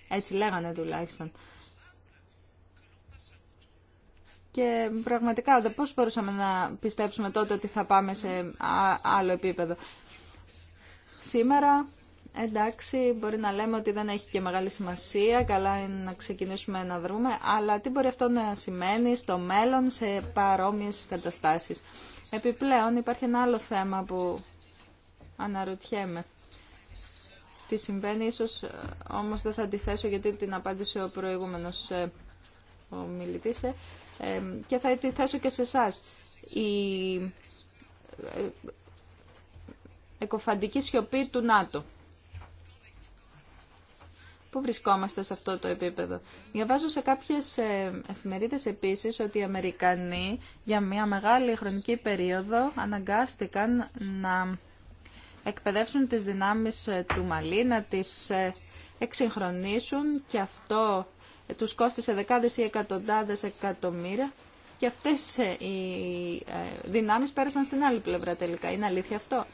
Έτσι λέγανε τουλάχιστον. Και πραγματικά δεν πώς μπορούσαμε να πιστέψουμε τότε ότι θα πάμε σε άλλο επίπεδο. Σήμερα εντάξει, μπορεί να λέμε ότι δεν έχει και μεγάλη σημασία, καλά είναι να ξεκινήσουμε να δρούμε, αλλά τι μπορεί αυτό να σημαίνει στο μέλλον σε παρόμοιες καταστάσεις. Επιπλέον υπάρχει ένα άλλο θέμα που αναρωτιέμαι. Τι συμβαίνει, ίσως ε, όμως δεν θα αντιθέσω γιατί την απάντησε ο προηγούμενος ε, ο μιλητής, ε, και θα τη θέσω και σε εσά. Η εκοφαντική σιωπή του ΝΑΤΟ. Πού βρισκόμαστε σε αυτό το επίπεδο. Διαβάζω σε κάποιες ε, εφημερίδες επίσης ότι οι Αμερικανοί για μια μεγάλη χρονική περίοδο αναγκάστηκαν να εκπαιδεύσουν τις δυνάμεις ε, του Μαλή, να τις ε, εξυγχρονίσουν και αυτό τους κόστησε δεκάδες ή εκατοντάδες εκατομμύρια και αυτές οι δυνάμεις πέρασαν στην άλλη πλευρά τελικά. Είναι αλήθεια αυτό.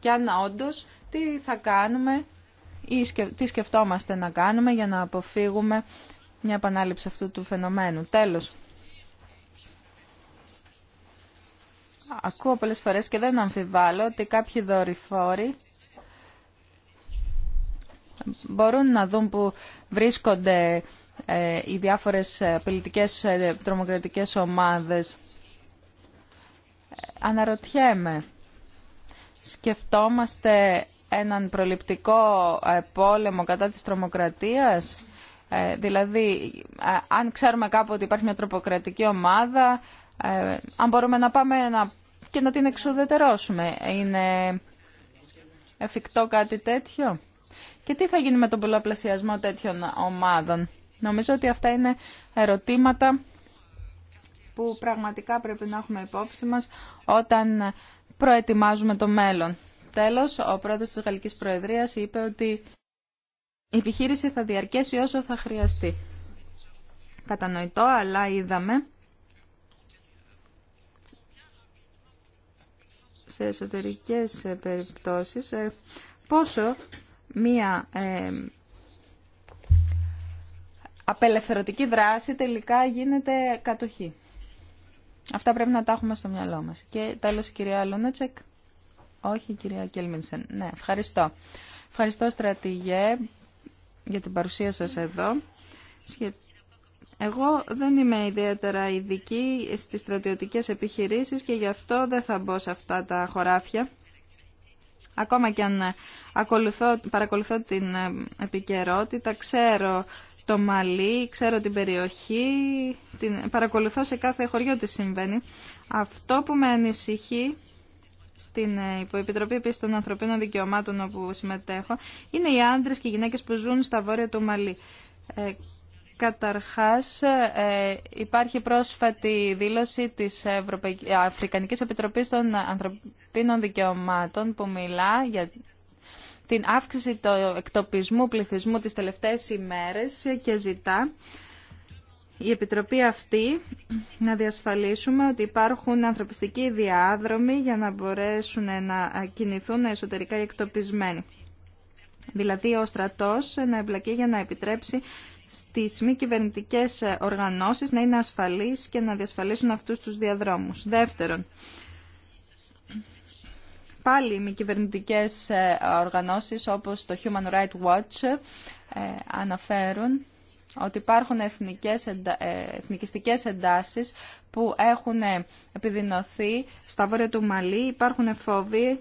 Και αν όντω, τι θα κάνουμε ή τι σκεφτόμαστε να κάνουμε για να αποφύγουμε μια επανάληψη αυτού του φαινομένου. Τέλος. Ακούω πολλές φορές και δεν αμφιβάλλω ότι κάποιοι δορυφόροι μπορούν να δουν που βρίσκονται ε, οι διάφορες ε, πολιτικές ε, τρομοκρατικές ομάδες. Αναρωτιέμαι, σκεφτόμαστε έναν προληπτικό ε, πόλεμο κατά της τρομοκρατίας. Ε, δηλαδή, ε, αν ξέρουμε κάπου ότι υπάρχει μια τρομοκρατική ομάδα, αν μπορούμε να πάμε και να την εξουδετερώσουμε. Είναι εφικτό κάτι τέτοιο. Και τι θα γίνει με τον πολλαπλασιασμό τέτοιων ομάδων. Νομίζω ότι αυτά είναι ερωτήματα που πραγματικά πρέπει να έχουμε υπόψη μας όταν προετοιμάζουμε το μέλλον. Τέλος, ο πρόεδρος τη Γαλλική Προεδρίας είπε ότι η επιχείρηση θα διαρκέσει όσο θα χρειαστεί. Κατανοητό, αλλά είδαμε σε εσωτερικές ε, περιπτώσεις ε, πόσο μία ε, απελευθερωτική δράση τελικά γίνεται κατοχή. Αυτά πρέπει να τα έχουμε στο μυαλό μας. Και τέλος η κυρία Λούνετσεκ. Όχι, κυρία Κέλμινσεν. Ναι, ευχαριστώ. Ευχαριστώ, στρατηγέ, για την παρουσία σας εδώ. Εγώ δεν είμαι ιδιαίτερα ειδική στις στρατιωτικές επιχειρήσεις και γι' αυτό δεν θα μπω σε αυτά τα χωράφια. Ακόμα και αν ακολουθώ, παρακολουθώ την ε, επικαιρότητα, ξέρω το μαλή, ξέρω την περιοχή, την παρακολουθώ σε κάθε χωριό τι συμβαίνει. Αυτό που με ανησυχεί στην ε, Υποεπιτροπή επίση των Ανθρωπίνων Δικαιωμάτων όπου συμμετέχω, είναι οι άντρε και οι γυναίκες που ζουν στα βόρεια του Μαλή. Ε, καταρχάς ε, υπάρχει πρόσφατη δήλωση της Αφρικανική Αφρικανικής Επιτροπής των Ανθρωπίνων Δικαιωμάτων που μιλά για την αύξηση του εκτοπισμού πληθυσμού τις τελευταίες ημέρες και ζητά η Επιτροπή αυτή να διασφαλίσουμε ότι υπάρχουν ανθρωπιστικοί διάδρομοι για να μπορέσουν να κινηθούν εσωτερικά οι εκτοπισμένοι. Δηλαδή ο στρατός να εμπλακεί για να επιτρέψει στις μη κυβερνητικέ οργανώσεις να είναι ασφαλείς και να διασφαλίσουν αυτούς τους διαδρόμους. Δεύτερον, πάλι οι μη κυβερνητικέ ε, οργανώσεις όπως το Human Rights Watch ε, αναφέρουν ότι υπάρχουν εθνικές, ε, εθνικιστικές εντάσεις που έχουν επιδεινωθεί στα βόρεια του Μαλή. Υπάρχουν φόβοι,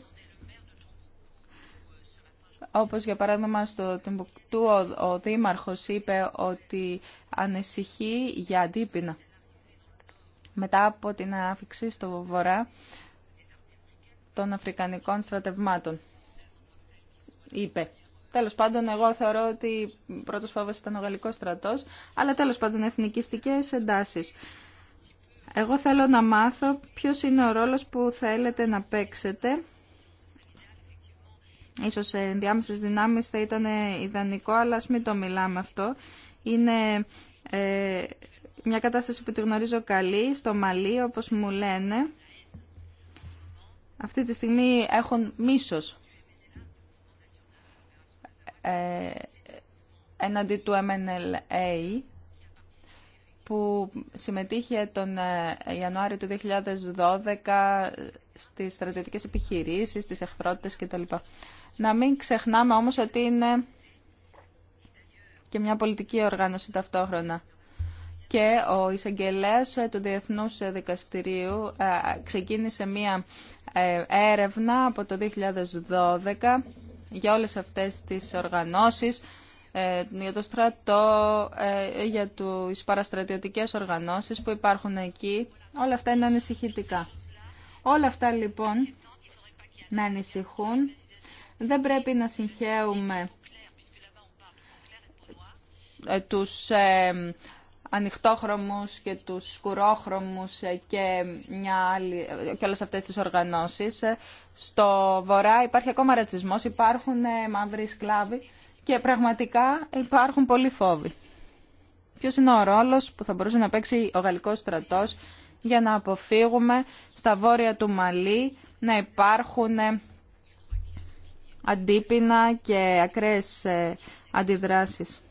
όπως για παράδειγμα στο Τιμπουκτού ο, ο Δήμαρχος είπε ότι ανησυχεί για αντίπεινα. Μετά από την άφηξη στο βορρά των Αφρικανικών στρατευμάτων, είπε. Τέλο πάντων, εγώ θεωρώ ότι πρώτο φόβος ήταν ο γαλλικός στρατός, αλλά τέλος πάντων εθνικιστικές εντάσεις. Εγώ θέλω να μάθω ποιο είναι ο ρόλος που θέλετε να παίξετε. Ίσως ενδιάμεσες δυνάμεις θα ήταν ιδανικό, αλλά ας μην το μιλάμε αυτό. Είναι ε, μια κατάσταση που τη γνωρίζω καλή, στο Μαλί, όπως μου λένε. Αυτή τη στιγμή έχουν μίσος ε, εναντί του MNLA που συμμετείχε τον ε, Ιανουάριο του 2012 στις στρατιωτικές επιχειρήσεις, στις εχθρότητες κτλ. Να μην ξεχνάμε όμως ότι είναι και μια πολιτική οργάνωση ταυτόχρονα. Και ο εισαγγελέας του Διεθνούς Δικαστηρίου ε, ξεκίνησε μια έρευνα από το 2012 για όλες αυτές τις οργανώσεις, ε, για το στρατό, ε, για τις παραστρατιωτικές οργανώσεις που υπάρχουν εκεί. Όλα αυτά είναι ανησυχητικά. Όλα αυτά λοιπόν με ανησυχούν. Δεν πρέπει να συγχαίουμε ε, τους ανοιχτόχρωμους και τους σκουρόχρωμους ε, και, μια άλλη, ε, και όλες αυτές τις οργανώσεις. Ε, στο βορρά υπάρχει ακόμα ρατσισμός, υπάρχουν μαύροι σκλάβοι και πραγματικά υπάρχουν πολλοί φόβοι. Ποιο είναι ο ρόλος που θα μπορούσε να παίξει ο γαλλικός στρατός για να αποφύγουμε στα βόρεια του Μαλή να υπάρχουν αντίπεινα και ακραίες αντιδράσεις.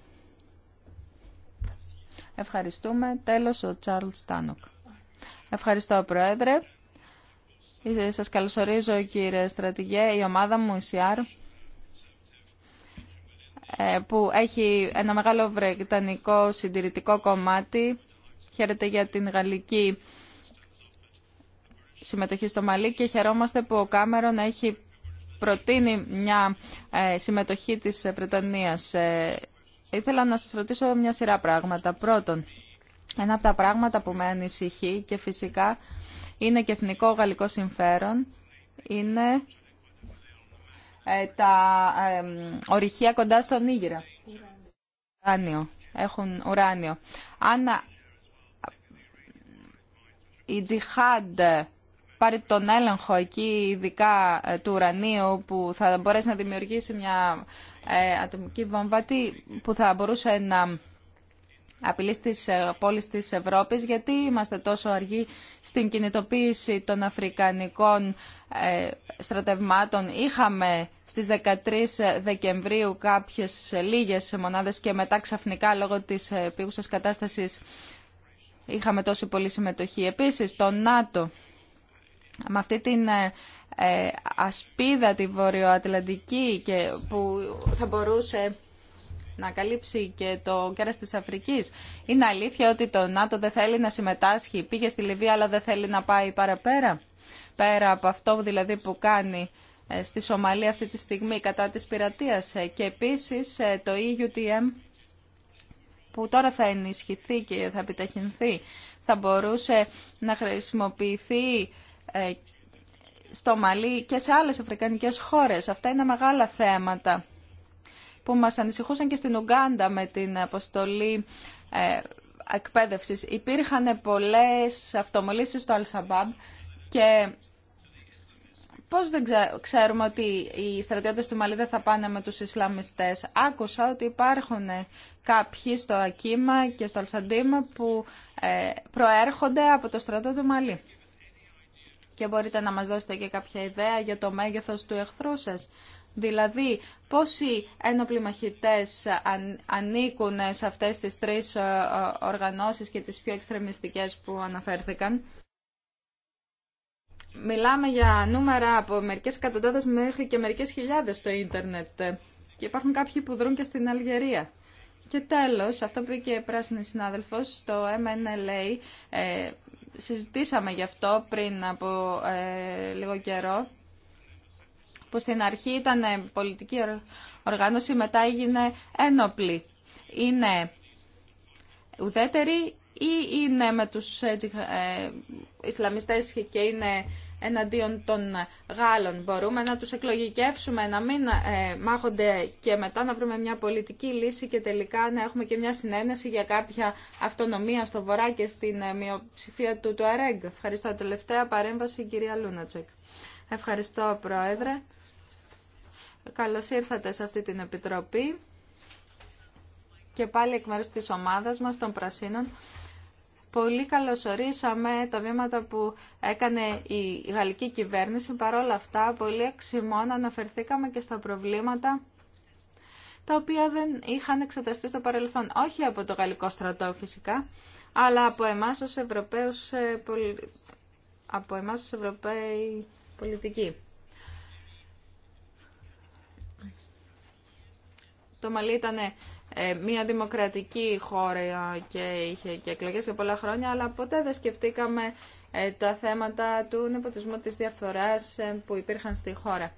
Ευχαριστούμε. Τέλος ο Τσάρλ Τάνοκ. Ευχαριστώ Πρόεδρε. Σας καλωσορίζω κύριε στρατηγέ. Η ομάδα μου, η ΣΥΑΡ, ε, που έχει ένα μεγάλο βρετανικό συντηρητικό κομμάτι. Χαίρεται για την γαλλική συμμετοχή στο Μαλί και χαιρόμαστε που ο Κάμερον έχει προτείνει μια ε, συμμετοχή της Βρετανίας ε, Ήθελα να σας ρωτήσω μια σειρά πράγματα. Πρώτον, ένα από τα πράγματα που με ανησυχεί και φυσικά είναι και εθνικό γαλλικό συμφέρον, είναι ε, τα ορυχεία κοντά στον Ήγηρα. Ουράνιο. Έχουν ουράνιο. Αν η τζιχάντ πάρει τον έλεγχο εκεί ειδικά ε, του ουρανίου που θα μπορέσει να δημιουργήσει μια ε, ατομική βόμβα που θα μπορούσε να απειλήσει στις ε, πόλεις της Ευρώπης γιατί είμαστε τόσο αργοί στην κινητοποίηση των αφρικανικών στρατευμάτων. Είχαμε στις 13 Δεκεμβρίου κάποιες λίγες μονάδες και μετά ξαφνικά λόγω της πήγουσας κατάστασης είχαμε τόση πολλή συμμετοχή. Επίσης, το ΝΑΤΟ με αυτή την ε, ε, ασπίδα τη βορειοατλαντική και που θα μπορούσε να καλύψει και το κέρας της Αφρικής. Είναι αλήθεια ότι το ΝΑΤΟ δεν θέλει να συμμετάσχει. Πήγε στη Λιβύη αλλά δεν θέλει να πάει παραπέρα. Πέρα από αυτό δηλαδή που κάνει ε, στη Σομαλία αυτή τη στιγμή κατά της πειρατείας. Και επίσης το EUTM που τώρα θα ενισχυθεί και θα επιταχυνθεί θα μπορούσε να χρησιμοποιηθεί ε, στο Μαλί και σε άλλες αφρικανικές χώρες. Αυτά είναι μεγάλα θέματα που μας ανησυχούσαν και στην Ουγκάντα με την αποστολή ε, εκπαίδευσης. Υπήρχαν πολλές αυτομολύσεις στο Αλσαμπάμ και πώς δεν ξέρουμε ότι οι στρατιώτες του Μαλί δεν θα πάνε με τους Ισλαμιστές. Άκουσα ότι υπάρχουν κάποιοι στο Ακίμα και στο Αλσαντίμα που ε, προέρχονται από το στρατό του Μαλί και μπορείτε να μας δώσετε και κάποια ιδέα για το μέγεθος του εχθρού σας. Δηλαδή, πόσοι ένοπλοι μαχητές ανήκουν σε αυτές τις τρεις ε, ε, οργανώσεις και τις πιο εξτρεμιστικές που αναφέρθηκαν. Μιλάμε για νούμερα από μερικές εκατοντάδες μέχρι και μερικές χιλιάδες στο ίντερνετ. Και υπάρχουν κάποιοι που δρούν και στην Αλγερία. Και τέλος, αυτό που είπε και η πράσινη συνάδελφος, στο MNLA, ε, συζητήσαμε γι' αυτό πριν από ε, λίγο καιρό, που στην αρχή ήταν πολιτική οργάνωση, μετά έγινε ένοπλη. Είναι ουδέτερη ή είναι με τους ε, ε Ισλαμιστές και είναι εναντίον των Γάλλων. Μπορούμε να τους εκλογικεύσουμε, να μην ε, μάχονται και μετά να βρούμε μια πολιτική λύση και τελικά να έχουμε και μια συνένεση για κάποια αυτονομία στο Βορρά και στην ε, μειοψηφία του του ΑΡΕΓ. Ευχαριστώ. Τελευταία παρέμβαση, η κυρία Λούνατσεκ. Ευχαριστώ, Πρόεδρε. Καλώς ήρθατε σε αυτή την Επιτροπή και πάλι εκ μέρους της ομάδας μας των Πρασίνων Πολύ καλωσορίσαμε τα βήματα που έκανε η γαλλική κυβέρνηση. Παρ' όλα αυτά, πολύ εξημών αναφερθήκαμε και στα προβλήματα τα οποία δεν είχαν εξεταστεί στο παρελθόν. Όχι από το γαλλικό στρατό φυσικά, αλλά από εμάς ως Ευρωπαίους, ε, από εμάς ως Ευρωπαίοι πολιτικοί. Το Μαλί ήταν ε, μια δημοκρατική χώρα και είχε και εκλογές για πολλά χρόνια, αλλά ποτέ δεν σκεφτήκαμε ε, τα θέματα του νεποτισμού της διαφθοράς ε, που υπήρχαν στη χώρα.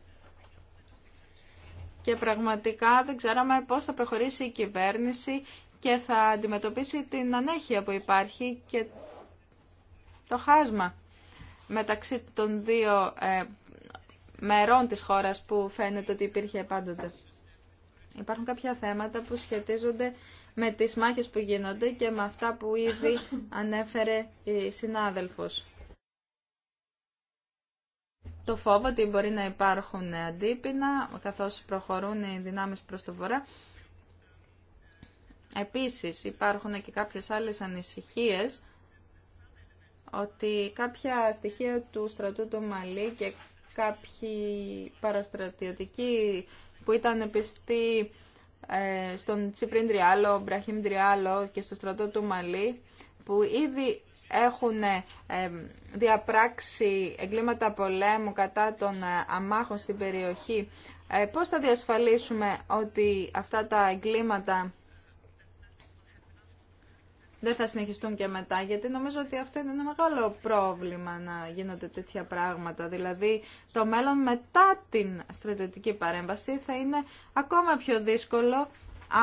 Και πραγματικά δεν ξέραμε πώς θα προχωρήσει η κυβέρνηση και θα αντιμετωπίσει την ανέχεια που υπάρχει και το χάσμα μεταξύ των δύο μερών της χώρας που φαίνεται ότι υπήρχε πάντοτε. Υπάρχουν κάποια θέματα που σχετίζονται με τις μάχες που γίνονται και με αυτά που ήδη [laughs] ανέφερε η συνάδελφος. Το φόβο ότι μπορεί να υπάρχουν αντίπεινα καθώς προχωρούν οι δυνάμεις προς το βορρά. Επίσης υπάρχουν και κάποιες άλλες ανησυχίες ότι κάποια στοιχεία του στρατού του Μαλή και κάποιοι παραστρατιωτικοί που ήταν πιστοί ε, στον Τσιπρίν Τριάλο, Μπραχήμ Τριάλο και στο στρατό του Μαλή, που ήδη έχουν ε, διαπράξει εγκλήματα πολέμου κατά των ε, αμάχων στην περιοχή. Πώς θα διασφαλίσουμε ότι αυτά τα εγκλήματα δεν θα συνεχιστούν και μετά, γιατί νομίζω ότι αυτό είναι ένα μεγάλο πρόβλημα να γίνονται τέτοια πράγματα. Δηλαδή, το μέλλον μετά την στρατιωτική παρέμβαση θα είναι ακόμα πιο δύσκολο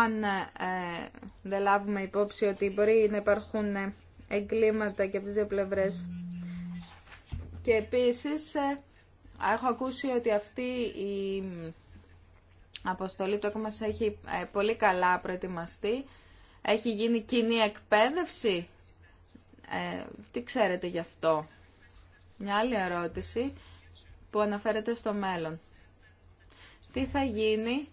αν ε, δεν λάβουμε υπόψη ότι μπορεί να υπάρχουν ε, εγκλήματα και από τις δύο πλευρές. Και επίσης, ε, έχω ακούσει ότι αυτή η αποστολή, το έχουμε έχει ε, πολύ καλά προετοιμαστεί έχει γίνει κοινή εκπαίδευση. Ε, τι ξέρετε γι' αυτό. Μια άλλη ερώτηση που αναφέρεται στο μέλλον. Τι θα γίνει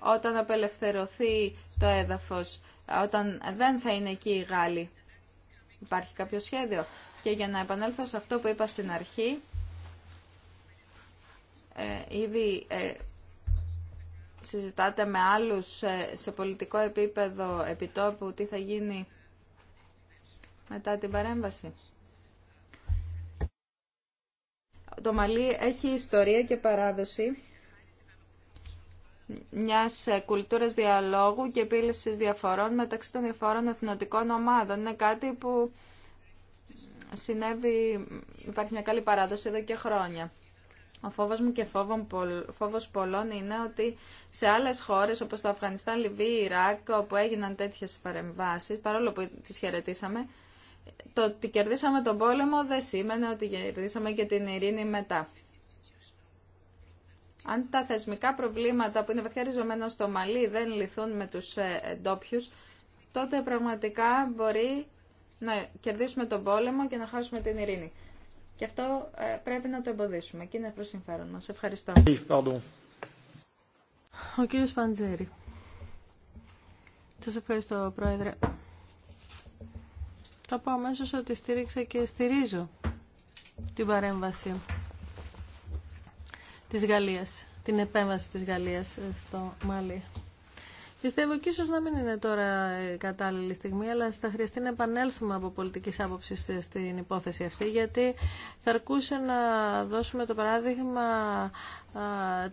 όταν απελευθερωθεί το έδαφος, όταν δεν θα είναι εκεί οι Γάλλοι. Υπάρχει κάποιο σχέδιο. Και για να επανέλθω σε αυτό που είπα στην αρχή, ε, ήδη ε, συζητάτε με άλλους σε πολιτικό επίπεδο επιτόπου τι θα γίνει μετά την παρέμβαση. Το Μαλί έχει ιστορία και παράδοση μιας κουλτούρας διαλόγου και επίλυσης διαφορών μεταξύ των διαφορών εθνοτικών ομάδων. Είναι κάτι που συνέβη, υπάρχει μια καλή παράδοση εδώ και χρόνια. Ο φόβος μου και φόβος πολλών είναι ότι σε άλλες χώρες όπως το Αφγανιστάν, Λιβύη, Ιράκ, όπου έγιναν τέτοιες παρεμβάσεις, παρόλο που τις χαιρετήσαμε, το ότι κερδίσαμε τον πόλεμο δεν σήμαινε ότι κερδίσαμε και την ειρήνη μετά. Αν τα θεσμικά προβλήματα που είναι βαθιά ριζωμένα στο Μαλί δεν λυθούν με τους ε, ντόπιου, τότε πραγματικά μπορεί να κερδίσουμε τον πόλεμο και να χάσουμε την ειρήνη. Και αυτό ε, πρέπει να το εμποδίσουμε και είναι προς συμφέρον μας. Ευχαριστώ. Ε, Ο κύριο Παντζέρη. Σας ευχαριστώ, Πρόεδρε. Θα πω αμέσως ότι στήριξα και στηρίζω την παρέμβαση της Γαλλίας, την επέμβαση της Γαλλίας ε, στο Μάλι. Πιστεύω και ίσω να μην είναι τώρα η κατάλληλη στιγμή, αλλά θα χρειαστεί να επανέλθουμε από πολιτική άποψη στην υπόθεση αυτή, γιατί θα αρκούσε να δώσουμε το παράδειγμα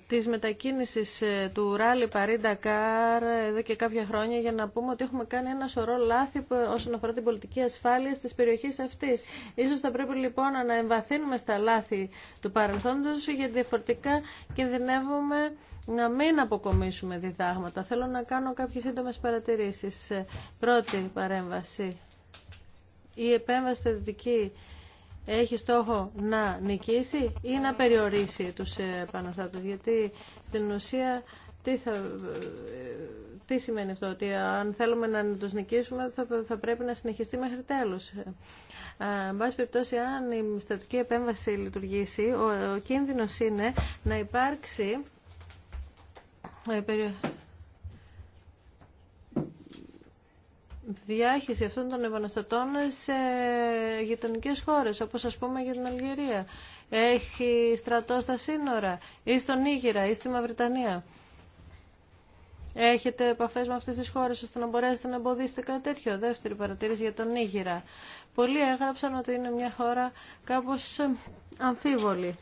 της μετακίνησης ε, του ράλι Παρίντα Κάρ εδώ και κάποια χρόνια για να πούμε ότι έχουμε κάνει ένα σωρό λάθη όσον αφορά την πολιτική ασφάλεια τη περιοχή αυτή. Ίσως θα πρέπει λοιπόν να εμβαθύνουμε στα λάθη του παρελθόντος γιατί διαφορετικά κινδυνεύουμε να μην αποκομίσουμε διδάγματα. Θέλω να κάνω κάποιες σύντομες παρατηρήσεις. Πρώτη παρέμβαση. Η επέμβαση στη δυτική έχει στόχο να νικήσει ή να περιορίσει τους ε, επαναστάτες. Γιατί στην ουσία τι, θα, ε, τι σημαίνει αυτό, ότι αν θέλουμε να τους νικήσουμε θα, θα πρέπει να συνεχιστεί μέχρι τέλους. Ε, εν πάση περιπτώσει, αν η στρατική επέμβαση λειτουργήσει, ο, ο κίνδυνος είναι να υπάρξει διάχυση αυτών των επαναστατών σε γειτονικέ χώρες, όπως ας πούμε για την Αλγερία. Έχει στρατό στα σύνορα ή στον Ήγηρα ή στη Μαυριτανία. Έχετε επαφές με αυτές τις χώρες ώστε να μπορέσετε να εμποδίσετε κάτι τέτοιο. Δεύτερη παρατήρηση για τον Ήγηρα. Πολλοί έγραψαν ότι είναι μια χώρα κάπως αμφίβολη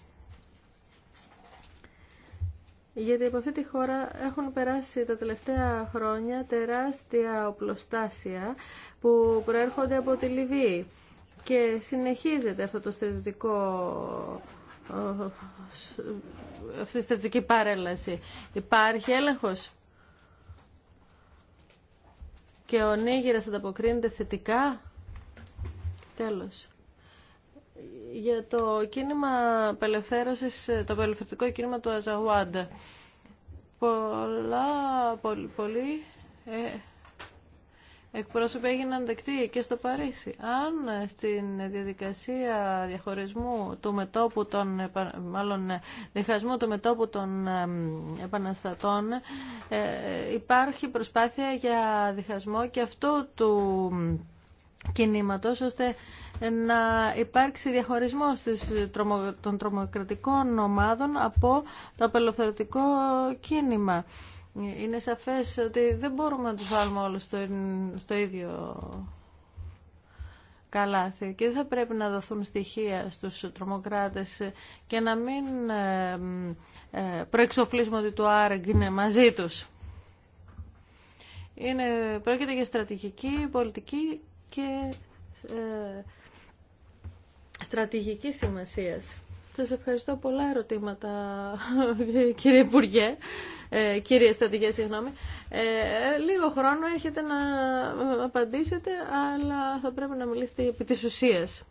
γιατί από αυτή τη χώρα έχουν περάσει τα τελευταία χρόνια τεράστια οπλοστάσια που προέρχονται από τη Λιβύη και συνεχίζεται αυτό το στρατιωτικό αυτή η στρατιωτική παρέλαση. Υπάρχει έλεγχος και ο Νίγηρας ανταποκρίνεται θετικά. Τέλος για το κίνημα απελευθέρωσης, το απελευθερωτικό κίνημα του Αζαγουάντα. Πολλά, πολύ, ε, εκπρόσωποι έγιναν δεκτοί και στο Παρίσι. Αν στην διαδικασία διαχωρισμού του μετόπου των, μάλλον διχασμού του μετόπου των επαναστατών ε, υπάρχει προσπάθεια για διχασμό και αυτό του ώστε να υπάρξει διαχωρισμός των τρομοκρατικών ομάδων από το απελευθερωτικό κίνημα. Είναι σαφές ότι δεν μπορούμε να τους βάλουμε όλους στο, στο ίδιο καλάθι και δεν θα πρέπει να δοθούν στοιχεία στους τρομοκράτες και να μην ε, ε, προεξοφλήσουμε ότι το ΆΡΕΓ είναι μαζί τους. Είναι, πρόκειται για στρατηγική, πολιτική και ε, στρατηγικής σημασίας. Σας ευχαριστώ πολλά ερωτήματα, [laughs] κύριε Υπουργέ, ε, κύριε Στρατηγέ, συγγνώμη. Ε, λίγο χρόνο έχετε να ε, απαντήσετε, αλλά θα πρέπει να μιλήσετε επί της ουσίας.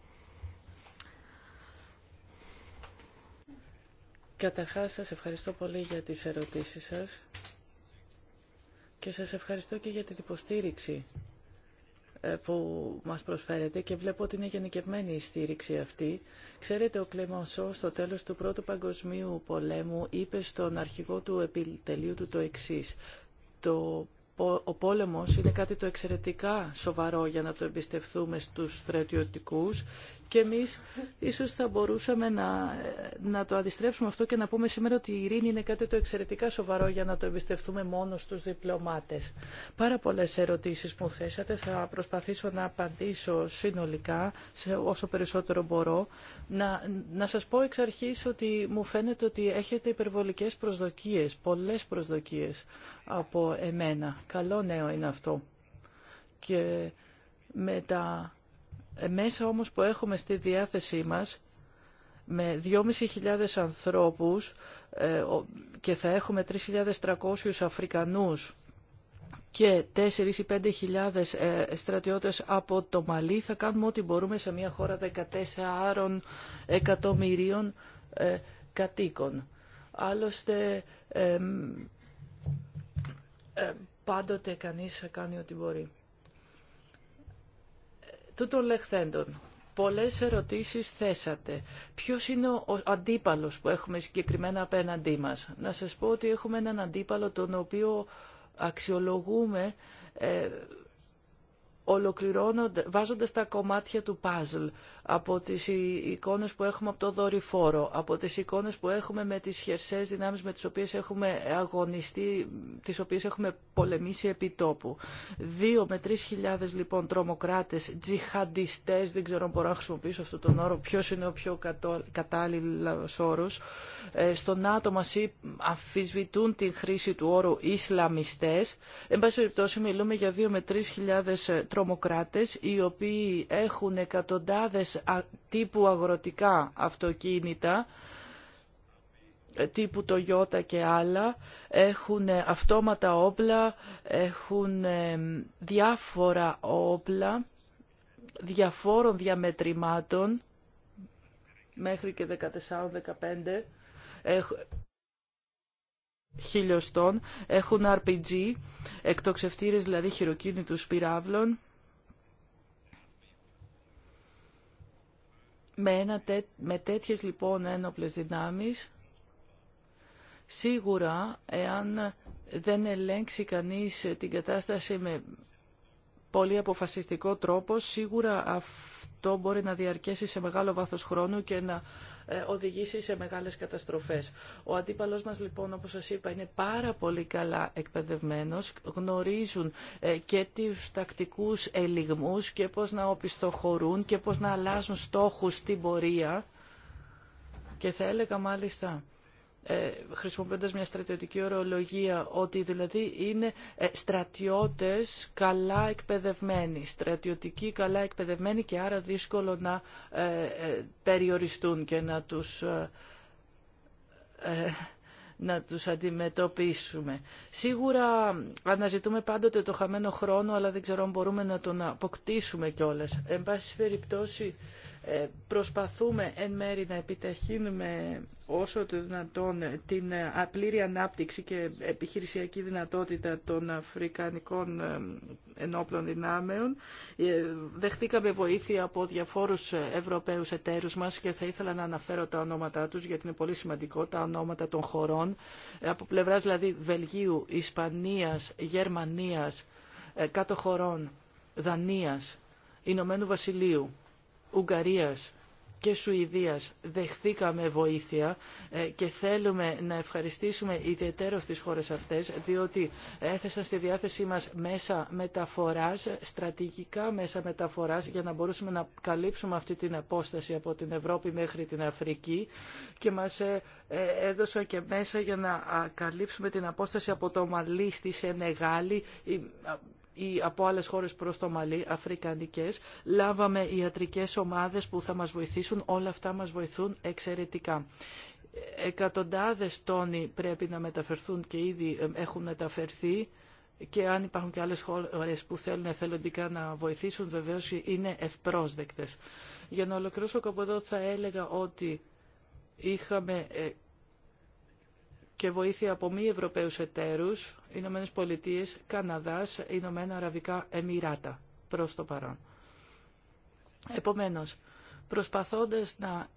Καταρχάς, σας ευχαριστώ πολύ για τις ερωτήσεις σας και σας ευχαριστώ και για την υποστήριξη ε, που μας προσφέρεται και βλέπω ότι είναι γενικευμένη η στήριξη αυτή. Ξέρετε, ο Κλεμονσό στο τέλος του Πρώτου Παγκοσμίου Πολέμου είπε στον αρχηγό του επιτελείου του το εξής. Το ο πόλεμος είναι κάτι το εξαιρετικά σοβαρό για να το εμπιστευτούμε στους στρατιωτικούς και εμείς ίσως θα μπορούσαμε να, να το αντιστρέψουμε αυτό και να πούμε σήμερα ότι η ειρήνη είναι κάτι το εξαιρετικά σοβαρό για να το εμπιστευτούμε μόνο στους διπλωμάτες. Πάρα πολλές ερωτήσεις που θέσατε, θα προσπαθήσω να απαντήσω συνολικά σε όσο περισσότερο μπορώ. Να, να σας πω εξ αρχής ότι μου φαίνεται ότι έχετε υπερβολικές προσδοκίες, πολλές προσδοκίες από εμένα. Καλό νέο είναι αυτό. Και με τα μέσα όμως που έχουμε στη διάθεσή μας, με 2.500 ανθρώπους ε, και θα έχουμε 3.300 Αφρικανούς και 4.000 ή 5.000 ε, στρατιώτες από το Μαλί θα κάνουμε ό,τι μπορούμε σε μια χώρα 14 εκατομμυρίων ε, κατοίκων. Άλλωστε ε, πάντοτε κανείς θα κάνει ό,τι μπορεί. Ε, Τούτων λεχθέντων, πολλές ερωτήσεις θέσατε. Ποιος είναι ο αντίπαλος που έχουμε συγκεκριμένα απέναντί μας. Να σας πω ότι έχουμε έναν αντίπαλο τον οποίο αξιολογούμε ε, βάζοντας τα κομμάτια του παζλ από τις εικόνες που έχουμε από το δορυφόρο, από τις εικόνες που έχουμε με τις χερσαίες δυνάμεις με τις οποίες έχουμε αγωνιστεί, τις οποίες έχουμε πολεμήσει επί τόπου. Δύο με τρεις χιλιάδες λοιπόν τρομοκράτες, τζιχαντιστές, δεν ξέρω αν μπορώ να χρησιμοποιήσω αυτόν τον όρο, ποιο είναι ο πιο κατάλληλος όρος. Ε, στον άτομα μας αμφισβητούν την χρήση του όρου Ισλαμιστές. Εν πάση περιπτώσει μιλούμε για δύο με τρεις ε, τρομοκράτες οι οποίοι έχουν εκατοντάδες τύπου αγροτικά αυτοκίνητα ε, τύπου το και άλλα, έχουν ε, αυτόματα όπλα, έχουν ε, διάφορα όπλα, διαφόρων διαμετρημάτων, μέχρι και 14-15 χιλιοστών, έχουν RPG, εκτοξευτήρες δηλαδή χειροκίνητους πυράβλων, Με, ένα, με τέτοιες λοιπόν ένοπλες δυνάμεις, σίγουρα εάν δεν ελέγξει κανείς την κατάσταση με πολύ αποφασιστικό τρόπο, σίγουρα αυτό μπορεί να διαρκέσει σε μεγάλο βάθος χρόνου και να ε, οδηγήσει σε μεγάλες καταστροφές. Ο αντίπαλός μας λοιπόν όπως σας είπα είναι πάρα πολύ καλά εκπαιδευμένος, γνωρίζουν ε, και τους τακτικούς ελιγμούς και πώς να οπισθοχωρούν και πώς να αλλάζουν στόχους στην πορεία και θα έλεγα μάλιστα ε, χρησιμοποιώντας μια στρατιωτική ορολογία, ότι δηλαδή είναι ε, στρατιώτες καλά εκπαιδευμένοι, στρατιωτικοί καλά εκπαιδευμένοι και άρα δύσκολο να ε, περιοριστούν και να τους να τους αντιμετωπίσουμε. Σίγουρα αναζητούμε πάντοτε το χαμένο χρόνο, αλλά δεν ξέρω αν μπορούμε να τον αποκτήσουμε κιόλας. Εν πάση περιπτώσει, ε, προσπαθούμε εν μέρη να επιταχύνουμε όσο το δυνατόν την ε, απλήρη ανάπτυξη και επιχειρησιακή δυνατότητα των αφρικανικών ε, ενόπλων δυνάμεων. Δεχτήκαμε βοήθεια από διαφόρους Ευρωπαίους εταίρους μας και θα ήθελα να αναφέρω τα ονόματά τους γιατί είναι πολύ σημαντικό τα ονόματα των χωρών από πλευράς δηλαδή Βελγίου, Ισπανίας, Γερμανίας, κάτω χωρών, Δανίας, Ηνωμένου Βασιλείου. Ουγγαρίας και Σουηδίας δεχθήκαμε βοήθεια ε, και θέλουμε να ευχαριστήσουμε ιδιαίτερο τις χώρες αυτές διότι έθεσαν στη διάθεσή μας μέσα μεταφοράς, στρατηγικά μέσα μεταφοράς για να μπορούσαμε να καλύψουμε αυτή την απόσταση από την Ευρώπη μέχρι την Αφρική και μας ε, ε, έδωσαν και μέσα για να καλύψουμε την απόσταση από το Μαλί στη Σενεγάλη ή από άλλες χώρες προς το Μαλί, Αφρικανικέ, Λάβαμε ιατρικέ ομάδε που θα μα βοηθήσουν. Όλα αυτά μα βοηθούν εξαιρετικά. Εκατοντάδες τόνοι πρέπει να μεταφερθούν και ήδη έχουν μεταφερθεί και αν υπάρχουν και άλλες χώρες που θέλουν εθελοντικά να βοηθήσουν βεβαίως είναι ευπρόσδεκτες. Για να ολοκληρώσω από εδώ θα έλεγα ότι είχαμε ε, και βοήθεια από μη Ευρωπαίους εταίρους, Ηνωμένες Πολιτείες, Καναδάς, Ηνωμένα Αραβικά Εμμυράτα προς το παρόν. Επομένως, προσπαθώντα να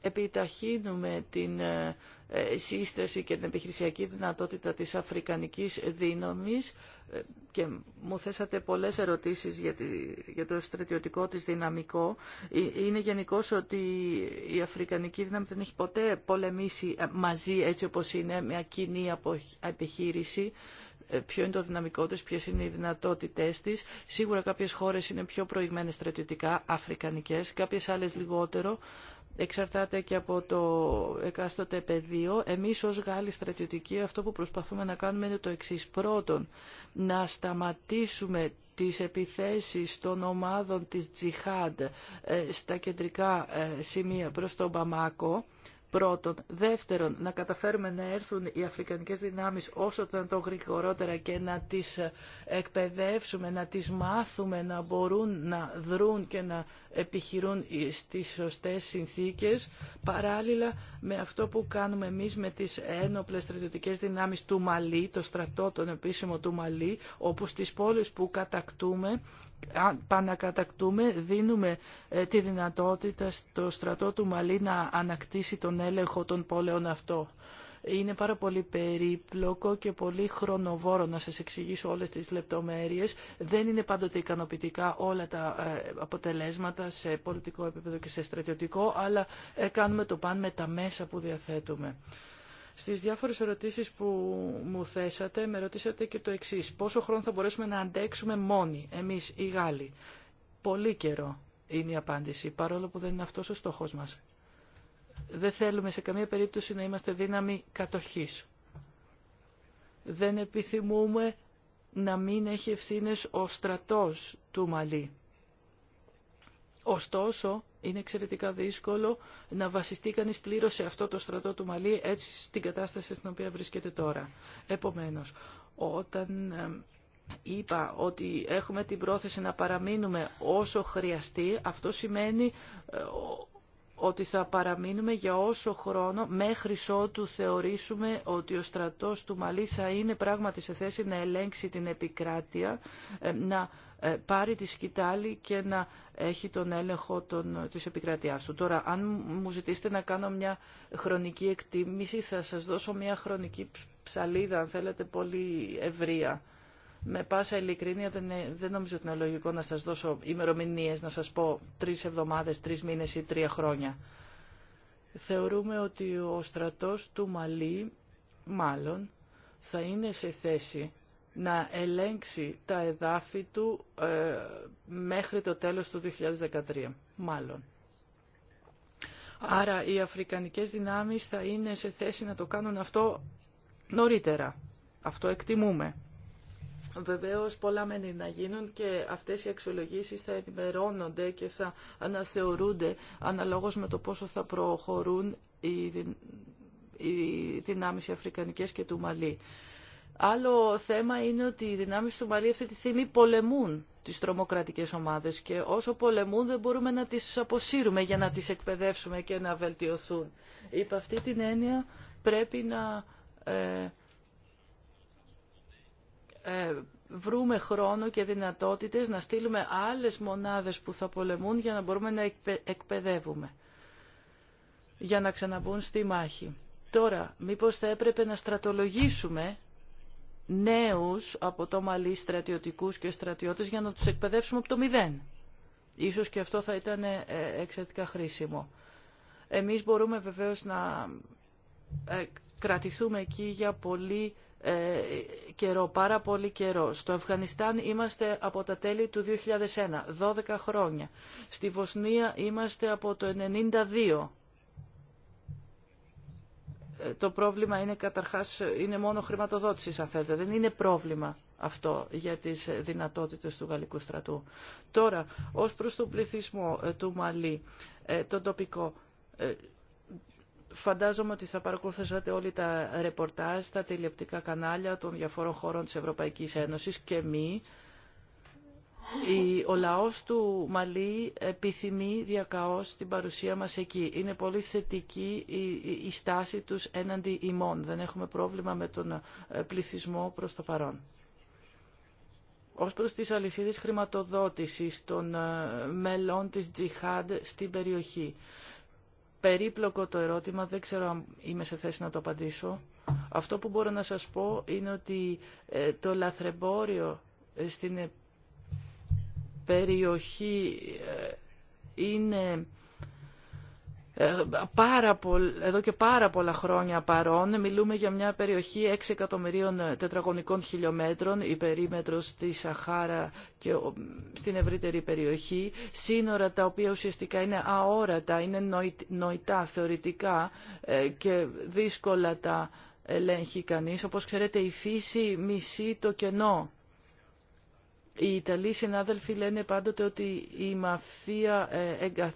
επιταχύνουμε την ε, ε, σύσταση και την επιχειρησιακή δυνατότητα της αφρικανικής δύναμης ε, και μου θέσατε πολλές ερωτήσεις για, το στρατιωτικό της δυναμικό. Είναι γενικώ ότι η αφρικανική δύναμη δεν έχει ποτέ πολεμήσει μαζί έτσι όπως είναι μια κοινή επιχείρηση ποιο είναι το δυναμικό της, ποιες είναι οι δυνατότητές της. Σίγουρα κάποιες χώρες είναι πιο προηγμένες στρατιωτικά, αφρικανικές, κάποιες άλλες λιγότερο εξαρτάται και από το εκάστοτε πεδίο. Εμείς ως Γάλλοι στρατιωτικοί αυτό που προσπαθούμε να κάνουμε είναι το εξής. Πρώτον, να σταματήσουμε τις επιθέσεις των ομάδων της Τζιχάντ ε, στα κεντρικά ε, σημεία προς τον Μπαμάκο Πρώτον. Δεύτερον, να καταφέρουμε να έρθουν οι αφρικανικές δυνάμεις όσο το γρηγορότερα και να τις εκπαιδεύσουμε, να τις μάθουμε να μπορούν να δρούν και να επιχειρούν στις σωστές συνθήκες, παράλληλα με αυτό που κάνουμε εμείς με τις ένοπλες στρατιωτικές δυνάμεις του Μαλή, το στρατό τον επίσημο του Μαλή, όπου στις πόλεις που κατακτούμε πανακατακτούμε, δίνουμε ε, τη δυνατότητα στο στρατό του Μαλή να ανακτήσει τον έλεγχο των πόλεων αυτό. Είναι πάρα πολύ περίπλοκο και πολύ χρονοβόρο να σας εξηγήσω όλες τις λεπτομέρειες. Δεν είναι πάντοτε ικανοποιητικά όλα τα ε, αποτελέσματα σε πολιτικό επίπεδο και σε στρατιωτικό, αλλά ε, κάνουμε το παν με τα μέσα που διαθέτουμε. Στις διάφορες ερωτήσεις που μου θέσατε, με ρωτήσατε και το εξής. Πόσο χρόνο θα μπορέσουμε να αντέξουμε μόνοι, εμείς οι Γάλλοι. Πολύ καιρό είναι η απάντηση, παρόλο που δεν είναι αυτός ο στόχος μας. Δεν θέλουμε σε καμία περίπτωση να είμαστε δύναμη κατοχής. Δεν επιθυμούμε να μην έχει ευθύνες ο στρατός του Μαλή. Ωστόσο, είναι εξαιρετικά δύσκολο να βασιστεί κανείς πλήρως σε αυτό το στρατό του Μαλή έτσι στην κατάσταση στην οποία βρίσκεται τώρα. Επομένως, όταν είπα ότι έχουμε την πρόθεση να παραμείνουμε όσο χρειαστεί, αυτό σημαίνει ε, ότι θα παραμείνουμε για όσο χρόνο μέχρι ότου θεωρήσουμε ότι ο στρατός του Μαλή θα είναι πράγματι σε θέση να ελέγξει την επικράτεια, ε, να ε, πάρει τη σκητάλη και να έχει τον έλεγχο των, της επικρατείας του. Τώρα, αν μου ζητήσετε να κάνω μια χρονική εκτίμηση, θα σας δώσω μια χρονική ψαλίδα, αν θέλετε, πολύ ευρεία. Με πάσα ειλικρίνεια δεν, δεν νομίζω ότι είναι λογικό να σας δώσω ημερομηνίες, να σας πω τρεις εβδομάδες, τρεις μήνες ή τρία χρόνια. Θεωρούμε ότι ο στρατός του Μαλή, μάλλον, θα είναι σε θέση να ελέγξει τα εδάφη του ε, μέχρι το τέλος του 2013, μάλλον. Άρα οι αφρικανικές δυνάμεις θα είναι σε θέση να το κάνουν αυτό νωρίτερα. Αυτό εκτιμούμε. Βεβαίως πολλά μένει να γίνουν και αυτές οι αξιολογήσεις θα ενημερώνονται και θα αναθεωρούνται αναλόγως με το πόσο θα προχωρούν οι, οι δυνάμεις οι αφρικανικές και του Μαλή. Άλλο θέμα είναι ότι οι δυνάμει του Μαλή αυτή τη στιγμή πολεμούν τις τρομοκρατικές ομάδες και όσο πολεμούν δεν μπορούμε να τις αποσύρουμε για να τις εκπαιδεύσουμε και να βελτιωθούν. Υπ' αυτή την έννοια πρέπει να ε, ε βρούμε χρόνο και δυνατότητες να στείλουμε άλλες μονάδες που θα πολεμούν για να μπορούμε να εκπαιδεύουμε, για να ξαναμπούν στη μάχη. Τώρα, μήπως θα έπρεπε να στρατολογήσουμε νέους από το μαλλί στρατιωτικούς και στρατιώτες για να τους εκπαιδεύσουμε από το μηδέν. Ίσως και αυτό θα ήταν ε, ε, εξαιρετικά χρήσιμο. Εμείς μπορούμε βεβαίως να ε, κρατηθούμε εκεί για πολύ καιρό, πάρα πολύ καιρό. Στο Αφγανιστάν είμαστε από τα τέλη του 2001, 12 χρόνια. Στη Βοσνία είμαστε από το 92 το πρόβλημα είναι καταρχάς είναι μόνο χρηματοδότηση αν θέλετε. Δεν είναι πρόβλημα αυτό για τις δυνατότητες του γαλλικού στρατού. Τώρα, ως προς τον πληθυσμό ε, του Μαλή, ε, τον τοπικό, ε, φαντάζομαι ότι θα παρακολουθήσατε όλοι τα ρεπορτάζ, τα τηλεοπτικά κανάλια των διαφόρων χωρών της Ευρωπαϊκής Ένωσης και μη, ο λαός του Μαλή επιθυμεί διακαώς την παρουσία μας εκεί. Είναι πολύ θετική η στάση τους έναντι ημών. Δεν έχουμε πρόβλημα με τον ε, πληθυσμό προς το παρόν. Ως προς τις αλυσίδες χρηματοδότησης των ε, μελών της Τζιχάντ στην περιοχή. Περίπλοκο το ερώτημα, δεν ξέρω αν είμαι σε θέση να το απαντήσω. Αυτό που μπορώ να σας πω είναι ότι ε, το λαθρεμπόριο στην περιοχή ε, είναι ε, πάρα εδώ και πάρα πολλά χρόνια παρόν. Μιλούμε για μια περιοχή 6 εκατομμυρίων τετραγωνικών χιλιόμετρων, η περίμετρος της Σαχάρα και στην ευρύτερη περιοχή. Σύνορα τα οποία ουσιαστικά είναι αόρατα, είναι νοητά θεωρητικά ε, και δύσκολα τα ελέγχει κανείς. Όπως ξέρετε η φύση μισεί το κενό οι Ιταλοί συνάδελφοι λένε πάντοτε ότι η μαφία ε, εγκαθ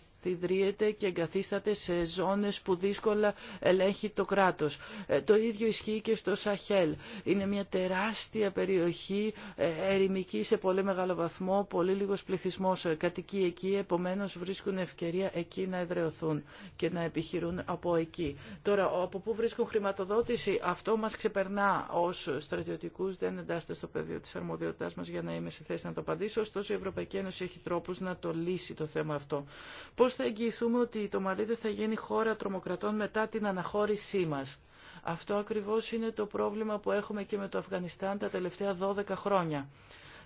και εγκαθίσταται σε ζώνες που δύσκολα ελέγχει το κράτος. Ε, το ίδιο ισχύει και στο Σαχέλ. Είναι μια τεράστια περιοχή ε, ερημική σε πολύ μεγάλο βαθμό, πολύ λίγος πληθυσμός ε, κατοικεί εκεί, επομένως βρίσκουν ευκαιρία εκεί να εδρεωθούν και να επιχειρούν από εκεί. Τώρα, από πού βρίσκουν χρηματοδότηση, αυτό μας ξεπερνά ως στρατιωτικούς, δεν εντάσσεται στο πεδίο της αρμοδιότητάς μας για να είμαι σε θέση να το απαντήσω, ωστόσο η Ευρωπαϊκή Ένωση έχει τρόπους να το λύσει το θέμα αυτό. Πώς θα εγγυηθούμε ότι το Μαλί θα γίνει χώρα τρομοκρατών μετά την αναχώρησή μας. Αυτό ακριβώς είναι το πρόβλημα που έχουμε και με το Αφγανιστάν τα τελευταία 12 χρόνια.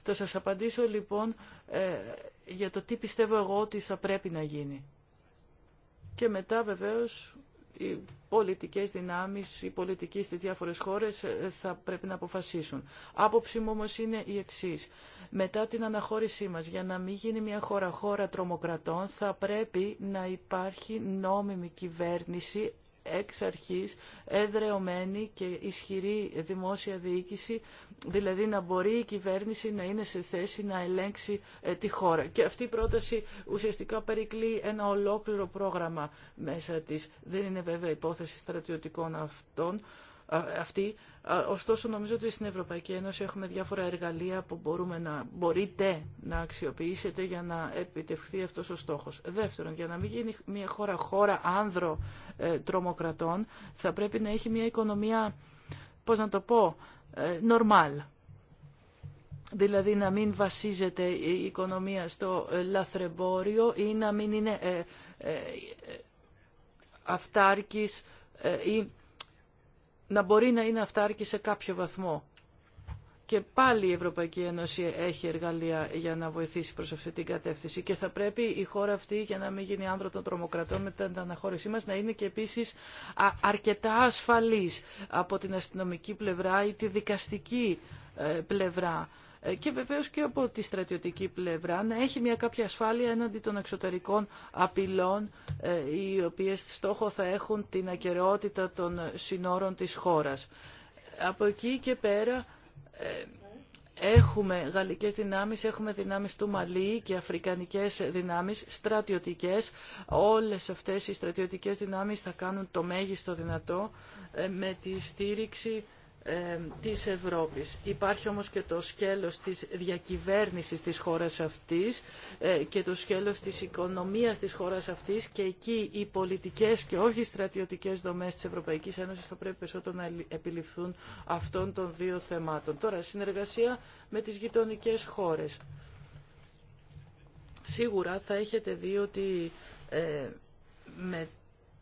Θα σας απαντήσω λοιπόν ε, για το τι πιστεύω εγώ ότι θα πρέπει να γίνει. Και μετά βεβαίως οι πολιτικές δυνάμεις, οι πολιτικοί στις διάφορες χώρες ε, θα πρέπει να αποφασίσουν. Άποψη μου όμως είναι η εξής μετά την αναχώρησή μας. Για να μην γίνει μια χώρα χώρα τρομοκρατών θα πρέπει να υπάρχει νόμιμη κυβέρνηση εξ αρχής εδρεωμένη και ισχυρή δημόσια διοίκηση, δηλαδή να μπορεί η κυβέρνηση να είναι σε θέση να ελέγξει ε, τη χώρα. Και αυτή η πρόταση ουσιαστικά περικλεί ένα ολόκληρο πρόγραμμα μέσα της. Δεν είναι βέβαια υπόθεση στρατιωτικών αυτών, αυτή. Ωστόσο, νομίζω ότι στην Ευρωπαϊκή Ένωση έχουμε διάφορα εργαλεία που μπορούμε να, μπορείτε να αξιοποιήσετε για να επιτευχθεί αυτός ο στόχος. Δεύτερον, για να μην γίνει μια χώρα χώρα άνδρο ε, τρομοκρατών, θα πρέπει να έχει μια οικονομία, πώς να το πω, ε, νορμάλ. δηλαδή να μην βασίζεται η οικονομία στο ε, λαθρεμπόριο ή να μην είναι ή να μπορεί να είναι αυτάρκη σε κάποιο βαθμό. Και πάλι η Ευρωπαϊκή Ένωση έχει εργαλεία για να βοηθήσει προς αυτή την κατεύθυνση και θα πρέπει η χώρα αυτή για να μην γίνει άνδρο των τρομοκρατών με την αναχώρησή μας να είναι και επίσης αρκετά ασφαλής από την αστυνομική πλευρά ή τη δικαστική ε, πλευρά και βεβαίως και από τη στρατιωτική πλευρά να έχει μια κάποια ασφάλεια έναντι των εξωτερικών απειλών ε, οι οποίες στόχο θα έχουν την ακαιρεότητα των συνόρων της χώρας. Από εκεί και πέρα ε, έχουμε γαλλικές δυνάμεις, έχουμε δυνάμεις του Μαλή και αφρικανικές δυνάμεις, στρατιωτικές. Όλες αυτές οι στρατιωτικές δυνάμεις θα κάνουν το μέγιστο δυνατό ε, με τη στήριξη της Ευρώπης. Υπάρχει όμως και το σκέλος της διακυβέρνησης της χώρας αυτής ε, και το σκέλος της οικονομίας της χώρας αυτής και εκεί οι πολιτικές και όχι οι στρατιωτικές δομές της Ευρωπαϊκής Ένωσης θα πρέπει περισσότερο να επιληφθούν αυτών των δύο θεμάτων. Τώρα, συνεργασία με τις γειτονικές χώρες. Σίγουρα θα έχετε δει ότι ε, με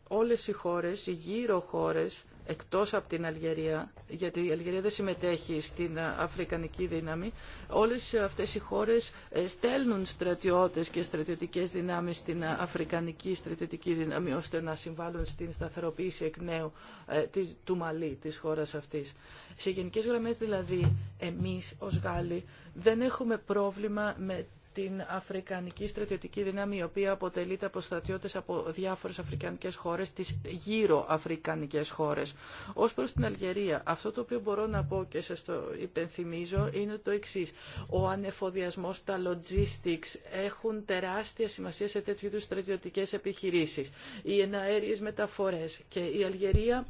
όλες οι χώρες, οι γύρω χώρες, εκτός από την Αλγερία, γιατί η Αλγερία δεν συμμετέχει στην Αφρικανική δύναμη, όλες αυτές οι χώρες ε, στέλνουν στρατιώτες και στρατιωτικές δυνάμεις στην Αφρικανική στρατιωτική δύναμη, ώστε να συμβάλλουν στην σταθεροποίηση εκ νέου ε, του Μαλή, της χώρας αυτής. Σε γενικές γραμμές δηλαδή, εμείς ως Γάλλοι δεν έχουμε πρόβλημα με την Αφρικανική στρατιωτική δύναμη, η οποία αποτελείται από στρατιώτες από διάφορες αφρικανικές χώρες, τι γύρω αφρικανικές χώρες. Ω προς την Αλγερία, αυτό το οποίο μπορώ να πω και σα το υπενθυμίζω είναι το εξής. Ο ανεφοδιασμός, τα logistics έχουν τεράστια σημασία σε τέτοιου είδου στρατιωτικές επιχειρήσεις. Οι εναέριε μεταφορέ και η Αλγερία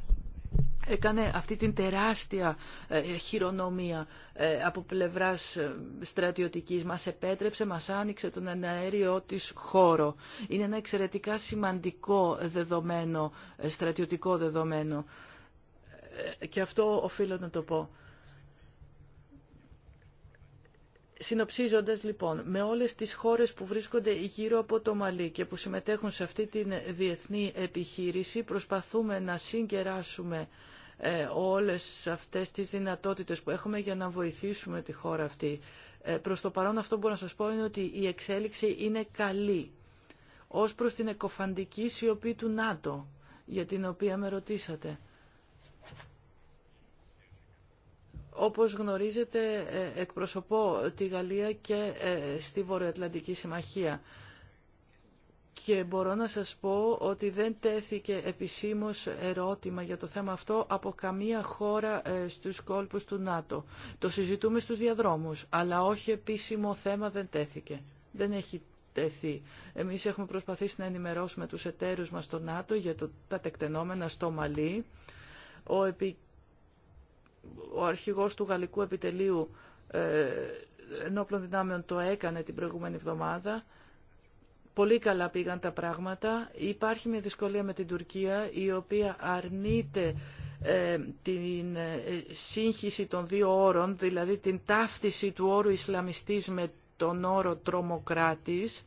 έκανε αυτή την τεράστια ε, χειρονομία ε, από πλευράς ε, στρατιωτικής. Μας επέτρεψε, μας άνοιξε τον αναέριό της χώρο. Είναι ένα εξαιρετικά σημαντικό δεδομένο, στρατιωτικό δεδομένο. Και αυτό οφείλω να το πω. Συνοψίζοντας λοιπόν, με όλες τις χώρες που βρίσκονται γύρω από το Μαλί και που συμμετέχουν σε αυτή τη διεθνή επιχείρηση, προσπαθούμε να συγκεράσουμε ε, όλες αυτές τις δυνατότητες που έχουμε για να βοηθήσουμε τη χώρα αυτή. Ε, προς το παρόν αυτό που μπορώ να σας πω είναι ότι η εξέλιξη είναι καλή ως προς την εκοφαντική σιωπή του ΝΑΤΟ, για την οποία με ρωτήσατε. Όπως γνωρίζετε, ε, εκπροσωπώ τη Γαλλία και στη Βορειοατλαντική Συμμαχία και μπορώ να σας πω ότι δεν τέθηκε επισήμως ερώτημα για το θέμα αυτό από καμία χώρα ε, στους κόλπους του ΝΑΤΟ. Το συζητούμε στους διαδρόμους, αλλά όχι επίσημο θέμα δεν τέθηκε. Δεν έχει τεθεί. Εμείς έχουμε προσπαθήσει να ενημερώσουμε τους εταίρους μας στο ΝΑΤΟ για το, τα τεκτενόμενα στο Μαλί. Ο, επι, αρχηγός του Γαλλικού Επιτελείου ε, Ενόπλων Δυνάμεων το έκανε την προηγούμενη εβδομάδα. Πολύ καλά πήγαν τα πράγματα. Υπάρχει μια δυσκολία με την Τουρκία η οποία αρνείται ε, την ε, σύγχυση των δύο όρων, δηλαδή την ταύτιση του όρου Ισλαμιστής με τον όρο τρομοκράτης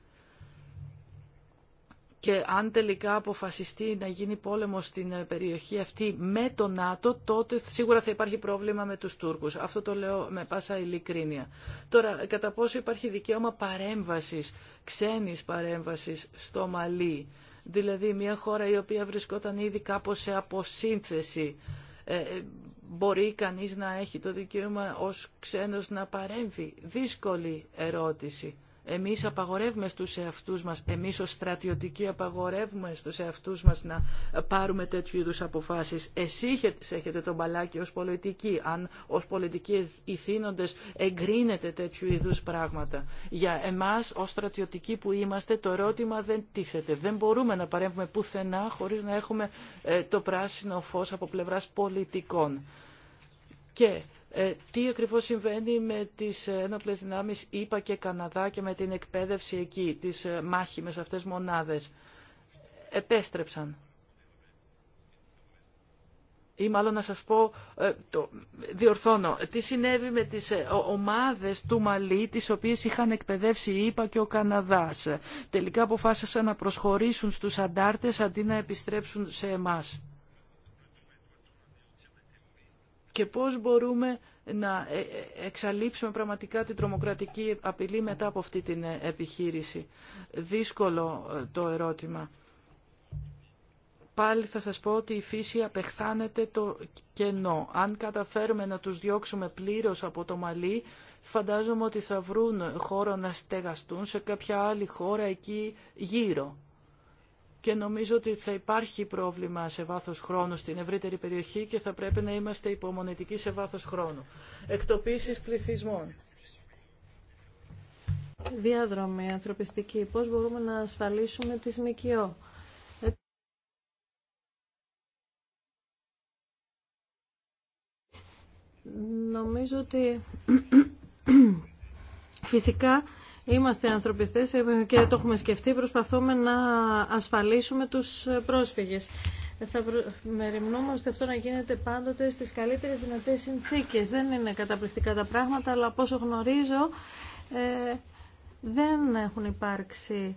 και αν τελικά αποφασιστεί να γίνει πόλεμο στην ε, περιοχή αυτή με το ΝΑΤΟ, τότε σίγουρα θα υπάρχει πρόβλημα με τους Τούρκους. Αυτό το λέω με πάσα ειλικρίνεια. Τώρα, κατά πόσο υπάρχει δικαίωμα παρέμβασης, ξένης παρέμβασης στο Μαλί, δηλαδή μια χώρα η οποία βρισκόταν ήδη κάπως σε αποσύνθεση, ε, ε, μπορεί κανείς να έχει το δικαίωμα ως ξένος να παρέμβει. Δύσκολη ερώτηση. Εμείς απαγορεύουμε στους εαυτούς μας, εμείς ως στρατιωτικοί απαγορεύουμε στους εαυτούς μας να πάρουμε τέτοιου είδους αποφάσεις. Εσείς έχετε τον μπαλάκι ως πολιτικοί, αν ως πολιτικοί ηθήνοντες εγκρίνετε τέτοιου είδους πράγματα. Για εμάς ως στρατιωτικοί που είμαστε το ερώτημα δεν τίθεται. Δεν μπορούμε να παρέμβουμε πουθενά χωρίς να έχουμε ε, το πράσινο φως από πλευράς πολιτικών. Και ε, τι ακριβώς συμβαίνει με τις ε, ένοπλες δυνάμεις ΙΠΑ και Καναδά και με την εκπαίδευση εκεί, τις ε, μάχημες αυτές μονάδες. Επέστρεψαν. Ή μάλλον να σας πω, το, διορθώνω, τι συνέβη με τις ομάδες του Μαλή, τις οποίες είχαν εκπαιδεύσει η και ο Καναδάς. Τελικά αποφάσισαν να προσχωρήσουν στους αντάρτες αντί να επιστρέψουν σε εμάς και πώς μπορούμε να ε, ε, εξαλείψουμε πραγματικά την τρομοκρατική απειλή μετά από αυτή την ε, επιχείρηση. Δύσκολο το ερώτημα. Πάλι θα σας πω ότι η φύση απεχθάνεται το κενό. Αν καταφέρουμε να τους διώξουμε πλήρως από το μαλλί, φαντάζομαι ότι θα βρουν χώρο να στεγαστούν σε κάποια άλλη χώρα εκεί γύρω και νομίζω ότι θα υπάρχει πρόβλημα σε βάθος χρόνου στην ευρύτερη περιοχή και θα πρέπει να είμαστε υπομονετικοί σε βάθος χρόνου. Εκτοπίσεις πληθυσμών. Διαδρομή ανθρωπιστική. Πώς μπορούμε να ασφαλίσουμε τη ΜΚΟ. Νομίζω ότι [clears throat] φυσικά Είμαστε ανθρωπιστές και το έχουμε σκεφτεί. Προσπαθούμε να ασφαλίσουμε τους πρόσφυγες. Θα μεριμνούμε ώστε αυτό να γίνεται πάντοτε στις καλύτερες δυνατές συνθήκες. Δεν είναι καταπληκτικά τα πράγματα, αλλά από όσο γνωρίζω ε, δεν έχουν υπάρξει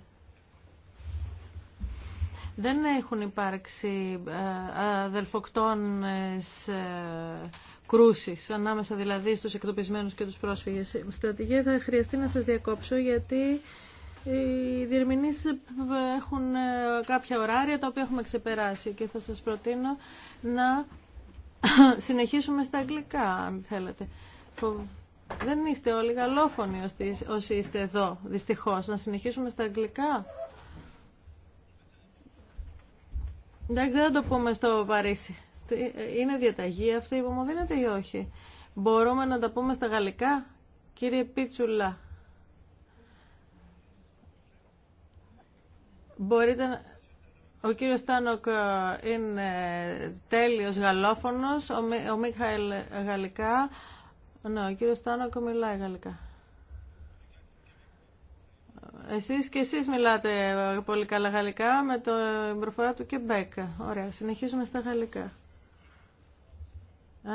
δεν έχουν υπάρξει ε, αδελφοκτόνες ε, ανάμεσα δηλαδή στους εκτοπισμένους και τους πρόσφυγες. Στρατηγέ θα χρειαστεί να σας διακόψω γιατί οι διερμηνείς έχουν ε, κάποια ωράρια τα οποία έχουμε ξεπεράσει και θα σας προτείνω να [coughs] συνεχίσουμε στα αγγλικά αν θέλετε. Δεν είστε όλοι γαλλόφωνοι όσοι είστε εδώ, δυστυχώς. Να συνεχίσουμε στα αγγλικά. Εντάξει, δεν το πούμε στο Παρίσι είναι διαταγή αυτή μου δίνετε ή όχι. Μπορούμε να τα πούμε στα γαλλικά, κύριε Πίτσουλα. Μπορείτε να... Ο κύριος Τάνοκ ε, είναι τέλειος γαλλόφωνος, ο, Μίχαελ ε, γαλλικά. Ναι, ο κύριος Τάνοκ μιλάει γαλλικά. Εσείς και εσείς μιλάτε πολύ καλά γαλλικά με την προφορά του Κεμπέκ. Ωραία, συνεχίζουμε στα γαλλικά.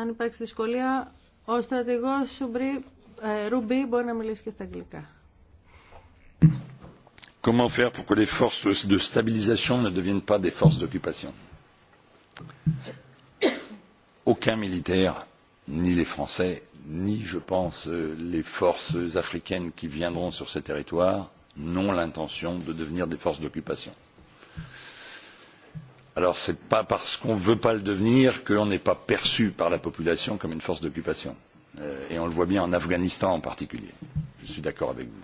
Αν υπάρξει δυσκολία, ο στρατηγός Ρουμπί μπορεί να μιλήσει και στα αγγλικά. Comment faire pour que les forces de stabilisation ne deviennent pas des forces d'occupation Aucun militaire, ni les Français, ni, je pense, les forces africaines qui viendront sur ces territoires, n'ont l'intention de devenir des forces d'occupation Alors ce n'est pas parce qu'on ne veut pas le devenir qu'on n'est pas perçu par la population comme une force d'occupation. Et on le voit bien en Afghanistan en particulier. Je suis d'accord avec vous.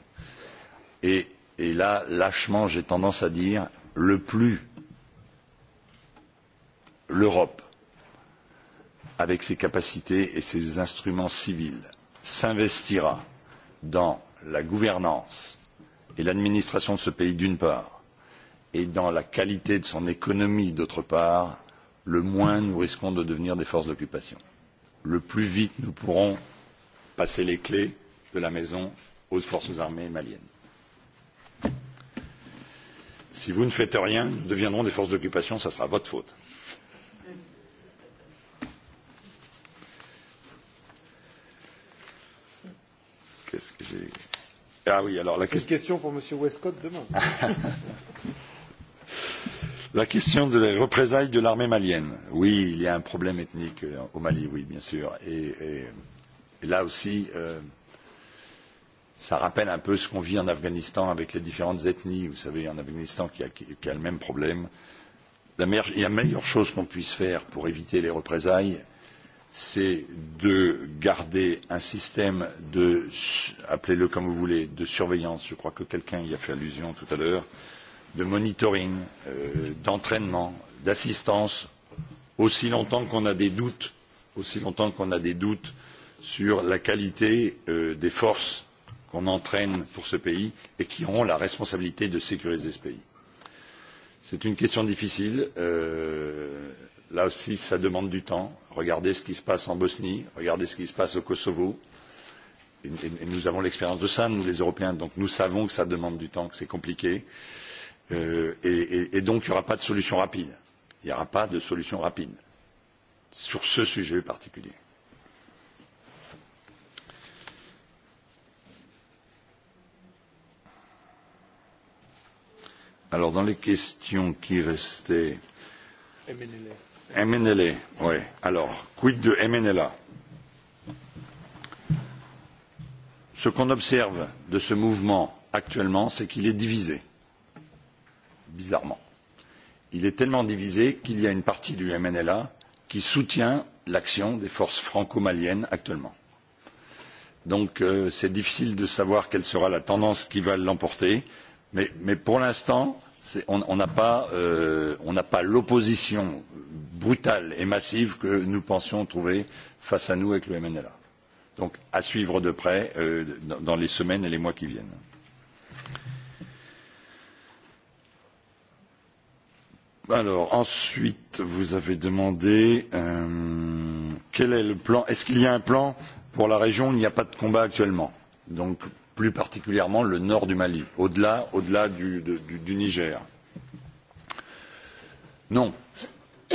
Et là, lâchement, j'ai tendance à dire le plus l'Europe, avec ses capacités et ses instruments civils, s'investira dans la gouvernance et l'administration de ce pays d'une part, et dans la qualité de son économie, d'autre part, le moins nous risquons de devenir des forces d'occupation. Le plus vite nous pourrons passer les clés de la maison aux forces armées maliennes. Si vous ne faites rien, nous deviendrons des forces d'occupation, ce sera votre faute. Qu'est-ce que j'ai Ah oui, alors la question pour M. Westcott demain. La question de la représailles de l'armée malienne. Oui, il y a un problème ethnique au Mali, oui, bien sûr. Et là aussi, ça rappelle un peu ce qu'on vit en Afghanistan avec les différentes ethnies. Vous savez, en Afghanistan, qui a le même problème. La meilleure chose qu'on puisse faire pour éviter les représailles, c'est de garder un système de, appelez-le comme vous voulez, de surveillance. Je crois que quelqu'un y a fait allusion tout à l'heure de monitoring, d'entraînement, d'assistance, aussi longtemps qu'on a des doutes, aussi longtemps qu'on a des doutes sur la qualité des forces qu'on entraîne pour ce pays et qui auront la responsabilité de sécuriser ce pays. C'est une question difficile. Là aussi, ça demande du temps. Regardez ce qui se passe en Bosnie, regardez ce qui se passe au Kosovo. Et nous avons l'expérience de ça, nous les Européens. Donc nous savons que ça demande du temps, que c'est compliqué. Et donc, il n'y aura pas de solution rapide. Il n'y aura pas de solution rapide sur ce sujet particulier. Alors, dans les questions qui restaient. MNLA. MNLA, oui. Alors, quid de MNLA Ce qu'on observe de ce mouvement actuellement, c'est qu'il est divisé bizarrement. Il est tellement divisé qu'il y a une partie du MNLA qui soutient l'action des forces franco-maliennes actuellement. Donc c'est difficile de savoir quelle sera la tendance qui va l'emporter, mais pour l'instant, on n'a pas l'opposition brutale et massive que nous pensions trouver face à nous avec le MNLA. Donc à suivre de près dans les semaines et les mois qui viennent. Alors ensuite, vous avez demandé quel est le plan. Est-ce qu'il y a un plan pour la région Il n'y a pas de combat actuellement. Donc plus particulièrement le nord du Mali, au-delà, au-delà du Niger. Non,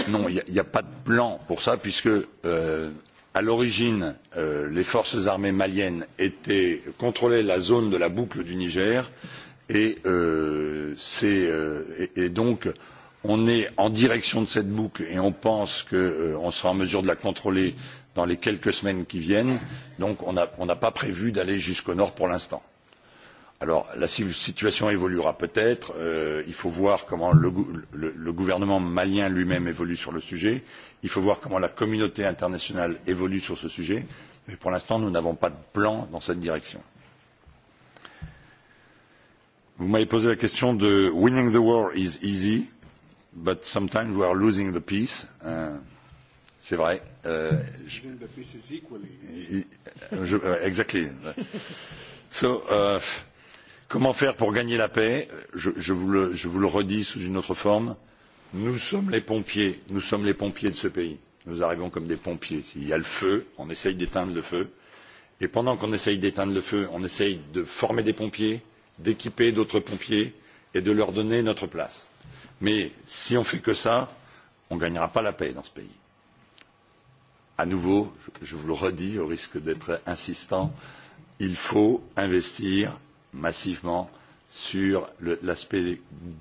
non, il n'y a pas de plan pour ça, puisque à l'origine, les forces armées maliennes étaient contrôlaient la zone de la boucle du Niger et donc on est en direction de cette boucle et on pense qu'on sera en mesure de la contrôler dans les quelques semaines qui viennent. Donc on n'a pas prévu d'aller jusqu'au nord pour l'instant. Alors la situation évoluera peut-être. Il faut voir comment le gouvernement malien lui-même évolue sur le sujet. Il faut voir comment la communauté internationale évolue sur ce sujet. Mais pour l'instant, nous n'avons pas de plan dans cette direction. Vous m'avez posé la question de Winning the War is easy but sometimes we are losing the peace. C'est vrai. Losing Exactly. So, comment faire pour gagner la paix Je vous le redis sous une autre forme. Nous sommes les pompiers. Nous sommes les pompiers de ce pays. Nous arrivons comme des pompiers. S'il y a le feu, on essaye d'éteindre le feu. Et pendant qu'on essaye d'éteindre le feu, on essaye de former des pompiers, d'équiper d'autres pompiers et de leur donner notre place. Mais si on ne fait que ça, on ne gagnera pas la paix dans ce pays. À nouveau, je vous le redis au risque d'être insistant, il faut investir massivement sur l'aspect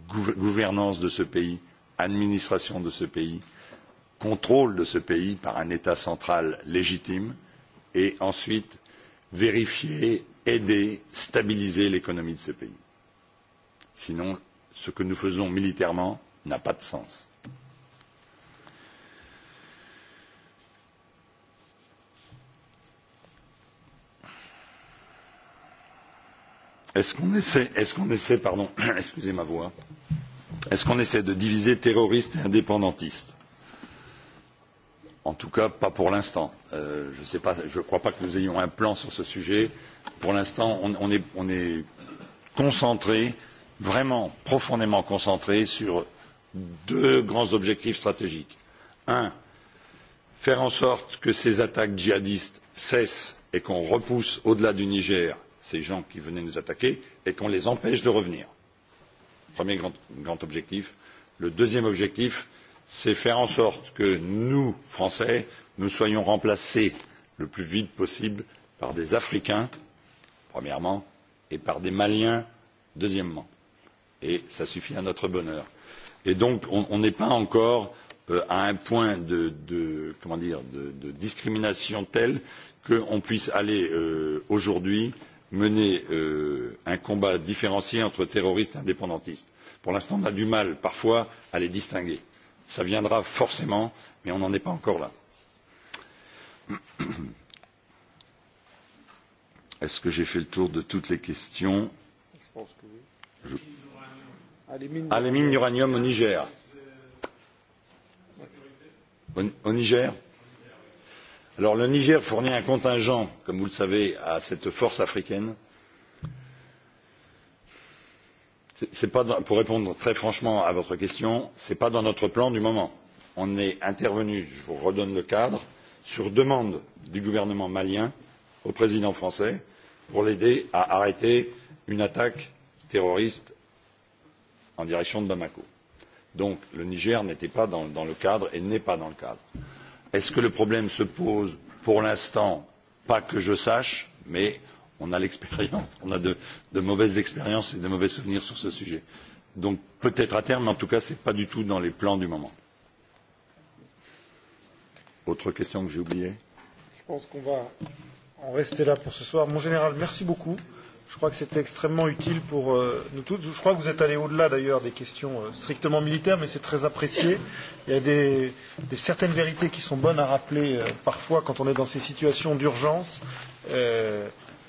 gouvernance de ce pays, administration de ce pays, contrôle de ce pays par un État central légitime et ensuite vérifier, aider, stabiliser l'économie de ce pays. Sinon, ce que nous faisons militairement n'a pas de sens. Est-ce qu'on essaie, est essaie, excusez ma voix, est-ce qu'on essaie de diviser terroristes et indépendantistes En tout cas, pas pour l'instant. Euh, je ne crois pas que nous ayons un plan sur ce sujet. Pour l'instant, on, on est, on est concentré vraiment profondément concentré sur deux grands objectifs stratégiques. Un, faire en sorte que ces attaques djihadistes cessent et qu'on repousse au-delà du Niger ces gens qui venaient nous attaquer et qu'on les empêche de revenir. Premier grand objectif. Le deuxième objectif, c'est faire en sorte que nous, Français, nous soyons remplacés le plus vite possible par des Africains, premièrement, et par des Maliens, deuxièmement et ça suffit à notre bonheur. Et donc, on n'est pas encore à un point de comment dire de discrimination tel qu'on puisse aller aujourd'hui mener un combat différencié entre terroristes et indépendantistes. Pour l'instant, on a du mal parfois à les distinguer. Ça viendra forcément, mais on n'en est pas encore là. Est-ce que j'ai fait le tour de toutes les questions Je à les mines d'uranium au Niger. Au Niger Alors le Niger fournit un contingent, comme vous le savez, à cette force africaine. pas Pour répondre très franchement à votre question, ce n'est pas dans notre plan du moment. On est intervenu, je vous redonne le cadre, sur demande du gouvernement malien au président français pour l'aider à arrêter une attaque terroriste en direction de Bamako. Donc le Niger n'était pas dans le cadre et n'est pas dans le cadre. Est-ce que le problème se pose pour l'instant Pas que je sache, mais on a l'expérience, on a de mauvaises expériences et de mauvais souvenirs sur ce sujet. Donc peut-être à terme, mais en tout cas, ce n'est pas du tout dans les plans du moment. Autre question que j'ai oubliée Je pense qu'on va en rester là pour ce soir. Mon général, merci beaucoup. Je crois que c'était extrêmement utile pour nous toutes. Je crois que vous êtes allé au-delà d'ailleurs des questions strictement militaires, mais c'est très apprécié. Il y a des certaines vérités qui sont bonnes à rappeler parfois quand on est dans ces situations d'urgence.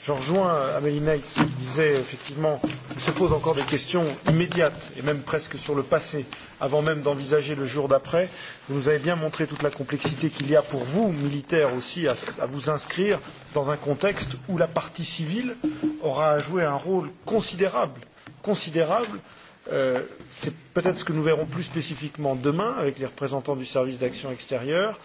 Je rejoins Amélie Neitz qui disait effectivement qu'il se pose encore des questions immédiates et même presque sur le passé, avant même d'envisager le jour d'après. Vous nous avez bien montré toute la complexité qu'il y a pour vous, militaires aussi, à vous inscrire dans un contexte où la partie civile aura à jouer un rôle considérable. Considérable. C'est peut-être ce que nous verrons plus spécifiquement demain avec les représentants du service d'action extérieure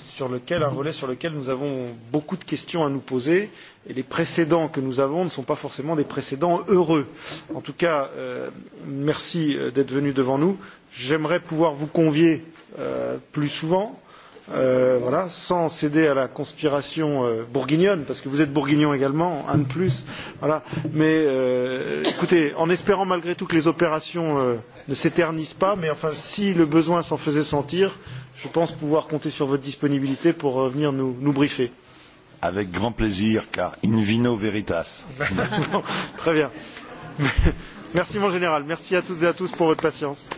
sur lequel un volet sur lequel nous avons beaucoup de questions à nous poser et les précédents que nous avons ne sont pas forcément des précédents heureux. En tout cas, merci d'être venu devant nous. J'aimerais pouvoir vous convier plus souvent, sans céder à la conspiration bourguignonne, parce que vous êtes bourguignon également, un de plus. Mais écoutez, en espérant malgré tout que les opérations ne s'éternisent pas, mais enfin, si le besoin s'en faisait sentir, je pense pouvoir compter sur votre disponibilité pour venir nous briefer. Avec grand plaisir, car in vino veritas. Très bien. Merci, mon général. Merci à toutes et à tous pour votre patience.